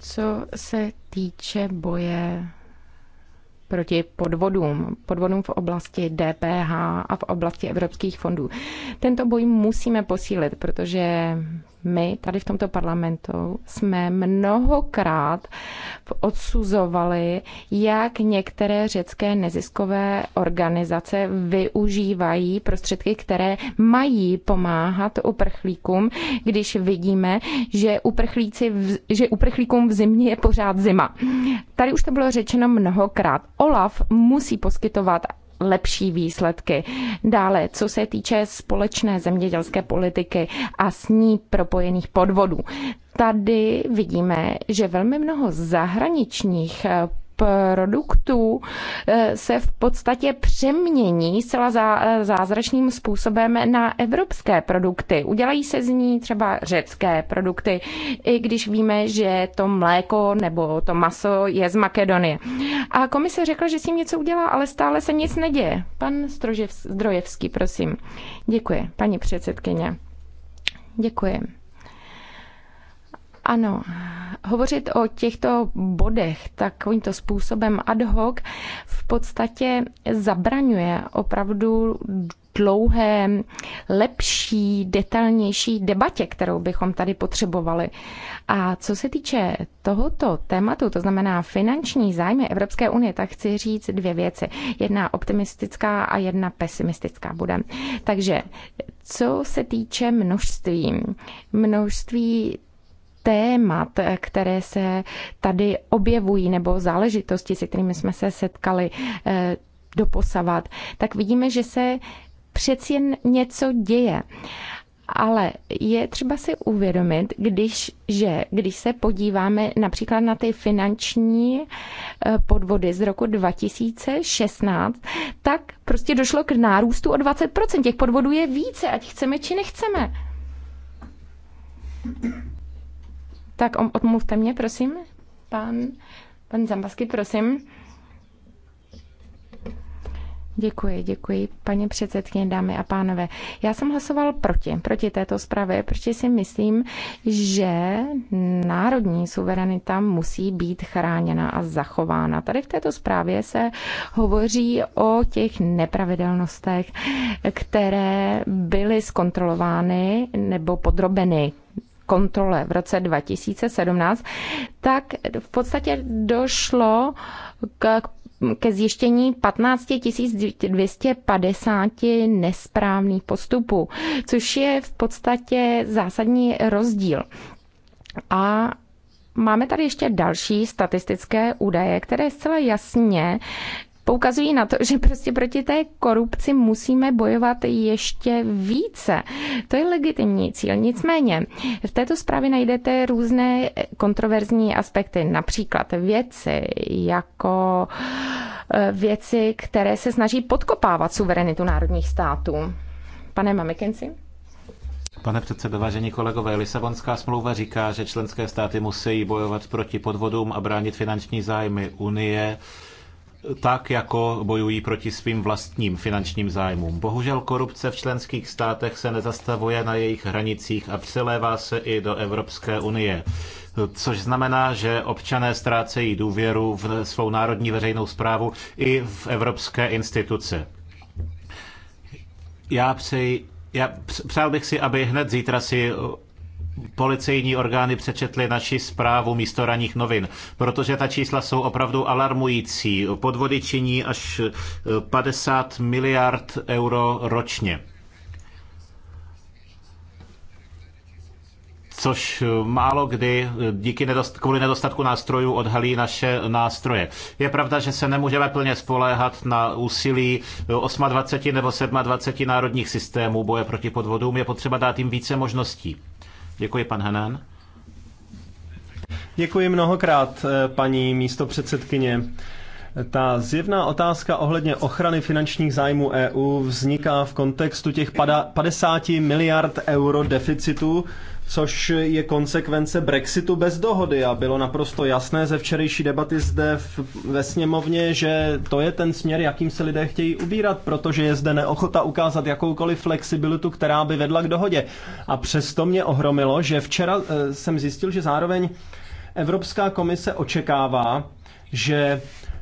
Co se týče boje proti podvodům, podvodům v oblasti DPH a v oblasti evropských fondů. Tento boj musíme posílit, protože my tady v tomto parlamentu jsme mnohokrát odsuzovali, jak některé řecké neziskové organizace využívají prostředky, které mají pomáhat uprchlíkům, když vidíme, že, uprchlíci v, že uprchlíkům v zimě je pořád zima. Tady už to bylo řečeno mnohokrát. Olaf musí poskytovat lepší výsledky. Dále, co se týče společné zemědělské politiky a s ní propojených podvodů. Tady vidíme, že velmi mnoho zahraničních produktů eh, se v podstatě přemění zcela eh, zázračným způsobem na evropské produkty. Udělají se z ní třeba řecké produkty, i když víme, že to mléko nebo to maso je z Makedonie. A komise řekla, že s tím něco udělá, ale stále se nic neděje. Pan Strojevský, prosím. Děkuji, paní předsedkyně. Děkuji. Ano, hovořit o těchto bodech takovýmto způsobem ad hoc v podstatě zabraňuje opravdu dlouhé, lepší, detailnější debatě, kterou bychom tady potřebovali. A co se týče tohoto tématu, to znamená finanční zájmy Evropské unie, tak chci říct dvě věci. Jedna optimistická a jedna pesimistická bude. Takže co se týče množství, množství témat, které se tady objevují, nebo záležitosti, se kterými jsme se setkali eh, doposavat, tak vidíme, že se přeci jen něco děje. Ale je třeba si uvědomit, když, že když se podíváme například na ty finanční eh, podvody z roku 2016, tak prostě došlo k nárůstu o 20%. Těch podvodů je více, ať chceme či nechceme. Tak odmluvte mě, prosím. Pan, pan Zambasky, prosím. Děkuji, děkuji, paní předsedkyně, dámy a pánové. Já jsem hlasoval proti, proti této zprávě, protože si myslím, že národní suverenita musí být chráněna a zachována. Tady v této zprávě se hovoří o těch nepravidelnostech, které byly zkontrolovány nebo podrobeny kontrole v roce 2017, tak v podstatě došlo k ke zjištění 15 250 nesprávných postupů, což je v podstatě zásadní rozdíl. A Máme tady ještě další statistické údaje, které zcela jasně poukazují na to, že prostě proti té korupci musíme bojovat ještě více. To je legitimní cíl. Nicméně v této zprávě najdete různé kontroverzní aspekty, například věci jako eh, věci, které se snaží podkopávat suverenitu národních států. Pane Mamikenci? Pane předsedo, vážení kolegové, Lisabonská smlouva říká, že členské státy musí bojovat proti podvodům a bránit finanční zájmy Unie tak, jako bojují proti svým vlastním finančním zájmům. Bohužel korupce v členských státech se nezastavuje na jejich hranicích a přelévá se i do Evropské unie. Což znamená, že občané ztrácejí důvěru v svou národní veřejnou zprávu i v evropské instituce. Já přeji já přál bych si, aby hned zítra si policejní orgány přečetly naši zprávu místo raných novin, protože ta čísla jsou opravdu alarmující. Podvody činí až 50 eh, miliard euro ročně. což eh, málo kdy eh, díky nedost, kvůli nedostatku nástrojů odhalí naše nástroje. Je pravda, že se nemůžeme plně spoléhat na úsilí 28 nebo 27 národních systémů boje proti podvodům. Je potřeba dát jim více možností. Děkuji, pan Hanan. Děkuji mnohokrát, eh, paní místo předsedkyně. Ta zjevná otázka ohledně ochrany finančních zájmů EU vzniká v kontextu těch 50 miliard euro deficitu, což je konsekvence Brexitu bez dohody a bylo naprosto jasné ze včerejší debaty zde v, ve sněmovně, že to je ten směr, jakým se lidé chtějí ubírat, protože je zde neochota ukázat jakoukoliv flexibilitu, která by vedla k dohodě. A přesto mě ohromilo, že včera eh, jsem zjistil, že zároveň Evropská komise očekává, že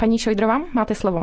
Paní Šojdrová, máte slovo.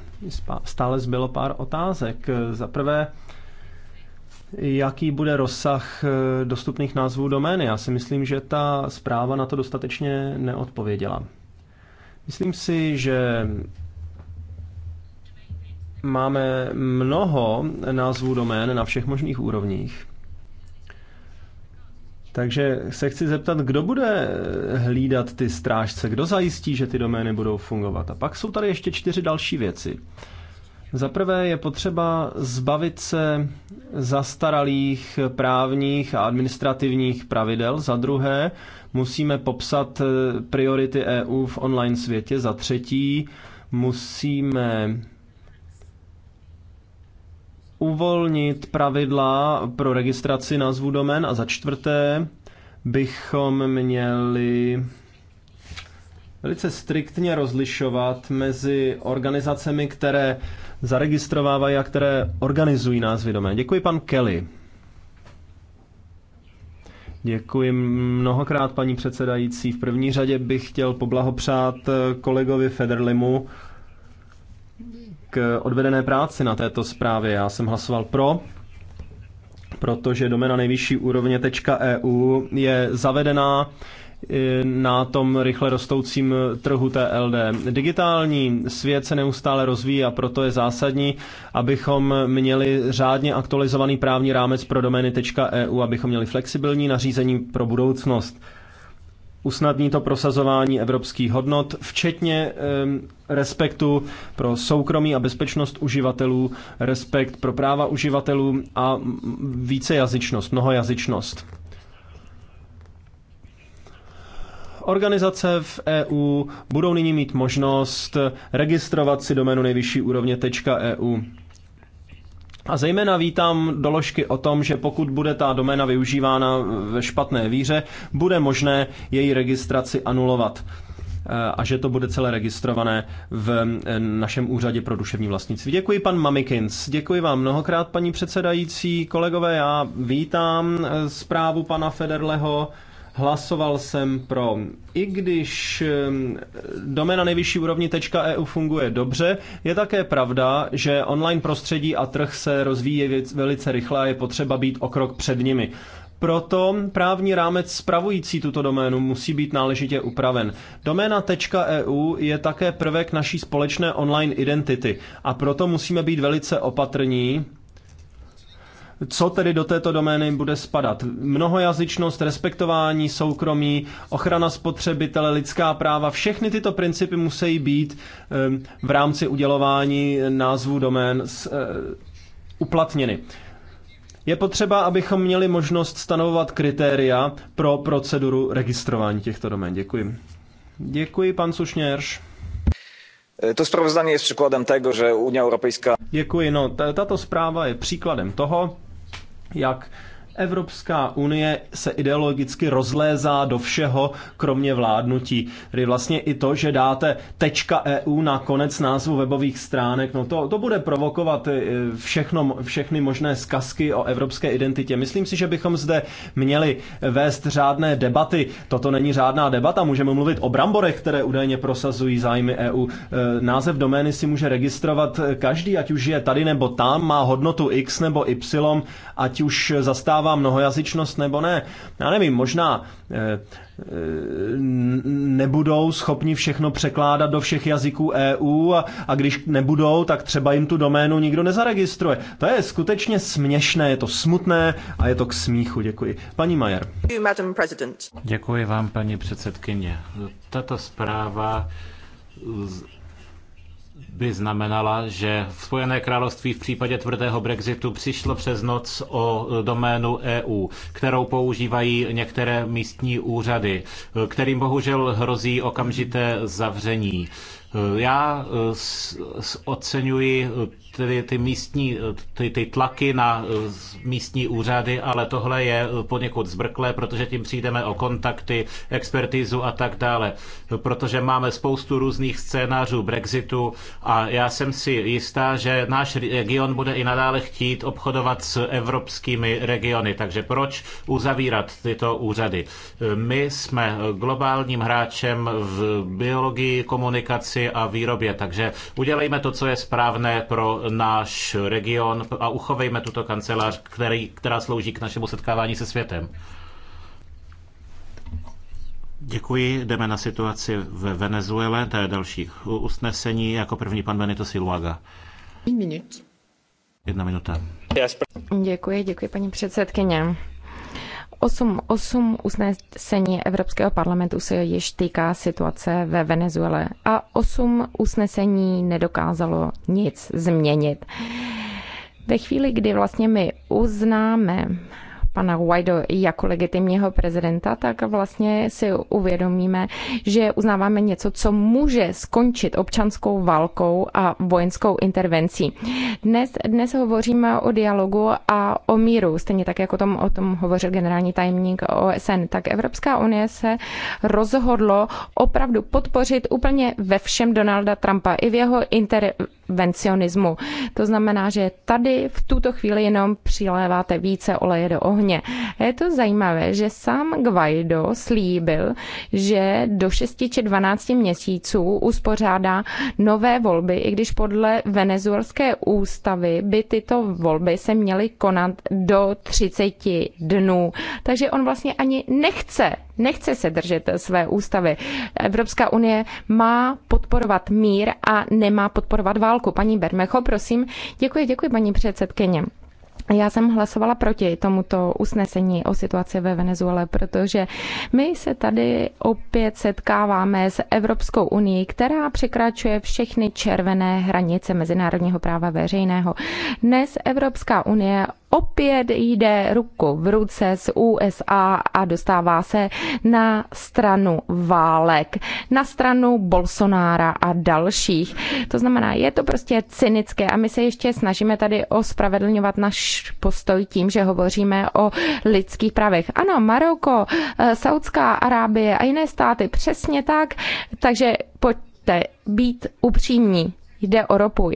stále zbylo pár otázek. Za prvé, jaký bude rozsah eh, dostupných názvů domény. Já si myslím, že ta zpráva na to dostatečně neodpověděla. Myslím si, že máme mnoho názvů domén na všech možných úrovních. Takže se chci zeptat, kdo bude hlídat ty strážce, kdo zajistí, že ty domény budou fungovat. A pak jsou tady ještě čtyři další věci. Za prvé je potřeba zbavit se zastaralých právních a administrativních pravidel. Za druhé musíme popsat priority EU v online světě. Za třetí musíme uvolnit pravidla pro registraci názvu domen a za čtvrté bychom měli velice striktně rozlišovat mezi organizacemi, které zaregistrovávají a které organizují názvy domén. Děkuji pan Kelly. Děkuji mnohokrát, paní předsedající. V první řadě bych chtěl poblahopřát kolegovi Federlimu k odvedené práci na této zprávě. Já jsem hlasoval pro, protože domena nejvyšší úrovně .eu e je zavedená e, na tom rychle rostoucím trhu TLD. Digitální svět se neustále rozvíjí a proto je zásadní, abychom měli řádně aktualizovaný právní rámec pro domény .eu, e abychom měli flexibilní nařízení pro budoucnost usnadní to prosazování evropských hodnot, včetně respektu pro soukromí a bezpečnost uživatelů, respekt pro práva uživatelů a vícejazyčnost, mnohojazyčnost. Organizace v EU budou nyní mít možnost registrovat si doménu nejvyšší úrovně .eu. A zejména vítám doložky o tom, že pokud bude ta doména využívána ve špatné víře, bude možné její registraci anulovat eh, a že to bude celé registrované v eh, našem úřadě pro duševní vlastnictví. Děkuji, pan Mamikins. Děkuji vám mnohokrát, paní předsedající. Kolegové, já vítám eh, zprávu pana Federleho. Hlasoval jsem pro. I když domena nejvyšší úrovni .eu e funguje dobře, je také pravda, že online prostředí a trh se rozvíjí velice rychle a je potřeba být o krok před nimi. Proto právní rámec spravující tuto doménu musí být náležitě upraven. Doména.eu e je také prvek naší společné online identity a proto musíme být velice opatrní co tedy do této domény bude spadat. Mnohojazyčnost, respektování soukromí, ochrana spotřebitele, lidská práva, všechny tyto principy musí být ehm, v rámci udělování názvu domén eh, uplatněny. Je potřeba, abychom měli možnost stanovovat kritéria pro proceduru registrování těchto domén. Děkuji. Děkuji, pan Sušněrš. Eh, to sprawozdanie je příkladem tego, že Unia evropská. Děkuji, no, tato zpráva je příkladem toho, jak Evropská unie se ideologicky rozlézá do všeho, kromě vládnutí. Tedy vlastně i to, že dáte tečka EU na konec názvu webových stránek, no to, to bude provokovat eh, všechno, všechny možné zkazky o evropské identitě. Myslím si, že bychom zde měli vést řádné debaty. Toto není řádná debata, můžeme mluvit o bramborech, které údajně prosazují zájmy EU. Eh, název domény si může registrovat eh, každý, ať už je tady nebo tam, má hodnotu X nebo Y, ať už zastává uznává mnohojazyčnost nebo ne. Já nevím, možná eh, eh, nebudou schopni všechno překládat do všech jazyků EU a, a když nebudou, tak třeba jim tu doménu nikdo nezaregistruje. To je skutečně směšné, je to smutné a je to k smíchu. Děkuji. Paní Majer. Děkuji vám, paní předsedkyně. Tato zpráva by znamenala, že v Spojené království v případě tvrdého Brexitu přišlo přes noc o doménu EU, kterou používají některé místní úřady, kterým bohužel hrozí okamžité zavření. Já oceňuji Tedy ty místní, ty, ty tlaky na eh, místní úřady, ale tohle je eh, poněkud zbrklé, protože tím přijdeme o kontakty, expertizu a tak dále. Protože máme spoustu různých scénářů Brexitu a já jsem si jistá, že náš region bude i nadále chtít obchodovat s evropskými regiony, takže proč uzavírat tyto úřady? Eh, my jsme globálním hráčem v biologii, komunikaci a výrobě, takže udělejme to, co je správné pro náš region a uchovejme tuto kancelář, který, která slouží k našemu setkávání se světem. Děkuji. Jdeme na situaci ve Venezuele. To je další usnesení. Jako první pan Benito Siluaga. Minut. Jedna minuta. Děkuji, děkuji paní předsedkyně. 8.8 usnesení Evropského parlamentu se již týká situace ve Venezuele a 8 usnesení nedokázalo nic změnit. Ve chvíli, kdy vlastně my uznáme pana Guaido jako legitimního prezidenta, tak vlastně si uvědomíme, že uznáváme něco, co může skončit občanskou válkou a vojenskou intervencí. Dnes, dnes hovoříme o dialogu a o míru, stejně tak, jako tom, o tom hovořil generální tajemník OSN. Tak Evropská unie se rozhodlo opravdu podpořit úplně ve všem Donalda Trumpa i v jeho inter, intervencionismu. To znamená, že tady v tuto chvíli jenom přiléváte více oleje do ohně. A je to zajímavé, že sám Guaido slíbil, že do 6 či 12 měsíců uspořádá nové volby, i když podle venezuelské ústavy by tyto volby se měly konat do 30 dnů. Takže on vlastně ani nechce nechce se držet své ústavy. Evropská unie má podporovat mír a nemá podporovat válku. Paní Bermecho, prosím. Děkuji, děkuji, paní předsedkyně. Já jsem hlasovala proti tomuto usnesení o situaci ve Venezuele, protože my se tady opět setkáváme s Evropskou unii, která překračuje všechny červené hranice mezinárodního práva veřejného. Dnes Evropská unie opět jde ruku v ruce s USA a dostává se na stranu válek, na stranu Bolsonára a dalších. To znamená, je to prostě cynické a my se ještě snažíme tady ospravedlňovat náš postoj tím, že hovoříme o lidských právech. Ano, Maroko, eh, Saudská Arábie a jiné státy, přesně tak, takže pojďte být upřímní. Jde o ropu.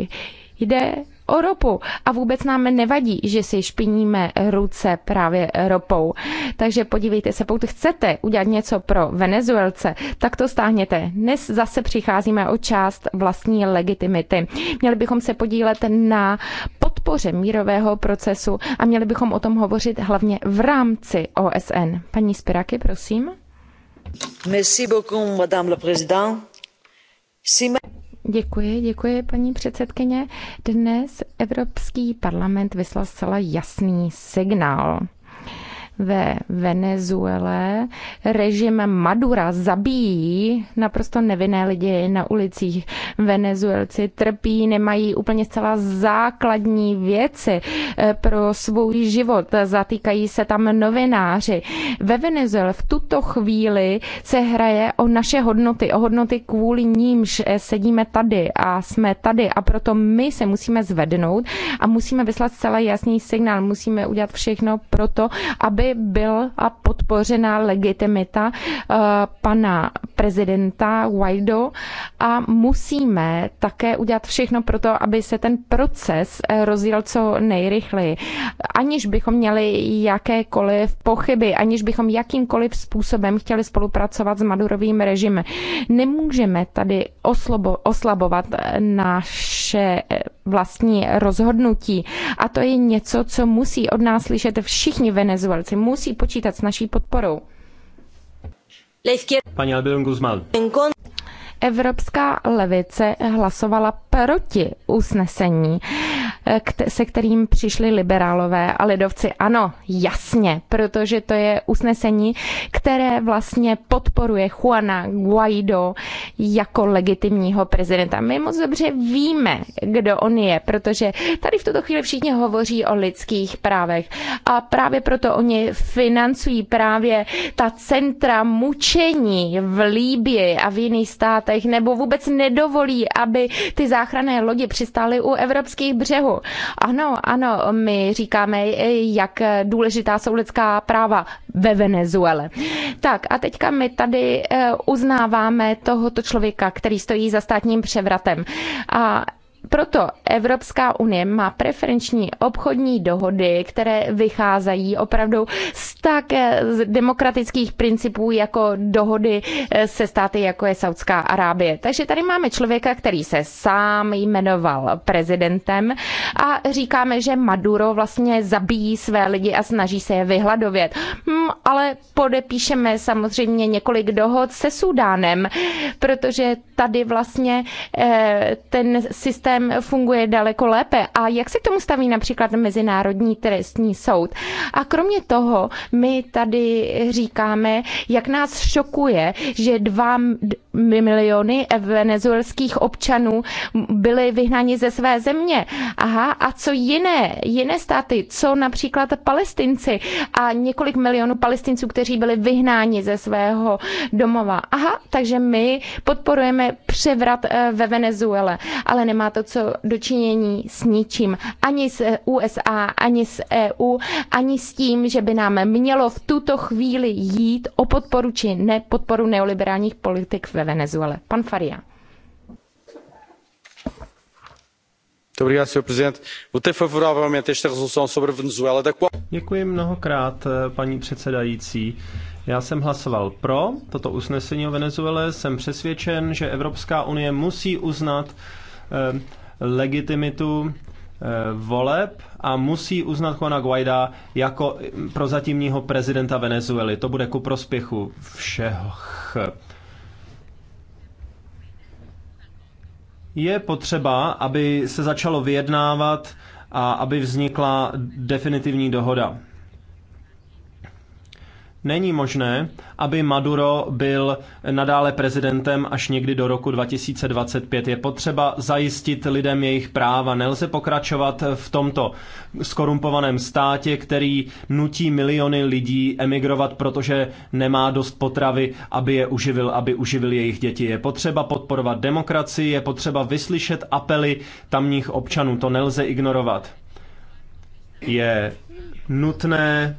Jde o ropu. A vůbec nám nevadí, že si špiníme ruce právě ropou. Takže podívejte se, pokud chcete udělat něco pro Venezuelce, tak to stáhněte. Dnes zase přicházíme o část vlastní legitimity. Měli bychom se podílet na podpoře mírového procesu a měli bychom o tom hovořit hlavně v rámci OSN. Paní Spiraky, prosím. Merci beaucoup, madame la présidente. Děkuji, děkuji paní předsedkyně. Dnes Evropský parlament vyslal zcela jasný signál ve Venezuele režim Madura zabíjí naprosto nevinné lidi na ulicích. Venezuelci trpí, nemají úplně zcela základní věci eh, pro svůj život. Zatýkají se tam novináři. Ve Venezuele v tuto chvíli se hraje o naše hodnoty, o hodnoty kvůli nímž eh, sedíme tady a jsme tady a proto my se musíme zvednout a musíme vyslat zcela jasný signál. Musíme udělat všechno proto, aby aby byla podpořena legitimita eh, pana prezidenta Guaido a musíme také udělat všechno pro to, aby se ten proces eh, rozjel co nejrychleji, aniž bychom měli jakékoliv pochyby, aniž bychom jakýmkoliv způsobem chtěli spolupracovat s Madurovým režimem. Nemůžeme tady oslobo, oslabovat eh, naše vlastní rozhodnutí a to je něco, co musí od nás slyšet všichni Venezuelci, spolupráci musí počítat s naší podporou. Paní Albion Guzmán. Evropská levice hlasovala proti usnesení, eh, se kterým přišli liberálové a lidovci. Ano, jasně, protože to je usnesení, které vlastně podporuje Juana Guaido jako legitimního prezidenta. My moc dobře víme, kdo on je, protože tady v tuto chvíli všichni hovoří o lidských právech a právě proto oni financují právě ta centra mučení v Líbě a v jiných státech státech nebo vůbec nedovolí, aby ty záchranné lodi přistály u evropských břehů. Ano, ano, my říkáme, jak důležitá jsou lidská práva ve Venezuele. Tak a teďka my tady eh, uznáváme tohoto člověka, který stojí za státním převratem. A proto Evropská unie má preferenční obchodní dohody, které vycházejí opravdu z tak z demokratických principů jako dohody eh, se státy, jako je Saudská Arábie. Takže tady máme člověka, který se sám jmenoval prezidentem a říkáme, že Maduro vlastně zabíjí své lidi a snaží se je vyhladovět. Hmm, ale podepíšeme samozřejmě několik dohod se Sudánem, protože tady vlastně eh, ten systém systém funguje daleko lépe a jak se k tomu staví například Mezinárodní trestní soud. A kromě toho my tady říkáme, jak nás šokuje, že dva, miliony venezuelských občanů byli vyhnáni ze své země. Aha, a co jiné, jiné státy, co například palestinci a několik milionů palestinců, kteří byli vyhnáni ze svého domova. Aha, takže my podporujeme převrat eh, ve Venezuele, ale nemá to co dočinění s ničím. Ani s USA, ani s EU, ani s tím, že by nám mělo v tuto chvíli jít o podporu či nepodporu neoliberálních politik ve Venezuele. Pan Faria. Děkuji mnohokrát, eh, paní předsedající. Já jsem hlasoval pro toto usnesení o Venezuele. Jsem přesvědčen, že Evropská unie musí uznat eh, legitimitu eh, voleb a musí uznat Juana Guaida jako eh, prozatímního prezidenta Venezuely. To bude ku prospěchu všech. Je potřeba, aby se začalo vyjednávat a aby vznikla definitivní dohoda. Není možné, aby Maduro byl nadále prezidentem až někdy do roku 2025. Je potřeba zajistit lidem jejich práva. Nelze pokračovat v tomto skorumpovaném státě, který nutí miliony lidí emigrovat, protože nemá dost potravy, aby je uživil, aby uživil jejich děti. Je potřeba podporovat demokracii, je potřeba vyslyšet apely tamních občanů. To nelze ignorovat. Je nutné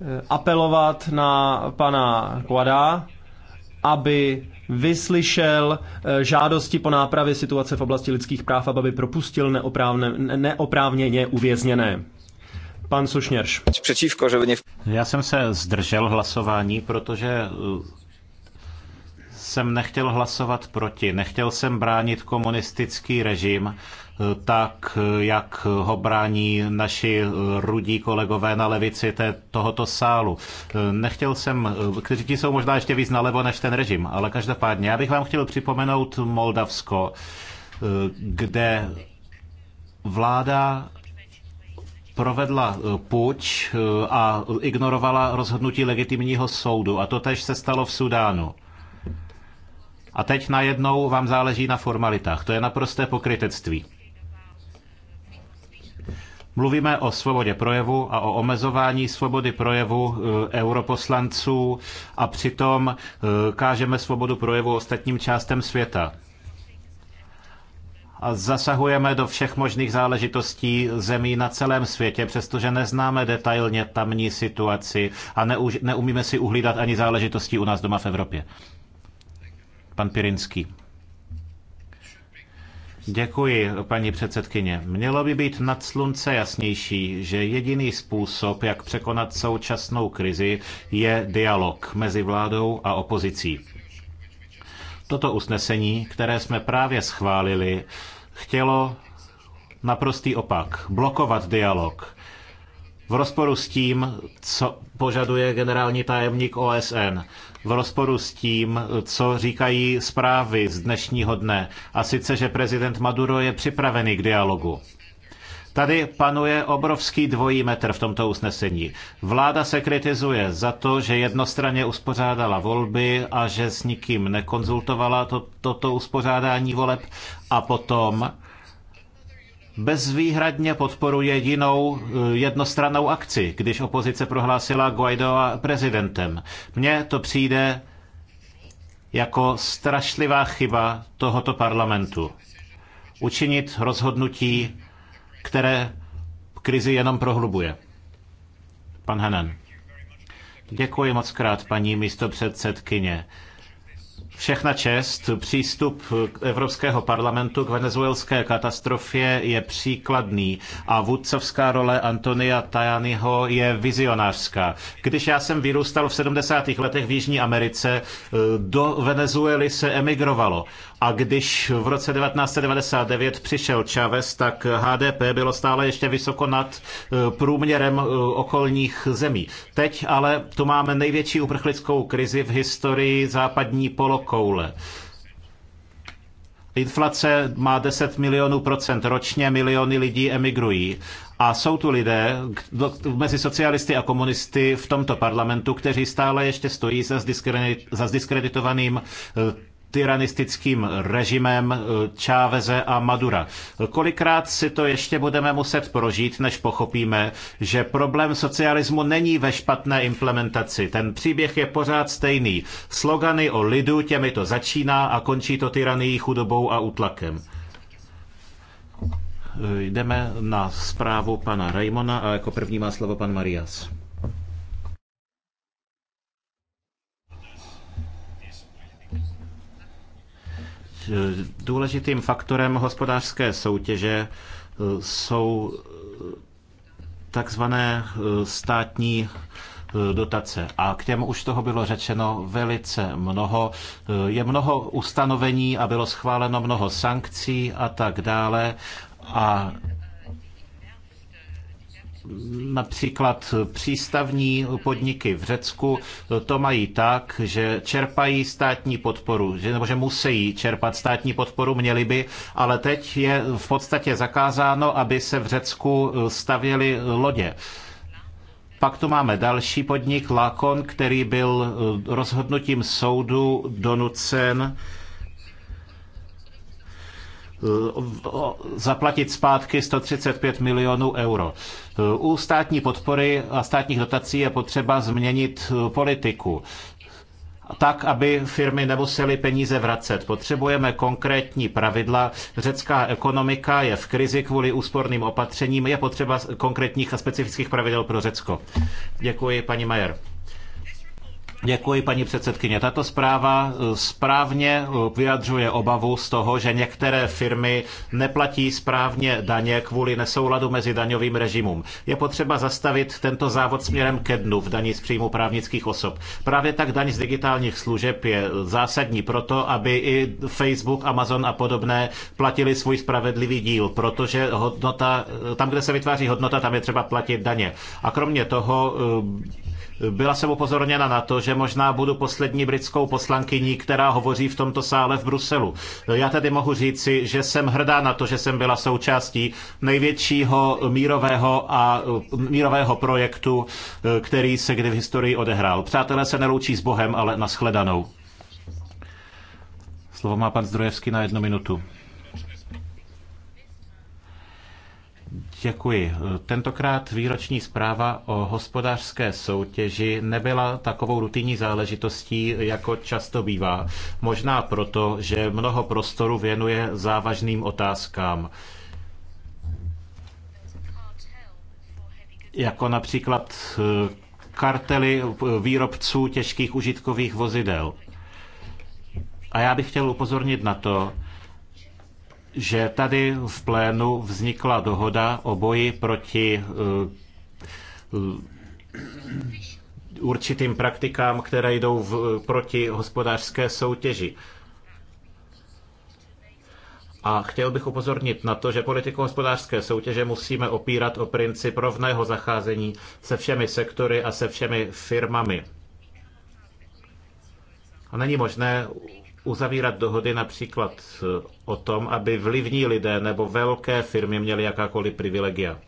Eh, apelovat na pana Kvada, aby vyslyšel eh, žádosti po nápravě situace v oblasti lidských práv, aby propustil neoprávněně uvězněné. Pan Sušněrš. Já jsem se zdržel hlasování, protože eh, jsem nechtěl hlasovat proti. Nechtěl jsem bránit komunistický režim, tak jak ho brání naši rudí kolegové na levici té, tohoto sálu. Nechtěl jsem, kteří ti jsou možná ještě víc nalevo než ten režim, ale každopádně já bych vám chtěl připomenout Moldavsko, kde vláda provedla puč a ignorovala rozhodnutí legitimního soudu. A to tež se stalo v Sudánu. A teď najednou vám záleží na formalitách. To je naprosté pokrytectví. Mluvíme o svobodě projevu a o omezování svobody projevu eh, europoslanců a přitom eh, kážeme svobodu projevu ostatním částem světa a zasahujeme do všech možných záležitostí zemí na celém světě, přestože neznáme detailně tamní situaci a neuž, neumíme si uhlídat ani záležitosti u nás doma v Evropě. Pan Pirinský. Děkuji, paní předsedkyně. Mělo by být nad slunce jasnější, že jediný způsob, jak překonat současnou krizi, je dialog mezi vládou a opozicí. Toto usnesení, které jsme právě schválili, chtělo naprostý opak blokovat dialog v rozporu s tím, co, požaduje generální tajemník OSN v rozporu s tím, co říkají zprávy z dnešního dne. A sice, že prezident Maduro je připravený k dialogu. Tady panuje obrovský dvojí metr v tomto usnesení. Vláda se kritizuje za to, že jednostranně uspořádala volby a že s nikým nekonzultovala to, toto uspořádání voleb a potom bezvýhradně podporuje jinou eh, jednostrannou akci, když opozice prohlásila Guaidoa prezidentem. Mně to přijde jako strašlivá chyba tohoto parlamentu. Učinit rozhodnutí, které krizi jenom prohlubuje. Pan Hanan. Děkuji moc krát, paní místopředsedkyně. Všechna čest. Přístup Evropského parlamentu k venezuelské katastrofě je příkladný a vůdcovská role Antonia Tajaniho je vizionářská. Když já jsem vyrůstal v 70. letech v Jižní Americe, eh, do Venezuely se emigrovalo. A když v roce 1999 přišel Chávez, tak HDP bylo stále ještě vysoko nad eh, průměrem eh, okolních zemí. Teď ale tu máme největší uprchlickou krizi v historii západní polokoule. Inflace má 10 milionů procent ročně, miliony lidí emigrují. A jsou tu lidé mezi socialisty a komunisty v tomto parlamentu, kteří stále ještě stojí za, za zdiskreditovaným eh, tyranistickým režimem Čáveze eh, a Madura. Kolikrát si to ještě budeme muset prožít, než pochopíme, že problém socialismu není ve špatné implementaci. Ten příběh je pořád stejný. Slogany o lidu těmi to začíná a končí to tyranií, chudobou a útlakem. Eh, jdeme na zprávu pana Raimona a jako první má slovo pan Marias. Důležitým faktorem hospodářské soutěže eh, jsou eh, takzvané eh, státní dotace. A k těm už toho bylo řečeno velice mnoho. Je mnoho ustanovení a bylo schváleno mnoho sankcí a tak dále. A například přístavní podniky v Řecku to mají tak, že čerpají státní podporu, že, nebo že musí čerpat státní podporu, měli by, ale teď je v podstatě zakázáno, aby se v Řecku eh, stavěly lodě. Pak tu máme další podnik Lakon, který byl eh, rozhodnutím soudu donucen Eh, zaplatit zpátky 135 milionů euro. Eh, u státní podpory a státních dotací je potřeba změnit eh, politiku tak, aby firmy nemusely peníze vracet. Potřebujeme konkrétní pravidla. Řecká ekonomika je v krizi kvůli úsporným opatřením. Je potřeba konkrétních a specifických pravidel pro Řecko. Děkuji, paní Majer. Děkuji, paní předsedkyně. Tato zpráva eh, správně eh, vyjadřuje obavu z toho, že některé firmy neplatí správně daně kvůli nesouladu mezi daňovým režimem. Je potřeba zastavit tento závod směrem ke dnu v daní z příjmu právnických osob. Právě tak daň z digitálních služeb je eh, zásadní proto, aby i Facebook, Amazon a podobné platili svůj spravedlivý díl, protože hodnota, tam, kde se vytváří hodnota, tam je třeba platit daně. A kromě toho byla jsem upozorněna na to, že možná budu poslední britskou poslankyní, která hovoří v tomto sále v Bruselu. Já tedy mohu říci, že jsem hrdá na to, že jsem byla součástí největšího mírového, a, mírového projektu, který se kdy v historii odehrál. Přátelé se neloučí s Bohem, ale nashledanou. Slovo má pan Zdrojevský na jednu minutu. Děkuji. Tentokrát výroční zpráva o hospodářské soutěži nebyla takovou rutinní záležitostí, jako často bývá. Možná proto, že mnoho prostoru věnuje závažným otázkám. Jako například eh, kartely eh, výrobců těžkých užitkových vozidel. A já bych chtěl upozornit na to, že tady v plénu vznikla dohoda o boji proti eh, určitým praktikám, které jdou v, proti hospodářské soutěži. A chtěl bych upozornit na to, že politiku hospodářské soutěže musíme opírat o princip rovného zacházení se všemi sektory a se všemi firmami. A není možné uzavírat dohody například eh, o tom, aby vlivní lidé nebo velké firmy měli jakákoliv privilegia.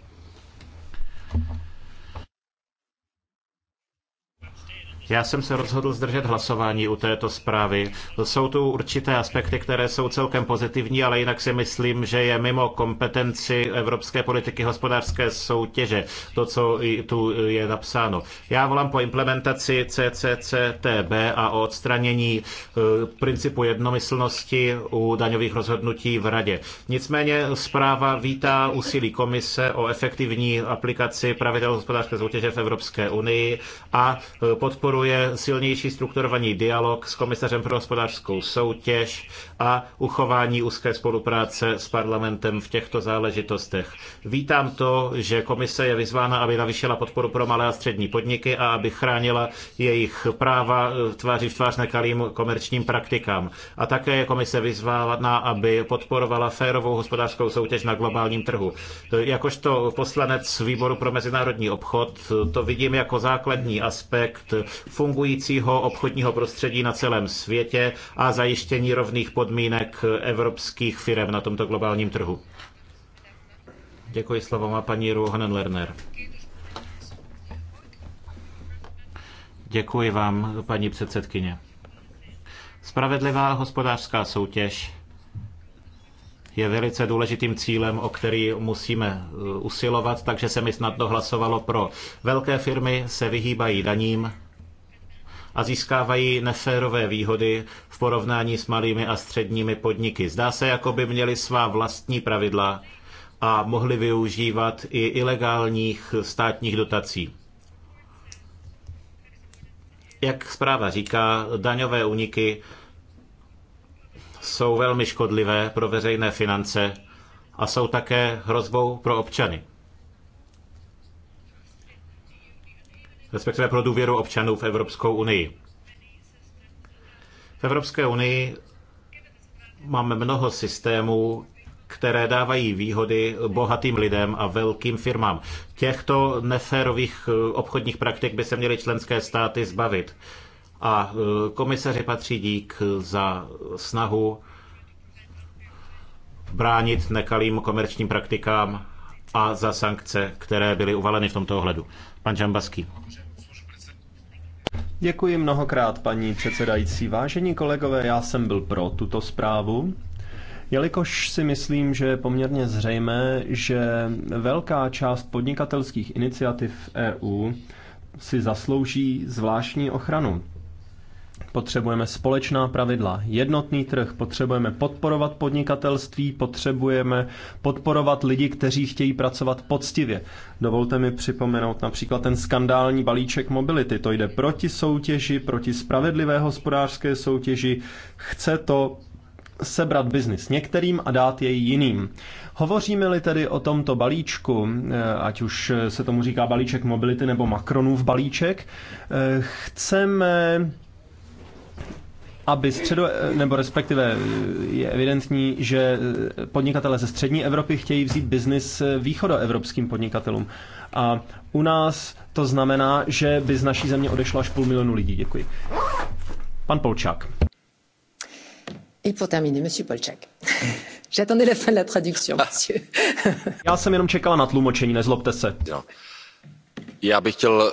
Já jsem se rozhodl zdržet hlasování u této zprávy. Jsou tu určité aspekty, které jsou celkem pozitivní, ale jinak si myslím, že je mimo kompetenci evropské politiky hospodářské soutěže to, co tu je napsáno. Já volám po implementaci CCCTB a o odstranění e, principu jednomyslnosti u daňových rozhodnutí v Radě. Nicméně zpráva vítá úsilí komise o efektivní aplikaci pravidel hospodářské soutěže v Evropské unii a e, podporu podporuje silnější strukturovaný dialog s komisařem pro hospodářskou soutěž a uchování úzké spolupráce s parlamentem v těchto záležitostech. Vítám to, že komise je vyzvána, aby navýšila podporu pro malé a střední podniky a aby chránila jejich práva tváří v tvář nekalým komerčním praktikám. A také je komise vyzvána, aby podporovala férovou hospodářskou soutěž na globálním trhu. Jakožto poslanec výboru pro mezinárodní obchod to vidím jako základní aspekt fungujícího obchodního prostředí na celém světě a zajištění rovných podmínek evropských firm na tomto globálním trhu. Děkuji, slovo má paní Ruohanen Lerner. Děkuji vám, paní předsedkyně. Spravedlivá hospodářská soutěž je velice důležitým cílem, o který musíme uh, usilovat, takže se mi snadno hlasovalo pro. Velké firmy se vyhýbají daním, a získávají neférové výhody v porovnání s malými a středními podniky. Zdá se, jako by měli svá vlastní pravidla a mohli využívat i ilegálních státních dotací. Jak zpráva říká, daňové úniky jsou velmi škodlivé pro veřejné finance a jsou také hrozbou pro občany. respektive pro důvěru občanů v Evropskou unii. V Evropské unii máme mnoho systémů, které dávají výhody bohatým lidem a velkým firmám. Těchto neférových eh, obchodních praktik by se měly členské státy zbavit. A eh, komisaři patří dík za snahu bránit nekalým komerčním praktikám a za sankce, které byly uvaleny v tomto ohledu. Pan Žambaský. Děkuji mnohokrát, paní předsedající. Vážení kolegové, já jsem byl pro tuto zprávu, jelikož si myslím, že je poměrně zřejmé, že velká část podnikatelských iniciativ EU si zaslouží zvláštní ochranu. Potřebujeme společná pravidla, jednotný trh, potřebujeme podporovat podnikatelství, potřebujeme podporovat lidi, kteří chtějí pracovat poctivě. Dovolte mi připomenout například ten skandální balíček mobility. To jde proti soutěži, proti spravedlivé hospodářské soutěži. Chce to sebrat biznis některým a dát jej jiným. Hovoříme-li tedy o tomto balíčku, eh, ať už se tomu říká balíček mobility nebo Macronův balíček, eh, chceme aby středo, nebo respektive eh, je evidentní, že eh, podnikatele ze střední Evropy chtějí vzít biznis eh, východoevropským podnikatelům. A u nás to znamená, že by z naší země odešlo až půl milionu lidí. Děkuji. Pan Polčák. I pour terminer, monsieur Polčák. J'attendais la fin de la traduction, ah. monsieur. Já jsem jenom čekala na tlumočení, nezlobte se. Já bych chtěl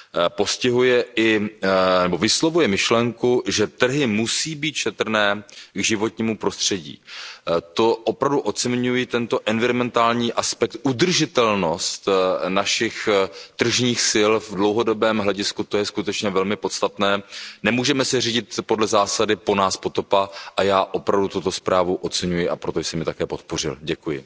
Eh, postihuje eh, nebo vyslovuje myšlenku že trhy musí být šetrné k životnímu prostředí. Eh, to opravdu oceňuji tento environmentální aspekt udržitelnost našich tržních sil v dlouhodobém hledisku to je skutečně velmi podstatné. nemůžeme se řídit podle zásady po nás potopa a já opravdu tuto zprávu oceňuji a proto jsem ji také podpořil. děkuji.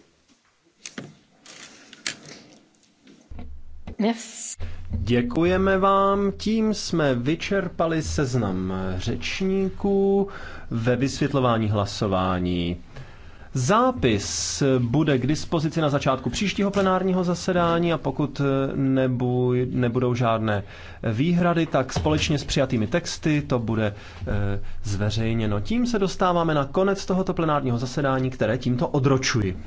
Děkujeme vám, tím jsme vyčerpali seznam řečníků ve vysvětlování hlasování. Zápis bude k dispozici na začátku příštího plenárního zasedání a pokud nebuj, nebudou žádné výhrady, tak společně s přijatými texty to bude e, zveřejněno. Tím se dostáváme na konec tohoto plenárního zasedání, které tímto odročuji.